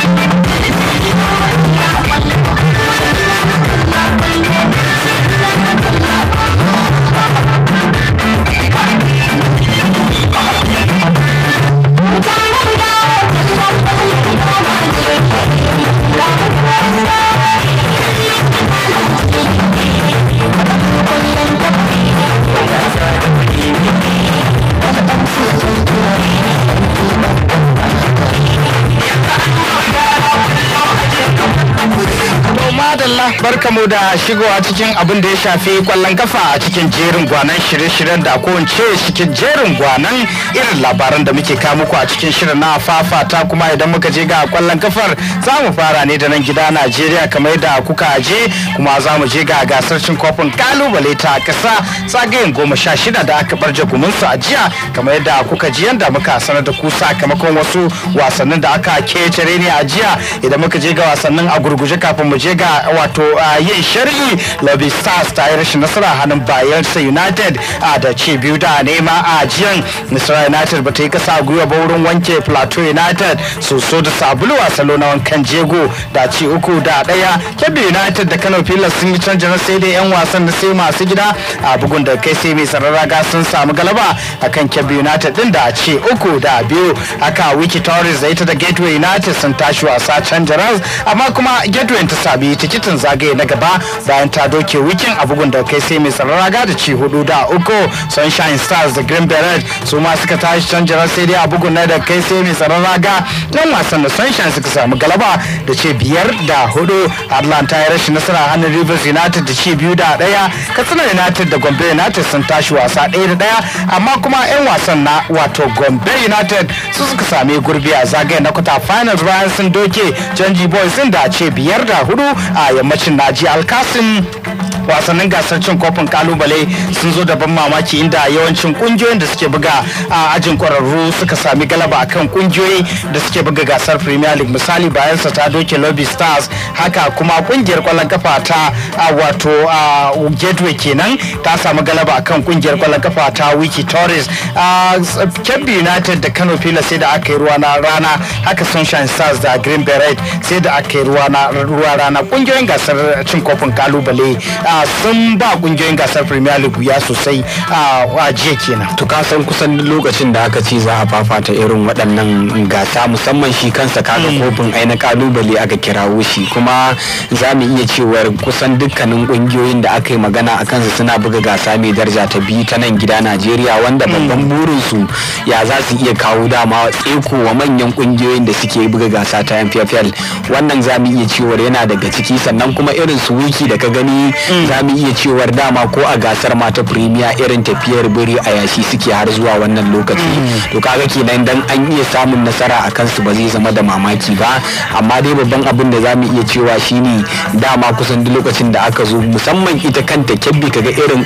Allah barkamu da shigowa cikin abin da ya shafi kwallon kafa a cikin jerin gwanan shirye-shiryen da ko ce cikin jerin gwanan irin labaran da muke kawo muku a cikin shirin na fafata kuma idan muka je ga kwallon kafar za mu fara ne da nan gida Najeriya kamar da kuka je kuma za mu je ga gasar cin kofin kalubale ta kasa zagayen goma sha shida da aka bar jagumansu a jiya kamar da kuka ji yanda muka sanar da ku sakamakon wasu wasannin da aka kecere ne a jiya idan muka je ga wasannin a gurguje kafin mu je ga wato yin shari'i, lobby stars ta yi rashin nasara hannun bayelsa united da ce biyu da nema a jiyan nasara united ba ta yi kasa gwiwa ba wurin wanke plateau united soso da sabulu a salo na wankan jego da ci uku da daya kebbi united da kano Pillars sun yi canja na sai dai yan wasan da sai masu gida a bugun da kai sai mai ga sun samu galaba akan kebbi united din da ce uku da biyu haka wiki torres da ita da gateway united sun tashi wasa canja amma kuma gateway ta sami tikiti cin zagaye na gaba bayan ta doke wikin a bugun da kai sai mai raga da ci hudu da uku sunshine stars da green beret su ma suka tashi can dai a bugun na da kai sai mai raga nan wasan da sunshine suka samu galaba da ce biyar da hudu atlanta ya rashin nasara hannun rivers united da ci biyu da daya katsina united da gombe united sun tashi wasa daya da daya amma kuma yan wasan na wato gombe united su suka sami gurbi a zagaye na kwata finals bayan sun doke canji boys sun da ce biyar da hudu a yammacin naji alkasim wasannin gasar cin kofin kalubale sun zo da ban mamaki inda yawancin kungiyoyin da suke buga a ajin kwararru suka sami galaba a kan kungiyoyi da suke buga gasar premier league misali bayan sa ta doke lobby stars haka kuma kungiyar kwallon kafa ta wato gateway kenan ta sami galaba a akan kungiyar kwallon kafa ta wiki torres kebbi united da kano pila sai da aka yi ruwa na rana haka sunshine stars da green beret sai da aka yi ruwa rana kungiyoyin Kungiyoyin gasar cin kofin kalubale sun ba kungiyoyin gasar premier league ya sosai a jiya kenan to ka san kusan lokacin da aka ce za a fafata irin waɗannan gasa musamman shi kansa kaga mm. kofin ai na kalubale aka kirawo shi kuma za mu iya cewa kusan dukkanin kungiyoyin da aka yi magana a kansu suna buga gasa mai daraja ta biyu ta nan gida najeriya wanda mm. babban burin su ya za su iya kawo dama tseko wa manyan kungiyoyin da suke buga gasa ta mffl wannan za mu iya cewa yana daga ciki sannan kuma irin su wiki da ka gani mm. za mu iya cewar dama ko a gasar mata premier irin tafiyar biri a yashi suke har zuwa wannan lokaci mm. to kaga kenan dan an iya samun nasara a kansu ba zai zama da mamaki ba amma dai babban abin da za mu iya cewa shine dama kusan duk lokacin da aka zo musamman ita kanta kebbi kaga irin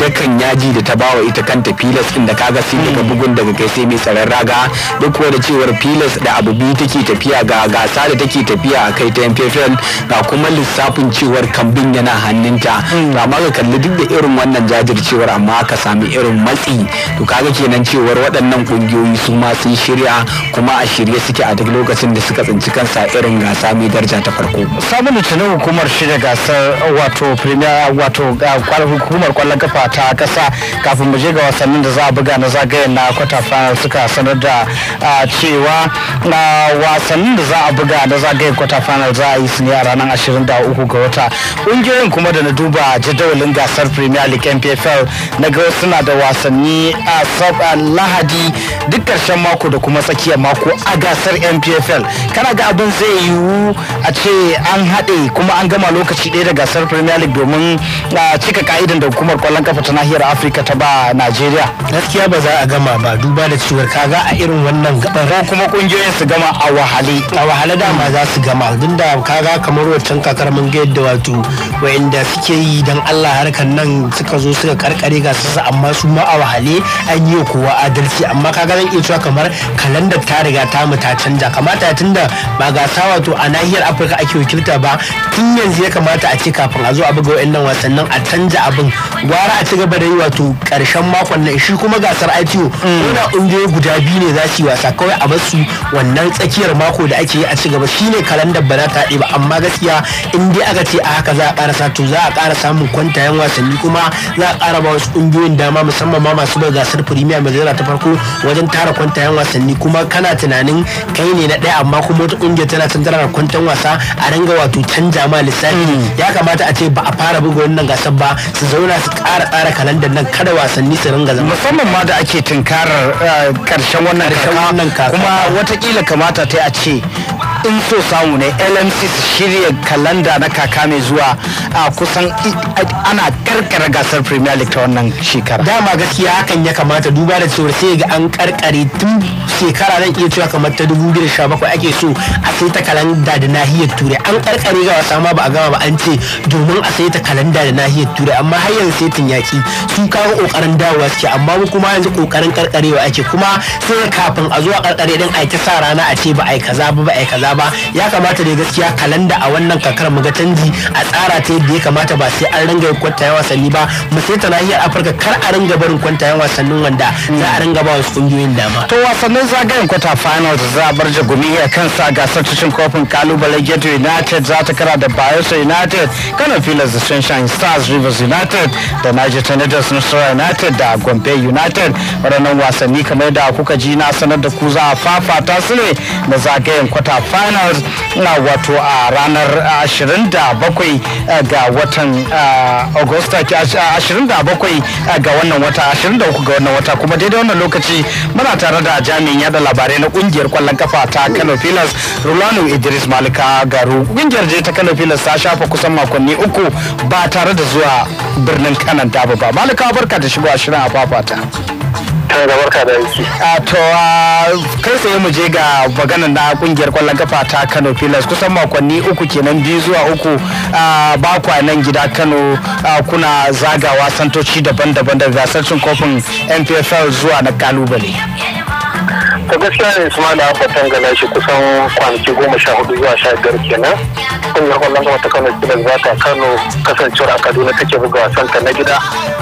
dakan yaji da ta bawa ita kanta filas din da kaga sai daga mm. bugun daga kai sai mai tsaron raga duk da cewar filas da abu biyu take tafiya ga gasa da take tafiya a kai ta mpfl ga kuma kuma lissafin cewar kambin yana hannunta hmm. ma ka kalli duk da irin wannan jajircewar amma ka sami irin matsi to kaga kenan cewar waɗannan kungiyoyi su ma sun shirya kuma a shirye suke a duk lokacin da suka tsinci kansa irin gasa mai daraja ta farko samun litinin hukumar shirya gasar uh, wato premier uh, wato uh, hukumar kwallon kafa ta kasa kafin mu je ga wasannin da za a buga na zagayen na kwata final suka sanar da cewa wasannin da za a buga na zagayen kwata final za a yi su ne a ranar ashirin da uku ga wata ƙungiyoyin kuma da na duba jadawalin gasar premier league npfl na ga suna da wasanni a lahadi duk ƙarshen mako da kuma tsakiyar mako a gasar npfl kana ga abin zai yiwu a ce an haɗe kuma an gama lokaci ɗaya da gasar premier league domin cika ka'idan da hukumar kwallon kafa ta nahiyar afirka ta ba najeriya gaskiya ba za a gama ba duba da cewar kaga a irin wannan gaɓar
ko kuma ƙungiyoyin su gama a wahale
a wahale dama za su gama duk da kaga kamar wancan kakar mun ga yadda wato wa'inda suke yi dan Allah harkar nan suka zo suka karkare ga su amma su ma a wahale an yi kowa adalci amma kaga zan iya cewa kamar kalandar ta riga ta mu ta canja kamata tunda ba gasa wato a nahiyar Afirka ake wakilta ba tun yanzu ya kamata a ce kafin a zo a buga wa'annan wasannin a canja abin gwara a ci gaba da yi wato karshen makon nan shi kuma gasar ITO kuna mm. ungiyo guda biyu ne za su yi wasa kawai a basu wannan tsakiyar mako da ake yi a ci gaba shine kalandar ba za ta ba amma gaskiya in dai aka ce a haka za a ƙara to za a ƙara samun kwantayen wasanni kuma za a ƙara ba wasu ƙungiyoyin dama musamman ma masu bai gasar firimiya mai zira ta farko wajen tara kwantayen wasanni kuma kana tunanin kai ne na ɗaya amma kuma wata ƙungiya tana can tara kwantan wasa a ringa wato canja ma lissafi hmm. ya kamata a ce ba a fara buga wannan gasar ba su zauna su ƙara tsara kalandar nan kada wasanni su ringa zama musamman ma da ake tunkarar eh, ƙarshen wannan kaka kuma watakila kamata ta a ce in so samu ne lmc su shirya kalandar kalanda na kaka mai zuwa a kusan ana karkara gasar premier league ta wannan shekara dama gaskiya hakan ya kamata duba da cewa sai ga an karkare tun shekara nan iya cewa kamar ta 2017 ake so a sai ta kalanda da nahiyar turai an karkare ga wasa ma ba a gama ba an ce domin a sai ta kalanda da nahiyar turai amma har yanzu sai yaki su kawo kokarin dawowa suke amma mu kuma yanzu kokarin karkarewa ake kuma sai kafin a zuwa karkare din a ta sa rana a ce ba a kaza ba ba a kaza ba ya kamata da gaskiya kalanda a wannan kakar mu ga canji a tsara ta yadda ya kamata ba sai an ringa kwantayen wasanni ba mu sai ta nahiyar afirka kar a ringa barin kwantayen wasannin wanda za a ringa ba wasu kungiyoyin dama. to wasannin zagayen kwata finals za a bar jagumi a kan sa gasar cikin kofin kalubalen gate united za ta kara da bayelsa united kano filas da sunshine stars rivers united da niger tornadoes nasarawa united da gombe united waɗannan wasanni kamar da kuka ji na sanar da ku za a fafata su ne na zagayen kwata finals na wato a ranar 27 eh, ga watan eh, Agusta ah, 27 eh, ga wannan wata 23 ga wannan wata kuma daidai wannan lokaci muna tare da jami'in yada labarai na kungiyar kwallon kafa ta Kano Pilas Rulanu Idris Malika Garu kungiyar je ta Kano Pilas ta shafa kusan makonni uku ba tare da zuwa birnin Kanan daba ba Malika barka da shigo a shirin a fafata. to a to kai sai mu je ga maganar na kungiyar kwallon kafa ta Kano Pilas kusan makonni uku kenan biyu zuwa uku ba kwa nan gida Kano kuna zagawa santoci daban-daban daga gasar cin kofin MPFL zuwa na kalubale
ta gaskiya ne su mala batan gana shi kusan kwanaki goma sha hudu zuwa sha biyar kenan kungiyar kwallon kuma ta kano kilas za ta kano kasancewar a kaduna take buga wasan ta na gida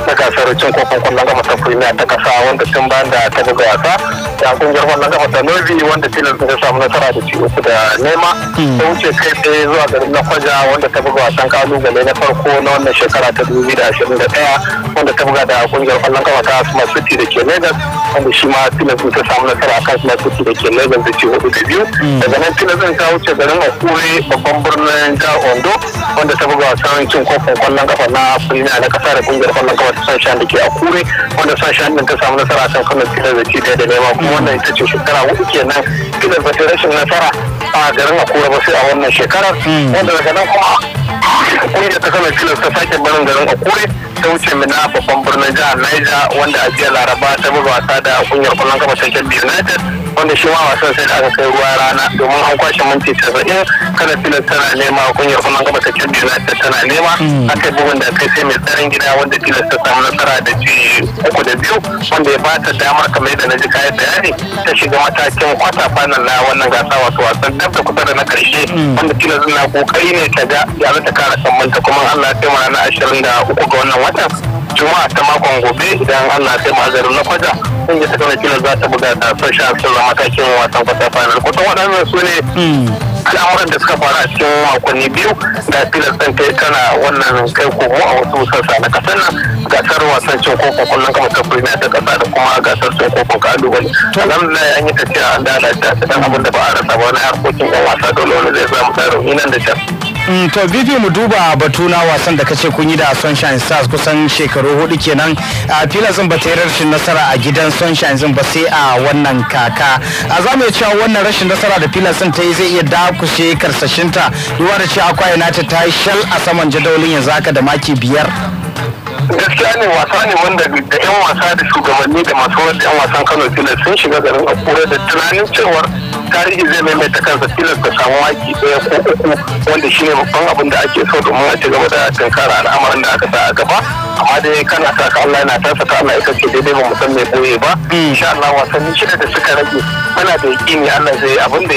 na gasar cin kofin kwallon kuma ta premier ta kasa wanda tun ban da ta buga wasa da kungiyar kwallon kuma ta novi wanda kilas ta samu nasara da ci uku da nema hmm. ta wuce kai tsaye zuwa garin na kwaja wanda ta buga wasan kalubale na farko na wannan shekara ta dubu biyu da ashirin da ɗaya wanda ta buga da kungiyar kwallon kuma ta asma city da ke lagos wanda shi ma tilas ta samu nasara akan shi da ke lagos da ke hudu da biyu mm. daga nan tilas ɗin ta wuce garin akure babban birnin jihar ondo wanda ta buga wasan cin kofin kwallon kafa na premier na kasa da kungiyar kwallon kafa ta sunshine da ke akure wanda sunshine ɗin ta samu nasara akan kano tilas da ce da nema kuma wannan ita ce shekara hudu kenan tilas ba ta rashin nasara a garin Akura ba sai a wannan shekarar hmm. wanda daga nan kuma kungiyar ta kano kilos ta sake barin garin Akure ta wuce mina babban birnin jihar Niger wanda a jiya Laraba ta bi wasa da kungiyar kwallon kafa ta United wanda shi ma wasan sai da aka kai ruwa rana domin an kwashe minti casa'in kada fila tana nema kunyar kuma gaba ta cin united tana nema hmm. aka bugun da kai sai mai tsarin gida wanda tilasta ta samu nasara da ci uku da biyu wanda ya bata damar kamar yadda na ji kayan bayani ta shiga matakin kwata fanan na wannan gasa wasu wasan dab da kusa da na karshe hmm. wanda fila na kokari ne ta ga ya ta kara sammanta kuma Allah ya kai na ashirin da uku ga wannan watan juma'a ta makon gobe idan allah sai ma'azarin na kwaja kungiyar ta kawai kila za ta buga ta son shafin matakin wasan kwata final kusan waɗannan su ne al'amuran da suka faru a cikin makonni biyu da filas ɗin kai tana wannan kai komo a wasu sassa na kasar nan gasar wasan cin kofin kullum kamar ta firina ta kasa da kuma gasar cin kofin kalubale alhamdulillah an yi tafiya an da ta dan abin da ba a rasa ba wani harkokin yan wasa dole wani zai samu ɗan rauni nan da can.
Mm, to
bibi mu duba batu na wasan da kace kun yi da sunshine stars kusan shekaru hudu kenan a filazin ba ta yi rashin nasara a gidan sunshine zin ba sai a wannan kaka a za mu cewa wannan rashin nasara da filazin ta yi zai iya dakushe ta ruwa da cewa akwai na ta yi shal a saman jadawalin yanzu haka da maki biyar
gaskiya ne wasa ne wanda da yan wasa da shugabanni da masu wasu yan wasan kano filas sun shiga garin akure da tunanin cewar tarihi zai ta kansa tilas da samu waki ɗaya ko uku wanda shi ne babban abin da ake so domin a ci gaba da tunkara al'amarin da aka sa a gaba amma dai kana sa ka Allah yana tasa ta Allah ya kace daidai ba mu san mai boye ba insha Allah wasanni shida da suka rage muna da yakini Allah zai abin da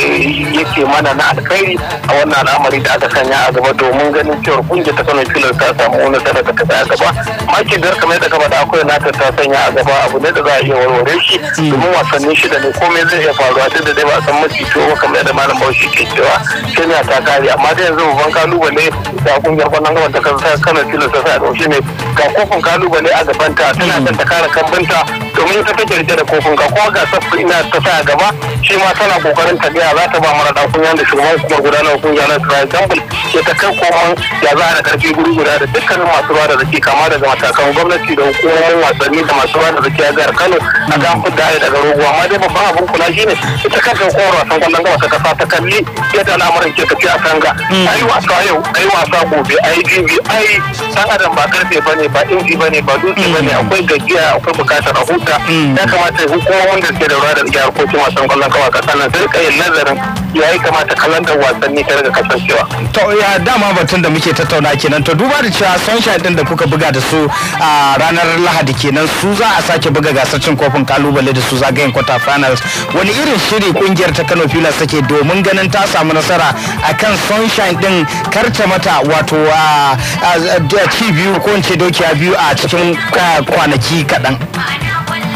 yake mana na alkhairi a wannan al'amari da aka sanya a gaba domin ganin cewa kungiyar ta Kano tilas ta samu wani sanar da ta a gaba maki da kamar da ka da akwai nata ta sanya a gaba abu ne da za a iya warware shi hmm. domin wasanni shida ne komai zai iya faruwa tunda dai ba a san mafi tuwo kamar yadda malam bauchi ke cewa kenya ta kare amma da yanzu babban kalubale da kungiyar kwanan gaban ta kasa tilo tilasta sa shi ne ga kofin kalubale a gabanta tana son ta kare kambinta domin ita take rike da kofin ka kuma ga ina ta sa gaba shi ma tana kokarin ta biya za ta ba mara kunya yanda shugaban kuma gudanar kungiyar na Tsirai jambul ya ta kai koman ya za na karfi guri guda da dukkanin masu ba da zaki kama daga matakan gwamnati da hukumomin wasanni da masu ba da zaki a jihar Kano a kan fudda daga rogo amma dai babban abin kula shine ita kanta hukumar wasan kwallon gaba ta kasa ta kalli yadda al'amuran ke tafiya a kanga hmm. ai wasa yau ai wasa gobe ai jibi ai san adam ba karfe bane ba inji bane ba dutse hmm. bane akwai gajiya akwai bukatar a huta hmm. ya kamata hukumomin da ke da ruwa da rike harkokin wasan kwallon kawa kasa nan su rika yin nazarin ya yi kamata kalandar wasanni ta daga kasancewa. to ya dama batun
da muke tattauna kenan to duba da cewa sunshine din da kuka buga da su a ranar lahadi kenan su za a sake buga gasar cin kofin kalubale da su zagayen quarter finals wani irin shiri kungiyar ta Kano Pilas take domin ganin ta samu nasara a kan Sunshine din karta mata wato a uh, uh, uh, ci biyu ko in dokiya biyu a cikin kwanaki
kaɗan.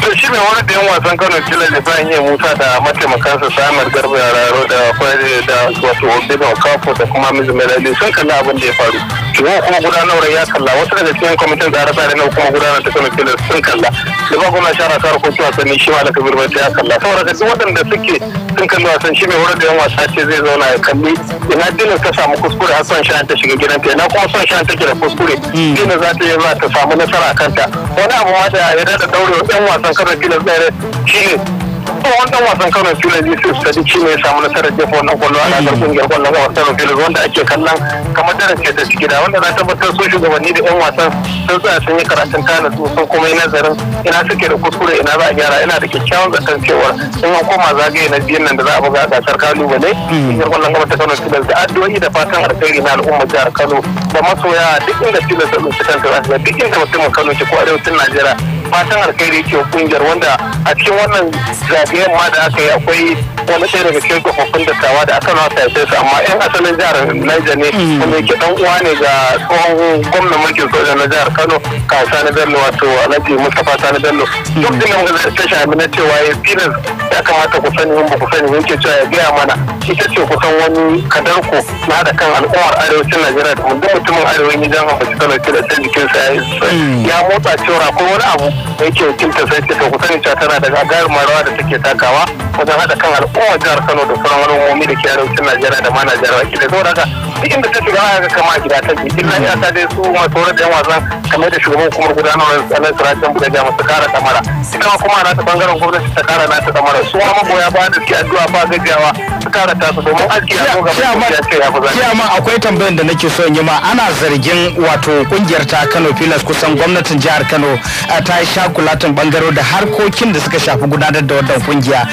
to shi ne wani da yan wasan kano kila bayan iya musa da mataimakansa samar garba yararo da kwari da wato obinna kafo da kuma mizumela sun kalli abin da ya faru yau kuma gudanarwar ya kalla wasu daga cikin kwamitin tsare-tsare na kuma gudanar ta kwamitin da sun kalla da ba kuma shara ta harkar wasanni shi ma da kabir ya kalla saboda ga duk waɗanda suke sun kalli wasan shi mai horar da yan wasa ce zai zauna ya kalli ina dinin ta samu kuskure har son shan ta shiga gidanta ina kuma son shan ta da kuskure hmm. dinin za ta yi za ta samu nasara a kanta wani abu ma da ya daɗa ɗaure yan wasan karar dinin tsere shi ne babban wasan kano filas yusuf shi ne ya samu nasarar jefa wannan kwallo ana gasar kungiyar kwallon wasan kano filas wanda ake kallon kamar daren ta ciki da wanda na tabbatar sun shugabanni da yan wasan sun tsaya sun yi karatun tana su sun kuma yi nazarin ina suke da kuskure ina za a gyara ina da kyakkyawan zaton cewar in an koma zagaye na biyun nan da za a buga a gasar kalubale kungiyar kwallon kafa ta kano filas da addu'o'i da fatan alkhairi na al'ummar jihar kano da masoya duk inda filas ta tsinci kanta duk inda mutumin kano ke ko arewacin najeriya fatan alkhairi ke kungiyar wanda a cikin wannan zagayen ma da aka yi akwai wani ɗaya daga cikin da kawa da aka nasa ya su amma yan asalin jihar Niger ne hmm. kuma yake dan uwa ne ga tsohon gwamnan mulkin soja na jihar Kano kasa na Bello wato Alhaji Mustapha Sani Bello hmm. duk da nan ta shafi na cewa ya fina ya kamata ku sani mun ba ku sani mun ke cewa ya gaya mana ita ce kusan wani kadarko na da kan al'ummar arewacin Najeriya da mutumin arewacin jihar Kano ke da ta jikinsa hmm. ya motsa cewa akwai wani abu da yake wakiltar sai ta to ku cewa tana daga gagarumar marawa da take takawa wajen haɗa kan al'umma jihar Kano da sauran al'ummomi da ke arewacin Najeriya da ma Najeriya baki da saboda haka duk inda ta shiga ana kama a gida ta ji illa ya ta dai su ma tsoro da yan wasan kamar da shugaban hukumar gudanarwar tsanan sirajin buɗe jama su kara kamara ita ma kuma na ta bangaren gwamnati ta kara na ta kamara su ma magoya ba da suke addu'a ba gajiyawa su kara ta su domin aski ya zo gaba da ce ya fi zai.
akwai tambayan da nake so in yi ma ana zargin wato kungiyar ta Kano Pilas kusan gwamnatin jihar Kano eh, ta yi shakulatin bangaro da harkokin da suka shafi gudanar da wannan kungiya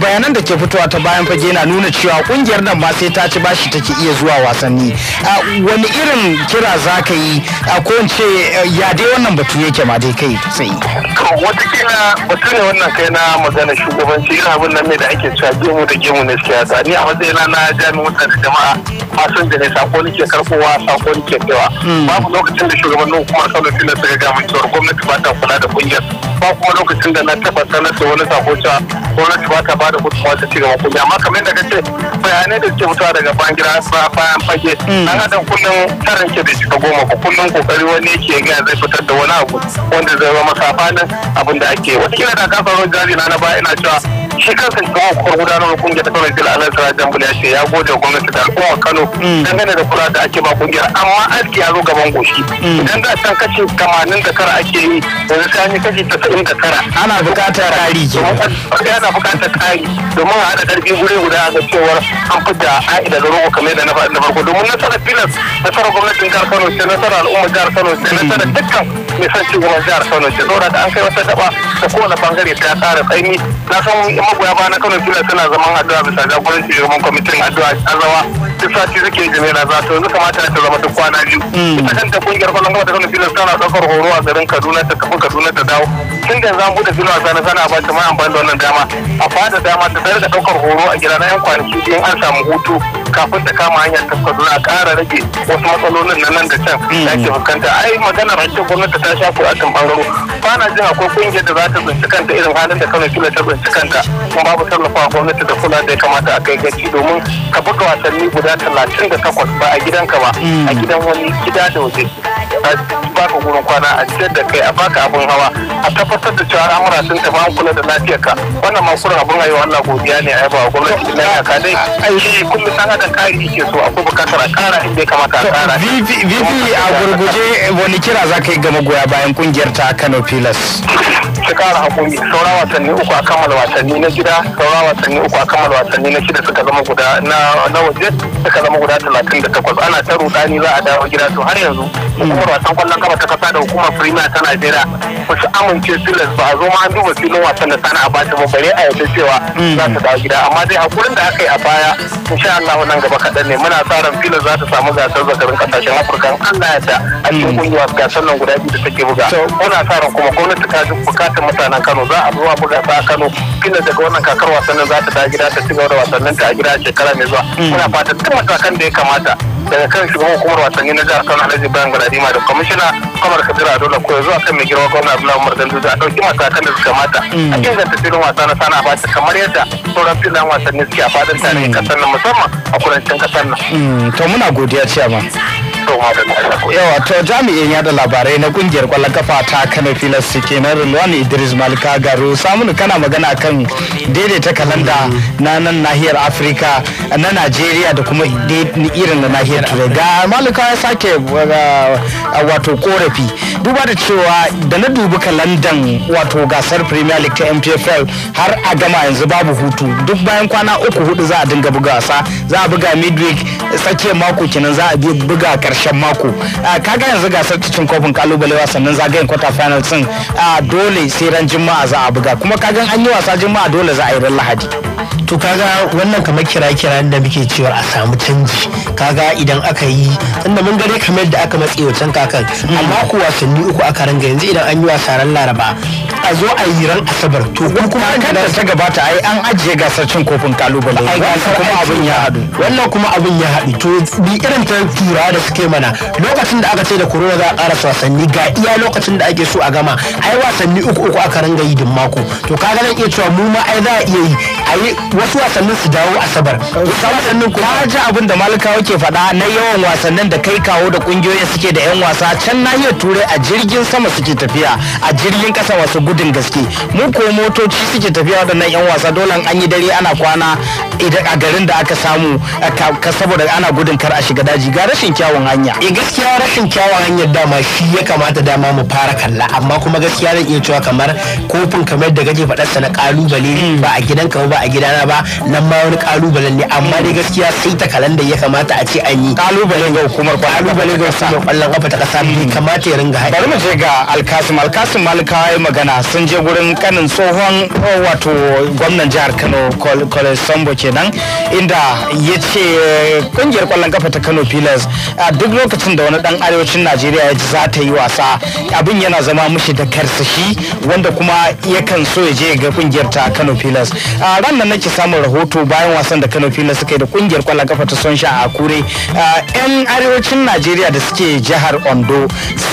bayanan da ke fitowa ta bayan fage na nuna cewa kungiyar nan ma sai ta ci bashi take iya zuwa wasanni wani irin kira za ka yi ko in ce eh, ya dai wannan batu yake ma dai kai sai to
watakila batu ne wannan kai na magana shugabanci ina abin nan ne da ake cewa gemu da gemu ne suke yasa ni a matsayina na jami'in da jama'a fasin da ne sako ke karfowa sako ke kaiwa hmm. babu lokacin da shugabannin hukumar kano filas suka ga mun cewa gwamnati ba ta kula da kungiya kungiyar ba kuma lokacin da na taba sanar da wani sako cewa gwamnati ba ta ba da gudunmawa ta ci gaban kungiya amma kamar yadda kace bayanai da suke fitowa daga bayan gida bayan fage hmm. dan adam kullum tarin ke da shiga goma ko kullum kokari wani yake ga zai fitar da wani abu wanda zai zama safanin abin da ake wata kila da ka faru jari na na ba ina cewa shi kansa shugaban gudanar da kungiyar ta kawai bil anas rajan bula shi ya gode wa gwamnati da al'umma kano mm. dangane da kula da ake ba kungiyar amma aski ya zo gaban goshi mm. idan da san kashi kamanin da kara ake yi yanzu sai an yi kashi tasa'in da kara ana buƙatar kari ke ana buƙatar kari domin a haɗa ƙarfi guri guda ga cewar an fita a'ida da rogo kamar yadda na faɗi da farko domin nasarar filas nasarar gwamnatin jihar kano ce nasarar al'umma jihar kano ce mm. nasarar dukkan mai san ci gaban jihar kano ce saboda da an kai wata gaba da kowane bangare ta ƙara tsaini na san magoya ba na Kano kila tana zaman addu'a bisa jagoranci shugaban kwamitin addu'a Azawa duk sati suke na za to yanzu kamata ta zama duk kwana biyu. Hmm. Ita kanta kungiyar kwallon kafa ta Kano kila tana ɗaukar horo a garin Kaduna ta tafi Kaduna ta dawo. Tun da zan bude filo wasa na sana a bata mai amfani da wannan dama a fada dama ta zai da ɗaukar horo a gida na 'yan kwanaki biyu an samu hutu kafin ta kama hanyar ta Kaduna a ƙara rage wasu matsalolin na nan da can hmm. da ake fuskanta. Ai a cikin gwamnati ta shafi a kan ɓangaro. Ba na jin akwai kungiyar da za ta kanta irin halin da Kano kila ta kanta kuma babu tallafawa gwamnati da kula da ya kamata a kai gaci domin ka buga wasanni guda talatin da takwas ba a gidanka ba a mm. gidan wani gida da waje a baka gurin kwana a ciyar da kai a baka abin hawa a tabbatar da cewa al'amura sun tafi an kula da ka wannan ma kurin abin rayuwa Allah godiya ne a yaba wa gwamnati na ka dai ai kullum san hadan kari yake so akwai bukatar a kara inda ya kamata a kara
VP a gurguje wani kira za ka yi ga magoya bayan kungiyar ta Kano Pilas
su kara hakuri saura wasanni uku a kammala wasanni na gida saura wasanni uku a kammala wasanni na shida suka zama guda na waje suka zama guda talatin da takwas ana ta rudani za a dawo gida to har yanzu hukumar wasan kwallon kafa ta kasa da hukumar firima ta najeriya ba su amince silas ba a zo ma an duba filin wasan da sana a ba ba bare a yadda cewa za su dawo gida amma dai hakurin da aka yi a baya insha Allah nan gaba kaɗan ne muna sa ran filin za ta samu gasar zakarin kasashen afirka Allah ya da a cikin kungiyar gasar nan guda biyu da take buga muna sa ran kuma gwamnati ta bukatar mutanen Kano za a zuwa buga ta Kano filin daga wannan kakar wasannin za ta dawo gida ta cigaba da wasannin ta a gida a shekara mai zuwa muna fata duk matakan da ya kamata daga kan shugaban hukumar wasanni na jihar Kano Alhaji bayan Galadima kama da kwamishina kadira kabira dole ko zuwa kan mai girma gwamna na umar zuwa a ɗauki matakan da suka mata mm. a inganta filin wasa na sana ta kamar yadda sauran filin wasanni suke a fadin tarihin kasar mm. nan musamman a kudancin
kasar nan. Mm. to muna godiya ciyama. yawa to jami'in yada labarai na kungiyar kwallon kafa ta kano filas kenan rilwan idris malika garu samun kana magana kan daidaita kalanda na nan nahiyar afirka na najeriya da kuma irin na nahiyar turai ga
malika ya sake
uh, wato korafi duba da cewa da na dubi kalandan wato gasar premier league ta mpfl har a gama yanzu babu hutu duk bayan kwana uku hudu za a dinga buga wasa za a buga midweek tsakiyar mako kenan za a buga karshe karshen mako ah, kaga yanzu gasar cin kofin kalubale wasannin zagayen quarter final sun ah, dole sai ran juma'a za a buga kuma kaga an yi wasa juma'a dole za a yi ran lahadi to kaga wannan kamar kira kira da muke cewa a samu canji kaga idan aka yi tunda mun gare kamar da aka matse wancan kakan amma ku wasanni uku aka ranga yanzu idan an yi wasa ran laraba a zo a yi ran asabar to kuma kan ta gabata ai an ajiye gasar cin kofin kalubale kuma abin ya haɗu
wannan kuma abin ya haɗu to bi irin ta tura da suke mana lokacin da aka ce da corona za a karasa wasanni ga iya lokacin da ake so a gama ai wasanni uku uku aka ringa yi din mako to kaga zan iya cewa mu ma ai za a iya yi a yi wasu wasannin su dawo
asabar wasannin kuma ji abin da malikawa ke faɗa na yawan wasannin da kai kawo da kungiyoyi suke da yan wasa can nahiyar turai a jirgin sama suke tafiya a jirgin kasa wasu gudun gaske mu ko motoci suke tafiya da waɗannan yan wasa dole an yi dare ana kwana a garin da aka samu saboda ana gudun kar a shiga daji ga rashin kyawun hali hanya e gaskiya rashin kyawun hanyar dama shi ya kamata dama mu fara kalla amma kuma gaskiya zan iya cewa kamar kofin kamar da kake faɗar sa na kalubale hmm. ba a gidan ka ba a gidana ba nan ma wani kalubalen ne amma dai gaskiya sai ta kalanda ya kamata a ce an yi kalubale ga hukumar kalubale ga
hukumar kwallon kafa ta kasa bai hmm. kamata ya ringa haɗi bari
mu je ga alkasim alkasim malika ya magana sun je gurin kanin tsohon oh, wato gwamnan jihar kano kole sambo kenan inda ya ce kungiyar eh, kwallon kafa ta kano pillars duk lokacin da wani dan arewacin najeriya ya ji za ta yi wasa abin yana zama mishi da karsashi wanda kuma yakan so ya je ga kungiyar ta kano pilas a ran nake samun rahoto bayan wasan da kano pilas suka yi da kungiyar kwallon kafa ta sonsha a kure yan arewacin najeriya da suke jihar ondo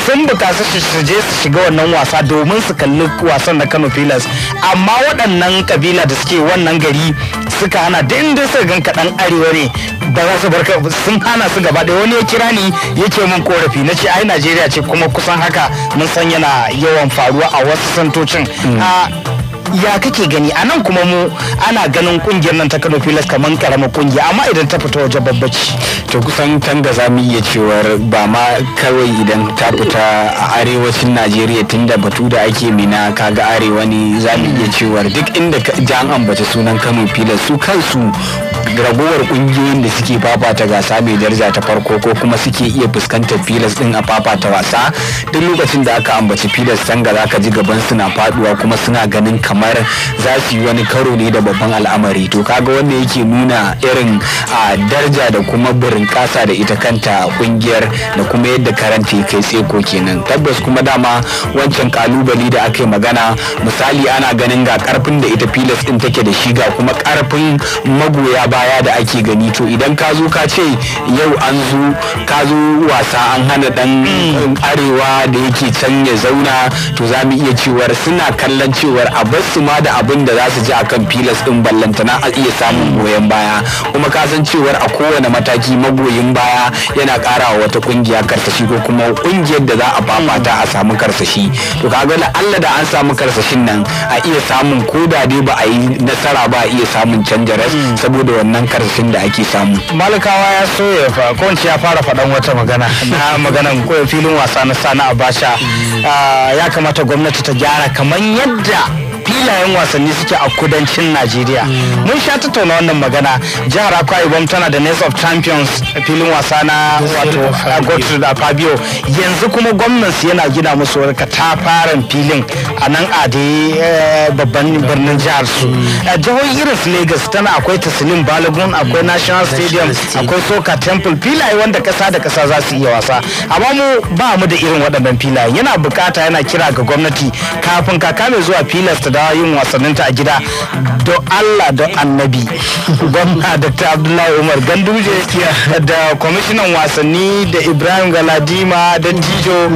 sun bukaci su je su shiga wannan wasa domin su kalli wasan da kano pilas amma waɗannan kabila da suke wannan gari suka hana da inda suka gan kaɗan arewa ne ba za su barka sun hana su gaba da wani ya kira mani yake min korafi na ce ai najeriya ce kuma kusan haka mun san yana yawan faruwa a wasu santocin hmm. ya kake gani a nan kuma mu ana ganin kungiyar nan ta kano filas kamar karamar kungiya amma idan ta fita waje babbaci to kusan kan da za mu iya cewar ba ma kawai idan ta fita a arewacin najeriya tunda batu da ake mina kaga arewa ne za mu iya hmm. cewar duk inda an ambaci sunan kano filas su kansu ragowar kungiyoyin da suke fafata gasa mai daraja ta farko ko kuma suke iya fuskantar filas din a fafata wasa duk lokacin da aka ambaci filas sanga za ka ji gaban suna faduwa kuma suna ganin kamar za su yi wani karo ne da babban al'amari to kaga wanda yake nuna irin a daraja da kuma burin kasa da ita kanta kungiyar da kuma yadda karanta kai ko kenan tabbas kuma dama wancan kalubale da aka yi magana misali ana ganin ga karfin da ita filas din take da shi ga kuma karfin magoya baya da ake gani to idan ka zo ka ce yau an zo ka zo wasa an hana dan arewa da yake can ya zauna to za mu iya cewar suna kallon cewar a bar ma da abin da za su ji akan filas din ballantana a iya samun goyon baya kuma ka san cewar a kowane mataki magoyin baya yana karawa wata kungiya karsashi ko kuma kungiyar da za a fafata a samu karsashi to kaga da Allah da an samu karsashin nan a iya samun ko da dai ba a yi nasara ba a iya samun canjaras mm. saboda wannan karfin da ake samu Malakawa ya so ya fa kowace ya fara faɗan wata magana na maganan filin wasa na sani basha mm. ah, ya kamata gwamnati ta gyara kamar yadda filayen wasanni suke a kudancin najeriya mun sha tattauna wannan magana jihar akwa ibom tana da nest of champions filin wasa na wato gotu da fabio yanzu kuma gwamnansu yana gina musu wani katafaren filin a nan a eh, babban birnin jihar su mm. jihar irin su lagos tana akwai taslim balogun akwai national stadium akwai soka temple filaye wanda kasa da kasa za su iya wasa amma mu ba mu da irin waɗannan filaye yana bukata yana kira ga gwamnati kafin kaka mai zuwa filas ta ta yin ta a gida don Allah don annabi gwamna da ta Abdullahi Umar Ganduje da kwamishinan wasanni da Ibrahim Galadima da Tijo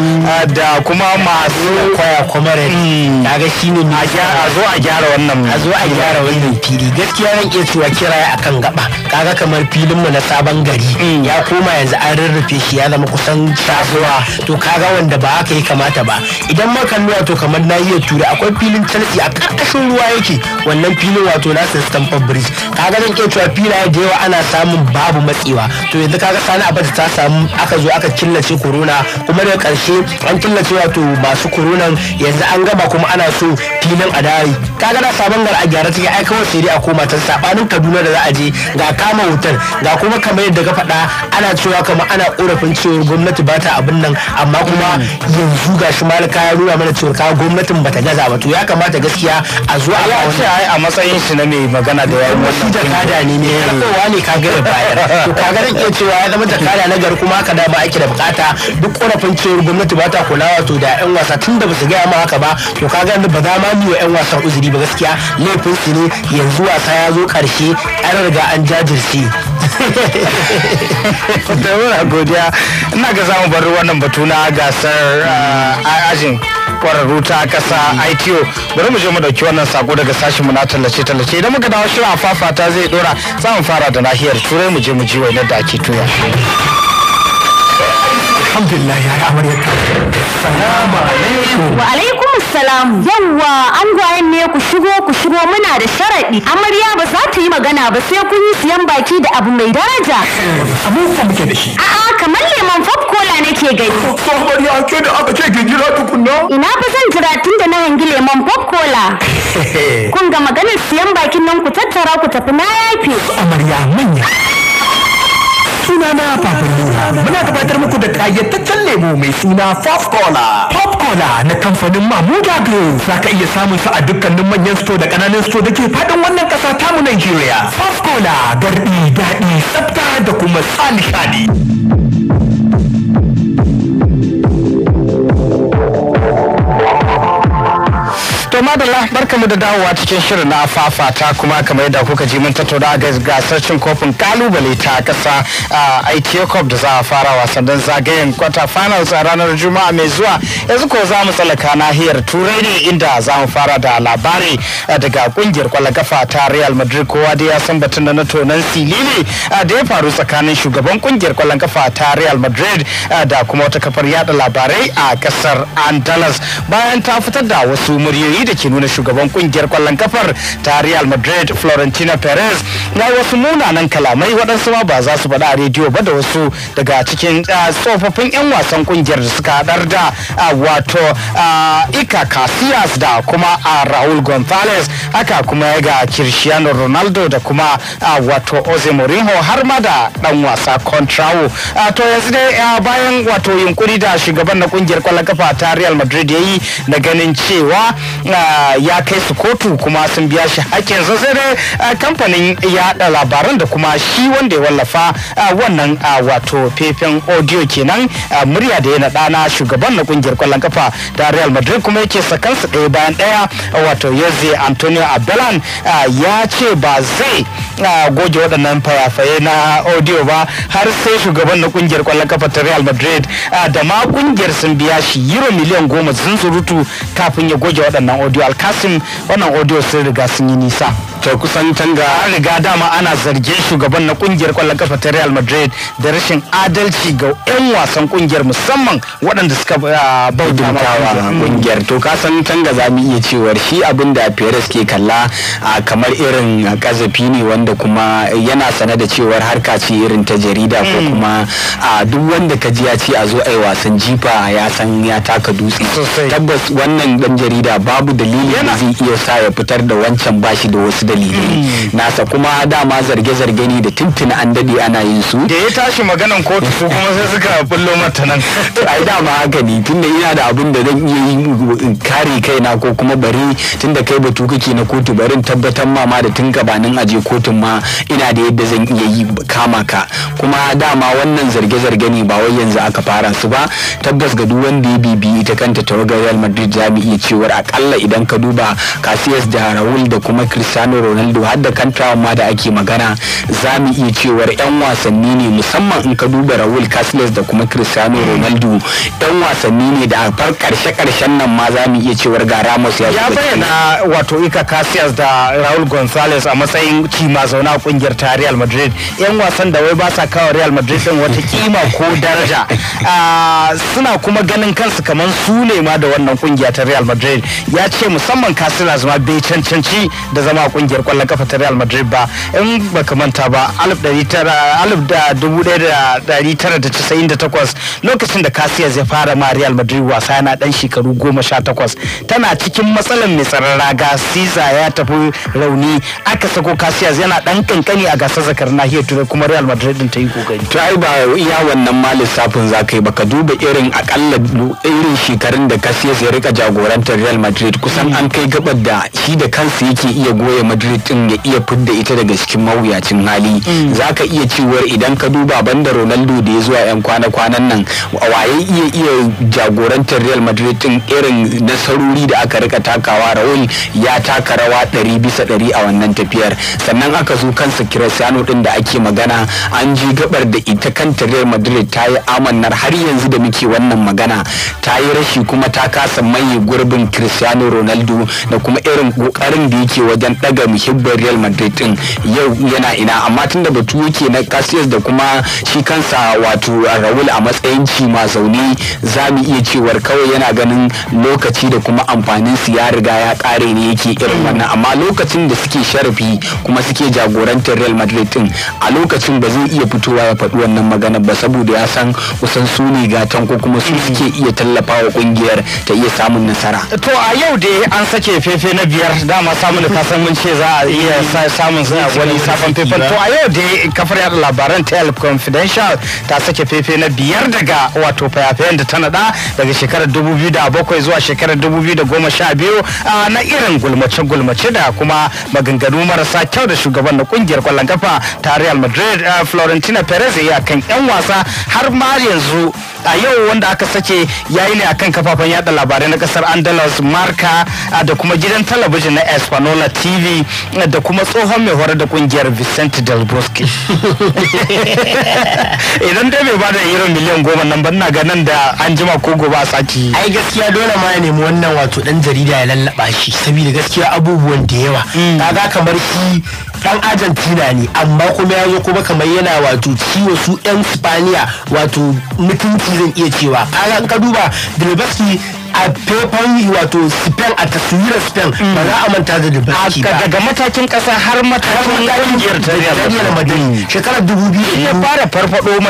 da kuma masu kwaya kwamare mm. ga shi ne a zo a gyara wannan a zo a gyara wannan fili gaskiya ran ke cewa kira akan gaba kaga kamar filin mu na sabon gari mm. ya koma yanzu an rarrafe shi ya zama kusan tasowa to kaga wanda ba haka yi kamata ba idan ma kan to kamar na iya tura akwai filin talci ƙarƙashin ruwa yake wannan filin wato na stamford bridge ga zan iya cewa filaye da yawa ana samun babu matsewa to yanzu ka ga sani abata ta samu aka zo aka killace corona kuma daga ƙarshe an killace wato masu corona yanzu an gama kuma ana so
filin a dare ga na sabon gar a gyara take ai kawai sai dai a koma ta sabanin kaduna da za a je ga kama wutar ga kuma kamar yadda ka faɗa ana cewa kamar ana korafin cewar gwamnati ba ta abin nan amma kuma mm. yanzu gashi malaka ya nuna mana cewar gwamnatin bata gaza ba to ya
kamata gaskiya gaskiya a zo a ce a matsayin shi na mai magana da yayin wannan da kada ne ne kowa ne kaga ya bayar to kaga dan ke cewa ya zama jakada na gari kuma haka da ba ake da bukata duk korafin cewar gwamnati ba ta kula wato da yan wasa tunda ba su gaya ma haka ba to kaga ba za ma
ni yan wasan uzuri ba gaskiya laifin su ne yanzu wasa ya zo karshe an riga an jajirce da muna godiya ina ga zamu bar
wannan batu na gasar ah, ajin kwararru ta kasa ITO bari mu je mu dauki wannan sako daga sashin mu na tallace tallace idan muka dawo shirin fafata zai dora za mu fara da nahiyar turai mu je mu ji wainar da ake tuya
alhamdulillah ya yi ta
salamu alaikum wa alaikum salam yawwa an gwayen ne ku shigo ku shigo muna da sharaɗi amarya ba za ta yi magana ba sai kun yi siyan baki da abu mai daraja abin sa muke da shi a'a kamar lemon pop cola nake gani ko amarya ke da aka ce ke jira tukunna ina ba zan jira tunda na hangi lemon pop cola kun ga maganar siyan bakin nan ku tattara ku tafi na yafe amarya manya suna na Fafarura. Muna gabatar muku da kayyataccen
lemo mai suna Pop Cola. Pop Cola na kamfanin Mamuda Group. Za ka iya samun su a dukkanin manyan sto da kananan sto da ke faɗin wannan ƙasa tamu Najeriya. Pop Cola garɗi daɗi tsafta da kuma tsanishani.
to madalla barkamu da dawowa cikin shirin na fafata kuma kamar yadda kuka ji mun tattauna ga gasar cin kofin kalubale ta kasa a ITA Cup da za a fara wasannin zagayen quarter finals a ranar Juma'a mai zuwa yanzu ko za mu tsallaka nahiyar Turai ne inda za mu fara da labari daga kungiyar kwallon ta Real Madrid kowa da ya san batun na tonan silili da ya faru tsakanin shugaban kungiyar kwallon kafa ta Real Madrid da kuma wata kafar yada labarai a kasar Andalus bayan ta fitar da wasu muryoyi da ke nuna shugaban kungiyar kwallon kafar ta Real Madrid Florentino Perez ya wasu munanan kalamai waɗansu ma ba za su faɗa a rediyo ba da wasu daga cikin tsofaffin 'yan wasan kungiyar da suka haɗar da wato Ika Casillas da kuma Raul Gonzalez haka kuma ga Cristiano Ronaldo da kuma wato Jose Mourinho har ma da ɗan wasa Contrao to yanzu dai bayan wato yunkuri da shugaban na kungiyar kwallon kafa ta Real Madrid ya yi na ganin cewa wanda ya kai su kotu kuma sun biya shi hakkin zazzare kamfanin yaɗa labaran da kuma shi wanda ya wallafa wannan wato fefen audio kenan murya da ya naɗa na shugaban na kungiyar kwallon kafa da Real Madrid kuma yake su ɗaya bayan ɗaya wato Jose Antonio Abelan ya ce ba zai goge waɗannan fayafaye na audio ba har sai shugaban na kungiyar kwallon kafa ta Real Madrid da ma kungiyar sun biya shi euro miliyan goma zunzurutu kafin ya goge waɗannan audio alkasim wannan audio sun riga sun yi nisa to kusan tanga an riga dama ana zargin shugaban na kungiyar kwallon kafa ta Real Madrid da rashin adalci ga 'yan wasan kungiyar musamman waɗanda suka ah, bautawa kungiyar to ka san tanga za mu iya cewar shi abin da Perez ke kalla ah, kamar irin kazafi ne wanda kuma yana sane da cewar harka ce irin ta jarida ko mm. kuma ah, duk wanda ka ji ya ce a zo a yi wasan jifa ya san ya taka dutse tabbas wannan dan jarida babu dalilin da zai iya sa ya fitar da wancan bashi da wasu dalilai hmm. nasa kuma dama zarge-zarge ne da tuntuna an dade ana yin su da ya tashi maganan kotu su kuma
sai suka bullo mata nan
ai dama haka ne tunda ina da abin da zan iya yi kare na ko kuma bari tunda kai batu kake na kotu barin tabbatar mama da tun gabanin aje kotun ma ina da yadda zan iya yi kama ka kuma dama wannan zarge-zarge ne ba wai yanzu aka fara su ba tabbas ga duk wanda ya bibi ta kanta tawagar Real Madrid za mu iya cewar akalla idan ka duba Casillas da Raul da kuma Cristiano Ronaldo har da Kantara ma da ake magana za mu iya cewar 'yan wasanni ne musamman in ka duba Raul Casillas da kuma Cristiano Ronaldo 'yan wasanni ne da far karshe-karshen nan ma za mu iya cewar ga Ramos ya Ya bayyana wato Ika Casillas da Raul Gonzalez a matsayin kima zauna kungiyar ta Real Madrid 'yan wasan da wai ba sa kawo Real Madrid din wata kima ko daraja ah, suna kuma ganin kansu kamar su ne ma da wannan kungiya ta Real Madrid ya ya ce musamman kasila zuma bai cancanci da zama a kungiyar kwallon kafa ta Real Madrid ba in baka manta ba 1998 lokacin da Casillas ya fara ma Real Madrid wasa yana dan shekaru goma 18 tana cikin matsalar mai tsaron raga Siza ya tafi rauni aka sako Casillas yana dan kankani a gasar zakar nahiyar Turai kuma Real Madrid din ta yi kokari to ai ba iya wannan ma lissafin zakai baka duba irin akalla irin shekarun da Casillas ya rika jagorantar Real Madrid kusan an kai gabar da shi da kansa yake iya goya madrid din ya iya fidda ita daga cikin mawuyacin hali mm. zaka iya cewar idan ka duba banda ronaldo da ya zuwa yan kwana-kwanan nan waye iya iya jagorantar real madrid din irin nasarori da aka rika takawa raul ya taka rawa ɗari bisa ɗari a wannan tafiyar sannan aka zo kansa cristiano din da ake magana an ji gabar da ita kanta real madrid ta yi amannar har yanzu da muke wannan magana ta yi rashi kuma ta kasa maye gurbin cristiano cristiano ronaldo da kuma irin kokarin da yake wajen daga muhibbar real madrid din yau yana ina amma tun da batu yake na casillas da kuma shi kansa wato raul a matsayin ma zaune za mu iya cewar kawai yana ganin lokaci da kuma amfanin su ya riga ya kare ne yake irin wannan amma lokacin da suke sharafi kuma suke jagorantar real madrid din a lokacin ba zai iya fitowa ya faɗi wannan magana ba saboda ya san kusan su ne gatan ko kuma su suke iya tallafawa kungiyar ta iya samun nasara
to a yau yau dai an sake fefe na biyar dama samun da kasan mun ce za a iya samun suna wani sabon fefen to a yau
dai kafar yada labaran tel confidential ta sake fefe na biyar daga wato fayafayen da ta nada daga shekarar 2007 zuwa shekarar 2012 na irin gulmace-gulmace da kuma maganganu marasa kyau da shugaban na kungiyar kwallon kafa ta Real Madrid Florentina Perez ya kan 'yan wasa har ma yanzu a yau wanda aka sace sake yayi ne kan kafafen yada labarai na kasar andalus marka da kuma gidan talabijin na espanola tv da kuma tsohon mai horar da kungiyar vicente del bosque idan dai bai ba da irin miliyan goma nan ba na ganin da an jima ko gobe a sati ai gaskiya dole ma ya nemi wannan wato dan jarida ya lallaba shi saboda
gaskiya abubuwan da yawa mm. kaga kamar shi dan argentina ne amma kuma ya zo kuma kamar yana wato ciwo su yan spaniya wato mutunci zan iya cewa
an ka duba Dilbeski a faifan wato spell a taswirar spell
ba za a manta da dubaki ba
daga matakin kasa har matakin kungiyar tarayyar madani
shekarar dubu biyu ya fara farfado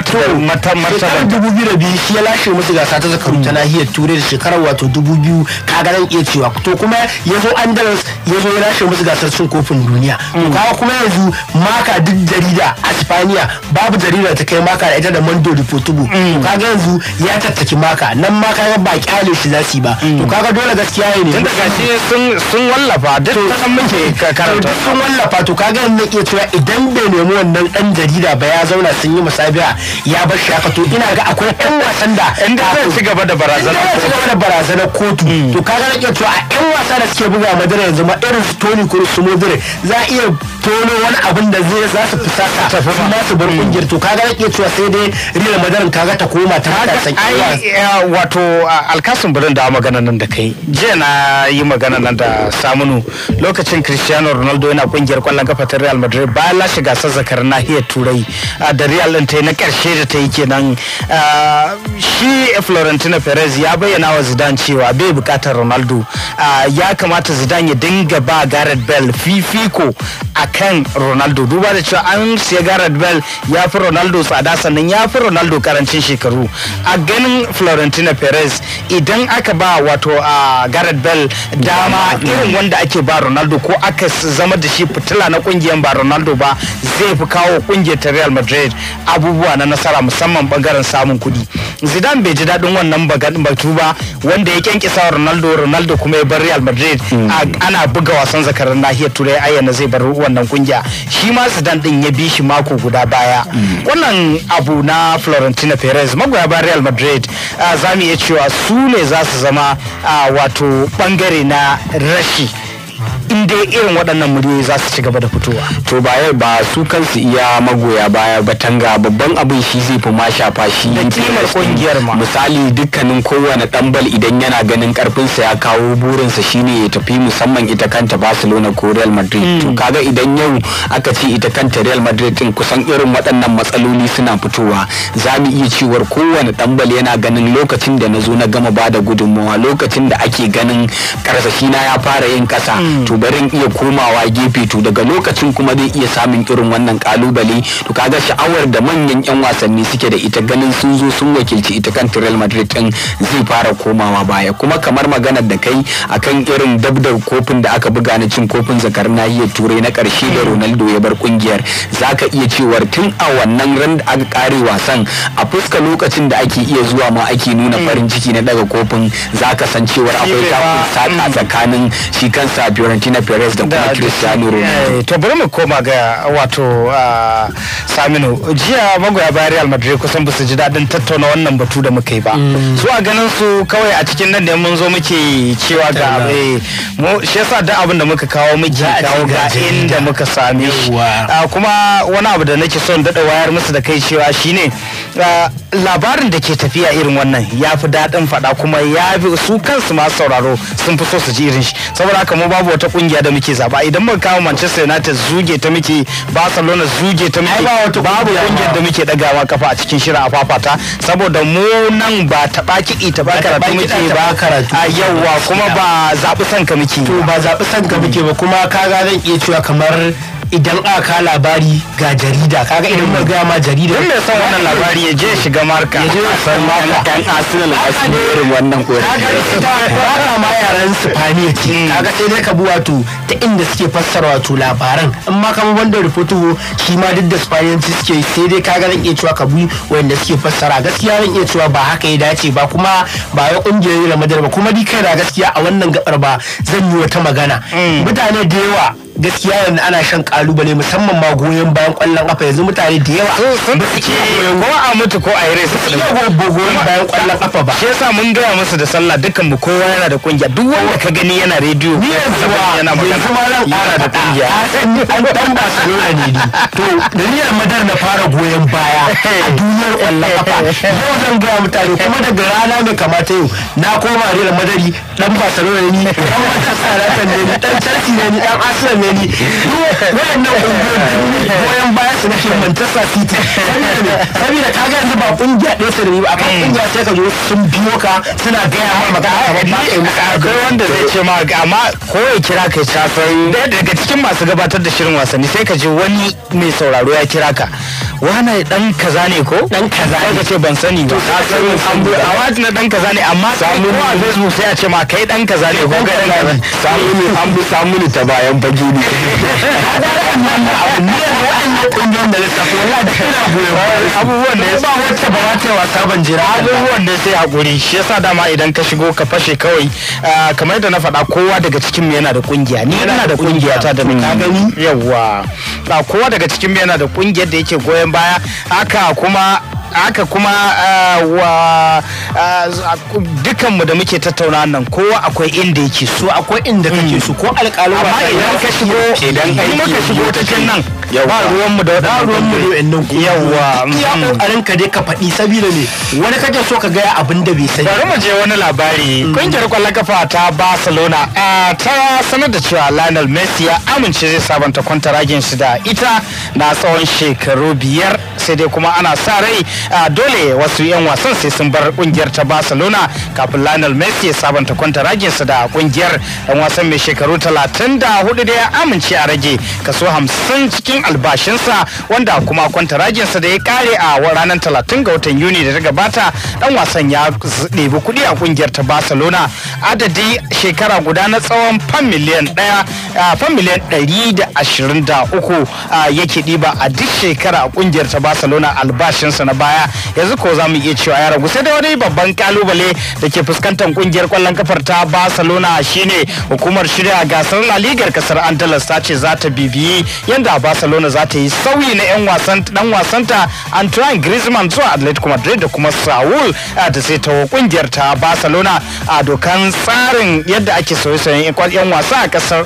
matan shekarar dubu biyu da biyu shi ya lashe musu
gasa ta zakaru ta nahiyar turai da shekarar wato
dubu biyu kaga zan iya cewa to kuma ya zo andalus ya zo ya lashe musu gasar cin kofin duniya mm. kawo kuma yanzu maka duk jarida
a spaniya babu jarida ta kai maka da ita da mando da fotubu kaga yanzu ya tattaki maka nan maka ya ba kyale shi za nasi ba to mm. kaga dole gaskiya ne tunda gashi
sun sun wallafa duk san muke karanta sun wallafa
to kaga ne ke cewa idan bai nemi wannan dan jarida ba ya zauna sun yi musabiya ya bar shi haka to ina ga akwai ƴan wasan da inda
zai ci gaba da barazana ko ci gaba da barazana kotu mm. to kaga ke cewa a ƴan wasa da suke buga madara yanzu ma irin su Toni ko su Modric za a iya tono wani abin da zai za su fusata su ma su bar kungiyar mm. to kaga ke cewa sai dai Real Madrid kaga ta koma ta ta san eh,
wato alkasun Brand da magana nan da kai jiya na yi magana nan da samunu lokacin cristiano ronaldo yana kungiyar kwallon kafa ta real madrid bayan lashe gasar zakar nahiyar turai da real din ta na karshe da ta yi kenan shi florentina perez ya bayyana wa zidan cewa bai bukatar ronaldo ya kamata zidan ya dinga ba gareth bell fifiko a kan ronaldo duba da cewa an siya gareth bell ya fi ronaldo tsada sannan ya fi ronaldo karancin shekaru a ganin florentino perez idan aka aka ba wato a Gareth Bell dama irin wanda ake ba Ronaldo ko aka zama da shi fitila na kungiyar ba Ronaldo ba zai fi kawo kungiyar ta Real Madrid abubuwa na nasara musamman bangaren samun kuɗi. Zidane bai ji daɗin wannan batu ba wanda ya kyankisa Ronaldo Ronaldo kuma ya bar Real Madrid hmm. ana buga wasan zakarar nahiyar Turai ayyana zai bar wannan kungiya shi ma Zidane din ya bi shi mako guda baya. Hmm. Wannan abu na Florentina Perez magoya ba Real Madrid za mu iya cewa su ne za su su zama ah, wato bangare na rashi in dai irin waɗannan muryoyi za su ci gaba da fitowa. To ba ba su kansu iya magoya baya ba tanga babban abin shi zai fi ma shafa shi. yin kimar ma. Misali dukkanin kowane ɗambal idan yana ganin ƙarfinsa ya kawo burinsa shine ya tafi musamman ita kanta Barcelona ko Real Madrid. Hmm. To kaga idan yau aka ce ita kanta Real Madrid din kusan irin waɗannan matsaloli suna fitowa za mu iya cewar kowane ɗambal yana ganin lokacin da na zo na gama bada gudunmawa lokacin da ake ganin karsashina ya fara yin ƙasa. Hmm. to barin iya komawa gefe to daga lokacin kuma zai iya samun irin wannan kalubale to kaga sha'awar da manyan yan wasanni suke da ita ganin sun zo sun wakilci ita kan Real Madrid din zai fara komawa baya kuma kamar maganar da kai akan irin dabdar kofin da aka buga na cin kofin zakar nahiyar turai na karshe da Ronaldo ya bar kungiyar zaka iya cewar tun a wannan ran da aka kare wasan a fuska lokacin da ake iya zuwa ma ake nuna farin ciki na daga kofin zaka san cewar akwai takun tsakanin shi kan Sabio Florentina Perez da kuma Cristiano eh, Ronaldo. To bari mu koma ga wato Saminu jiya magoya bayan Real Madrid kusan ba su ji daɗin tattauna wannan batu da muka yi ba. Mm. Su a ganin su kawai a cikin nan da mun zo muke cewa ga eh, mu shi yasa duk abin da muka kawo muke kawo ga inda muka same shi. Kuma wani abu da nake son daɗa wayar musu da kai cewa shine labarin da ke tafiya irin wannan ya fi daɗin faɗa kuma ya fi su kansu masu sauraro sun fi so su ji irin shi saboda haka mu babu babu wata kungiya da muke zaba idan muka kawo Manchester United zuge ta muke Barcelona zuge ta muke babu kungiyar da muke dagawa kafa a cikin shirin a fafata saboda mu nan ba ta baki ta ba karatu muke ba a yauwa kuma ba zabi sanka muke to ba zabi sanka muke ba kuma ka ga zan iya cewa kamar idan aka ka labari ga jarida kaga idan ba gaya ma jarida don mai son wannan labari ya je shiga marka ya je san marka kan arsenal a su irin wannan kore ba ka ma yaran spaniya ce hmm. kaga sai dai ka bi wato ta inda suke fassara wato labaran in ma kama wanda rubutu shi ma duk da spaniyanci suke sai dai kaga zan iya cewa ka bi wanda suke fassara gaskiya zan iya cewa ba haka ya dace ba kuma ba ya kungiyar da ba kuma dika da gaskiya a wannan gabar ba zan yi wata magana hmm. mutane da yawa gaskiya yanzu ana shan kalubale musamman ma goyon bayan kwallon kafa yanzu mutane da yawa ko a mutu ko a yi rai su goyon bayan kwallon kafa ba shi yasa mun gaya musu da sallah dukkan mu kowa yana da kungiya duk wanda ka gani yana rediyo ni yanzu
yana magana
yana da kungiya an dan ba su yana ne ni to a madar na fara goyon baya a duniyar kwallon kafa yau zan gaya mutane kuma daga rana mai kamata yau na koma rera madari dan Barcelona ne ni dan Manchester United ne ni dan Chelsea ne ni dan Arsenal ne gani wayannan ƙungiyoyin goyon baya su nake Manchester City sabida ka ga yanzu ba ƙungiya ɗaya su da ba akan ƙungiya sai ka zo sun biyo ka suna gaya ma magana kamar ba ka yi akwai wanda zai ce ma amma ko ya kira
ka ya ɗaya daga cikin masu gabatar da shirin wasanni sai ka ji wani mai sauraro ya kira ka wane dan kaza ne ko dan kaza ne kace ban sani ba ka sani an bu a wata na dan kaza ne amma samu ne a Facebook sai a ce ma kai dan kaza ne ko kai dan kaza samu ne an bu samu ne ta bayan fage
ne abubuwan da ya ba wacce ba ta wasa ban jira abubuwan da sai hakuri
shi yasa dama idan ka shigo ka fashe kawai ah, kamar yadda na faɗa kowa daga cikin mu yana da kungiya ni yana da kungiya ta da ka gani yawa ah, kowa daga cikin mu yana da kungiyar da yake goyon baya haka kuma haka kuma ah, wa dukanmu da muke tattauna nan kowa akwai inda yake so akwai inda kake so ko alƙalu ba idan ka shigo idan ka shigo ta can nan ba ruwanmu da waɗannan da waɗannan ku yawa iya kokarin mm. ka dai ka faɗi sabila ne wani kake so ka gaya abin da bai sani bari mu je wani labari kungiyar mm. kwallon kafa ta Barcelona ta sanar da cewa Lionel Messi ya amince zai sabanta kwantaragin shi da ita na tsawon shekaru biyar sai dai kuma ana sa rai dole wasu 'yan wasan sai sun bar kungiyar ta Barcelona kafin Lionel Messi ya sabanta kwantaragin da kungiyar 'yan wasan mai shekaru talatin da ya amince a rage kaso hamsin cikin kuɗin albashinsa wanda kuma kwantarajinsa da ya kare a ranar talatin ga watan yuni da ta gabata dan wasan ya ɗebi kudi a kungiyar ta barcelona adadi shekara guda na tsawon fan miliyan ɗaya fan ɗari da ashirin da uku yake ɗiba a duk shekara a kungiyar ta barcelona albashinsa na baya yanzu ko za mu iya cewa ya ragu sai da wani babban kalubale da ke fuskantar kungiyar kwallon kafar ta barcelona shine hukumar shirya gasar la ligar kasar andalus ta ce za ta bibiyi yanda barcelona barcelona za ta yi sauyi na yan wasan dan wasanta antoine griezmann zuwa atletico madrid da kuma saul da sai ta kungiyar ta barcelona a dokan tsarin yadda ake sauye-sauyen yan wasa a kasar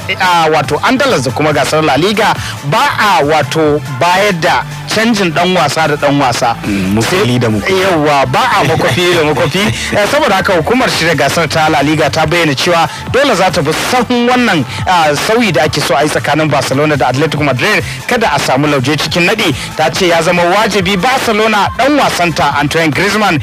wato andalus da kuma gasar la liga ba a wato bayar da canjin dan wasa da dan wasa mm, mukuli da mukuli yawa ba a makofi da makofi eh, saboda haka hukumar shi da gasar ta la liga ta bayyana cewa dole za ta bi sahun wannan sauyi da ake so a yi tsakanin barcelona da atletico madrid kada a samu lauje cikin nadi ta ce ya zama wajibi barcelona dan wasanta antoine griezmann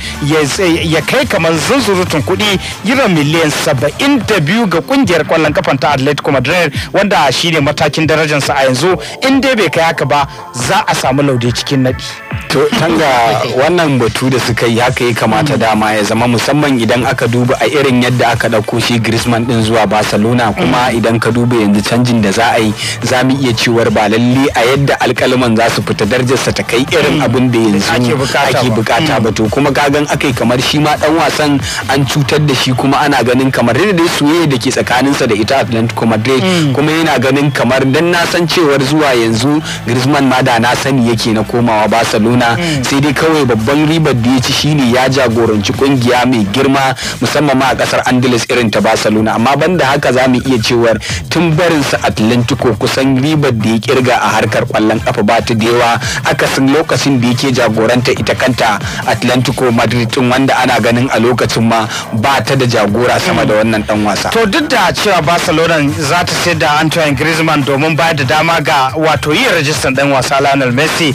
ya kai kamar zunzurutun kuɗi euro miliyan saba'in da biyu ga kungiyar kwallon kafan ta atletico madrid wanda shine matakin darajarsa a yanzu in dai bai kai haka ba za a samu lauje cikin nadi to tanga wannan batu da suka yi haka ya kamata mm. dama ya zama musamman idan aka duba a irin yadda aka ɗauko shi Griezmann din zuwa Barcelona mm. kuma idan ka duba yanzu canjin da za a yi za mu iya cewar ba lalle a yadda alkaliman za su fita darajarsa ta kai irin hmm. abin da yanzu ake bukata hmm. ba to kuma gan akai kamar shi ma dan wasan an cutar da shi kuma ana ganin kamar da dai soyayya da ke tsakaninsa da ita Atlantico Madrid hmm. kuma yana ganin kamar dan na san cewar zuwa yanzu Griezmann ma da na sani yake na komawa Barcelona sai dai kawai babban ribar da ya ci shine ya jagoranci kungiya mai girma musamman ma a kasar Angeles irin ta Barcelona amma banda haka za mu iya cewar tun barinsa Atletico kusan ribar da ya kirga a har harkar kwallon kafa ba ta da yawa san lokacin da yake jagoranta ita kanta atlantico madrid din wanda ana ganin a lokacin ma ba ta da jagora sama da wannan dan wasa to
duk da cewa barcelona za ta sayar
da antoine griezmann domin bayar da dama ga wato yin rajistan dan wasa lionel messi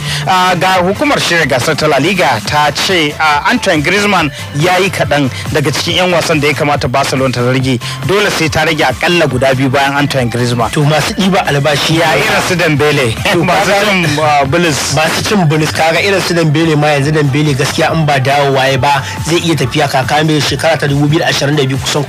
ga hukumar shirya gasar ta la liga ta ce antoine griezmann ya yi kaɗan daga cikin 'yan wasan da ya kamata barcelona ta rage dole sai ta rage akalla guda biyu bayan antoine griezmann to masu diba albashi ya irin su dembele Uh, masu cin
bulis masu cin
bulis kaga irin su bele ma yanzu ne gaskiya in ba dawo waye ba zai iya tafiya kaka mai shekara ta 2022 kusan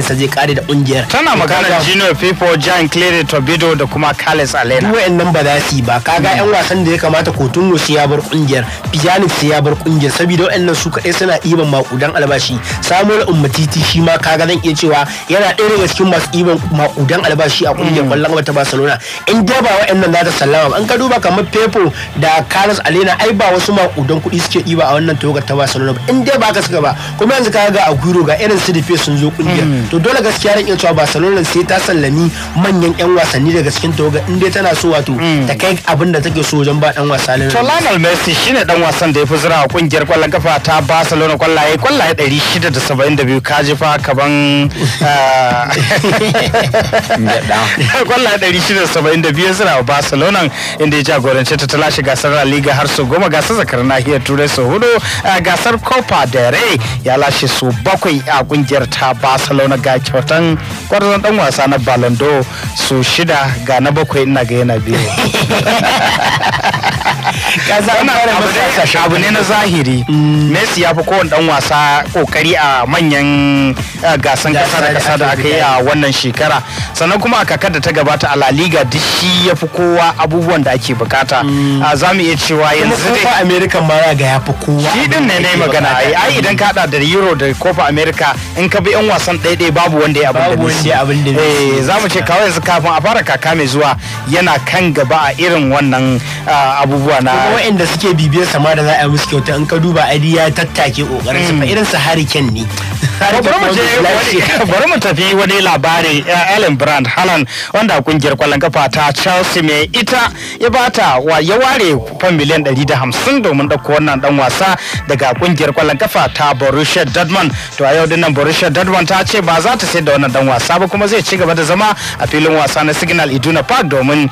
sa zai kare da kungiyar tana magana junior
pipo jan
cleary tobido da kuma carles alena duk nan ba za su yi ba kaga hmm. yan wasan da ya kamata kotun sai ya bar kungiyar Pianic sai ya bar kungiyar saboda nan su kadai suna iban makudan albashi samuel ummatiti shi ma kaga zan iya cewa yana ɗaya daga cikin masu iban makudan albashi a kungiyar kwallon hmm. ta barcelona in dai ba nan za ta sallama Jawab an ka duba kamar pepo da carlos alena ai ba wasu makudan kuɗi suke ɗiba a wannan tawagar ta barcelona ba in dai ba ka suka ba kuma yanzu ka ga aguero ga irin su rufe sun zo kungiyar hmm. to dole gaskiya ran cewa barcelona sai ta sallami manyan ƴan wasanni daga cikin tawagar in dai tana so wato hmm. ta kai abin da take so wajen ba ɗan wasa lana to lionel messi shine dan wasan da ya fi zira a kungiyar kwallon kafa ta barcelona kwallaye kwallaye 672 ka jefa kaban kwallaye 672 ya zira a barcelona nan inda ya jagorance ta lashe gasar La Liga har su goma gasar zakar nahiyar Turai su hudu a gasar Copa da rai ya lashe su bakwai a kungiyar ta Barcelona ga kyautan kwarzon dan wasa na Ballon su shida ga na bakwai ina ga yana biyu. abu ne na zahiri
mm. messi ya fi
kowane dan wasa kokari a manyan gasan kasa da kasa da aka yi a wannan shekara sannan kuma a kakar da ta gabata a la liga duk shi ya fi kowa abubuwan da ake bukata mm. ah, za mu iya cewa yanzu dai kofa
america ma ga yafi kowa shi din ne ne magana ai
idan ka hada da euro da kofa america in ka bi yan wasan ɗaya babu wanda ya abin da ne za mu ce kawai yanzu kafin a fara kaka mai zuwa yana kan gaba a irin wannan ah, abubuwa na kuma waɗanda suke bibiyar sama da za a yi musu kyauta in ka duba adi ya tattake kokarin su fa mm. irin su hariken ne bari mu tafi wani labari eh, Ellen Brand Haaland wanda kungiyar kwallon kafa ta Chelsea mai ita kyauta ya bata wa ya ware kufan miliyan 150 domin ɗauko wannan dan wasa daga kungiyar kwallon kafa ta Borussia Dortmund to a yau nan Borussia Dortmund ta ce ba za ta sayar da wannan dan wasa ba kuma zai ci gaba da zama a filin wasa na Signal Iduna Park domin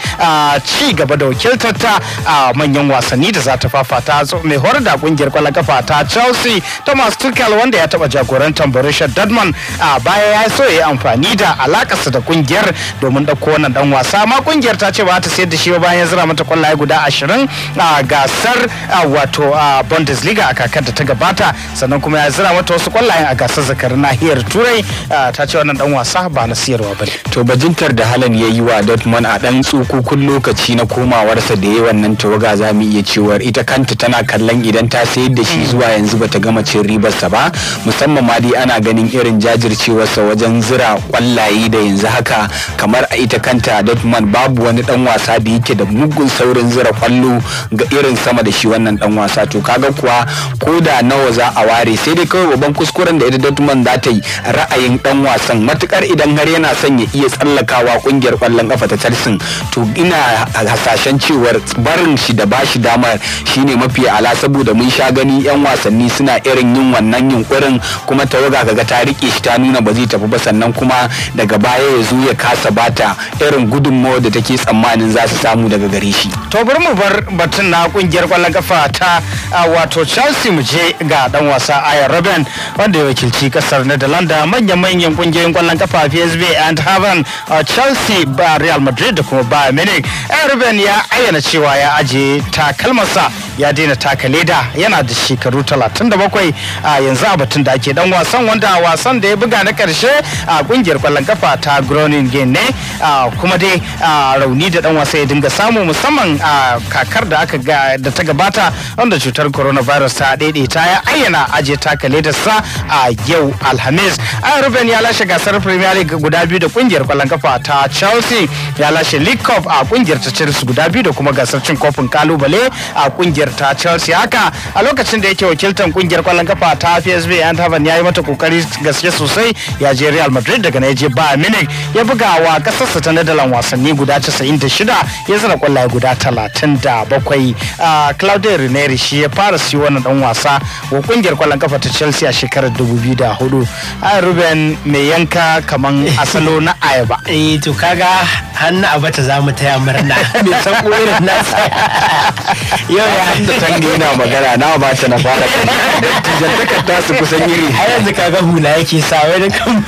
ci gaba da wakiltar a manyan wasanni da za ta fafata mai horar da kungiyar kwallon kafa ta Chelsea Thomas Tuchel wanda ya taba jagorantar Borussia Dortmund a baya ya so ya yi amfani da alakarsa da kungiyar domin ɗauko wannan dan wasa ma kungiyar ta ce ba ta sayar da shi bayan zira mata kwallaye guda ashirin a gasar wato a bundesliga a kakar da ta gabata sannan kuma ya zira mata wasu kwallayen a gasar zakar nahiyar turai ta ce wannan dan wasa ba na siyarwa ba to bajintar da halan ya yi wa dortmund a dan tsukukun lokaci na komawarsa da ya wannan tawaga za mu iya cewar ita kanta tana kallon idan ta sayar da shi mm. zuwa yanzu ba ta gama cin ribarsa ba musamman ma dai ana ganin irin jajircewarsa wajen zira kwallaye da yanzu haka kamar a ita kanta dortmund babu wani dan wasa da yake yake da mugun saurin zira kwallo ga irin sama da shi wannan dan wasa to kaga kuwa ko da nawa za a ware sai dai kawai babban kuskuren da ita Dortmund za ta yi ra'ayin dan wasan matukar idan har yana son ya iya tsallakawa kungiyar kwallon kafa ta Chelsea to ina hasashen cewar barin shi da bashi damar shine mafi ala saboda mun sha gani yan wasanni suna irin yin wannan yunkurin kuma ta tawaga kaga ta rike shi ta nuna ba zai tafi ba sannan kuma daga baya ya zo ya kasa bata irin gudunmawar da take tsammanin za su samu samu daga gare shi to bari mu bar batun na kungiyar kwallon kafa ta wato Chelsea mu je ga dan wasa Ayan Robben wanda ya wakilci kasar Netherlands manyan manyan kungiyoyin kwallon kafa PSV and Haven Chelsea ba Real Madrid da kuma Bayern Munich Ayan Robben ya ayyana cewa ya aje takalmarsa ya daina taka leda yana da shekaru 37 a yanzu a batun da ake dan wasan wanda wasan da ya buga na karshe a kungiyar kwallon kafa ta Groningen ne kuma dai rauni da dan wasa ya dinga da samu musamman a kakar da aka da ta gabata wanda cutar coronavirus ta ta ya ayyana aje taka ledarsa a yau alhamis a ruben ya lashe gasar premier league guda biyu da kungiyar kwallon kafa ta chelsea ya lashe league cup a kungiyar ta chelsea guda biyu da kuma gasar cin kofin kalubale a kungiyar ta chelsea haka a lokacin da yake wakiltar kungiyar kwallon kafa ta psv eindhoven ya yi mata kokari gaske sosai ya je real madrid daga na ya je bayern munich ya buga wa kasarsa ta nadalan wasanni guda 96 ya ya zira kwallaye guda 37 claudio ranieri shi ya fara siyo wani dan wasa wa kungiyar kwallon kafa ta chelsea a shekarar 2004 a ruben mai yanka kaman asalo na ayaba eh to kaga hannu bata za mu taya murna
mai san koyar na yau ya da tangi na magana na ba ta na fara jantakar ta su kusan iri a yanzu kaga hula
yake sa wani kan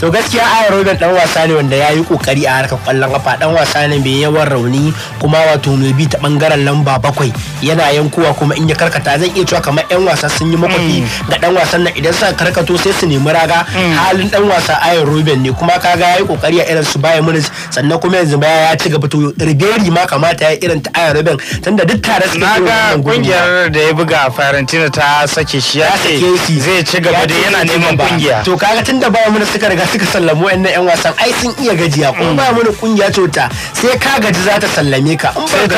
to gaskiya a ruben dan wasa ne wanda ya yi kokari a harkar kwallon kafa dan wasa ne bai yawan rauni kuma wato mai bi ta bangaren lamba bakwai yana yankuwa kuma in ya karkata zan iya cewa kamar yan wasa sun yi makwafi hmm. ga dan wasan nan idan suka karkato sai su nemi raga hmm. halin dan wasa ayon ruben ne kuma kaga yayi kokari a irin su bayan munis
sannan kuma yanzu baya ya ci gaba to ribery ma kamata ya irin ta ayon ruben tunda duk
tare su
ga kungiyar da ya buga farantina ta sake shi ya shi zai ci gaba da yana neman kungiya to
kaga tunda bayan munis suka riga suka sallamo yan yan wasan ai sun iya gajiya kuma hmm. bayan munis kungiya ta sai ka gaji za ta sallame ka sai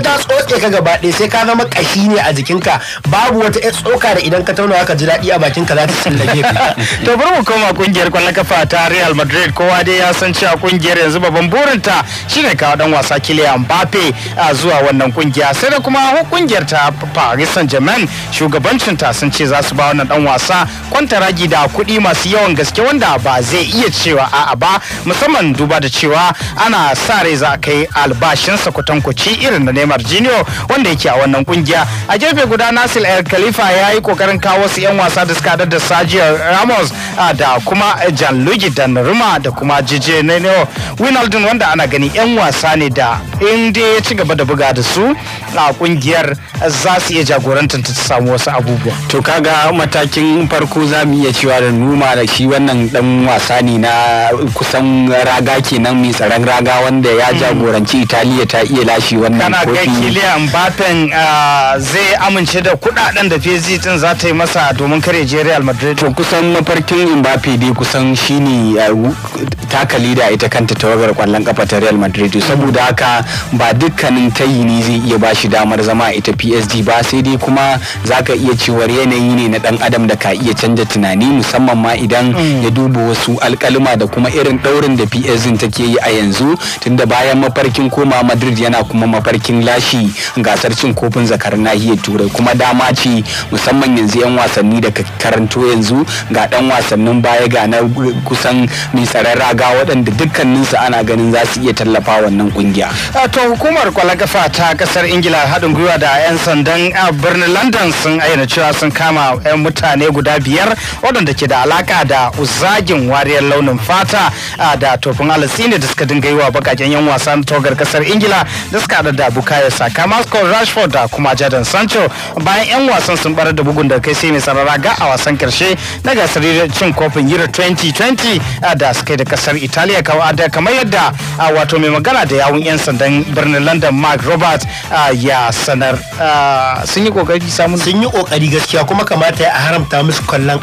ta tsotse ka gaba ɗaya sai ka zama kashi ne a jikinka babu wata ƴar tsoka da idan ka tauna ka ji daɗi a bakinka za ta sallame ka to bari mu koma kungiyar kwallon kafa ta Real Madrid kowa dai ya san cewa kungiyar yanzu babban burinta shine kawo dan wasa Kylian Mbappe zuwa wannan kungiya sai da kuma kungiyar ta Paris Saint-Germain shugabancin ta sun ce za su ba wannan dan wasa kwantaragi da kuɗi masu yawan gaske wanda ba zai iya cewa a'a ba musamman duba da cewa ana sa rai za a kai albashinsa kwatankwaci irin da Neymar Junior wanda yake a wannan kungiya. A jefe guda Nasir El Khalifa ya yi kokarin kawo su 'yan wasa da suka da Sergio Ramos da kuma Gianluigi Donnarumma da kuma Jije Nenio Wijnaldum wanda ana gani 'yan wasa ne da in dai ya ci gaba da buga da su a kungiyar za su iya jagorantar ta samu wasu abubuwa. To kaga matakin farko za mu iya cewa da numa da shi wannan dan wasa ne na kusan raga kenan mai tsaron raga wanda ya ya jagoranci Italiya ta iya lashe wannan kofi. Kana ga kiliyan bafin ah, zai amince da kudaden da PSG din za ta yi masa domin kare je Real Madrid. To kusan mafarkin Mbappe dai kusan shine ah, takali da ita kanta tawagar kwallon kafa ta Real Madrid saboda haka ba dukkanin tayi ne zai iya bashi damar zama ita PSG ba sai dai kuma zaka iya cewar yanayi ne na dan adam da ka iya canja tunani musamman ma idan mm. ya duba wasu alkalima da kuma irin daurin da PSG take yi a yanzu tunda ba bayan mafarkin koma madrid yana kuma mafarkin lashi gasar cin kofin zakar nahiyar turai kuma dama ce musamman yanzu yan wasanni da karanto yanzu ga dan wasannin baya ga na kusan nisarar raga waɗanda dukkaninsu ana ganin za su iya tallafa wannan kungiya. to hukumar kwalagafa ta kasar ingila haɗin gwiwa da 'yan sandan a birnin london sun ayyana cewa sun kama 'yan mutane guda biyar waɗanda ke da alaka da uzagin wariyar launin fata da tofin alasini da suka dinga yi wa bakaken yan wasa na kasar ingila da suka hada da bukayo saka mascot rashford da kuma jadon sancho bayan yan wasan sun barar da bugun da kai sai mai sarara ga a wasan karshe na gasar cin kofin euro 2020 ah, da suka da kasar italiya ah, da kamar yadda ah, wato mai magana da yawun yan sandan birnin london mark robert ya sanar sun yi kokari samun sun yi kokari gaskiya kuma kamata ya haramta musu kallon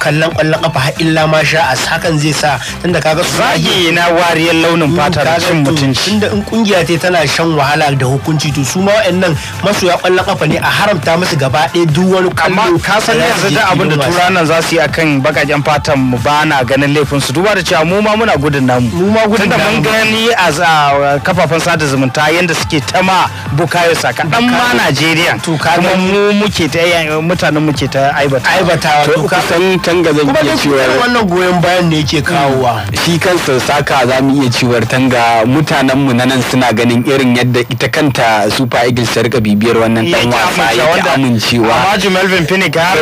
kallon kwallon kafa har illa ma sha a hakan zai sa tunda kaga su zagi na wariyar launin mm, fata da cin mutum mutunci tunda in kungiya ce tana shan wahala da hukunci to su ma masu masoya kwallon kafa ne a haramta musu gaba ɗaya duk wani amma ka san yanzu da abin da tura nan za su yi akan bakaken fatan mu ba na ganin laifin su duba da cewa mu ma muna gudun namu mu ma gudun namu mun gani a kafafen sada zumunta yanda suke ta ma bukayo saka dan ma Najeriya to kuma mu muke ta mutanen muke ta aibata aibata to ka san tanga zan iya cewa wannan goyon bayan ne yake kawowa mm. shi kansa saka za mu iya cewa tanga mutane mutanenmu na nan suna ganin irin yadda ita kanta super eagles ta rika bibiyar wannan dan wasa ya amincewa amma Melvin finnick har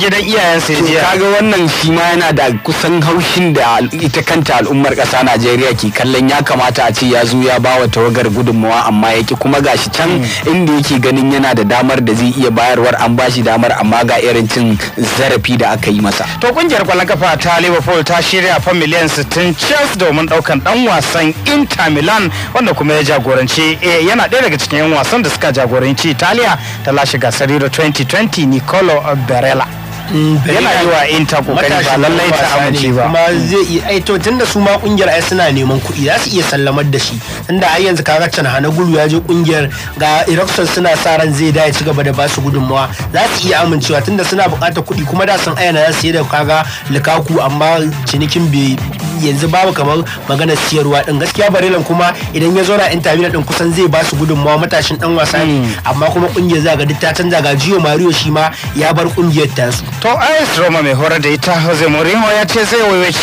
gidan iyayen sai jiya kaga wannan shi ma yana da kusan haushin da ita kanta al'ummar kasa najeriya ke kallon ya kamata a ce ya zo ya bawa tawagar gudunmawa amma yaki kuma gashi can hmm. inda yake ganin yana da damar da zai iya bayarwar an bashi damar amma ga irin cin zarafi da aka yi masa to kungiyar kwallon kafa ta liverpool ta shirya fa miliyan 60 chance domin daukan dan wasan inter milan Milan wanda kuma ya jagoranci eh, yana ɗaya daga cikin 'yan wasan da suka jagoranci Italiya ta lashe gasar Euro 2020 Nicolo Barella. yana yi wa inter kokari ba lallai ta amince ba kuma zai iya ai to tunda su ma kungiyar ai suna neman kuɗi za su iya sallamar da shi tunda har yanzu kaga can hana gulu ya je kungiyar ga Erikson suna sa ran zai da ya ci gaba da ba su gudunmawa za su iya amincewa tunda suna buƙatar kuɗi kuma da sun ayyana za su yi da kaga Lukaku amma cinikin bai yanzu babu kamar maganar siyarwa din gaskiya Barelan kuma idan ya zauna Inter Milan din kusan zai ba su gudunmawa matashin dan wasa ne hmm. amma kuma kungiyar za ga duk ta canza ga jiyo Mario shi ma ya bar kungiyar tasu to AS eh, Roma mai horar da ita Jose Mourinho ya ce zai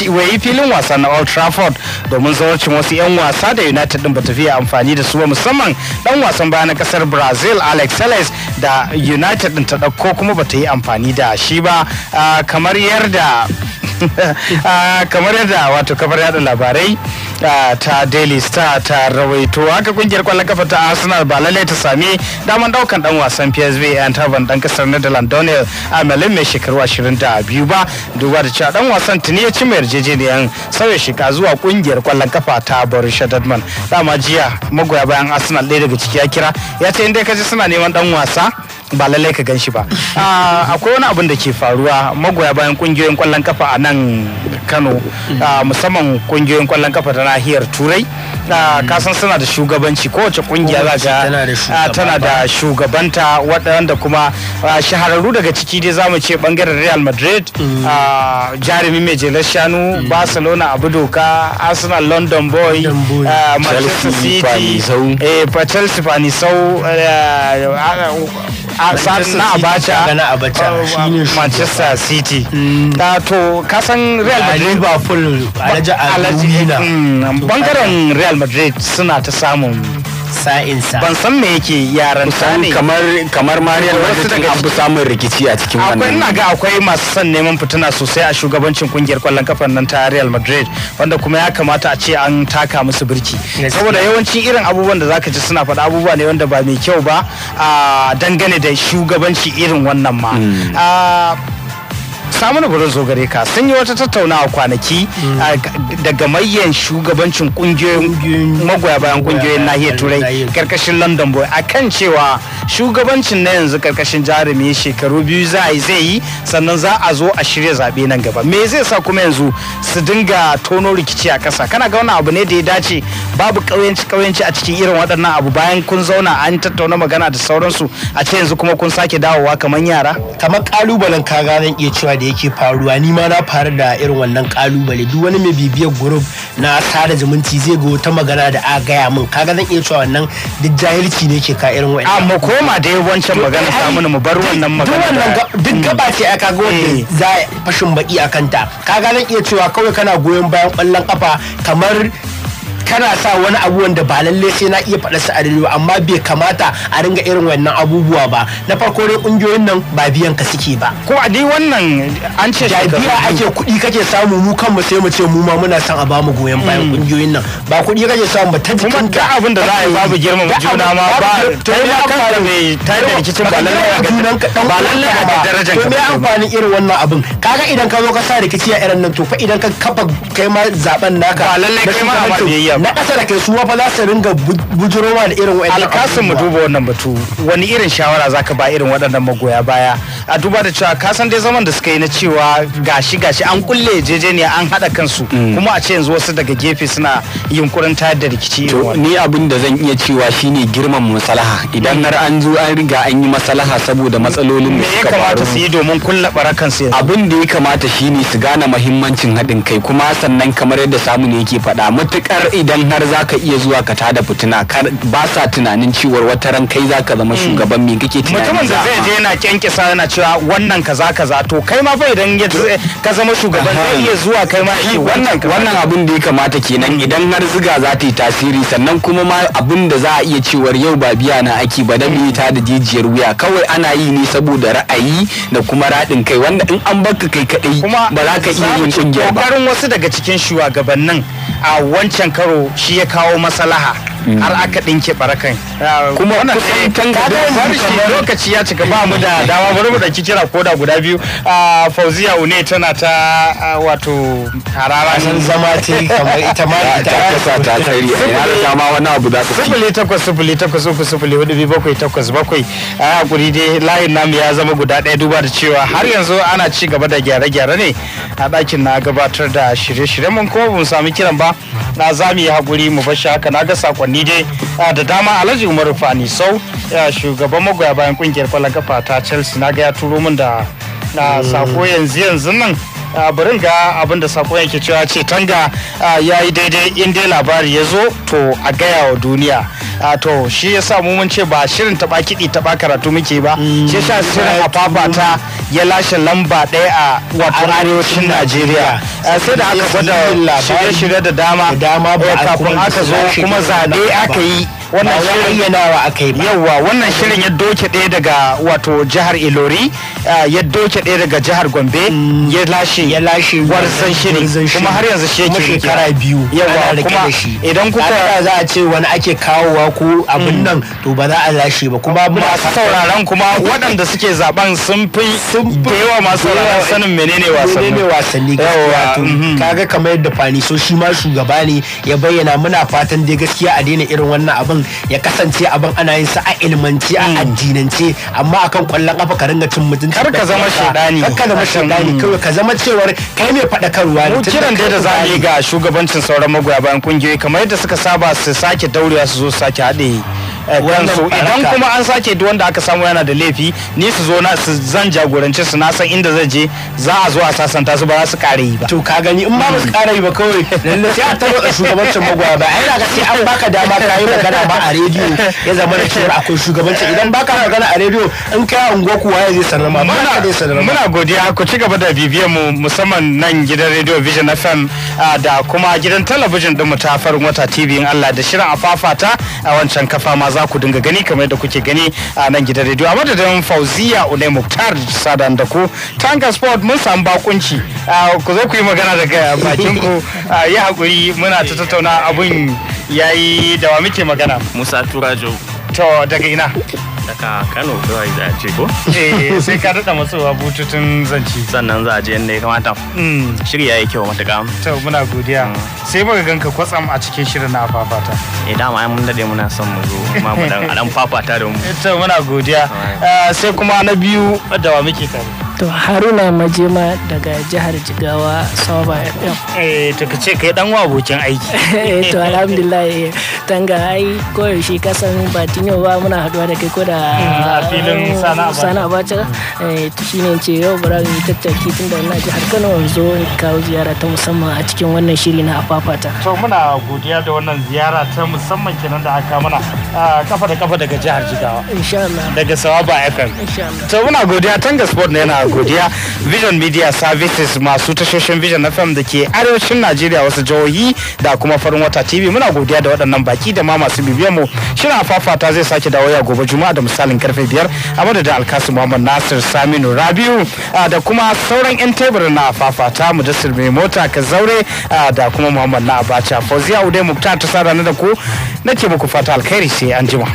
wayi filin wasa na Old Trafford domin zawarcin wasu 'yan wasa da United din bata fiye amfani da su ba musamman dan wasan baya na kasar Brazil Alex Telles da United din ta dauko kuma bata yi amfani da shi ba ah, kamar yarda ah, kamar yadda wato kamar yada labarai ah, ta daily star ta rawaito haka kungiyar kwallon kafa ta arsenal ba lallai ta sami daman daukan dan wasan psv yan taban dan kasar netherlands daniel amelin mai shekaru 22 ba duba da cewa dan wasan tuni ya ci mai yarjejeniyar sauya shika zuwa kungiyar kwallon kafa ta Borussia Dortmund dama jiya magoya bayan Arsenal ɗaya daga ciki ya kira ya ce inda ka ji suna neman dan wasa ba lallai ka gan shi ba ah, akwai wani abin da ke faruwa magoya bayan kungiyoyin kwallon kafa a nan kano hmm. ah, musamman kungiyoyin kwallon kafa ta nahiyar turai ah, hmm. kasan suna da shugabanci kowace kungiya za ga tana da shugabanta
waɗanda kuma shahararru daga ciki dai zamu ce bangaren real madrid hmm. jarumi mai jelar shanu barcelona abu doka arsenal london boy manchester city eh, chelsea fanisau eh,
na abacha na abacha shine manchester city ta mm. ah,
to kasan real madrid liverpool alaji mm, bangaren real madrid suna ta samun
sa'insa ban san me yake yaran ta ne kamar kamar Mariam wasu daga abu samun rikici a cikin wannan akwai ina ga akwai masu son neman fitina sosai a shugabancin kungiyar kwallon kafa nan ta Real Madrid wanda kuma ya kamata a ce an taka musu birki saboda yawanci irin abubuwan da zaka ji suna faɗa abubuwa ne wanda ba mai kyau ba a dangane da shugabanci irin wannan ma hmm. samun burin zo gare ka sun yi wata tattaunawa kwanaki daga mayan shugabancin kungiyoyin magoya bayan kungiyoyin nahiyar turai karkashin london boy a kan cewa shugabancin na yanzu karkashin jarumi shekaru biyu za a yi zai yi sannan za a zo a shirya zaɓe nan gaba me zai sa kuma yanzu su dinga tono rikici a ƙasa kana ga wani abu ne da ya dace babu ƙauyenci ƙauyenci a cikin irin waɗannan abu bayan kun zauna an tattauna magana da sauransu a ce yanzu kuma kun sake dawowa kamar yara kamar ƙalubalen ka gane iya cewa da yake faruwa ni ma na faru da irin wannan kalubale duk wani mai bibiyar group na sada zumunci zai ga wata magana da a gaya min kaga zan iya cewa wannan duk jahilci ne ke ka irin wa'in amma ah, koma da wancan magana samun mu bar wannan magana duk hmm. gaba ce a kaga wanda hmm. za fashin baki akan ta kaga zan iya cewa kawai kana goyon bayan kwallon kafa kamar kana sa wani abu wanda ba lalle sai na iya faɗa sa a ba amma bai kamata a ringa irin wannan abubuwa ba na farko dai kungiyoyin nan ba biyan ka suke ba ko a dai wannan an ce da biya ake kuɗi kake samu mu kanmu sai mu ce mu ma muna son a bamu goyon mm. bayan kungiyoyin nan ba kuɗi kake samu ba ta jikin kuma duk abin da za a yi babu girma juna ma ba ta yi kanka ne ta yi rikicin ba lalle a ga ba lalle a ga darajar ka ba amfanin irin wannan abin kaga idan ka zo ka sa rikici a irin nan to fa idan ka kafa kai ma zaben naka ba lalle kai ma ba biyayya na ƙasa da ke su fa za su ringa bujirowa da irin abubuwa. alkasin mu duba wannan batu wani irin shawara zaka ba irin waɗannan magoya baya a duba da cewa kasan dai zaman da suka yi na cewa gashi gashi an kulle jejeniya an haɗa kansu mm. kuma a ce yanzu wasu daga gefe suna yunkurin tayar da rikici ni abin da zan iya cewa shine girman masalaha idan har an zo an riga an yi masalaha saboda matsalolin da suka faru su yi domin kulla barakan su abin da ya kamata shine su gane muhimmancin haɗin kai kuma sannan kamar yadda samu ne yake faɗa matukar idan har za ka iya zuwa ka tada fitina ba sa tunanin cewar wata ran kai za ka zama hmm. shugaban me kake tunani mutumin da zai je yana kyankyasa yana cewa wannan ka za ka to kai ma fa idan ka zama shugaban zai iya zuwa kai ma wannan wannan abin da ya kamata kenan hmm. idan har ziga za ta yi tasiri sannan kuma ma abin da za a iya cewar yau ba biya na aiki ba da ta da jijiyar wuya kawai ana yi ne saboda ra'ayi da kuma raɗin kai wanda in an baka kai kadai ba za ka iya yin kungiya ba kokarin wasu daga cikin shugabannin a wancan karo yaro shi ya kawo maslaha har aka ɗinke barakan kuma kusan eh, lokaci ya cika ba mu da dama bari mu dauki kira koda guda biyu ah, fauziya une tana ta ah, wato harara san zama ce kamar ita ma ah, ta kasa ta tari har da ma
wani abu da ka sifili
takwas sifili takwas uku sifili hudu biyu bakwai takwas bakwai a hakuri dai layin namu ya zama guda ɗaya duba da cewa har yanzu ana ci gaba da gyare-gyare ne a ɗakin na gabatar da shirye-shiryen mun kuma mun sami kiran ba na za mu yi hakuri mu bar shi
haka na ga sakonni Ni dai da dama alhaji umar fani sau shugaban magoya bayan kungiyar kwallon kafa ta chelsea na ga ya turo min da sako mm. yanzu yanzu nan
bari ga abin da sakon yake cewa ce tanga ya yi daidai in dai labari ya zo to a gaya wa duniya to shi ya sa mun ce ba shirin taba kiɗi taba karatu muke ba mm. shi sa shirin a fafata ya lashe lamba ɗaya a wato arewacin najeriya sai da aka gwada shirye-shirye da dama eh, kafin aka zo kuma zaɓe aka yi wannan shirin aka yi ba yawa wannan shirin ya doke ɗaya daga wato jihar Ilori ya doke ɗaya daga jihar Gombe mm. ya lashe ya lashe warzan shirin kuma har yanzu shi yake shekara biyu yawa kuma idan kuka za a ce wani ake kawowa ko abin mm. nan to ba za a lashe ba kuma masu sauraron kuma waɗanda suke zaben sun fi da yawa masu sauraron sanin menene wasanni menene wasanni gaskiya mm-hmm. kaga kamar yadda fani so shi ma shugaba ne ya bayyana muna fatan dai gaskiya a daina irin wannan abin ya kasance abin ana yin sa a ilmanci a hmm. addinance amma akan kwallon kafa ka ringa cin mutunci kar ka zama shaidani kar ka zama shaidani hmm. kawai ka zama cewar kai mai fadakarwa ne kiran da za a yi ga shugabancin sauran magoya bayan kungiyoyi kamar yadda suka saba su sake daurewa su zo sake haɗe Eh, idan kuma an sake duk wanda aka samu yana da laifi ni su zo na su zan jagorance su na san inda zai je za a zo a sasanta su ba za su kare yi ba to ka gani in ba su kare yi ba kawai lalle sai a taro da shugabancin magoya ba ai daga
sai an baka dama ka yi magana ba a rediyo ya zama da cewa akwai shugabanci idan baka magana a rediyo
in kai unguwa kuwa ya zai sallama ba ka da sallama muna godiya ku ci gaba da bibiyar mu musamman nan gidan radio Vision FM da kuma gidan talabijin din mu ta farin wata TV in Allah da shirin afafata a wancan kafa ma za ku dinga gani kamar yadda kuke gani a nan gidan rediyo a madadin fauziya unai muktar sadan da ku tanga sport mun samu bakunci
ku zo ku yi magana daga bakin ku yi hakuri muna ta tattauna abun yayi da wa muke magana musa turajo to daga ina daga kano zuwa za a ce ko eh sai ka daɗa wa bututun zanci sannan za a je yadda ya kamata mm. shirya ya kyau matuƙa to muna godiya mm. sai muka ganka kwatsam a cikin shirin na fafata eh dama ai mun daɗe muna son mu zo kuma mu dan fafata da mu eh, to muna godiya eh, sai kuma na biyu da wa muke tare
to haruna majema daga jihar jigawa saba fm
eh to kace kai dan wa abokin aiki
eh to alhamdulillah eh. tanga ai koyaushe ka san ba tinyo ba muna haduwa da kai ko da mm, a filin sana'a. Sana'a ba abacha eh to shine in ce yau bara mu tattaki tun da ina jihar Kano zo kawo ziyara ta musamman a cikin wannan shiri na afafata to muna
godiya da wannan ziyara ta musamman kenan da aka mana kafa da kafa daga jihar jigawa insha Allah daga sawaba fm insha
Allah
to muna godiya tanga sport ne yana godiya vision media services masu tashoshin vision fm da ke arewacin najeriya wasu jihohi da kuma farin wata tv muna godiya da waɗannan baki da ma masu bibiyar mu shirin fafata zai sake dawo ya gobe juma'a da misalin karfe biyar a madadin alkasu muhammad nasir saminu rabiu da kuma sauran yan teburin na fafata mujassir mai mota ka zaure da kuma muhammad na abacha fauziya udai muktar ta sada na da ku nake muku fata alkhairi sai an jima.